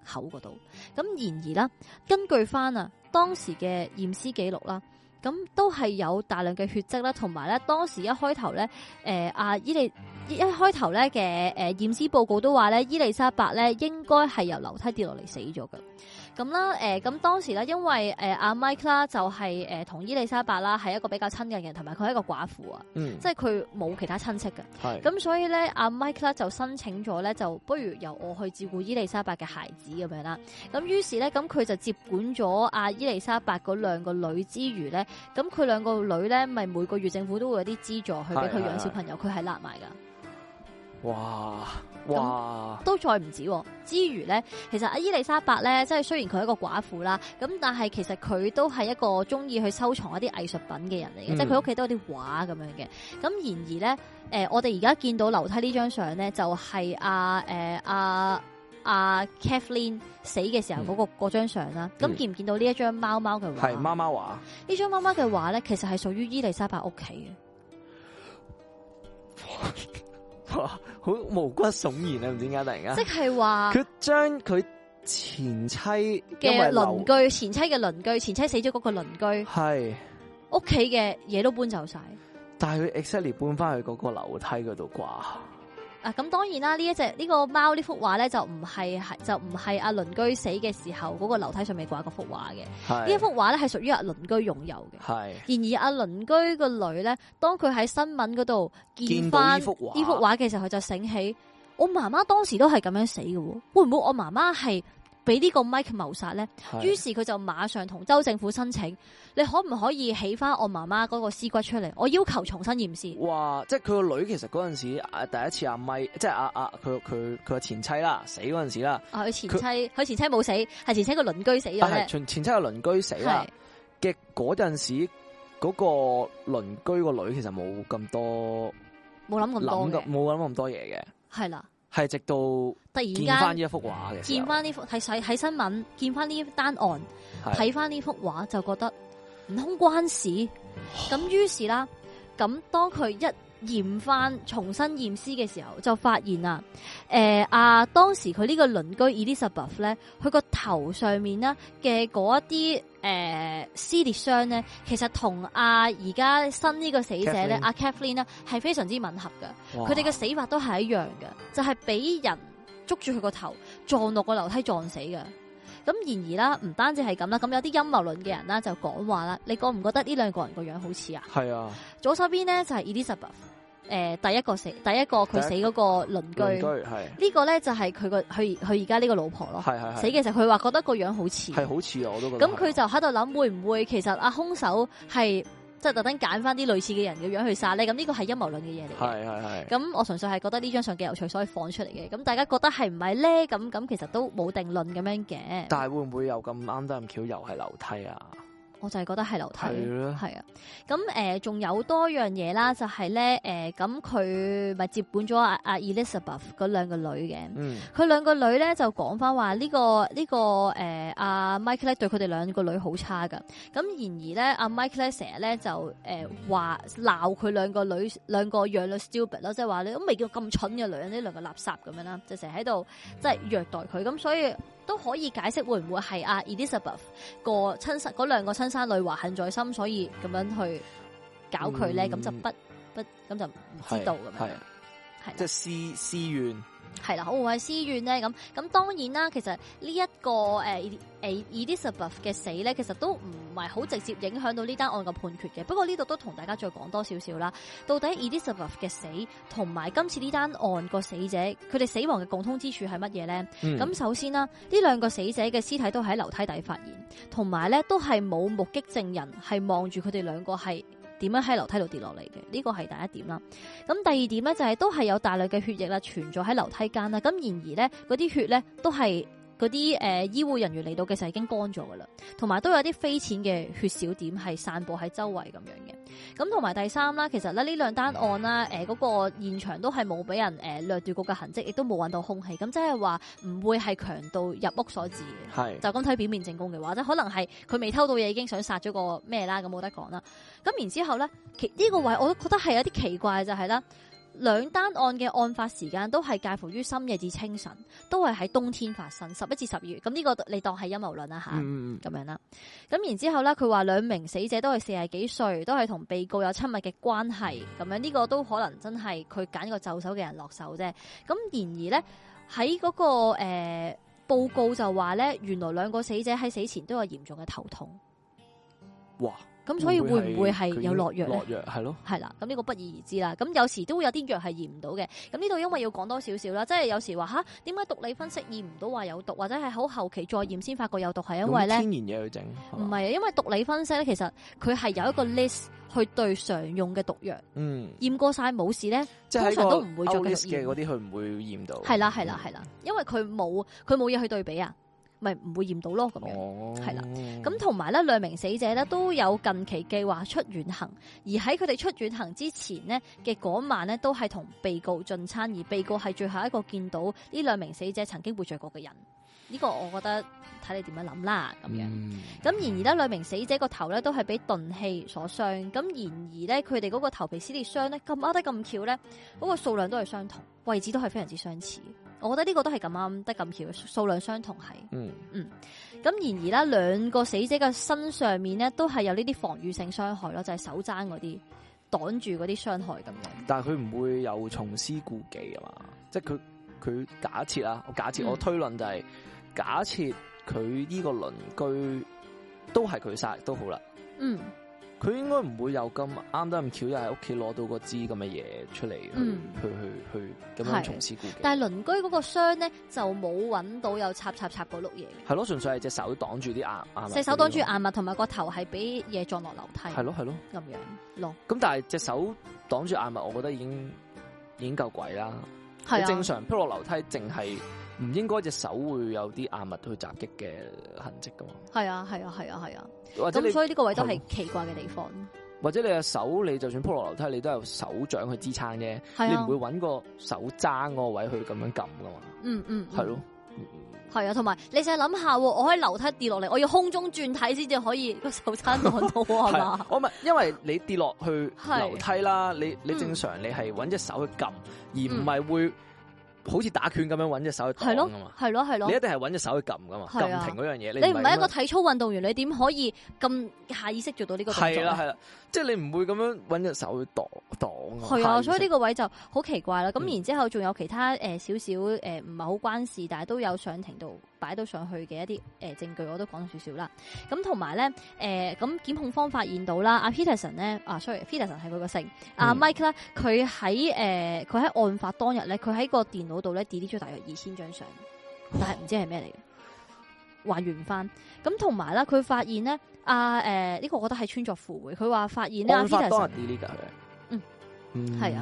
口嗰度。咁然而呢，根據翻啊當時嘅驗屍記錄啦。咁都係有大量嘅血跡啦，同埋咧當時一開頭咧，誒、呃、阿、啊、伊麗一開頭咧嘅誒驗屍報告都話咧伊麗莎白咧應該係由樓梯跌落嚟死咗㗎。咁啦，咁、呃、當時咧，因為阿、呃、Mike 啦、就係，就係同伊麗莎白啦，係一個比較親近嘅，人，同埋佢係一個寡婦啊，嗯、即係佢冇其他親戚嘅。咁是所以咧，阿 Mike 咧就申請咗咧，就不如由我去照顧伊麗莎白嘅孩子咁樣啦。咁於是咧，咁佢就接管咗阿、啊、伊麗莎白嗰兩個女之餘咧，咁佢兩個女咧，咪每個月政府都會有啲資助去俾佢養小朋友，佢係攬埋㗎。哇哇、嗯，都再唔止之餘咧，其實阿伊麗莎白咧，即係雖然佢係一個寡婦啦，咁但係其實佢都係一個中意去收藏一啲藝術品嘅人嚟嘅，嗯、即係佢屋企都有啲畫咁樣嘅。咁、嗯、然而咧，誒、呃、我哋而家見到樓梯這張照呢張相咧，就係、是、阿、啊、誒阿、啊、阿、啊啊、Kathleen 死嘅時候嗰、那個嗰張相啦。咁、嗯、見唔見到呢一張貓貓嘅畫？係貓貓畫。呢張貓貓嘅畫咧，其實係屬於伊麗莎白屋企嘅。好毛 骨悚然啊！唔知點解突然間，即係話佢將佢前妻嘅鄰居、前妻嘅鄰居、前妻死咗嗰個鄰居，係屋企嘅嘢都搬走晒，但係佢 exactly 搬翻去嗰個樓梯嗰度啩。啊，咁當然啦！呢一隻呢、這個貓呢幅畫咧，就唔係係就唔係阿鄰居死嘅時候嗰個樓梯上面掛嗰幅畫嘅。呢是一幅畫咧係屬於阿鄰居擁有嘅。係是。然而阿鄰居個女咧，當佢喺新聞嗰度見翻呢幅畫嘅時候，佢就醒起：我媽媽當時都係咁樣死嘅。會唔會我媽媽係？俾呢個 Mike 謀殺咧，於是佢就馬上同州政府申請，你可唔可以起翻我媽媽嗰個屍骨出嚟？我要求重新驗屍。哇！即係佢個女其實嗰陣時第一次阿、啊、Mike，即係阿阿佢佢佢前妻啦，死嗰陣時啦。啊，佢前妻，佢他前妻冇死，係前妻個鄰居死啊。係前前妻個鄰居死啦。嘅嗰陣時，嗰個鄰居個女其實冇咁多，冇諗咁多，冇諗咁多嘢嘅。係啦。係直到突然間見翻呢一幅畫嘅，見翻呢幅，睇睇新聞見翻呢單案，睇翻呢幅畫就覺得唔通關事，咁於唉 是啦，咁當佢一。驗翻重新驗屍嘅時候，就發現啊，誒、呃、啊，當時佢呢個鄰居 Elizabeth 咧，佢個頭上面、呃、呢嘅嗰一啲誒撕裂傷咧，其實同阿而家新呢個死者咧阿 Kathleen 呢，係 Kathleen、啊、非常之吻合嘅。佢哋嘅死法都係一樣嘅，就係、是、俾人捉住佢個頭撞落個樓梯撞死嘅。咁然而啦，唔單止係咁啦，咁有啲陰謀論嘅人啦就講話啦，你覺唔覺得呢兩個人個樣好似啊？係啊，左手邊呢，就係、是、Elizabeth。誒、呃，第一個死，第一個佢死嗰個鄰居，呢個咧就係佢個佢佢而家呢個老婆咯。係係死嘅時候，佢話覺得個樣好似，係好似我都覺得。咁佢就喺度諗，會唔會其實阿兇手係即係特登揀翻啲類似嘅人嘅樣去殺咧？咁呢個係陰謀論嘅嘢嚟。係係係。咁我純粹係覺得呢張相幾有趣，所以放出嚟嘅。咁大家覺得係唔係咧？咁咁其實都冇定論咁樣嘅。但係會唔會又咁啱得咁蹺，又係樓梯啊？我就係覺得係樓梯，係啊的，咁誒仲有多樣嘢啦，就係咧誒，咁佢咪接管咗阿阿 Elizabeth 嗰兩個女嘅，佢兩、嗯、個女咧就講翻話呢個呢個誒阿 Mike 咧對佢哋兩個女好差噶，咁然而咧阿、啊、Mike 咧成日咧就誒話鬧佢兩個女兩個養女 stupid 咯，即係話你都未見過咁蠢嘅女人，呢兩個垃圾咁樣啦，就成日喺度即係虐待佢，咁、嗯、所以。都可以解釋會唔會係阿 Elizabeth 個親生嗰兩個親生女懷恨在心，所以咁樣去搞佢咧？咁、嗯、就不不咁就唔知道咁是樣，係是的即係私私怨。係啦，好胡思怨咧咁咁，哦、當然啦，其實、這個呃、呢一個誒誒，Edisabove 嘅死咧，其實都唔係好直接影響到呢單案嘅判決嘅。不過呢度都同大家再講多少少啦。到底 Edisabove 嘅死同埋今次呢單案個死者，佢哋死亡嘅共通之處係乜嘢咧？咁、嗯、首先啦、啊，呢兩個死者嘅屍體都喺樓梯底發現，同埋咧都係冇目擊證人係望住佢哋兩個係點樣喺樓梯度跌落嚟嘅？呢個係第一點啦。咁第二點咧就係、是、都係有大量嘅血液啦，存在喺樓梯間啦。咁然而咧，嗰啲血咧都係。嗰啲誒醫護人員嚟到嘅時候已經乾咗㗎啦，同埋都有啲飛濺嘅血小點係散佈喺周圍咁樣嘅。咁同埋第三啦，其實咧呢這兩單案啦，誒、呃、嗰、那個現場都係冇俾人誒掠奪過嘅痕跡，亦都冇揾到兇器，咁即係話唔會係強盜入屋所致嘅。是就咁睇表面證供嘅話，即可能係佢未偷到嘢已經想殺咗個咩啦，咁冇得講啦。咁然之後咧，奇、這、呢個位我都覺得係有啲奇怪就係、是、啦。兩單案嘅案發時間都係介乎於深夜至清晨，都係喺冬天發生，十一至十二月。咁呢個你當係陰謀論啦吓，咁、嗯嗯嗯、樣啦。咁然之後呢，佢話兩名死者都係四十幾歲，都係同被告有親密嘅關係。咁樣呢、這個都可能真係佢揀個就手嘅人落手啫。咁然而呢，喺嗰、那個誒、呃、報告就話呢，原來兩個死者喺死前都有嚴重嘅頭痛。哇！咁所以會唔會係有落藥？落藥係咯，係啦。咁呢個不以而知啦。咁有時都會有啲藥係驗唔到嘅。咁呢度因為要講多少少啦，即係有時話吓，點解毒理分析驗唔到話有毒，或者係好後期再驗先發覺有毒，係因為咧天然嘢去整？唔係，因為毒理分析咧，其實佢係有一個 list 去對常用嘅毒藥，嗯，驗過晒冇事咧，通常都唔會再繼續驗。嘅嗰啲佢唔會驗到。係啦，係啦，係啦，因為佢冇佢冇嘢去對比啊。咪唔會驗到咯，咁樣係啦。咁同埋咧，兩名死者咧都有近期計劃出遠行，而喺佢哋出遠行之前呢，嘅嗰晚呢都係同被告進餐，而被告係最後一個見到呢兩名死者曾經活在過嘅人。呢、這個我覺得睇你點樣諗啦，咁樣。咁然、嗯、而，而呢兩名死者個頭咧都係俾鈍器所傷，咁然而呢，佢哋嗰個頭皮撕裂傷咧咁啱得咁蹺咧，嗰、那個數量都係相同，位置都係非常之相似。我覺得呢個都係咁啱，得咁巧，數量相同係。嗯嗯。咁、嗯、然而咧，兩個死者嘅身上面咧都係有呢啲防禦性傷害咯，就係、是，手踭嗰啲擋住嗰啲傷害咁樣。但係佢唔會有重施故技啊嘛，即係佢佢假設啊，我假設我的推論就係、是嗯、假設佢呢個鄰居都係佢殺都好啦。嗯。佢應該唔會有咁啱得咁巧，又喺屋企攞到個支咁嘅嘢出嚟，嗯、去去去咁樣重施故技。但係鄰居嗰個箱咧就冇揾到有插插插嗰碌嘢。係咯，純粹係隻手擋住啲硬硬物。隻手擋住硬物，同埋個頭係俾嘢撞落樓梯。係咯係咯，咁樣咯。咁、嗯、但係隻手擋住硬物，我覺得已經已經夠鬼啦。係啊，正常仆落樓梯，淨係。唔應該隻手會有啲硬物去襲擊嘅痕跡㗎嘛？係啊，係啊，係啊，係啊。咁所以呢個位都係奇怪嘅地方的。或者你嘅手，你就算撲落樓梯，你都有手掌去支撐啫。啊、你唔會揾個手踭嗰個位去咁樣撳㗎嘛？嗯嗯，係、嗯、咯，係啊。同埋、嗯啊、你試諗下，我喺樓梯跌落嚟，我要空中轉體先至可以個手踭到 啊嘛？我唔係，因為你跌落去樓梯啦，是你你正常你係揾隻手去撳，嗯、而唔係會。嗯好似打拳咁樣搵隻手去係咯，係咯，係咯，你一定係搵隻手去撳㗎嘛，撳停嗰樣嘢。你唔係一個體操運動員，你點可以咁下意識做到呢個動作？即係你唔會咁樣搵隻手去擋擋。係啊，啊，所以呢個位就好奇怪啦。咁然之後仲有其他誒少少誒唔係好關事，但係都有上庭度擺到上去嘅一啲誒、呃、證據，我都講咗少少啦。咁同埋咧誒，咁、呃、檢控方發現到啦，阿、啊啊、Peterson 咧啊，sorry，Peterson 係佢個姓，阿、嗯啊、Mike 咧，佢喺誒佢喺案發當日咧，佢喺個電腦度咧 delete 咗大約二千張相，嘩 但係唔知係咩嚟嘅。完還原翻。咁同埋啦，佢發現咧。啊，誒、呃，呢、這個我覺得係穿鑿附會。佢話發現阿 Peterson，案發，Peterson 嗯，係、嗯、啊，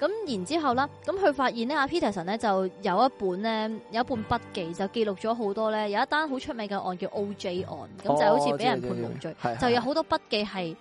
咁然之後啦，咁佢發現咧，Peterson 咧就有一本咧，有一本筆記就記錄咗好多咧，有一單好出名嘅案叫 OJ 案，咁、哦、就是好似俾人判重罪，哦、就有好多筆記係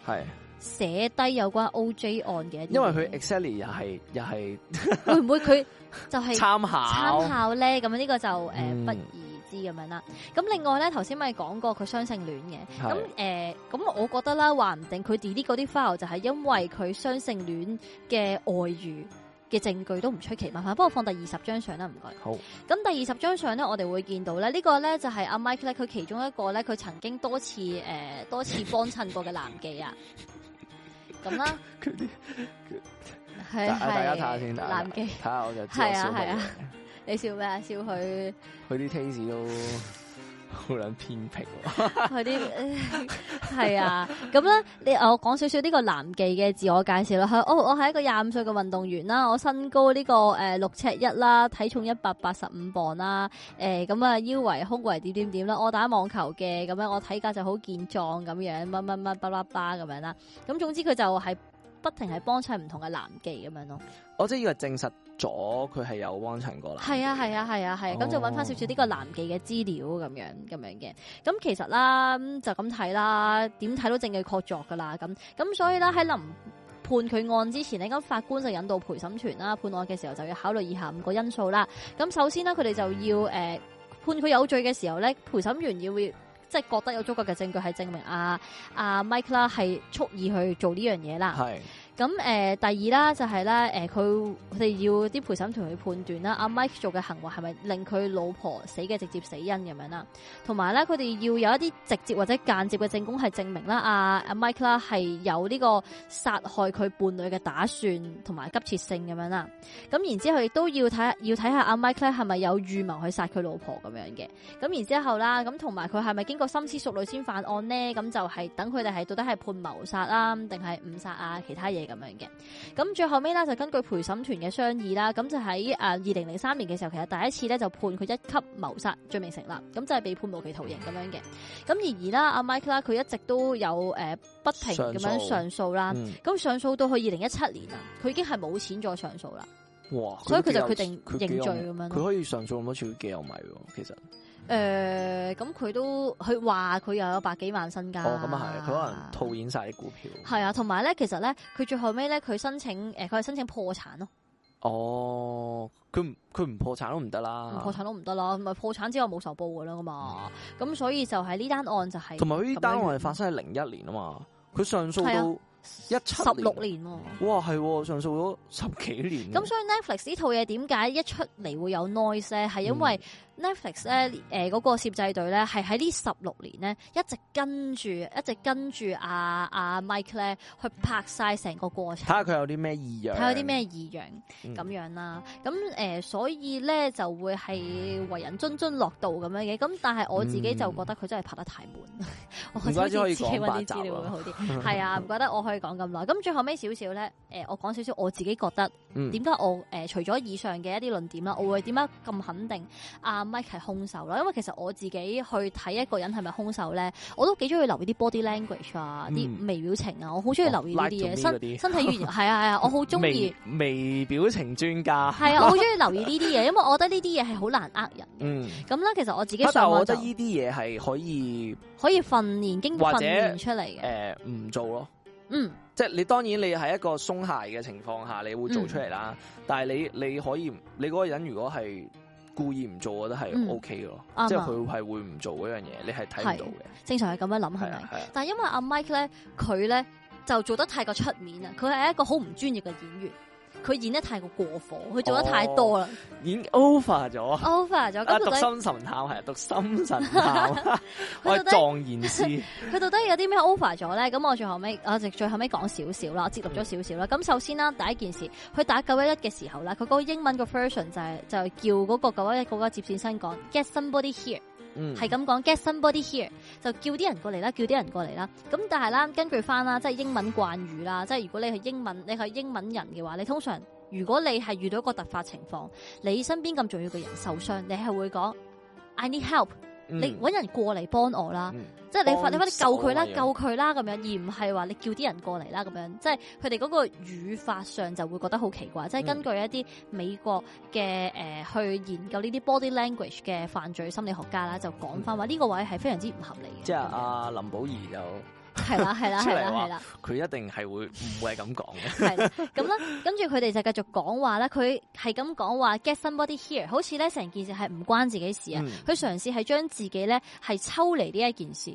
寫低有關 OJ 案嘅。因為佢 Excel 又係又係，會唔會佢就係參考參考咧？咁樣呢個就誒不宜。呃嗯咁樣啦，咁另外咧，頭先咪講過佢雙性戀嘅，咁誒是的，咁、呃、我覺得咧，話唔定佢 delete 嗰啲 file 就係因為佢雙性戀嘅外遇嘅證據都唔出奇嘛，不過放第二十張相啦，唔該。好，咁第二十張相咧，我哋會見到咧，這個、呢個咧就係、是、阿、啊、Mike 咧，佢其中一個咧，佢曾經多次誒、呃、多次幫襯過嘅男妓啊，咁啦，係大家睇下先，男妓技，睇下我就。係啊係啊。 你笑咩？笑佢？佢啲 taste 都好捻偏僻。佢啲係啊，咁咧你我講少少呢個男妓嘅自我介紹啦、哦。我我係一個廿五歲嘅運動員啦，我身高呢、這個誒六尺一啦，呃、6, 7, 1, 體重一百八十五磅啦，誒咁啊腰圍胸圍點點點啦，我打網球嘅，咁樣我體格就好健壯咁樣，乜乜乜巴拉巴咁樣啦。咁總之佢就係、是。不停係幫襯唔同嘅男妓咁樣咯，我即係以為證實咗佢係有幫襯過啦。係啊係啊係啊係啊，咁、啊啊啊啊嗯、就搵翻少少呢個男妓嘅資料咁樣咁樣嘅。咁其實啦，就咁睇啦，點睇都證據確鑿噶啦。咁咁所以咧喺臨判佢案之前，呢咁法官就引導陪審團啦，判案嘅時候就要考慮以下五個因素啦。咁首先呢佢哋就要誒、呃、判佢有罪嘅時候咧，陪審員要。即係覺得有足夠嘅證據係證明啊阿、啊、Mike 啦係蓄意去做呢樣嘢啦係。咁誒、呃，第二啦就係、是、咧，誒佢佢哋要啲陪審團去判斷啦，阿、啊、Mike 做嘅行為係咪令佢老婆死嘅直接死因咁樣啦，同埋咧佢哋要有一啲直接或者間接嘅證供，係證明啦阿阿 Mike 啦係有呢個殺害佢伴侶嘅打算同埋急切性咁樣啦。咁然之後亦都要睇，要睇下阿 Mike 啦係咪有預謀去殺佢老婆咁樣嘅。咁然之後啦，咁同埋佢係咪經過深思熟慮先犯案呢？咁就係、是、等佢哋係到底係判謀殺啦、啊，定係誤殺啊，其他嘢。咁樣嘅，咁最後尾咧就根據陪審團嘅商議啦，咁就喺誒二零零三年嘅時候，其實第一次咧就判佢一級謀殺罪名成立，咁就係被判無期徒刑咁樣嘅。咁然而啦，阿 Mike 啦，佢一直都有誒不停咁樣上訴啦，咁上訴、嗯、到去二零一七年啊，佢已經係冇錢再上訴啦。哇！佢所以佢就決定認罪咁樣。佢可以上訴咁多次，佢幾有米？其實。誒，咁佢都佢話佢又有百幾萬身家。哦，咁係，佢可能套現晒啲股票。係啊，同埋咧，其實咧，佢最後尾咧，佢申請、呃、佢係申請破產咯。哦，佢唔佢唔破產都唔得啦。唔破產都唔得啦，唔係破產之後冇仇報㗎啦嘛。咁、啊、所以就係呢單案就係。同埋呢單案係發生係零一年啊嘛，佢上訴到一七年。十六、啊、年。哇，係、啊、上訴咗十幾年。咁所以 Netflix 呢套嘢點解一出嚟會有 noise 咧係因為、嗯？Netflix 咧，誒、那、嗰個攝製隊咧，係喺呢十六年咧，一直跟住，一直跟住阿阿 Mike 咧去拍晒成個過程。睇下佢有啲咩異樣，睇下有啲咩異樣咁、嗯、樣啦。咁誒、呃，所以咧就會係為人津津樂道咁樣嘅。咁但係我自己就覺得佢真係拍得太悶。嗯、 我覺得自己揾啲資料會好啲。係 啊，唔覺得我可以講咁耐。咁最後尾少少咧，誒、呃，我講少少我自己覺得點解、嗯、我誒、呃、除咗以上嘅一啲論點啦，我會點解咁肯定啊？Mike 係凶手啦，因為其實我自己去睇一個人係咪凶手咧，我都幾中意留意啲 body language 啊，啲微表情啊，我好中意留意呢啲嘢，身身體語言係啊係啊，我好中意微表情專家。係啊，我好中意留意呢啲嘢，因為我覺得呢啲嘢係好難呃人。咁啦，其實我自己上覺得呢啲嘢係可以可以訓練經訓練出嚟嘅。誒，唔做咯，嗯，即係你當然你係一個鬆懈嘅情況下你會做出嚟啦，但係你你可以你嗰個人如果係。故意唔做，我都係 O K 咯。嗯、即係佢係會唔做嗰樣嘢，對啊、你係睇唔到嘅。正常係咁樣諗係咪？但係因為阿 Mike 咧，佢咧就做得太過出面啦，佢係一個好唔專業嘅演員。佢演得太過過火，佢做得太多啦，演、哦、over 咗，over 咗。啊，讀心神探係讀心神探， 底 我係壯言師。佢 到底有啲咩 over 咗咧？咁我最後尾，我直最後尾講少少啦，我接露咗少少啦。咁、嗯、首先啦，第一件事，佢打九一一嘅時候啦，佢個個英文嘅 version 就係、是、就是、叫嗰個九一一嗰個接線生講 get somebody here。嗯，係咁講，get somebody here 就叫啲人過嚟啦，叫啲人過嚟啦。咁但係啦，根據返啦，即係英文慣語啦，即係如果你係英文，你係英文人嘅話，你通常如果你係遇到一個突發情況，你身邊咁重要嘅人受傷，你係會講，I need help。嗯、你揾人過嚟幫我啦，嗯、即係你快幫手 你快啲救佢啦，救佢啦咁樣，而唔係話你叫啲人過嚟啦咁樣，即係佢哋嗰個語法上就會覺得好奇怪，嗯、即係根據一啲美國嘅誒、呃、去研究呢啲 body language 嘅犯罪心理學家啦，就講翻話呢個位係非常之唔合理嘅。即係阿林寶儀就。係啦，係啦，係啦，係啦，佢一定係會唔會係咁講嘅？係咁啦，跟住佢哋就繼續講話咧，佢係咁講話，get somebody here，好似咧成件事係唔關自己事啊！佢嘗試係將自己咧係抽離呢一件事，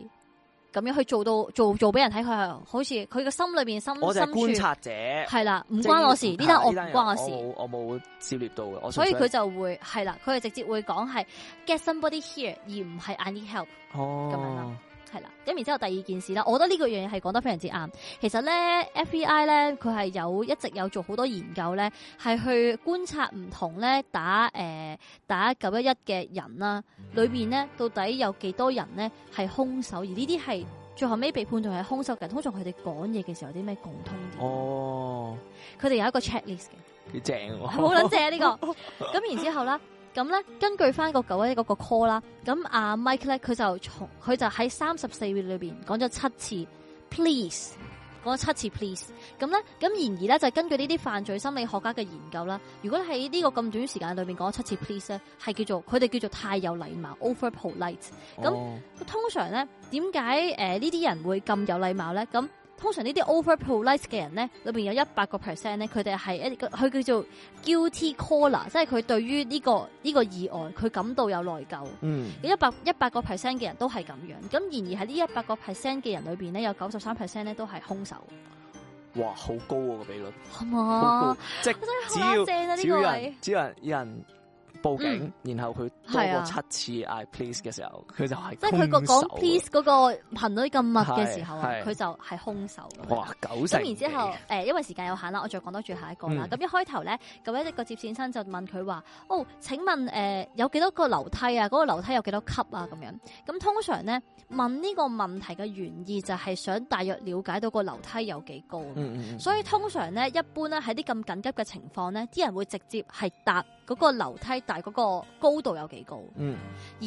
咁樣去做到做做俾人睇，佢係好似佢嘅心裏邊心。我係觀察者，係啦，唔關我事，呢單我唔關我事，我冇涉獵到嘅。所以佢就會係啦，佢係直接會講係 get somebody here，而唔係 I need help 哦。哦。咁樣咯。係啦，咁然之後第二件事啦，我覺得呢個樣嘢係講得非常之啱。其實咧，FBI 咧佢係有一直有做好多研究咧，係去觀察唔同咧打誒、呃、打九一一嘅人啦，裏邊咧到底有幾多人咧係凶手，而呢啲係最後尾被判仲係凶手嘅，通常佢哋講嘢嘅時候有啲咩共通點？哦，佢哋有一個 checklist 嘅，幾正，好捻正呢個。咁 然之後啦。 咁咧，根據翻個九一一個 call 啦，咁阿、啊、Mike 咧，佢就從佢就喺三十四秒裏邊講咗七次 please，講咗七次 please。咁咧，咁然而咧，就根據呢啲犯罪心理學家嘅研究啦，如果喺呢個咁短時間裏面講七次 please 咧，係叫做佢哋叫做太有禮貌 over polite。咁佢、哦、通常咧，點解誒呢啲人會咁有禮貌咧？咁。通常呢啲 over 的呢啲 overpolice 嘅人咧，裏邊有一百個 percent 咧，佢哋係一個佢叫做 guilty caller，即係佢對於呢、呢個呢、呢個意外，佢感到有內疚。嗯，一百一百個 percent 嘅人都係咁樣。咁然而喺呢一百個 percent 嘅人裏邊咧，有九十三 percent 咧都係凶手。哇，好高、啊呢個比率，係嘛吧？高即正、啊、只要只要只要人。是報警，嗯、然後佢多過七次，嗌 please 嘅時候，佢、啊、就係即係佢個講 please 嗰個頻率咁密嘅時候佢就係凶手的。哇，九成咁，然之後，誒幾、呃，因為時間有限啦，我再講多住下一個啦。咁、嗯、一開頭咧，咁、那、一個接線生就問佢話：哦，請問誒、呃，有幾多個樓梯啊？嗰、那個樓梯有幾多級啊？咁樣。咁通常咧，問呢個問題嘅原意就係想大約了解到個樓梯有幾高。嗯嗯、所以通常咧，一般咧喺啲咁緊急嘅情況咧，啲人會直接係答。嗰個樓梯大，但、那、嗰個高度有幾高？嗯，而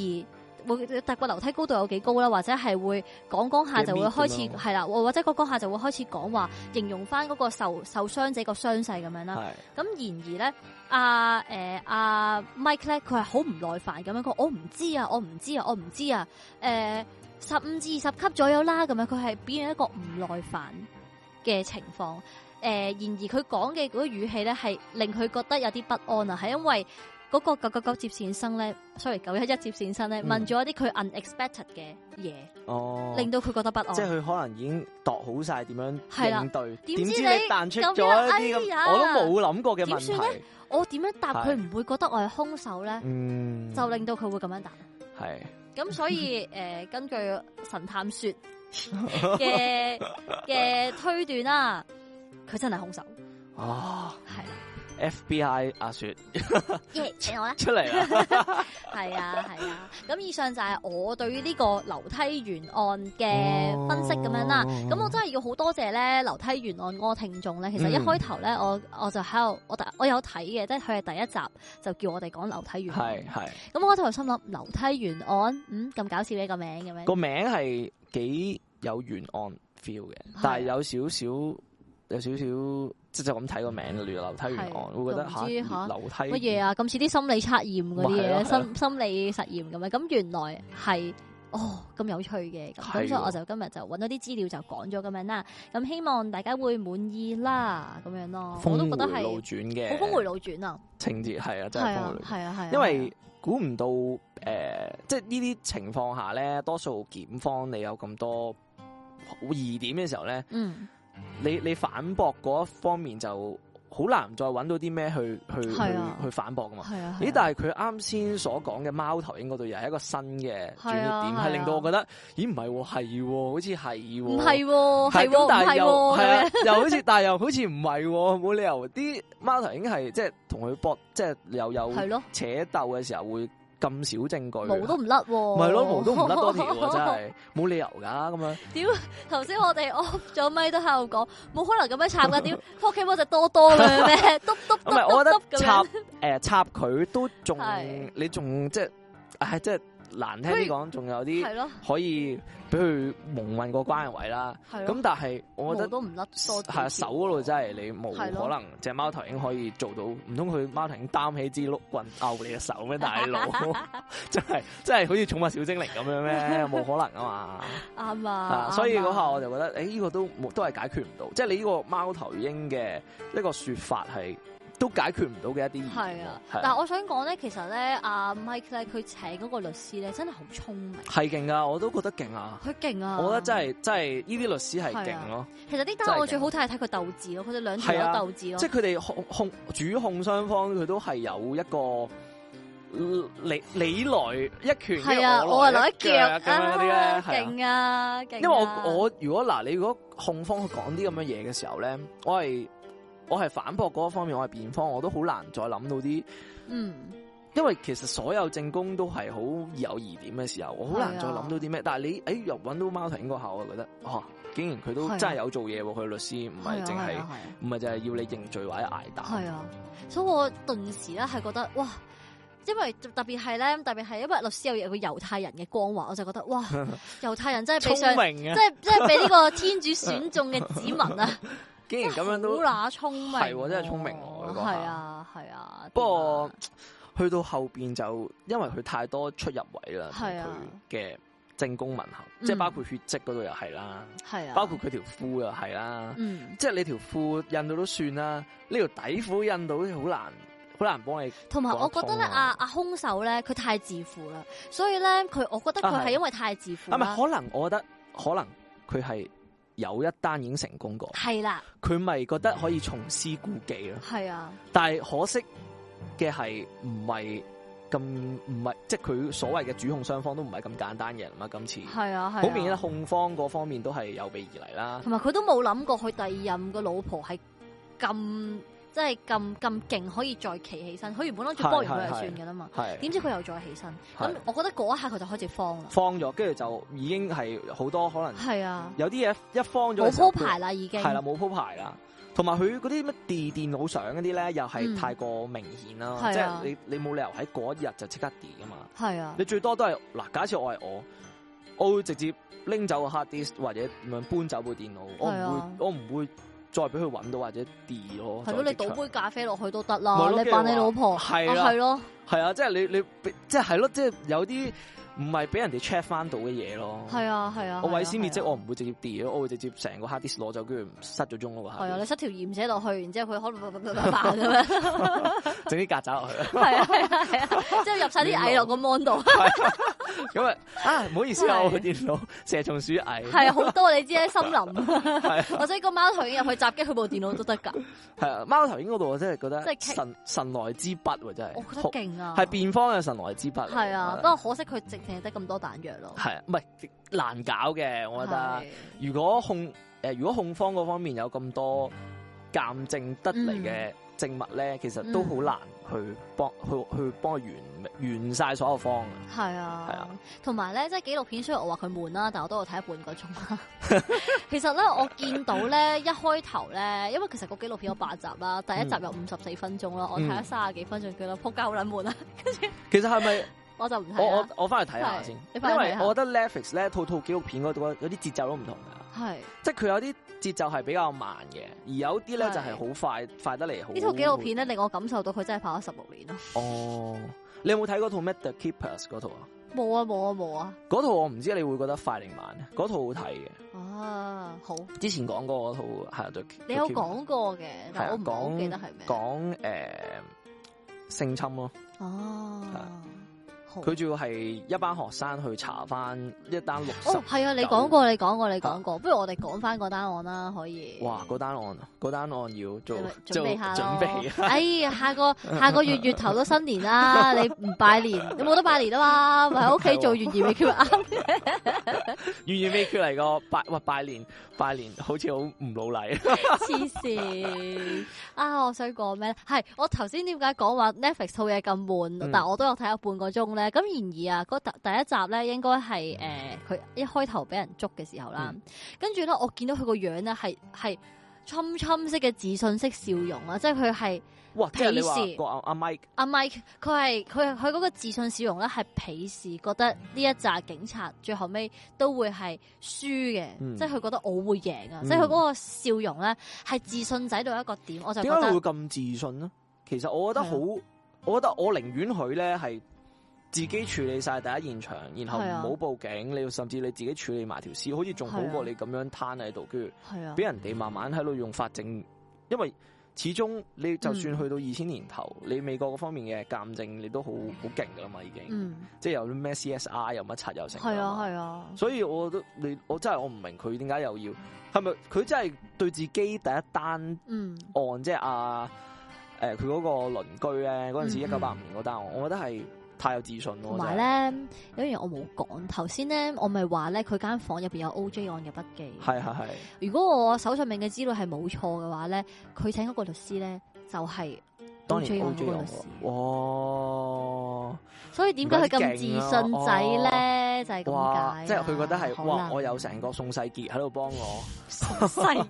會踏樓梯高度有幾高啦？或者係會講講下就會開始係啦，或者講講下就會開始講話，形容翻嗰個受受傷者個傷勢咁樣啦。咁、嗯、然而咧，阿、啊、阿、呃啊、Mike 咧，佢係好唔耐煩咁樣。佢我唔知啊，我唔知啊，我唔知啊。誒、啊，呃、十五至二十級左右啦，咁樣佢係表現一個唔耐煩嘅情況。誒、呃，然而佢講嘅嗰啲語氣咧，係令佢覺得有啲不安啊！係因為嗰個九九九接線生咧，sorry，九一一接線生咧，問咗一啲佢 unexpected 嘅嘢，令到佢覺得不安。即係佢可能已經度好晒點樣應對，點知你彈出咗一啲我都冇諗過嘅問題。哎、點算呢？我點樣答佢唔會覺得我係兇手咧？嗯、就令到佢會咁樣答。係。咁所以誒、呃，根據神探說嘅嘅 推斷啦、啊。佢真係凶手哦，係 FBI 阿雪，耶、yeah，請我出嚟啊，係啊係啊，咁、嗯、以上就係我對於呢個樓梯懸案嘅分析咁樣啦。咁、哦、我真係要好多謝咧樓梯懸案個聽眾咧，其實一開頭咧，我我就喺度，我我有睇嘅，即係佢係第一集就叫我哋講樓梯懸案。係咁我開頭心諗樓梯懸案，嗯，咁搞笑嘅個名咁樣，個名係幾有懸案 feel 嘅，啊、但係有少少。有少少即就咁睇個名，亂流梯完案，會的覺得樓梯乜嘢啊？咁似啲心理測驗嗰啲嘢，心心理實驗咁啊？咁原來係哦咁有趣嘅咁的，所以我就今日就揾咗啲資料就講咗咁樣啦。咁希望大家會滿意啦，咁樣咯。我都覺得係好峰回路轉嘅，峰回路轉啊！情節係啊，真係係啊係，因為估唔到誒、呃，即係呢啲情況下咧，多數檢方你有咁多疑點嘅時候咧，嗯。你你反駁嗰一方面就好難再揾到啲咩去去、啊、去反駁噶嘛？啊啊、咦？但係佢啱先所講嘅貓頭鷹嗰度又係一個新嘅轉折點，係、啊啊、令到我覺得咦？唔係、哦、係、哦、好似係唔係？係咁、哦哦嗯，但係又係、哦啊、又好似， 但係又好似唔係，冇理由啲貓頭鷹係即係同佢搏，即係又有係咯，扯鬥嘅時候會。咁少證據毛、哦，毛都唔甩喎，咪係咯，毛都唔甩多啲喎、啊，真係冇理由噶咁樣。屌，頭先我哋 off 咗咪都喺度講，冇可能咁樣插噶，屌，Pokemon 就多多咁樣咩？督督篤篤篤咁樣。我覺得插誒插佢都仲係你仲即係，唉、哎、即係。難聽啲講，仲以有啲可以俾佢蒙混過關嘅位啦。咁的但係我覺得都唔甩。係手嗰度真係你冇可能，隻貓頭鷹可以做到，唔通佢貓頭鷹擔起支碌棍咬你隻手咩，大佬 真係真係好似寵物小精靈咁樣咩？冇 可能啊嘛。啱啊。所以嗰下我就覺得，誒、欸、呢、這個都都係解決唔到，即、就、係、是、你呢個貓頭鷹嘅一個說法係。都解決唔到嘅一啲，係啊！嗱、啊，但我想講咧，其實咧，阿、啊、Mike 佢請嗰個律師咧，真係好聰明，係勁啊！我都覺得勁啊！佢勁啊！我覺得真係真係呢啲律師係勁咯。其實呢單我最好睇係睇佢鬥智咯，佢哋、啊、兩條友鬥智咯。即係佢哋控，控，控主控雙方，佢都係有一個你你來一拳，係啊，我來一腳啊，勁啊勁！啊啊啊因為我我如果嗱，你如果控方去講啲咁樣嘢嘅時候咧，我係。我係反駁嗰一方面，我係辯方，我都好難再諗到啲，嗯，因為其實所有證供都係好有疑點嘅時候，我好難再諗到啲咩。是啊、但係你，誒、哎、又搵到貓頭鷹個口，我覺得，哦、啊，竟然佢都真係有做嘢，佢是、啊、律師唔係淨係，唔係就係要你認罪或者挨打。係啊，啊、所以我頓時咧係覺得，哇，因為特別係咧，特別係因為律師有個猶太人嘅光環，我就覺得，哇，猶太人真係比上，即係即係俾呢個天主選中嘅子民啊！ 竟然咁樣都係，真係聰明。係啊，係啊。不過去到後邊就因為佢太多出入位啦，佢嘅正宮文行，即係包括血跡嗰度又係啦，係啊，包括佢條褲又係啦。嗯，即係你條褲印到都算啦，呢條底褲印到好難，好難幫你。同埋我覺得咧，阿阿兇手咧，佢太自負啦，所以咧，佢我覺得佢係因為太自負。係咪，可能我覺得可能佢係。有一單已經成功過，係啦，佢咪覺得可以重施故技咯，係啊，但係可惜嘅係唔係咁唔係，即係佢所謂嘅主控雙方都唔係咁簡單嘅嘛，今次係啊，好明顯控方嗰方面都係有備而嚟啦，同埋佢都冇諗過佢第二任嘅老婆係咁。即係咁咁勁，可以再企起身。佢原本諗住幫完佢就算嘅啦嘛。點知佢又再起身。咁是是 我覺得嗰一下，佢就開始慌啦。慌咗，跟住就已經係好多可能。係啊，有啲嘢一慌咗冇鋪排啦，已經係啦，冇鋪排啦。同埋佢嗰啲乜地電腦上嗰啲咧，又係太過明顯啦。即係、嗯、你你冇理由喺嗰一日就即刻跌噶嘛。係是啊，你最多都係嗱，假設我係我，我會直接拎走個 hard disk 或者咁樣搬走部電腦。是啊、我唔我唔會。我唔會再俾佢揾到或者跌咯。係咯，你倒杯咖啡落去都得啦，你扮你老婆，係啦，係咯，係啊，即係你你即係係咯，即係有啲。唔係俾人哋 check 翻到嘅嘢咯，係啊係啊。我毀屍滅跡，我唔會直接 delete，我會直接成個 hard disk 攞走，跟住失咗蹤咯喎。係啊，你塞條鹽寫落去，然之後佢可能慢慢慢慢變咁樣，整啲曱甴落去。係啊係啊係啊，之後入晒啲蟻落個 mon 度。咁啊啊，唔好意思啊，我嘅電腦蛇蟲鼠蟻係啊好多，你知喺森林或者個貓頭鷹入去襲擊佢部電腦都得㗎。係啊，貓頭鷹嗰度我真係覺得，神神來之筆喎，真係。我覺得勁啊，係辯方嘅神來之筆。係啊，不過可惜佢整。淨係得咁多彈藥咯，係啊，唔係難搞嘅？我覺得、啊是啊、如果控誒，如果控方嗰方面有咁多鑒證得嚟嘅證物咧，嗯、其實都好難去幫去去幫佢完,完完晒所有方嘅。係是啊，係是啊，同埋咧，即係紀錄片，雖然我話佢悶啦，但我都有睇半個鐘啦。其實咧，我見到咧一開頭咧，因為其實個紀錄片有八集啦，第一集有五十四分鐘啦，我睇咗卅幾分鐘佢啦，扑街好捻悶啊！跟住，其實係咪？我就唔睇。我我翻去睇下先，因為我覺得 Netflix 咧，套套紀錄片嗰啲節奏都唔同噶。係，即係佢有啲節奏係比較慢嘅，而有啲咧就係好快，快得嚟好。呢套紀錄片咧令我感受到佢真係拍咗十六年咯。哦，你有冇睇嗰套《The Keepers》嗰套啊？冇啊，冇啊，冇啊！嗰套我唔知你會覺得快定慢，嗰套好睇嘅。哦，好。之前講過嗰套《The Keepers》。你有講過嘅，但我唔記得係咩。講誒，性侵咯。哦。佢仲要係一班學生去查翻一單六。哦，係啊，你講過，你講過，你講過！啊、不如我哋講翻個單案啦，可以？哇，個單案啊，個單案要做是是準備下。準備、啊。哎，下個下個月月頭都新年啦， 你唔拜年，你冇得拜年啊？嘛，喺屋企做粵語微劇啱。粵語微劇嚟個拜，哇！拜年拜年，好似好唔老禮啊。黐 線！啊，我想講咩咧？係我頭先點解講話 Netflix 做嘢咁悶？嗯、但係我都有睇咗半個鐘咧。咁然而啊，第第一集咧，應該係誒，佢、呃、一開頭俾人捉嘅時候啦，跟住咧，我見到佢個樣咧，係係侵侵式嘅自信式笑容啊，嗯、即係佢係鄙視，哇，即係阿、那個啊、Mike，阿、啊、Mike，佢係佢佢嗰個自信笑容咧，係鄙視，覺得呢一揸警察最後尾都會係輸嘅，嗯、即係佢覺得我會贏啊，嗯、即係佢嗰個笑容咧，係自信仔到一個點，我就點解會咁自信？其實我覺得好，嗯、我覺得我寧願佢咧係。自己處理晒第一現場，然後唔好報警，你、啊、甚至你自己處理埋條屍，好似仲好過你咁樣攤喺度，跟住俾人哋慢慢喺度用法證。因為始終你就算去到二千年頭，嗯、你美國嗰方面嘅鑑證你都好好勁噶啦嘛，已經，嗯、即係有咩 CSR 又乜柒又成。係啊係啊，啊所以我覺得你我真係我唔明佢點解又要係咪佢真係對自己第一單案，嗯、即係阿佢嗰個鄰居咧嗰陣時一九八五年嗰單案，嗯、哼我覺得係。太有自信咯，同埋咧，有樣嘢我冇講，頭先咧，我咪話咧，佢間房入邊有 OJ 案嘅筆記，係係係。如果我手上面嘅資料係冇錯嘅話咧，佢請嗰個律師咧就係、是。當年關注我，哇！所以點解佢咁自信仔咧？就係咁解？即係佢覺得係哇，我有成個宋世傑喺度幫我，宋世傑，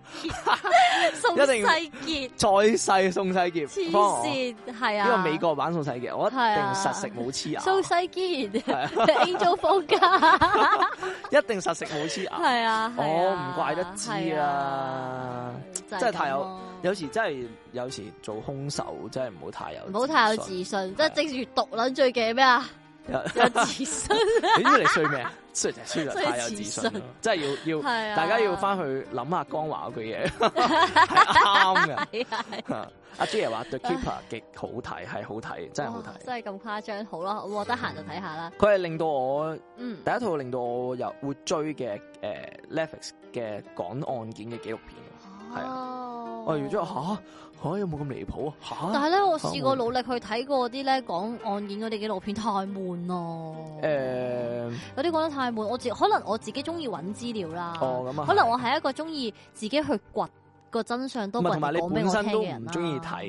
宋世傑，再世宋世傑，黐線係啊！呢個美國版宋世傑，我一定實食冇黐牙。宋世傑，Angel 放假，一定實食冇黐牙。係啊，我唔怪得知啊。真係太有，有時真係有時做凶手，真係唔好太有，唔好太有自信。即係正住讀卵最嘅咩啊？有自信，你呢嚟衰咩？衰就衰，太有自信。真係要要，大家要翻去諗下江華嗰句嘢，係啱嘅。阿 Jie 話對 Keeper 極好睇，係好睇，真係好睇。真係咁誇張？好啦，我得閒就睇下啦。佢係令到我第一套令到我又會追嘅，誒，Netflix 嘅講案件嘅紀錄片。係、oh。啊！啊！然之後吓，吓有冇咁離譜啊？吓！但係咧，我試過努力去睇過啲咧講案件嗰啲紀錄片，太悶咯。誒、uh，有啲講得太悶，我自可能我自己中意揾資料啦。哦，咁啊！可能我係一個中意自己去掘。個真相都唔係講俾你聽嘅人唔中意睇，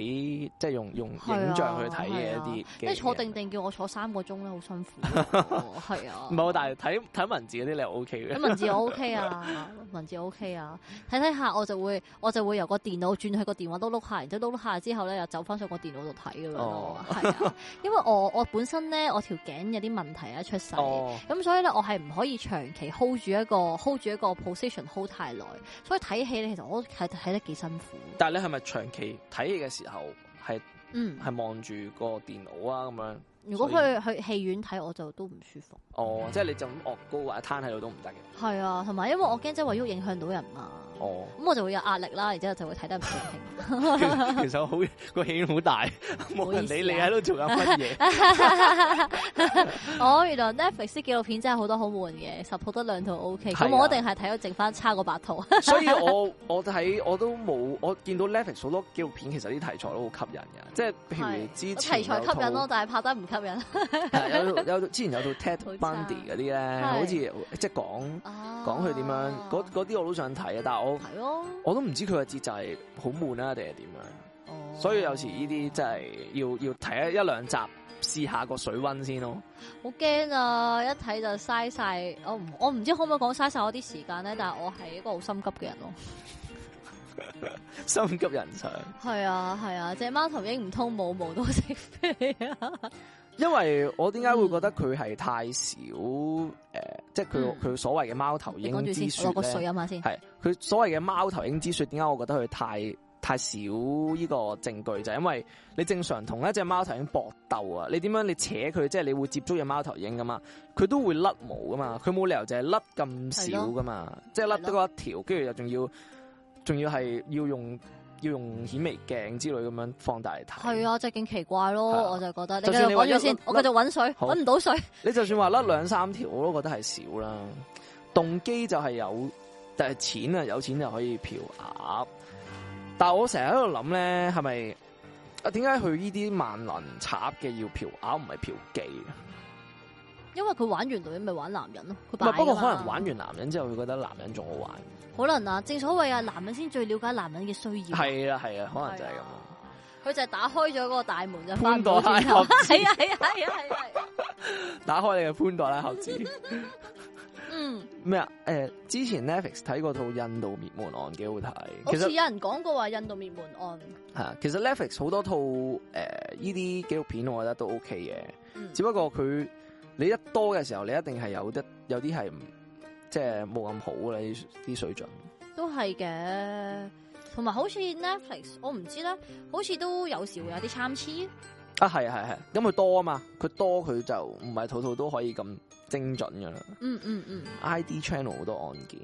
即係用用影像去睇嘅一啲。即係坐定定叫我坐三個鐘咧，好辛苦。係啊。唔係好。但係睇睇文字嗰啲你係 OK 嘅。睇文字 OK 啊，文字 OK 啊。睇睇下我就會我就會由個電腦轉去個電話都碌下，然之後都碌下之後咧又走翻上個電腦度睇咁咯。係啊，因為我我本身咧我條頸有啲問題啊出世，咁、哦嗯、所以咧我係唔可以長期 hold 住一個 hold 住一個 position hold 太耐，所以睇戲咧其實我係係係係睇得幾辛苦，但係你係咪長期睇嘢嘅時候係，嗯，係望住個電腦啊咁樣。如果去去戲院睇我就都唔舒服。哦，即係你就咁惡高或攤喺度都唔得嘅。係啊，同埋因為我驚即係話喐影響到人啊。哦，咁我就會有壓力啦，然之後就會睇得唔高興。其實好個戲院好大，冇人理你喺度做緊乜嘢。哦，原來 Netflix 紀錄片真係好多好悶嘅，十鋪得兩套 O K。咁我一定係睇咗剩翻，差過八套。所以我我睇我都冇我見到 Netflix 好多紀錄片，其實啲題材都好吸引嘅，即係譬如之前題材吸引咯，但係拍得唔吸引。有有之前有套 Ted Bundy 嗰啲咧，好似即係講講佢點樣，嗰啲我，我、啊、我都想睇啊！但係我我都唔知佢嘅節奏係好悶啊，定係點樣？哦、所以有時呢啲真係要要睇一一兩集，試下個水温先咯。好驚啊！一睇就嘥晒我唔我唔知可唔可以講嘥晒我啲時間咧，但係我係一個好心急嘅人咯，心急人上。係啊係啊，隻貓頭鷹唔通冇毛都識飛啊！因為我點解會覺得佢係太少誒、嗯呃，即係佢佢所謂嘅貓頭鷹之說咧，係佢所謂嘅貓頭鷹之說，點解我覺得佢太太少呢個證據就係、是、因為你正常同一隻貓頭鷹搏鬥啊，你點樣你扯佢，即係你會接觸隻貓頭鷹噶嘛，佢都會甩毛噶嘛，佢冇理由就係甩咁少噶嘛，對的 即係甩得嗰一條，跟住又仲要仲要係要用。要用顯微鏡之類咁樣放大嚟睇，係啊，就係勁奇怪咯，啊、我就覺得。你繼續講住先，問一問一問我繼續搵水，搵唔好到水。你就算話甩兩三條，我都覺得係少啦。動機就係有，但、就、係、是、錢啊，有錢就可以嫖鴨。但我成日喺度諗咧，係咪啊？點解去呢啲萬能插嘅要嫖鴨，唔係嫖妓？因為佢玩完女咪玩男人咯，不過可能玩完男人之後，會覺得男人仲好玩。可能啊，正所謂啊，男人先最了解男人嘅需要係啊。係啊係啊，可能就係咁。佢的就係打開咗嗰個大門嘅。翻過之後，係啊係啊係啊係啊，打開你嘅潘朵拉盒子。嗯。咩啊？誒，之前 Netflix 睇過套印度滅門案，幾好睇。其實有人講過話印度滅門案。係啊，其實 Netflix 好多套誒呢啲紀錄片，我覺得都 OK 嘅。嗯，只不過佢你一多嘅時候，你一定係有得有啲係唔。即係冇咁好啦，啊，啲水準都係嘅，同埋好似 Netflix，我唔知咧，好似都有時會有啲參差啊，係啊係係，咁佢多啊嘛，佢多佢就唔係套套都可以咁精準噶啦。嗯，嗯嗯嗯，ID channel 好多案件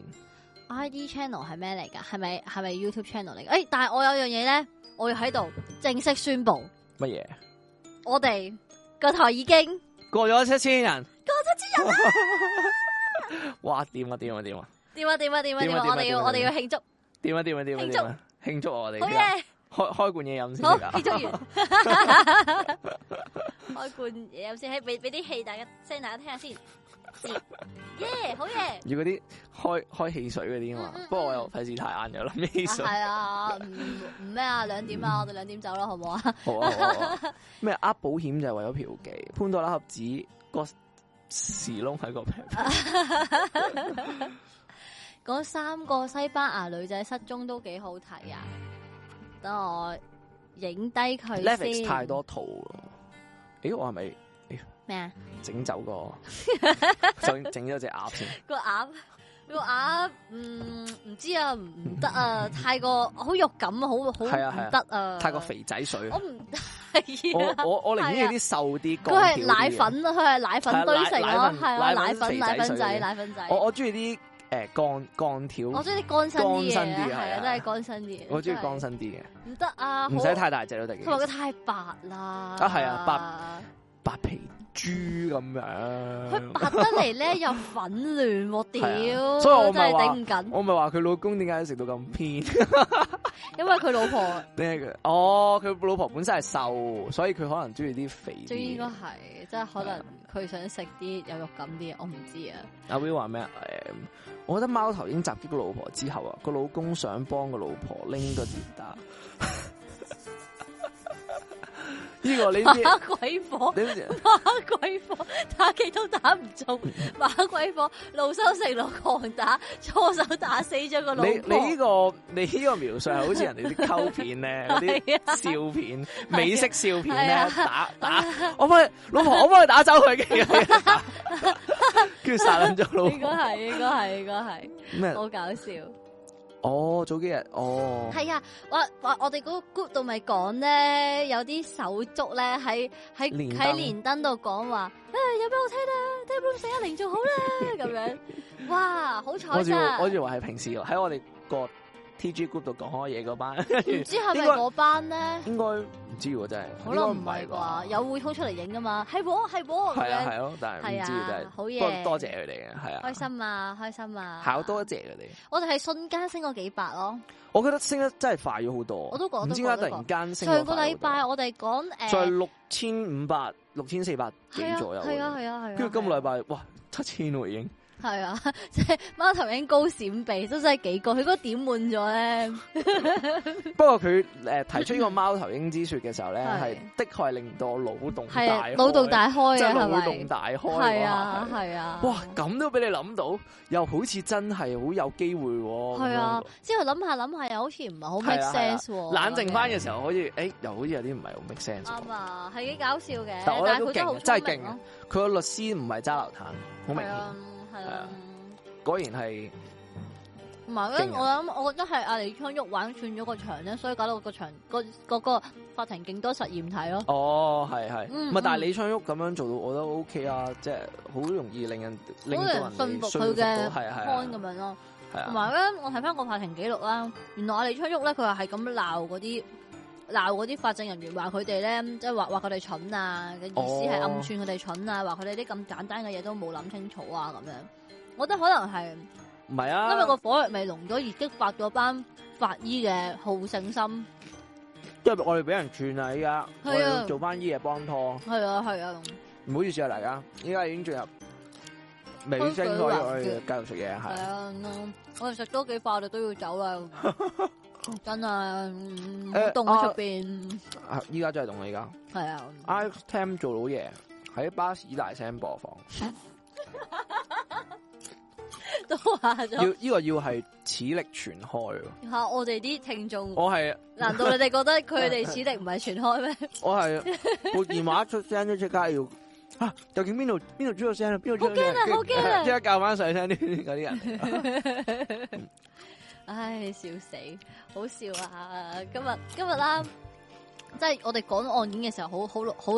，ID channel 係咩嚟噶？係咪係咪 YouTube channel 嚟嘅？誒、欸，但係我有樣嘢咧，我要喺度正式宣布乜嘢？什麼我哋個台已經過咗七千人，過七千人啦！啊！ 哇！掂啊掂啊掂啊！掂啊掂啊掂啊掂啊掂啊掂啊掂啊我哋要我哋要慶祝！掂啊掂啊掂啊掂啊！慶祝慶祝我哋！好嘢！開開罐嘢飲先。好，慶祝完。開罐嘢飲先，俾俾啲氣大家，聲大家聽下先。耶！好嘢！要嗰啲開開汽水嗰啲嘛？不過我又費事太晏咗啦。汽水係啊，唔咩啊？兩點啊，我哋兩點走啦，好唔好啊？好啊好咩？呃保險就係為咗嫖妓，潘多拉盒子時窿喺個邊，嗰三個西班牙女仔失蹤都幾好睇啊！等我影低佢先。太多圖啦！咦，我係咪？咩啊？整走個整咗隻鴨先。個鴨。個鴨，嗯，唔知啊，唔得啊，太過好肉感啊，好好唔得啊，太過肥仔水。我唔得，我我我寧願要啲瘦啲乾條嘅。佢係奶粉，佢係奶粉堆成咯，係啊奶粉奶粉仔奶粉仔。我我中意啲誒乾乾條。我中意啲乾身啲嘢，係啊都係乾身啲。我中意乾身啲嘅。唔得啊，唔使太大隻咯，特別。佢話佢太白啦。啊，係啊，白。白皮豬咁樣，佢白得嚟咧又粉嫩喎，屌、 啊，真係頂唔緊。我咪話佢老公點解食到咁偏？ 因為佢老婆、啊、哦，佢老婆本身係瘦，所以佢可能中意啲肥啲。應該係，即、就、係、是、可能佢想食啲有肉感啲，我唔知啊。阿 w 話話咩啊？誒，um, 我覺得貓頭鷹襲擊個老婆之後啊，個老公想幫個老婆拎個耳打。 呢個你知，馬鬼火，馬鬼火，打機都打唔中，馬鬼火，老羞成怒狂打，錯手打死咗個老你。你、這個、你呢個你呢個描述係好似人哋啲溝片咧，啲， 笑片、 美式笑片咧， 打打，我幫你老婆我幫佢打走佢嘅，叫殺咗老婆這個是。應該係，應該係，應該係，好搞笑。哦，早幾日哦，係啊，哇哇我哇我哋嗰個 group 度咪講咧，有啲手足咧喺喺喺連登度講話，啊、哎、有俾我聽啦， 聽 boom 四一零做好啦，咁樣，哇好彩啫，我以為係平時喺我哋個。T G good 度講開嘢嗰班，唔知係咪嗰班咧？應該唔知喎，真係。應該唔係啩？有會通出嚟影噶嘛？係喎，係喎。係啊，係咯，但係唔知，但係。好嘢。多多謝佢哋嘅，係啊。開心啊，開心啊。係，多謝佢哋。我哋係瞬間升過幾百咯。我覺得升得真係快咗好多。我都講。唔知點解突然間升咗快。上個禮拜我哋講誒，在六千五百、六千四百點左右，係啊，係啊，係。跟住今個禮拜，哇，七千多點。係啊，即係貓頭鷹高閃避都真係幾高，佢嗰個點悶咗咧。不過佢誒提出呢個貓頭鷹之說嘅時候咧，係的確係令到我腦洞大，腦洞大開，即係腦洞大開。係啊，係啊。哇，咁都俾你諗到，又好似真係好有機會。係啊，之後諗下諗下又好似唔係好 make sense。冷靜翻嘅時候，好似誒，又好似有啲唔係好 make sense。喎。啊，係幾搞笑嘅，但係佢勁！真係勁！佢個律師唔係揸流攤，好明顯。係啊，果然係。同埋咧，我諗，我覺得係阿李昌旭玩串咗個場咧，所以搞到個場，個嗰、個法庭勁多實驗體咯。哦，係係，唔係、嗯、不但係李昌旭咁樣做到，我都得 OK 啊，即係好容易令人令人信服佢嘅，係係咁樣咯。係啊，同埋咧，我睇翻個法庭記錄啦，原來阿李昌旭咧，佢又係咁鬧嗰啲。鬧嗰啲法政人員話佢哋咧，即係話話佢哋蠢啊，意思係暗串佢哋蠢啊，話佢哋啲咁簡單嘅嘢，都冇諗清楚啊，咁樣，我覺得可能係唔係啊，因為個火藥味濃咗，而激發咗班法醫嘅好勝心。即係我哋俾人串啊，依家，我哋做翻醫嘅幫拖，係啊係啊，唔好意思啊，大家，依家已經進入尾聲，我哋繼續食嘢。係啊，我哋食多幾塊，我哋都要走啦。 真的、嗯欸、啊！凍喺出邊。依家真係凍啦！而家係啊。Ike t m 做老嘢，喺、啊、巴士大聲播放。 都話咗了。要呢、這個要係齒力全開。吓、啊，我哋啲聽眾。我係是。難道你哋覺得佢哋齒力唔係全開咩？ 我係。部電話出聲一出街要。啊，究竟邊度邊度出個聲啊？邊度好驚啊！好驚啊！即 刻教翻細聲啲嗰啲人。 唉，笑死，好笑啊！今日今日啦、啊，即係我哋講案件嘅時候，好好好。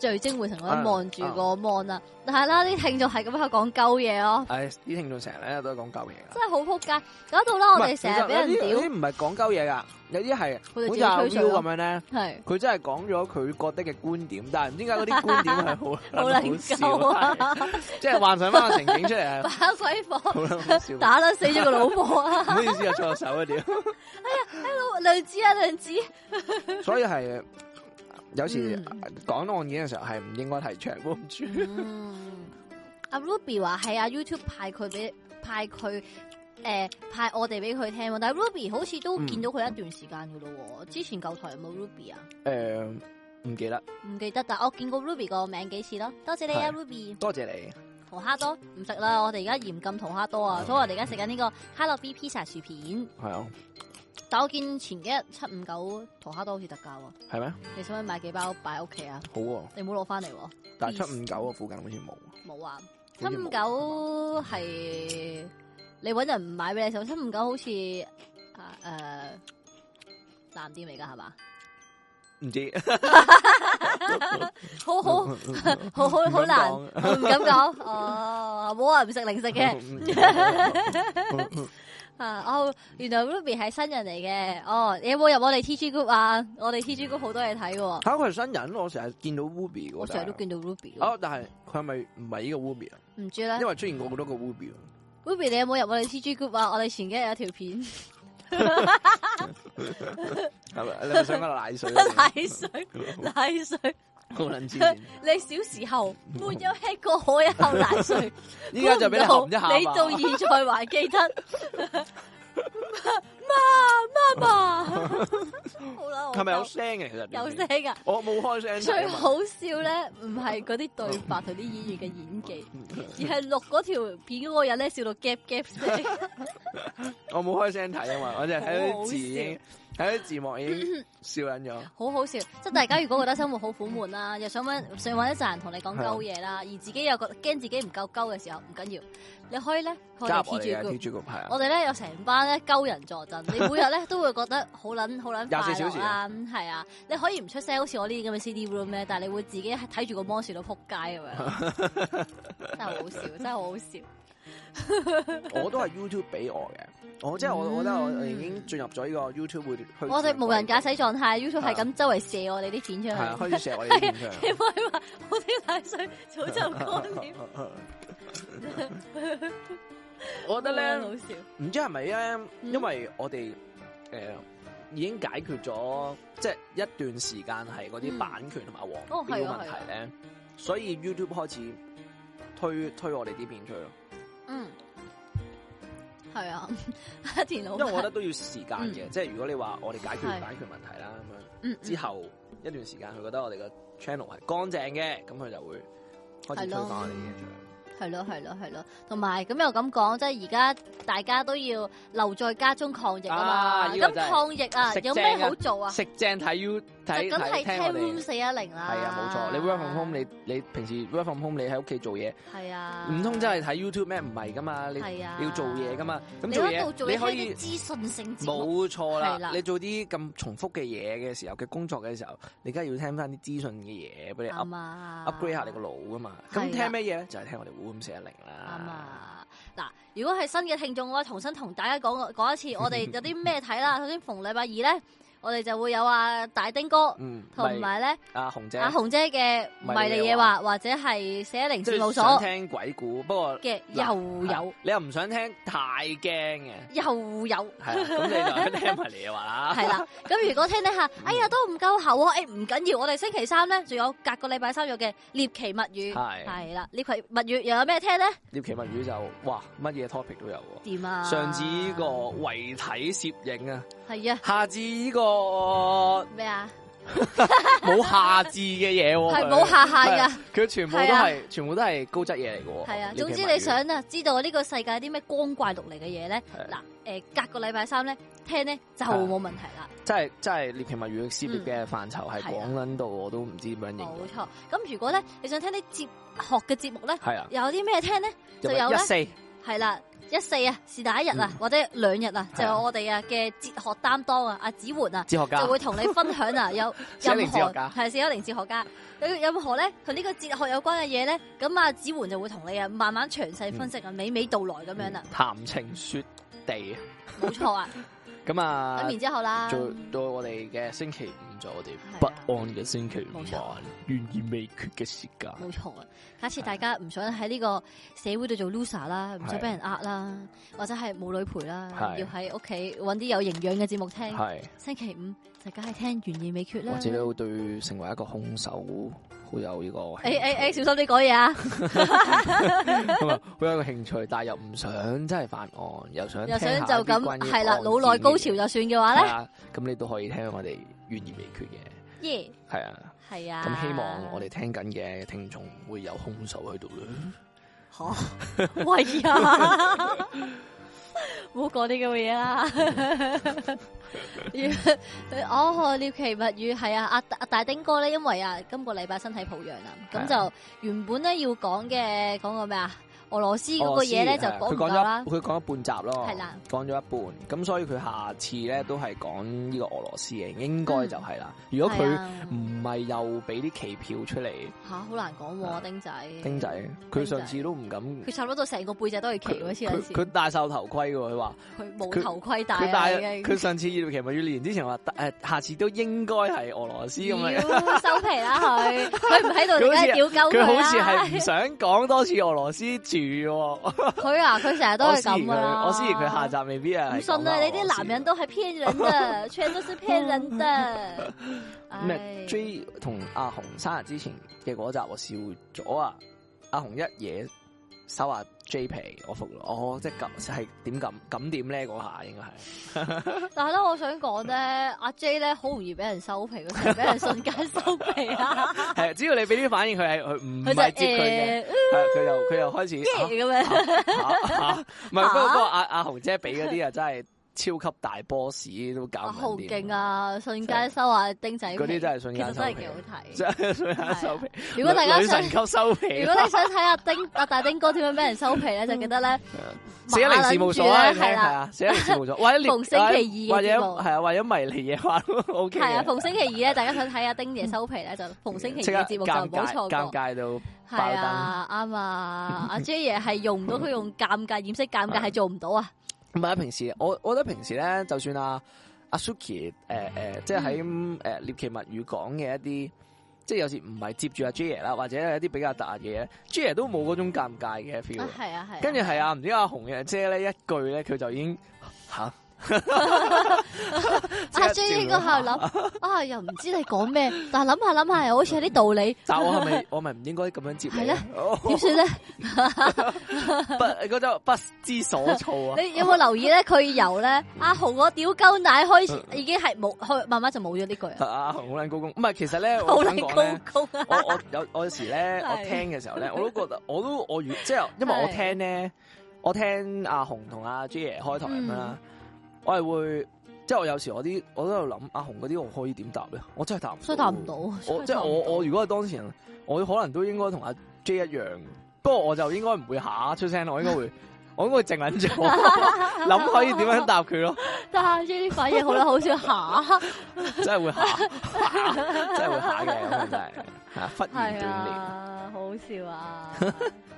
聚精會神咁望住我望啦，但係啦啲聽眾係咁喺度講鳩嘢咯。係啲聽眾成日咧都係講鳩嘢，真係好撲街。搞到啦我哋成日俾人屌。有啲唔係講鳩嘢噶，有啲係好似阿 m 咁樣咧。係佢真係講咗佢覺得嘅觀點，但係唔知點解嗰啲觀點係好冇能救啊！即係幻想翻個情景出嚟，把鬼火，好笑，打甩死咗個老婆啊！唔好意思啊，錯手啊屌！哎呀，哎，梁子啊，梁子，所以係。有時講案件嘅時候係唔應該提出嚟阿 Ruby 話係啊，YouTube 派佢俾派佢，誒、呃、派我哋俾佢聽。但係 Ruby 好似都見到佢一段時間噶咯。嗯、之前舊台有冇 Ruby 啊、嗯？誒、呃，唔記得，唔記得。但、哦、我見過 Ruby 個名幾次咯。多謝你啊是，Ruby。多謝你。糖蝦多唔食啦，我哋而家嚴禁糖蝦多啊。的所以我哋而家食緊呢個卡樂 B Pizza 薯片！係啊。但我見前幾日七五九桃蝦都好似特價喎，係咩？你想唔想買幾包擺喺屋企啊？好，你唔好攞翻嚟。但七五九附近好似冇，冇啊！七五九係你搵人唔買俾你食，七五九好似啊誒難啲嚟噶係嘛？唔知，好好好好好難唔敢講哦，冇啊，唔食零食嘅。啊、哦，原來 Ruby 係新人嚟嘅。哦，你有冇入我哋 TG group 啊？我哋 TG group 好多嘢睇嘅。佢係、嗯、新人，我成日見到 Ruby，我成日都見到 Ruby。哦，但係佢係咪唔係呢個 Ruby 啊？唔知啦，因為出現過好多個 Ruby、啊。Ruby，你有冇入我哋 TG group 啊？我哋前幾日有一條片，係咪你想講奶水？ 奶泥水，奶水。 你小時候沒有吃過海樂奶碎，依家就俾你學一下，你到現在還記得，媽媽媽好啦吧， 我係咪有聲嘅？其實有聲噶。我冇開聲。 最好笑咧，唔係嗰啲對白同啲演員嘅演技， 而係錄嗰條片嗰個人咧笑到夾夾聲。我冇開聲睇啊嘛，我淨係睇字。睇啲字幕已經笑緊咗，好好笑！即係大家如果覺得生活好苦悶啦， 又想揾想一陣人同你講鳩嘢啦，的而自己又覺驚自己唔夠鳩嘅時候，唔緊要緊，你可以咧，可以我哋 P G 我哋咧有成班咧鳩人助陣， 你每日咧都會覺得好捻好捻快啦，係啊、嗯，你可以唔出聲，好似我呢啲咁嘅 C D room 咩，但係你會自己睇住個魔雪佬扑街咁樣，很 真係好笑，真係好笑。 我都係 YouTube 俾我嘅，mm hmm. 即我即係我，覺得我已經進入咗呢個 YouTube 會。我哋無人駕駛狀態，YouTube 係咁周圍射我哋啲片出去。係開始射我哋片出去。你唔係話無人駕駛早就關咗？我覺得咧，唔 嗯、知係咪咧，因為我哋誒、呃、已經解決咗，即係一段時間係嗰啲版權同埋黃標問題咧，所以 YouTube 開始推推我哋啲片出去咯。嗯，係啊， 田老闆，因為我覺得都要時間嘅，嗯、即係如果你話我哋解決唔解決問題啦咁是樣，之後一段時間佢覺得我哋個 channel 係乾淨嘅，咁佢就會開始推翻你嘅 channel。係咯係咯係咯，同埋咁又咁講，即係而家大家都要留在家中抗疫了啊嘛。咁吧抗疫啊，啊有咩好做啊？食正睇要。梗係聽我哋四一零啦，係啊，冇錯。你 work from home，你你平時 work from home，你喺屋企做嘢？係啊，唔通真係睇 YouTube 咩？唔係噶嘛，你要做嘢噶嘛，咁做嘢你可以資訊性節目，冇錯啦。係啦，你做啲咁重複嘅嘢嘅時候，嘅工作嘅時候，你梗係要聽翻啲資訊嘅嘢，俾你 upgrade 下你個腦噶嘛。咁聽咩嘢咧？就係聽我哋四一零啦。嗱，如果係新嘅聽眾嘅話，我重新同大家講講一次，我哋有啲咩睇啦？首先逢禮拜二咧。我哋就會有啊大丁哥，同埋咧阿紅姐，阿紅姐嘅迷離夜話，或者係寫靈事務所。想聽鬼故，不過嘅又有。你又唔想聽太驚嘅，又有。係咁你就聽迷離夜話啦。係啦，咁如果聽呢吓，哎呀都唔夠喉喎，哎，唔緊要，我哋星期三咧，仲有隔個禮拜三有嘅獵奇物語。係係啦，獵奇物語又有咩聽呢？獵奇物語就哇乜嘢 topic 都有。點啊？上至呢個遺體攝影啊。係啊，夏至呢個咩啊？冇夏至嘅嘢喎，係冇下下噶。佢全部都係，全部都係高質嘢嚟嘅。係啊，總之你想啊，知道呢個世界啲咩光怪陸離嘅嘢咧？嗱，誒，隔個禮拜三咧聽咧就冇問題啦。即係即係獵奇物語系列嘅範疇係講緊度，我都唔知點樣認。冇錯。咁如果咧，你想聽啲哲學嘅節目咧，係啊，有啲咩聽咧？就有四。係啦。一四啊，是第一日啊，或者兩日啊，就係我哋啊嘅哲學擔當啊，阿子媛啊，哲學家就會同你分享啊，有任何係四一零哲學家，有任何咧同呢個哲學有關嘅嘢咧，咁阿子媛就會同你啊慢慢詳細分析啊，娓娓道來咁樣啦，談情說地，啊，冇錯啊！咁啊！咁然後之後啦，到到我哋嘅星期五，就我哋不安嘅星期五，完意未決嘅時間。冇錯啊！假設大家唔想喺呢個社會度做 loser 啦的，唔想俾人呃啦，或者係冇女陪啦，的要喺屋企搵啲有營養嘅節目聽。係的星期五就梗係聽完意未決啦，或者你會對成為一個凶手。會有呢個誒誒誒，小心啲講嘢啊！我 有一個興趣，但係又唔想真係犯案，又想又想就咁係啦，腦內高潮就算嘅話咧，咁你都可以聽我哋懸而未決嘅，耶 Yeah. 啦，係啊，係啊，咁希望我哋聽緊嘅聽眾會有凶手喺度啦，吓，喂啊。唔好講啲咁嘅嘢啦！我學獵奇物語係啊，阿、啊、阿大丁哥咧，因為啊，今個禮拜身體抱恙是啊。咁就原本咧要講嘅講個咩啊？俄羅斯嗰個嘢咧就講咗，佢講咗佢講咗一半集咯，係啦，講咗一半，咁所以佢下次咧都係講呢個俄羅斯嘅，應該就係啦。如果佢唔係又俾啲期票出嚟，吓，好難講喎，丁仔。丁仔，佢上次都唔敢。佢受唔到成個背脊都係期嗰次，佢戴晒頭盔嘅，佢話佢冇頭盔戴。佢上次要期咪要連之前話，誒，下次都應該係俄羅斯咁樣。收皮啦，佢佢唔喺度咧，屌鳩佢好似係唔想講多次俄羅斯。佢啊！佢成日都係咁啊！我先疑佢下集未必啊！唔信啊！你啲男人都係騙人嘅，全部都係騙人嘅。咩？J 同阿紅生日之前嘅嗰集我笑咗啊！阿紅一嘢。收啊 J 皮，我服咯。哦，即係咁，係點咁咁點咧？嗰下應該係。但係咧，我想講咧， 阿 J 咧好容易俾人收皮，俾 人瞬間收皮啦。係， 只要你俾啲反應，佢係佢唔係接佢嘅。佢又佢又開始咁、嗯啊、樣。唔係、啊啊啊啊啊啊，不過不阿阿紅姐俾嗰啲啊，真係。 超級大 boss 都搞唔掂，好勁啊！瞬間收下丁仔，嗰啲真係瞬間收皮，真係幾好睇。如果大家想收皮，如果你想睇阿丁阿大丁哥點樣俾人收皮咧，就記得咧，寫嚟事務所啦，係啦，寫嚟事務所或者逢星期二係啊，或者迷你嘢話 OK 係啊，逢星期二咧，大家想睇阿丁爺收皮咧，就逢星期二嘅節目就冇錯，尷尬到，係啊，啱啊，阿 J 爺係用唔到佢用尷尬掩飾尷尬，係做唔到啊。唔係啊！平時我我覺得平時咧，就算啊阿 Suki 誒、呃、誒，即係喺誒獵奇物語講嘅一啲，即係有時唔係接住阿 Jie 啦，或者有啲比較大嘅嘢，Jie 都冇嗰種尷尬嘅 feel。係啊係。跟住係啊，唔、啊、知阿紅嘅姐咧一句咧，佢就已經嚇。阿 J 應該喺度諗啊，又唔知你講咩，但係諗下諗下，又好似有啲道理。但我係咪我咪唔應該咁樣接？係咧，點算咧？不，嗰種不知所措啊！你有冇留意咧？佢由咧阿紅我屌鳩奶開始，已經係冇，去慢慢就冇咗呢句。阿阿紅好撚高公，唔係其實咧，好撚高公。我我有嗰時咧，我聽嘅時候咧，我都覺得，我都我越即係，因為我聽咧，我聽阿紅同阿 J 爺開台咁樣啦。我係會，即係我有時我啲我都喺度諗，阿紅嗰啲我可以點答咧？我真係答不，真係答唔到。我即係我我如果係當前，我可能都應該同阿 J 一樣，不過我就應該唔會吓出聲我應該會，我應該會靜緊住，諗可以點樣答佢咯。但阿 J 啲反應好得好少吓，真係會吓真係會吓嘅，真係係啊，練、啊、好笑啊！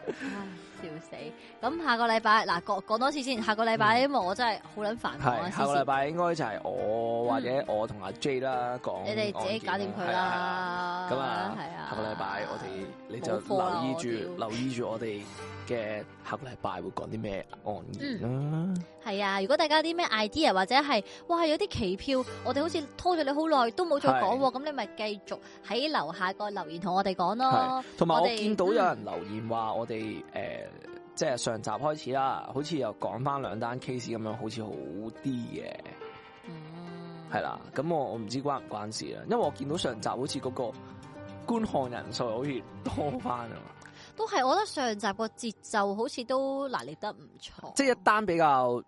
笑死！咁下個禮拜嗱，講講多次先。下個禮拜，因為我真係好撚煩。下個禮拜應該就係我或者我同阿 J 啦講。你哋自己搞掂佢啦。咁啊，下個禮拜我哋你就留意住留意住我哋嘅下個禮拜會講啲咩案件。係啊，如果大家有啲咩 idea 或者係哇有啲奇票，我哋好似拖咗你好耐都冇再講，咁你咪繼續喺樓下個留言同我哋講咯。同埋我見到有人留言話我哋誒。即係上集開始啦，好似又講翻兩單 case 咁樣，好似好啲嘅，係啦、嗯。咁我我唔知關唔關事啊，因為我見到上集好似嗰個觀看人數好似多翻啊。都係，我覺得上集個節奏好似都嗱捏得唔錯。即係一單比較誒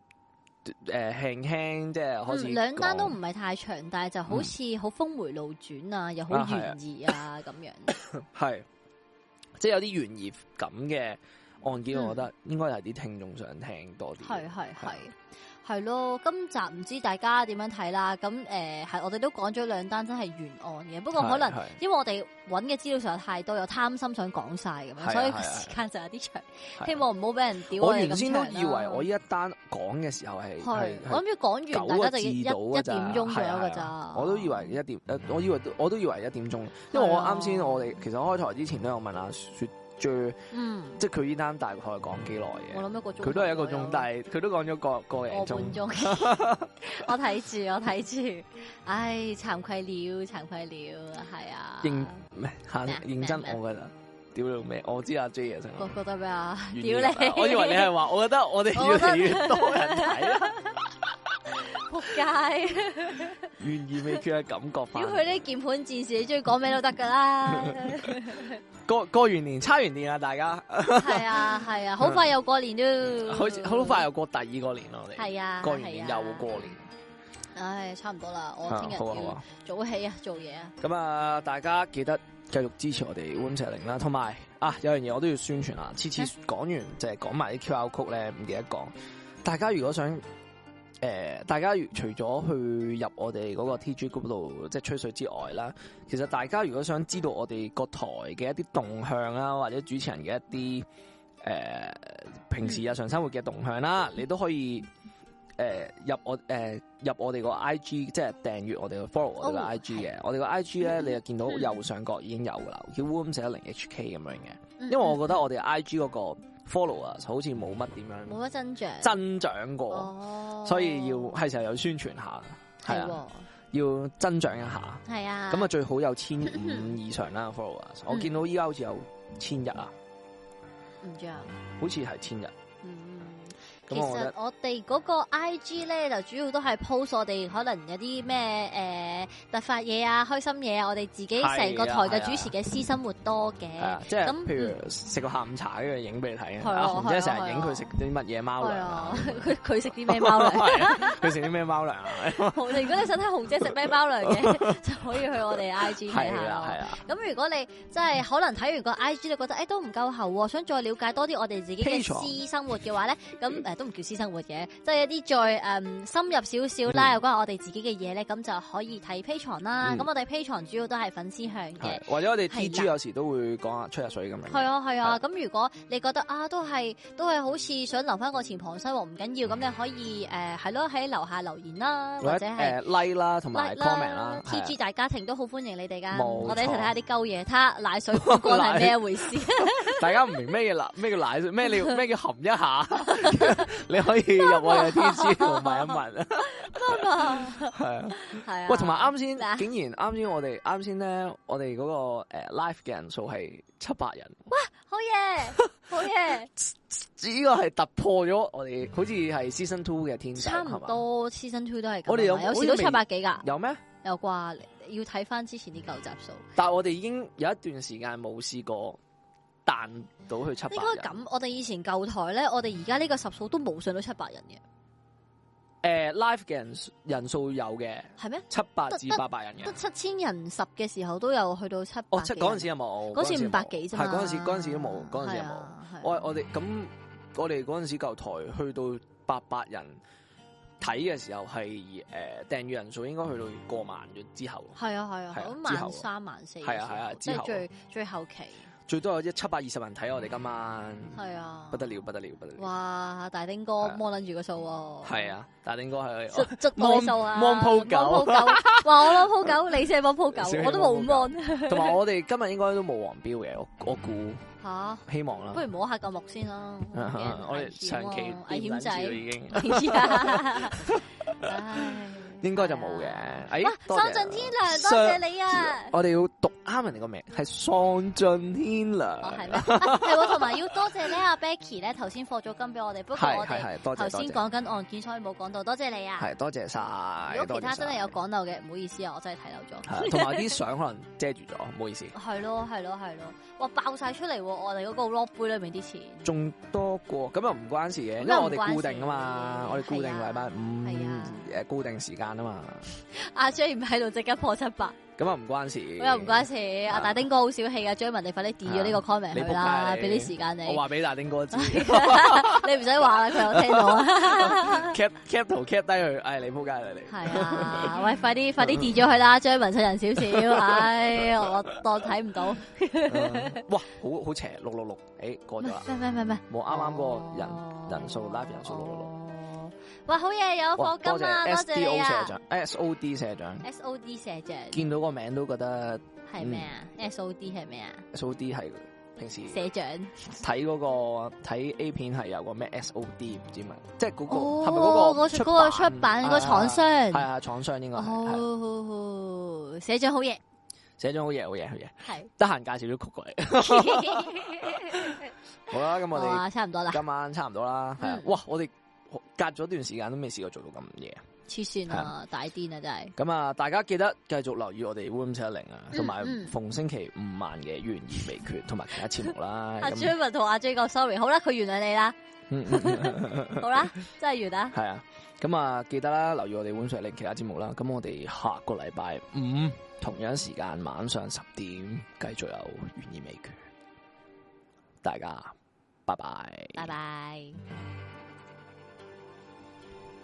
輕輕，即係開始兩單都唔係太長，但係就好似好峰回路轉啊，嗯、又好懸疑啊，咁、啊啊、樣係， 即係有啲懸疑感嘅。案件，我覺得應該係啲聽眾想聽多啲。係係係係咯，今集唔知大家點樣睇啦。咁誒，係我哋都講咗兩單真係懸案嘅，不過可能因為我哋揾嘅資料實在太多，又貪心想講晒咁樣，所以時間就有啲長。希望唔好俾人屌我。我原先都以為我呢一單講嘅時候係，我諗住講完大家就要一點鐘左右嘅咋。我都以為一點，我以為我都以為一點鐘，因為我啱先我哋其實開台之前都有問阿雪。最，嗯，即係佢呢單大概講幾耐嘅？我諗一個鐘，佢都係一個鐘，但係佢都講咗個個人鐘，我睇住我睇住，唉，慚愧了慚愧了，係啊，認咩？認真我噶啦，屌你咩？我知阿 J 啊，成，我覺得咩啊？屌你，我以為你係話，我覺得我哋越嚟越多人睇啦。仆街，懸而未決嘅感覺翻。屌，佢啲鍵盤戰士，你中意講咩都得噶啦。過過完年，差完年啊，大家。係啊，係啊，好快又過年咯。好，好快又過第二個年咯，我哋。係啊，過完年又過年。唉，差唔多啦，我聽日要早起啊，做嘢啊。咁啊，大家記得繼續支持我哋溫卓玲啦，同埋啊，有樣嘢我都要宣傳啦，次次講完就係講埋啲 Q R Code 咧，唔記得講。大家如果想。誒、呃，大家除咗去入我哋嗰個 T G g r o u p 度即係、就是、吹水之外啦，其實大家如果想知道我哋個台嘅一啲動向啊，或者主持人嘅一啲誒、呃、平時日常生活嘅動向啦，嗯、你都可以誒、呃、入我誒、呃、入我哋個 I G 即係訂閱我哋嘅 follow 我哋嘅 I G 嘅，我哋個 I G 咧，你又見到右上角已經有噶啦，叫 w o o m z e 零 HK 咁樣嘅，因為我覺得我哋 I G 嗰、那個。Followers 好似冇乜點樣，冇乜增長，增長過，長 oh. 所以要係時候有宣傳下，係啊，啊，要增長一下，係啊，咁啊最好有千五以上啦，Followers 我見到依家好似有千一啊，唔知啊，好似係千一。其實我哋嗰個 I G 咧，就主要都係 post 我哋可能有啲咩，誒突發嘢啊、開心嘢啊，我哋自己成個台嘅主持嘅私生活多嘅。即係咁，譬如食個下午茶影俾你睇啊。係啊。紅姐成日影佢食啲乜嘢貓糧？佢食啲咩貓糧？佢食啲咩貓糧啊？如果你想睇紅姐食咩貓糧嘅，就可以去我哋 I G 睇下。係啊係啊。咁如果你即係可能睇完個 I G 你覺得誒都唔夠喉，想再了解多啲我哋自己嘅私生活嘅話咧，咁都唔叫私生活嘅，即係一啲再誒深入少少啦，有關我哋自己嘅嘢咧，咁就可以睇 Patreon 啦。咁我哋 Patreon 主要都係粉絲向嘅，或者我哋 T G 有時都會講下吹下水咁樣。係啊係啊，咁如果你覺得啊，都係都係好似想留翻個前旁西活，唔緊要，咁你可以誒係咯喺樓下留言啦，或者係 like 啦，同埋 comment 啦。T G 大家庭都好歡迎你哋噶，我哋一齊睇下啲舊嘢，睇奶水干係咩回事？大家唔明咩嘅啦，咩叫奶水？咩叫咩叫含一下？你可以入我哋嘅 TV 度問一問啊，係啊係啊，喂，同埋啱先竟然啱先我哋啱先咧，我哋嗰、那個誒、uh, live 嘅人數係七百人，哇，好嘢， 好嘢，呢個係突破咗我哋好似係 season two 嘅天差唔多，season two 都係咁，我哋有有時都七百幾噶，有咩？有啩？要睇翻之前啲舊集數，但係我哋已經有一段時間冇試過。彈到去七百人。應該咁，我哋以前舊台咧，我哋而家呢個十數都冇上到七百人嘅。誒，live 嘅人人數有嘅。係咩？七百至八百人嘅。得七千人十嘅時候都有去到七百。哦，七嗰陣時有冇？嗰陣時五百幾啫嘛。係嗰陣時，嗰陣時都冇，嗰陣時有冇？我我哋咁，我哋嗰陣時舊台去到八百人睇嘅時候係誒，訂閱人數應該去到過萬咗之後。係啊係啊，好萬三萬四。係啊係啊，即係最最後期。最多有七百二十人睇我哋今晚，係啊，不得了不得了不得了！哇，大丁哥，望撚住個數，係啊，大丁哥係，即即咩數啊 o n 狗，九，哇，我 o n 狗，九，你先係 o n 九，我都冇望。同埋我哋今日應該都冇黃標嘅，我我估，希望啦，不如摸下個木先啦。我哋長期危險仔已經。應該就冇嘅，誒，喪盡天良，多謝你啊！我哋要讀啱人哋個名，係喪盡天良。係，係喎，同埋要多謝咧阿 Becky 咧，頭先課咗金俾我哋，不過我哋頭先講緊案件，所以冇講到。多謝你啊！係，多謝晒。如果其他真係有講漏嘅，唔好意思啊，我真係睇漏咗。同埋啲相可能遮住咗，唔好意思。係咯，係咯，係咯。哇，爆晒出嚟！我哋嗰個 lock 杯裏面啲錢仲多過，咁又唔關事嘅，因為我哋固定啊嘛，我哋固定禮拜五係啊誒固定時間。啊嘛，阿 J 唔喺度，即刻破七百。咁啊，唔關事。我又唔關事。阿大丁哥好小氣啊，張文你快啲 delete 呢個 comment 去啦，俾啲時間你。我話俾大丁哥知，你唔使話啦，佢有聽到。cap cap 圖 cap 低佢，哎，你撲街嚟，你。係啊，喂，快啲，快啲 delete 咗佢啦，張文信人少少，唉，我當睇唔到。哇，好好邪，六六六，誒，過咗啦。咩咩咩咩，冇啱啱個人人數 live 人數六六六。哇，好嘢，有課金啊！多謝，多謝啊！S O D 社長，S O D 社長，S O D 社長，見到個名都覺得係咩啊？S O D 係咩啊？S O D 係平時社長睇嗰個睇 A 片係有個咩 S O D 唔知乜？即係嗰個係咪嗰個出嗰個出版個廠商？係啊，廠商應該係。社長好嘢，社長好嘢，好嘢，好嘢，係得閒介紹啲曲過嚟。好啦，咁我哋差唔多啦，今晚差唔多啦。係哇，我哋。隔咗段時間都未試過做到咁嘢，黐線啊，大癲啊，真係！咁啊，大家記得繼續留意我哋 room 七一零啊，同埋逢星期五晚嘅懸疑未決，同埋其他節目啦。阿 Jimmy 同阿 J 哥，sorry，好啦，佢原諒你啦。嗯，好啦，真係完啦。係啊，咁啊，記得啦，留意我哋 room 七一零其他節目啦。咁我哋下個禮拜五同樣時間晚上十點繼續有懸疑未決。大家拜拜，拜拜。